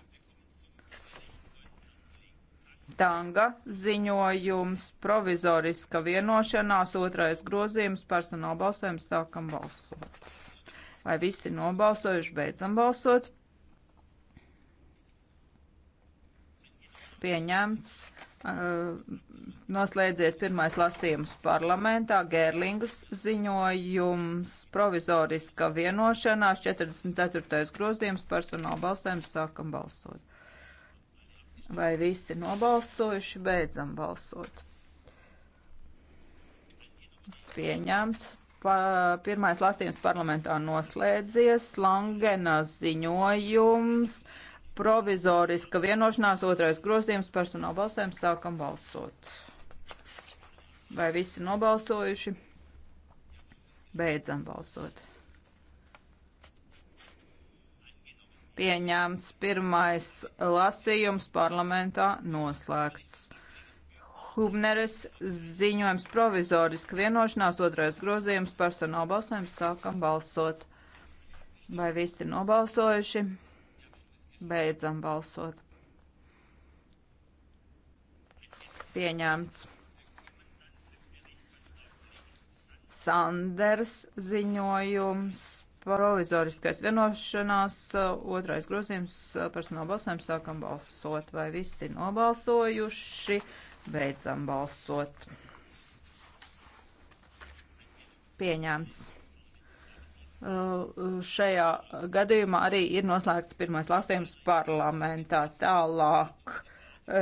Tanga ziņojums provizoriska vienošanās otrais grozījums personāla balsojums sākam balsot. Vai visi nobalsojuši beidzam balsot? Pieņemts. Eh, noslēdzies pirmais lasījums parlamentā, Gērlingas ziņojums, provizoriska vienošanās, 44. grozījums, personāla balsojums, sākam balsot. Vai visi nobalsojuši, beidzam balsot. Pieņemts. Pa, pirmais lasījums parlamentā noslēdzies, Langena ziņojums. Uh, provizoriska vienošanās, otrais grozījums, personāla balsojums, sākam balsot. Vai visi nobalsojuši? Beidzam balsot. Pieņemts pirmais lasījums parlamentā noslēgts. Hubneres ziņojums provizoriska vienošanās, otrais grozījums, personāla balsojums, sākam balsot. Vai visi nobalsojuši? Beidzam balsot. Pieņemts. Sanders ziņojums, provizoriskais vienošanās, otrais grozījums, personāla balsojums, sākam balsot, vai visi nobalsojuši, beidzam balsot. Pieņemts. Uh, šajā gadījumā arī ir noslēgts pirmais lasījums parlamentā. Tālāk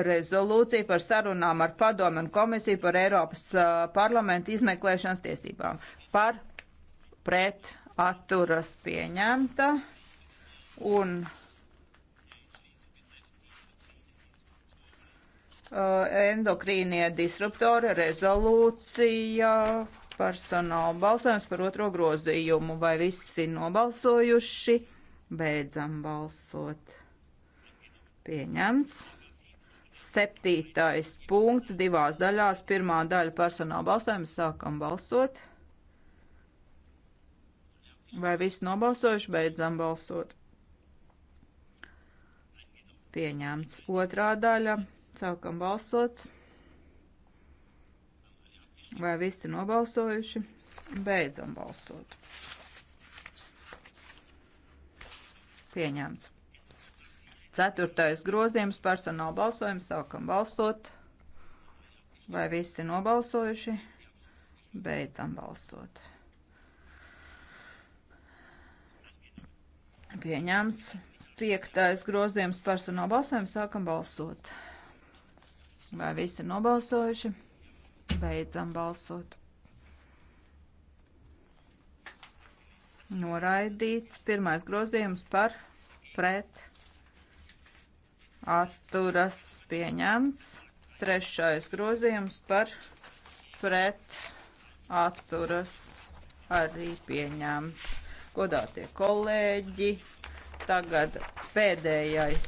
rezolūcija par sarunām ar padomu un komisiju par Eiropas uh, parlamentu izmeklēšanas tiesībām. Par pret atturas pieņemta un uh, endokrīnie disruptori rezolūcija personāla balsojums par otro grozījumu. Vai visi nobalsojuši? Beidzam balsot. Pieņemts. Septītais punkts divās daļās. Pirmā daļa personāla balsojums. Sākam balsot. Vai visi nobalsojuši? Beidzam balsot. Pieņemts. Otrā daļa. Sākam balsot. Vai visi nobalsojuši? Beidzam balsot. Pieņemts. Ceturtais grozījums personāla balsojums. Sākam balsot. Vai visi nobalsojuši? Beidzam balsot. Pieņemts. Piektais grozījums personāla balsojums. Sākam balsot. Vai visi nobalsojuši? Beidzam balsot. Noraidīts pirmais grozījums par pret atturas pieņemts. Trešais grozījums par pret atturas arī pieņemts. Godātie kolēģi, tagad pēdējais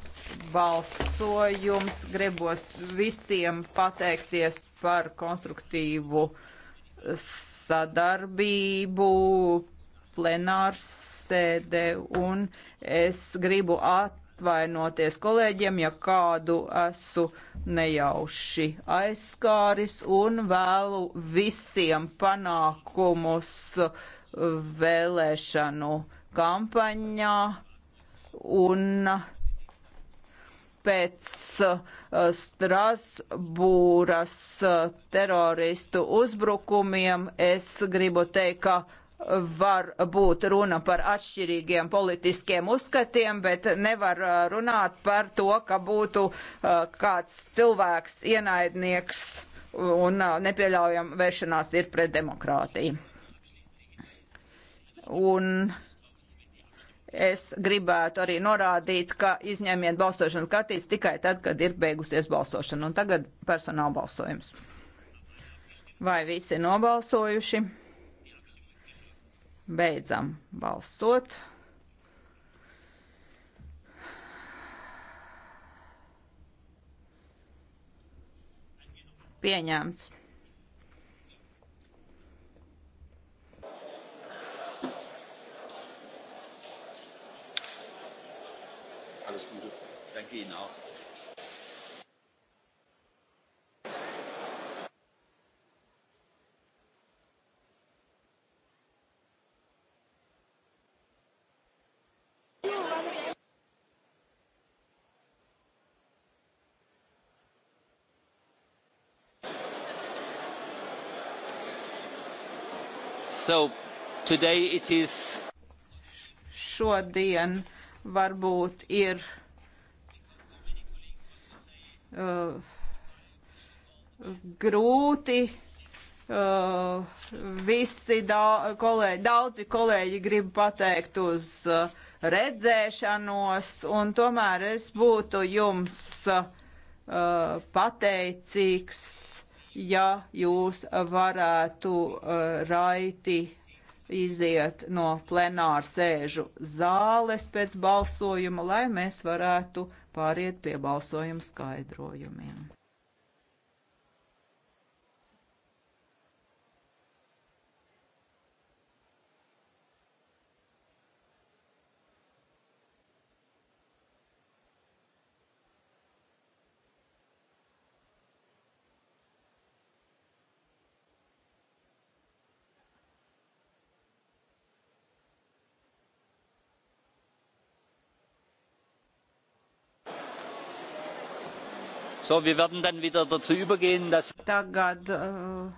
balsojums. Gribos visiem pateikties par konstruktīvu sadarbību plenārs sēdē un es gribu atvainoties kolēģiem, ja kādu esmu nejauši aizskāris un vēlu visiem panākumus vēlēšanu kampaņā un pēc eh, Strasbūras eh, teroristu uzbrukumiem es gribu teikt, ka var būt runa par atšķirīgiem politiskiem uzskatiem, bet nevar eh, runāt par to, ka būtu kāds cilvēks ienaidnieks un nepieļaujama vēršanās ir pret demokrātiju. Un Es gribētu arī norādīt, ka izņemiet balsošanas kartītes tikai tad, kad ir beigusies balsošana. Un tagad personāla balsojums. Vai visi nobalsojuši? Beidzam balsot. Pieņemts. alles gute. danke ihnen auch. So, today it is... Šodien varbūt ir. Uh, grūti. Uh, visi da kolēģi, daudzi kolēģi grib pateikt uz uh, redzēšanos, un tomēr es būtu jums uh, pateicīgs, ja jūs varētu uh, raiti iziet no plenāra sēžu zāles pēc balsojuma, lai mēs varētu pāriet pie balsojuma skaidrojumiem. So, wir werden dann wieder dazu übergehen, dass. Tagad, uh...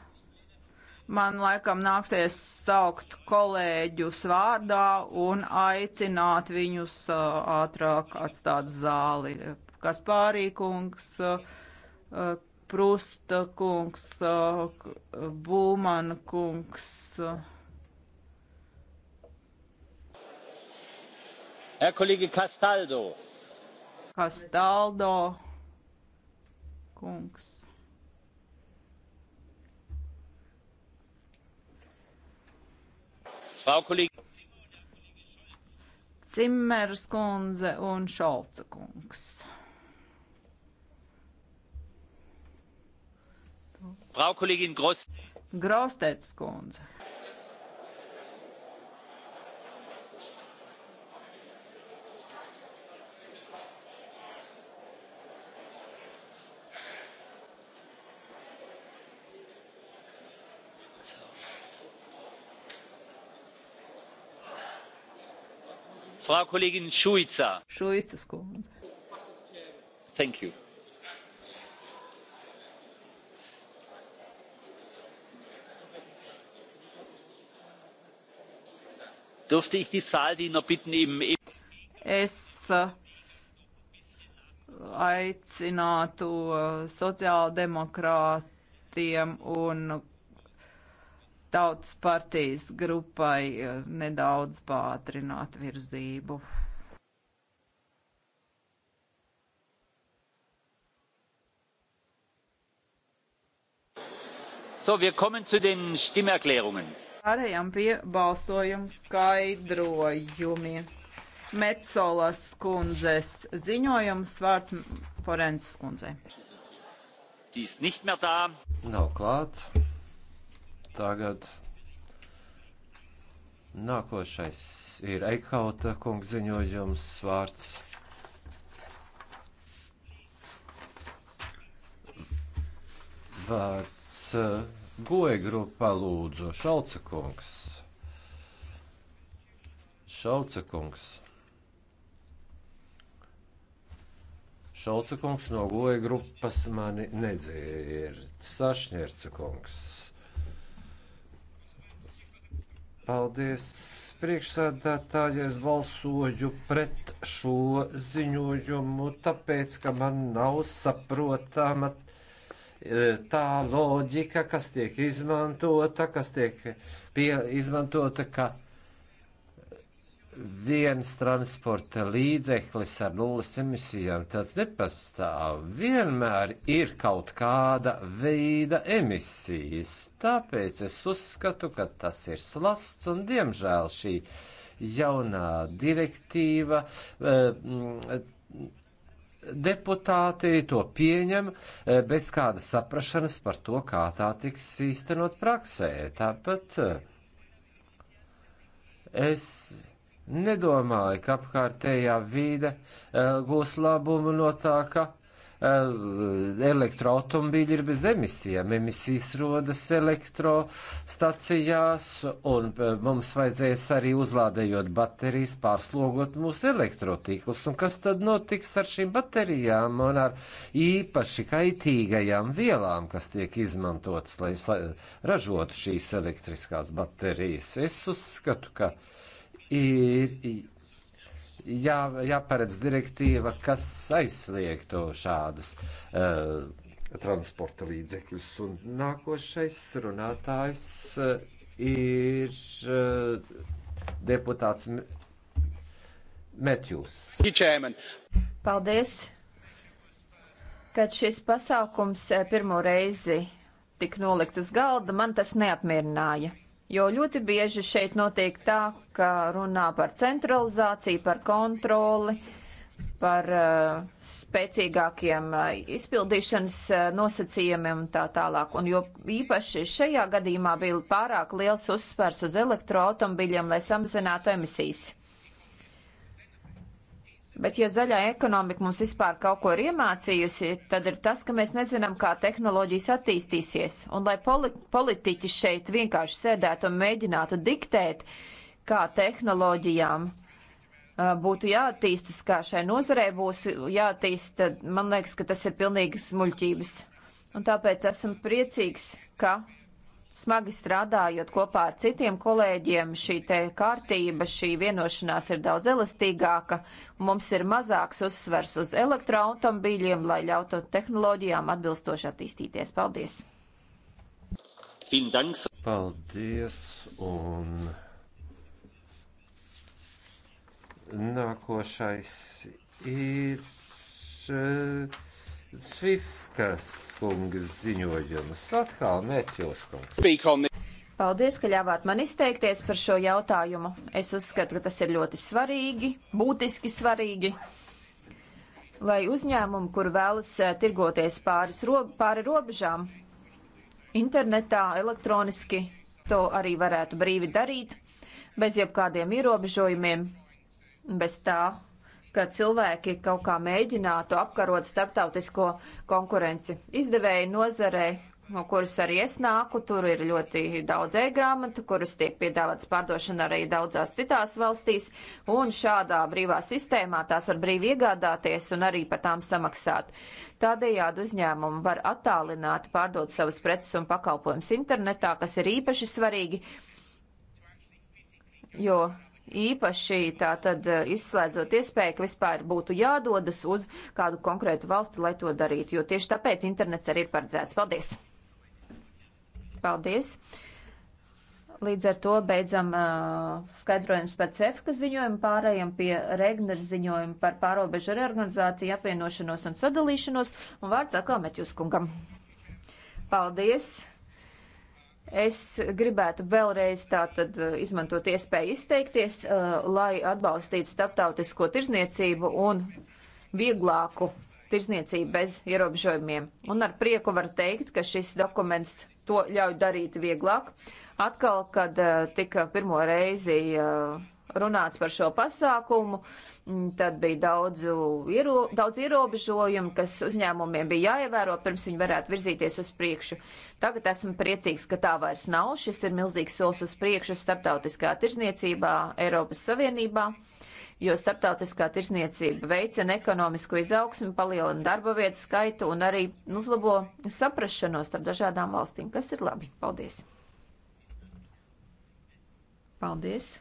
Man laikam nāksies saukt kolēģus vārdā un aicināt viņus uh, ātrāk atstāt zāli. Kaspārī kungs, uh, Prusta kungs, uh, Būmana kungs. Herr Kollege Castaldo. Castaldo kungs. Cimmeras kundze un Šolca kungs. Frau Kollegin Gross. Grostets kundze. Frau Kollegin Šuica. Šuicas kundze. Thank you. Dürfte ich die Saaldiener bitten, im Es äh, aicinātu äh, sociāldemokrātiem un tautas partijas grupai eh, nedaudz pātrināt virzību. So, wir kommen zu den Stimmerklärungen. Pārējām pie balsojumu skaidrojumi. Metsolas kundzes ziņojums vārds Forenses kundzei. Nav klāts. Tagad nākošais ir Eikauta kungs ziņojums vārds. Vārds eh, goja grupā lūdzu Šalca kungs. Šalca kungs. Šalca kungs no goja grupas mani nedzird. Sašņērca kungs. Paldies, priekšsēdētāji, es balsoju pret šo ziņojumu, tāpēc, ka man nav saprotama e, tā loģika, kas tiek izmantota, kas tiek pie, izmantota, ka viens transporta līdzeklis ar nulles emisijām tāds nepastāv. Vienmēr ir kaut kāda veida emisijas. Tāpēc es uzskatu, ka tas ir slasts un diemžēl šī jaunā direktīva. Eh, deputāti to pieņem eh, bez kāda saprašanas par to, kā tā tiks īstenot praksē. Tāpat eh, es nedomāju, ka apkārtējā vīde uh, eh, gūs labumu no tā, ka uh, elektroautomobīļi ir bez emisijām. Emisijas rodas elektrostacijās, un uh, mums vajadzēs arī uzlādējot baterijas pārslogot mūsu elektrotīklus. Un kas tad notiks ar šīm baterijām un ar īpaši kaitīgajām vielām, kas tiek izmantotas, lai ražotu šīs elektriskās baterijas? Es uzskatu, ka. Uh, ir jā, jāparedz direktīva, kas aizliegtu šādus uh, transporta līdzekļus. Un nākošais runātājs uh, ir uh, deputāts Metjūs. Paldies, kad šis pasākums pirmo reizi tik nolikt uz galda, man tas neapmierināja. Jo ļoti bieži šeit notiek tā, ka runā par centralizāciju, par kontroli, par uh, spēcīgākiem uh, izpildīšanas uh, nosacījumiem un tā tālāk. Un jo īpaši šajā gadījumā bija pārāk liels uzsvers uz elektroautomobiļiem, lai samazinātu emisijas. Bet, ja zaļā ekonomika mums vispār kaut ko ir iemācījusi, tad ir tas, ka mēs nezinām, kā tehnoloģijas attīstīsies. Un lai poli politiķi šeit vienkārši sēdētu un mēģinātu diktēt, kā tehnoloģijām būtu jāattīstas, kā šai nozarei būs jāattīsta, man liekas, ka tas ir pilnīgas muļķības. Un tāpēc esmu priecīgs, ka smagi strādājot kopā ar citiem kolēģiem. Šī te kārtība, šī vienošanās ir daudz elastīgāka. Mums ir mazāks uzsvers uz elektroautomobīļiem, lai ļautu tehnoloģijām atbilstoši attīstīties. Paldies! Paldies! Un... Nākošais ir eh, Swift Makas kungas ziņojumus. Atkal Mēķils kungs. Paldies, ka ļāvāt man izteikties par šo jautājumu. Es uzskatu, ka tas ir ļoti svarīgi, būtiski svarīgi. Lai uzņēmumi, kur vēlas eh, tirgoties pāris, pāri robežām, internetā, elektroniski, to arī varētu brīvi darīt, bez jebkādiem ierobežojumiem, bez tā, ka cilvēki kaut kā mēģinātu apkarot starptautisko konkurenci. Izdevēja nozarē, no kuras arī es nāku, tur ir ļoti daudz e-grāmatu, kuras tiek piedāvātas pārdošana arī daudzās citās valstīs, un šādā brīvā sistēmā tās var brīvi iegādāties un arī par tām samaksāt. Tādējādi uzņēmumi var attālināt, pārdot savus preces un pakalpojumus internetā, kas ir īpaši svarīgi, jo īpaši tātad eh, izslēdzot iespēju, ka vispār būtu jādodas uz kādu konkrētu valsti, lai to darītu, jo tieši tāpēc internets arī ir paredzēts. Paldies! Paldies! Līdz ar to beidzam uh, skaidrojums par CEFKA ziņojumu, pārējiem pie Regner ziņojumu par pārobežu reorganizāciju, apvienošanos un sadalīšanos, un vārds atkal Metjus kungam. Paldies! Es gribētu vēlreiz tātad uh, izmantot iespēju izteikties, uh, lai atbalstītu starptautisko tirzniecību un vieglāku tirzniecību bez ierobežojumiem. Un ar prieku var teikt, ka šis dokuments to ļauj darīt vieglāk. Atkal, kad uh, tika pirmo reizi runāts par šo pasākumu, mm, tad bija daudzu, iero, daudz ierobežojumu, kas uzņēmumiem bija jāievēro, pirms viņi varētu virzīties uz priekšu. Tagad esmu priecīgs, ka tā vairs nav. Šis ir milzīgs solis uz priekšu starptautiskā tirzniecībā, Eiropas Savienībā jo starptautiskā tirsniecība veicina ekonomisko izaugsmu, palielina darba vietu skaitu un arī uzlabo saprašanos starp dažādām valstīm, kas ir labi. Paldies! Paldies!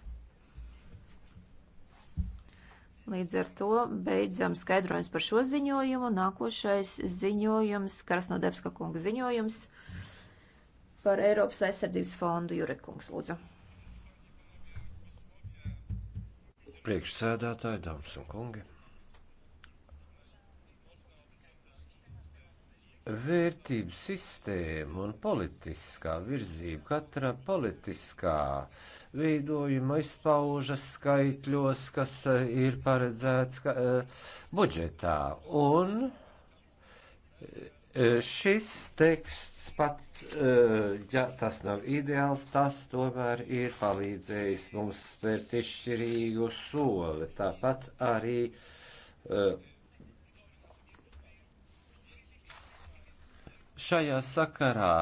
Līdz ar to beidzam skaidrojums par šo ziņojumu. Nākošais ziņojums, Krasno Debska kunga ziņojums par Eiropas aizsardzības fondu Jurekungs, lūdzu. Priekšsēdētāji, dāmas un kungi! vērtību sistēma un politiskā virzība, katra politiskā veidojuma izpaužas skaitļos, kas eh, ir paredzēts ka, eh, budžetā. Un eh, šis teksts pat, ja tas nav ideāls, tas tomēr ir palīdzējis mums spērt izšķirīgu soli. Tāpat arī uh, Šajā sakarā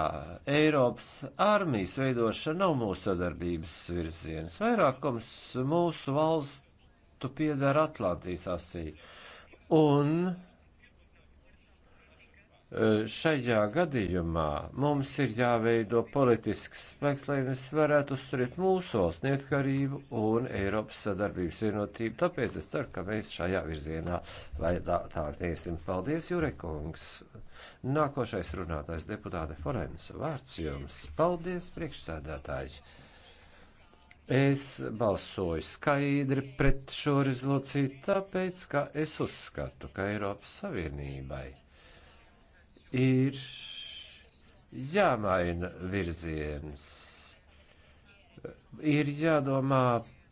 Eiropas armijas veidošana nav mūsu sadarbības virziens. Vairākums mūsu valstu piedara Atlantijas asī. Un e, šajā gadījumā mums ir jāveido politisks spēks, lai mēs varētu uzturēt mūsu valsts neatkarību un Eiropas sadarbības vienotību. Tāpēc es ceru, ka mēs šajā virzienā vai tā, tā tiesim. Paldies, Jurekungs! Nākošais runātājs deputāte Forensa vārds jums. Paldies, priekšsēdētāji! Es balsoju skaidri pret šo rezolūciju, tāpēc, ka es uzskatu, ka Eiropas Savienībai ir jāmaina virziens ir jādomā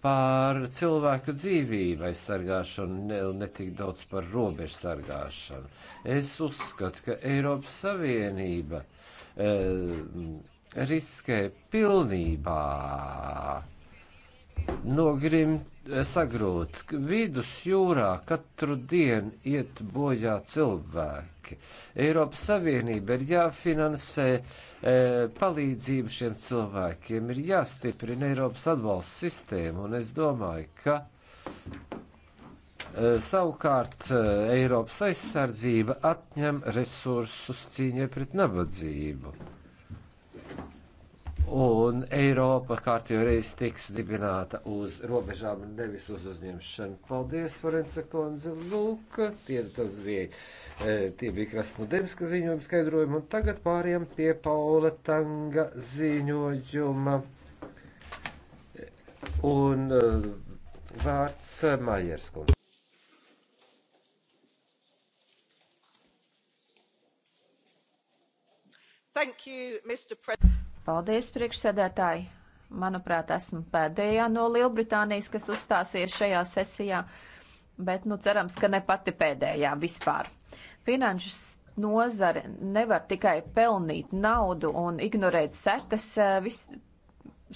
par cilvēku dzīvību aizsargāšanu ne, un ne tik daudz par robežu sargāšanu. Es uzskatu, ka Eiropas Savienība e, riskē pilnībā nogrimt, eh, sagrūt. Vidus jūrā katru dienu iet bojā cilvēki. Eiropas Savienība ir jāfinansē e, palīdzību šiem cilvēkiem, ir jāstiprina Eiropas atbalsts sistēma, un es domāju, ka eh, Savukārt Eiropas aizsardzība atņem resursus cīņai pret nabadzību un Eiropa kārtīgi reiz tiks dibināta uz robežām, nevis uz uzņemšanu. Paldies, Florence Konze. Lūk, tie, tas bija, e, tie bija Krasnodemska ziņojuma skaidrojumi, un tagad pāriem pie Paula Tanga ziņojuma. Un e, vārds Majerskundze. You, mr president Paldies, priekšsēdētāji! Manuprāt, esmu pēdējā no Lielbritānijas, kas uzstāsies šajā sesijā, bet, nu, cerams, ka ne pati pēdējā vispār. Finanšu nozare nevar tikai pelnīt naudu un ignorēt sekas, e, vis,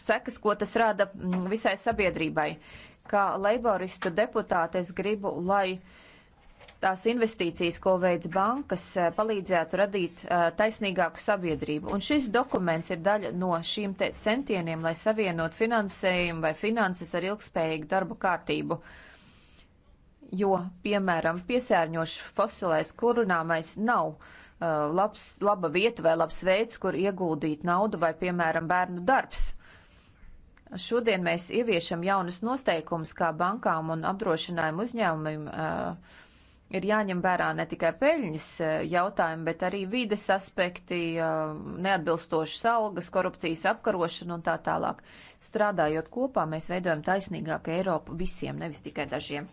sekas ko tas rada visai sabiedrībai. Kā leiboristu deputāte es gribu, lai. Uh, tās investīcijas, ko veids bankas, eh, palīdzētu radīt eh, taisnīgāku sabiedrību. Un šis dokuments ir daļa no šīm centieniem, lai savienot finansējumu vai finanses ar ilgspējīgu darbu kārtību. Jo, piemēram, piesārņošs fosilais kurināmais nav uh, labs, laba vieta vai labs veids, kur ieguldīt naudu vai, piemēram, bērnu darbs. Šodien mēs ieviešam jaunus noteikumus, kā bankām un apdrošinājumu uzņēmumiem uh, ir jāņem vērā ne tikai peļņas eh, jautājumi, bet arī vides aspekti, eh, neatbilstošas algas, korupcijas apkarošana un tā tālāk. Strādājot kopā, mēs veidojam taisnīgāku Eiropu visiem, nevis tikai dažiem.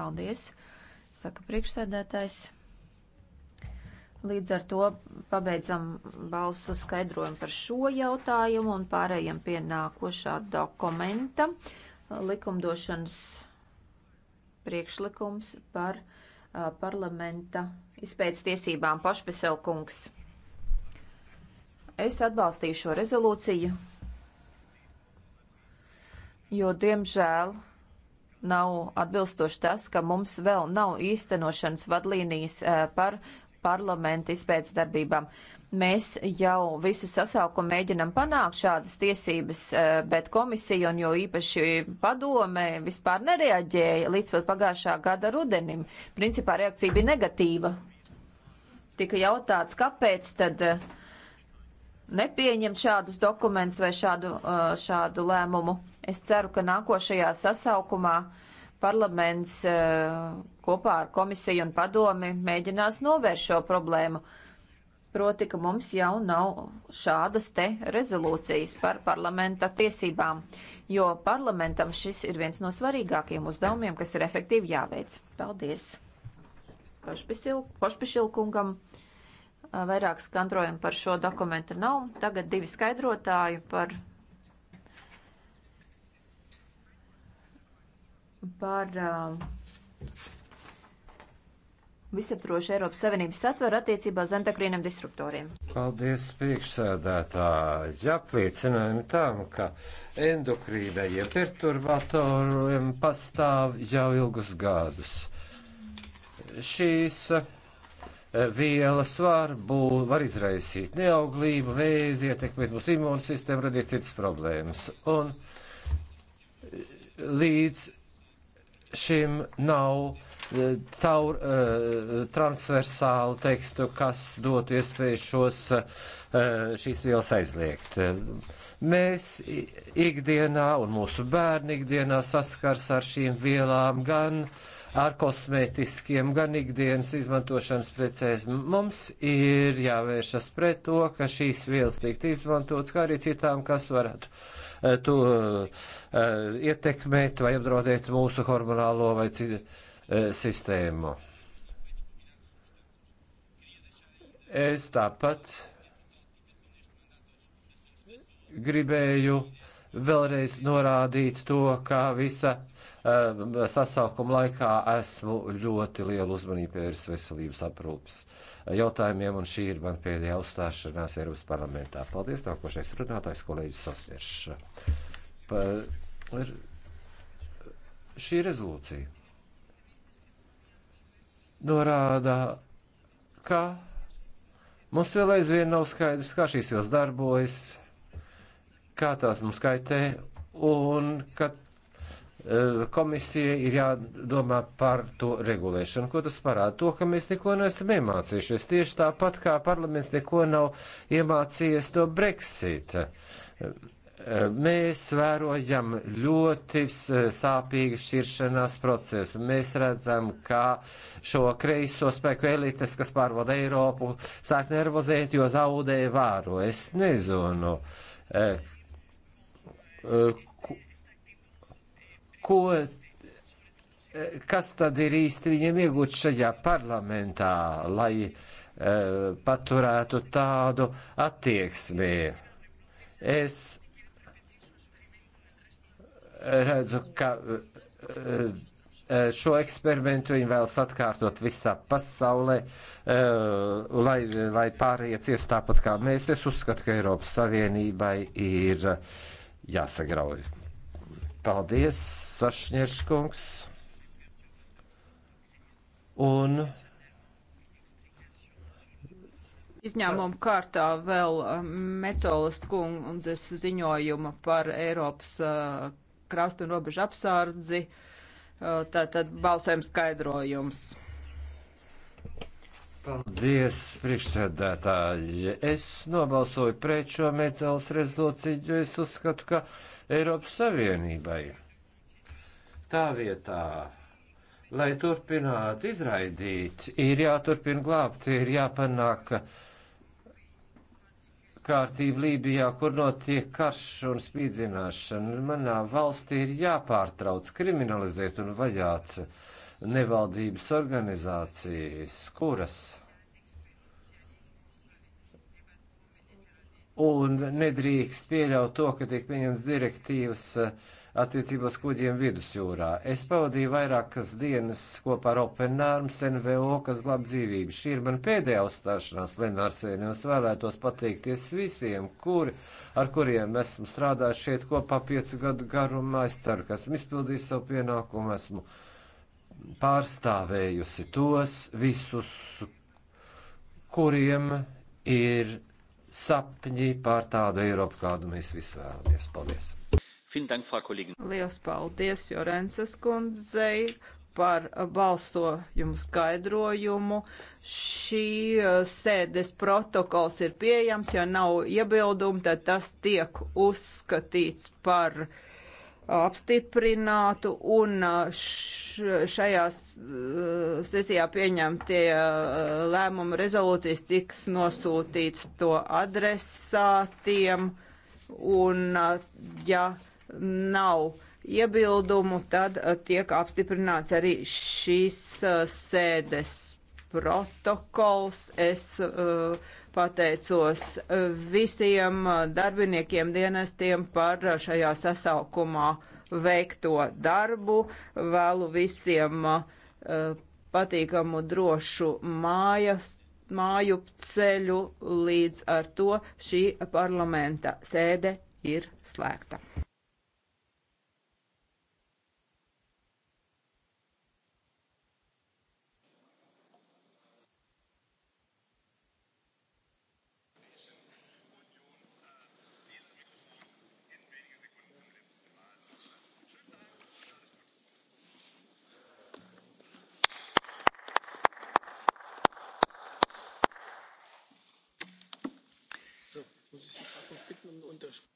Paldies, saka priekšsēdētājs. Līdz ar to pabeidzam balsu skaidrojumu par šo jautājumu un pārējiem pie nākošā dokumenta likumdošanas priekšlikums par uh, parlamenta izpētes tiesībām pašpeselkungs. Es atbalstīju šo rezolūciju, jo, diemžēl, nav atbilstoši tas, ka mums vēl nav īstenošanas vadlīnijas par parlamenta izpētes darbībām. Mēs jau visu sasaukumu mēģinam panākt šādas tiesības, eh, bet komisija un jo īpaši padome vispār nereaģēja līdz pat pagājušā gada rudenim. Principā reakcija bija negatīva. Tika jautāts, kāpēc tad eh, nepieņemt šādus dokumentus vai šādu, eh, šādu lēmumu. Es ceru, ka nākošajā sasaukumā parlaments kopā ar komisiju un padomi mēģinās novērst šo problēmu Proti, ka mums jau nav šādas te rezolūcijas par parlamenta tiesībām, jo parlamentam šis ir viens no svarīgākiem uzdevumiem, kas ir efektīvi jāveic. Paldies Pašpišilkungam. Vairāk skantrojumu par šo dokumentu nav. Tagad divi skaidrotāji par, par uh, visaptrošu Eiropas Savienības satveru attiecībā uz endokrīniem disruptoriem. Paldies, priekšsēdētāji! Apliecinājumi tam, ka endokrīnajiem perturbatoriem pastāv jau ilgus gadus. Šīs eh, vielas var, būt, var izraisīt neauglību, vēzi, ietekmēt mūsu imūnsistēmu, radīt citas problēmas. Un eh, līdz šim nav caur uh, transversālu tekstu, kas dotu iespēju šos, uh, šīs vielas aizliegt. Mēs ikdienā un mūsu bērni ikdienā saskars ar šīm vielām gan ar kosmētiskiem, gan ikdienas izmantošanas precēs. Mums ir jāvēršas pret to, ka šīs vielas tikt izmantotas, kā arī citām, kas varētu eh, to uh, ietekmēt vai apdraudēt mūsu hormonālo vai citu E, sistēmu. Es tāpat gribēju vēlreiz norādīt to, ka visa uh, sasaukuma laikā esmu ļoti lielu uzmanību pievērs veselības aprūpas jautājumiem, un šī ir man pēdējā uzstāšanās Eiropas parlamentā. Paldies, nākošais runātājs kolēģis Sosniešs. Šī rezolūcija norāda, ka mums vēl aizvien nav skaidrs, kā šīs vielas darbojas, kā tās mums kaitē, un ka e, komisija ir jādomā par to regulēšanu. Ko tas parāda? To, ka mēs neko neesam iemācījušies. Tieši tāpat kā parlaments neko nav iemācījies to Brexit. Mēs vērojam ļoti sāpīgu šķiršanās procesu. Mēs redzam, ka šo kreiso spēku elites, kas pārvalda Eiropu, sāk nervozēt, jo zaudē vāru. Es nezinu, e, ko, e, kas tad ir īsti viņiem iegūts šajā parlamentā, lai e, paturētu tādu attieksmi. Es redzu, ka e, e, šo eksperimentu viņi vēlas atkārtot visā pasaulē, e, lai, lai pārējie cieši tāpat kā mēs. Es uzskatu, ka Eiropas Savienībai ir jāsagrauj. Paldies, Sašņērškungs. Un Izņēmuma kārtā vēl Mecolas kundzes ziņojuma par Eiropas krastu un robežu apsārdzi. Uh, Tātad balsojums skaidrojums. Paldies, priekšsēdētāji. Es nobalsoju pret šo Mēcēlas rezolūciju, jo es uzskatu, ka Eiropas Savienībai tā vietā, lai turpinātu izraidīt, ir jāturpina glābt, ir jāpanāk uh, kārtību Lībijā, kur notiek karš un spīdzināšana. Manā valstī ir jāpārtrauc kriminalizēt un vajāt nevaldības organizācijas, kuras un nedrīkst pieļaut to, ka tiek pieņems direktīvas uh, attiecībā uz kuģiem vidusjūrā. Es pavadīju vairākas dienas kopā ar Open Arms NVO, kas glāb dzīvību. Šī ir man pēdējā uzstāšanās plenārsēnē, un es vēlētos pateikties visiem, kuri, ar kuriem esmu strādājis šeit kopā piecu gadu garumā. Es ceru, ka esmu izpildījis savu pienākumu, esmu pārstāvējusi tos visus, kuriem ir sapņi par tādu Eiropu, kādu mēs visi vēlamies. Paldies! Lielas paldies Fiorences kundzei par balsojumu skaidrojumu. Šī eh, sēdes protokols ir pieejams, ja nav iebildumi, tad tas tiek uzskatīts par eh, apstiprinātu un eh, šajā sesijā pieņemtie lēmumu rezolūcijas tiks nosūtīts to adresātiem un ja nav iebildumu, tad uh, tiek apstiprināts arī šīs uh, sēdes protokols. Es uh, pateicos uh, visiem darbiniekiem dienestiem par šajā sasaukumā veikto darbu. Vēlu visiem uh, patīkamu drošu mājas māju ceļu līdz ar to šī parlamenta sēde ir slēgta. unterschrieben.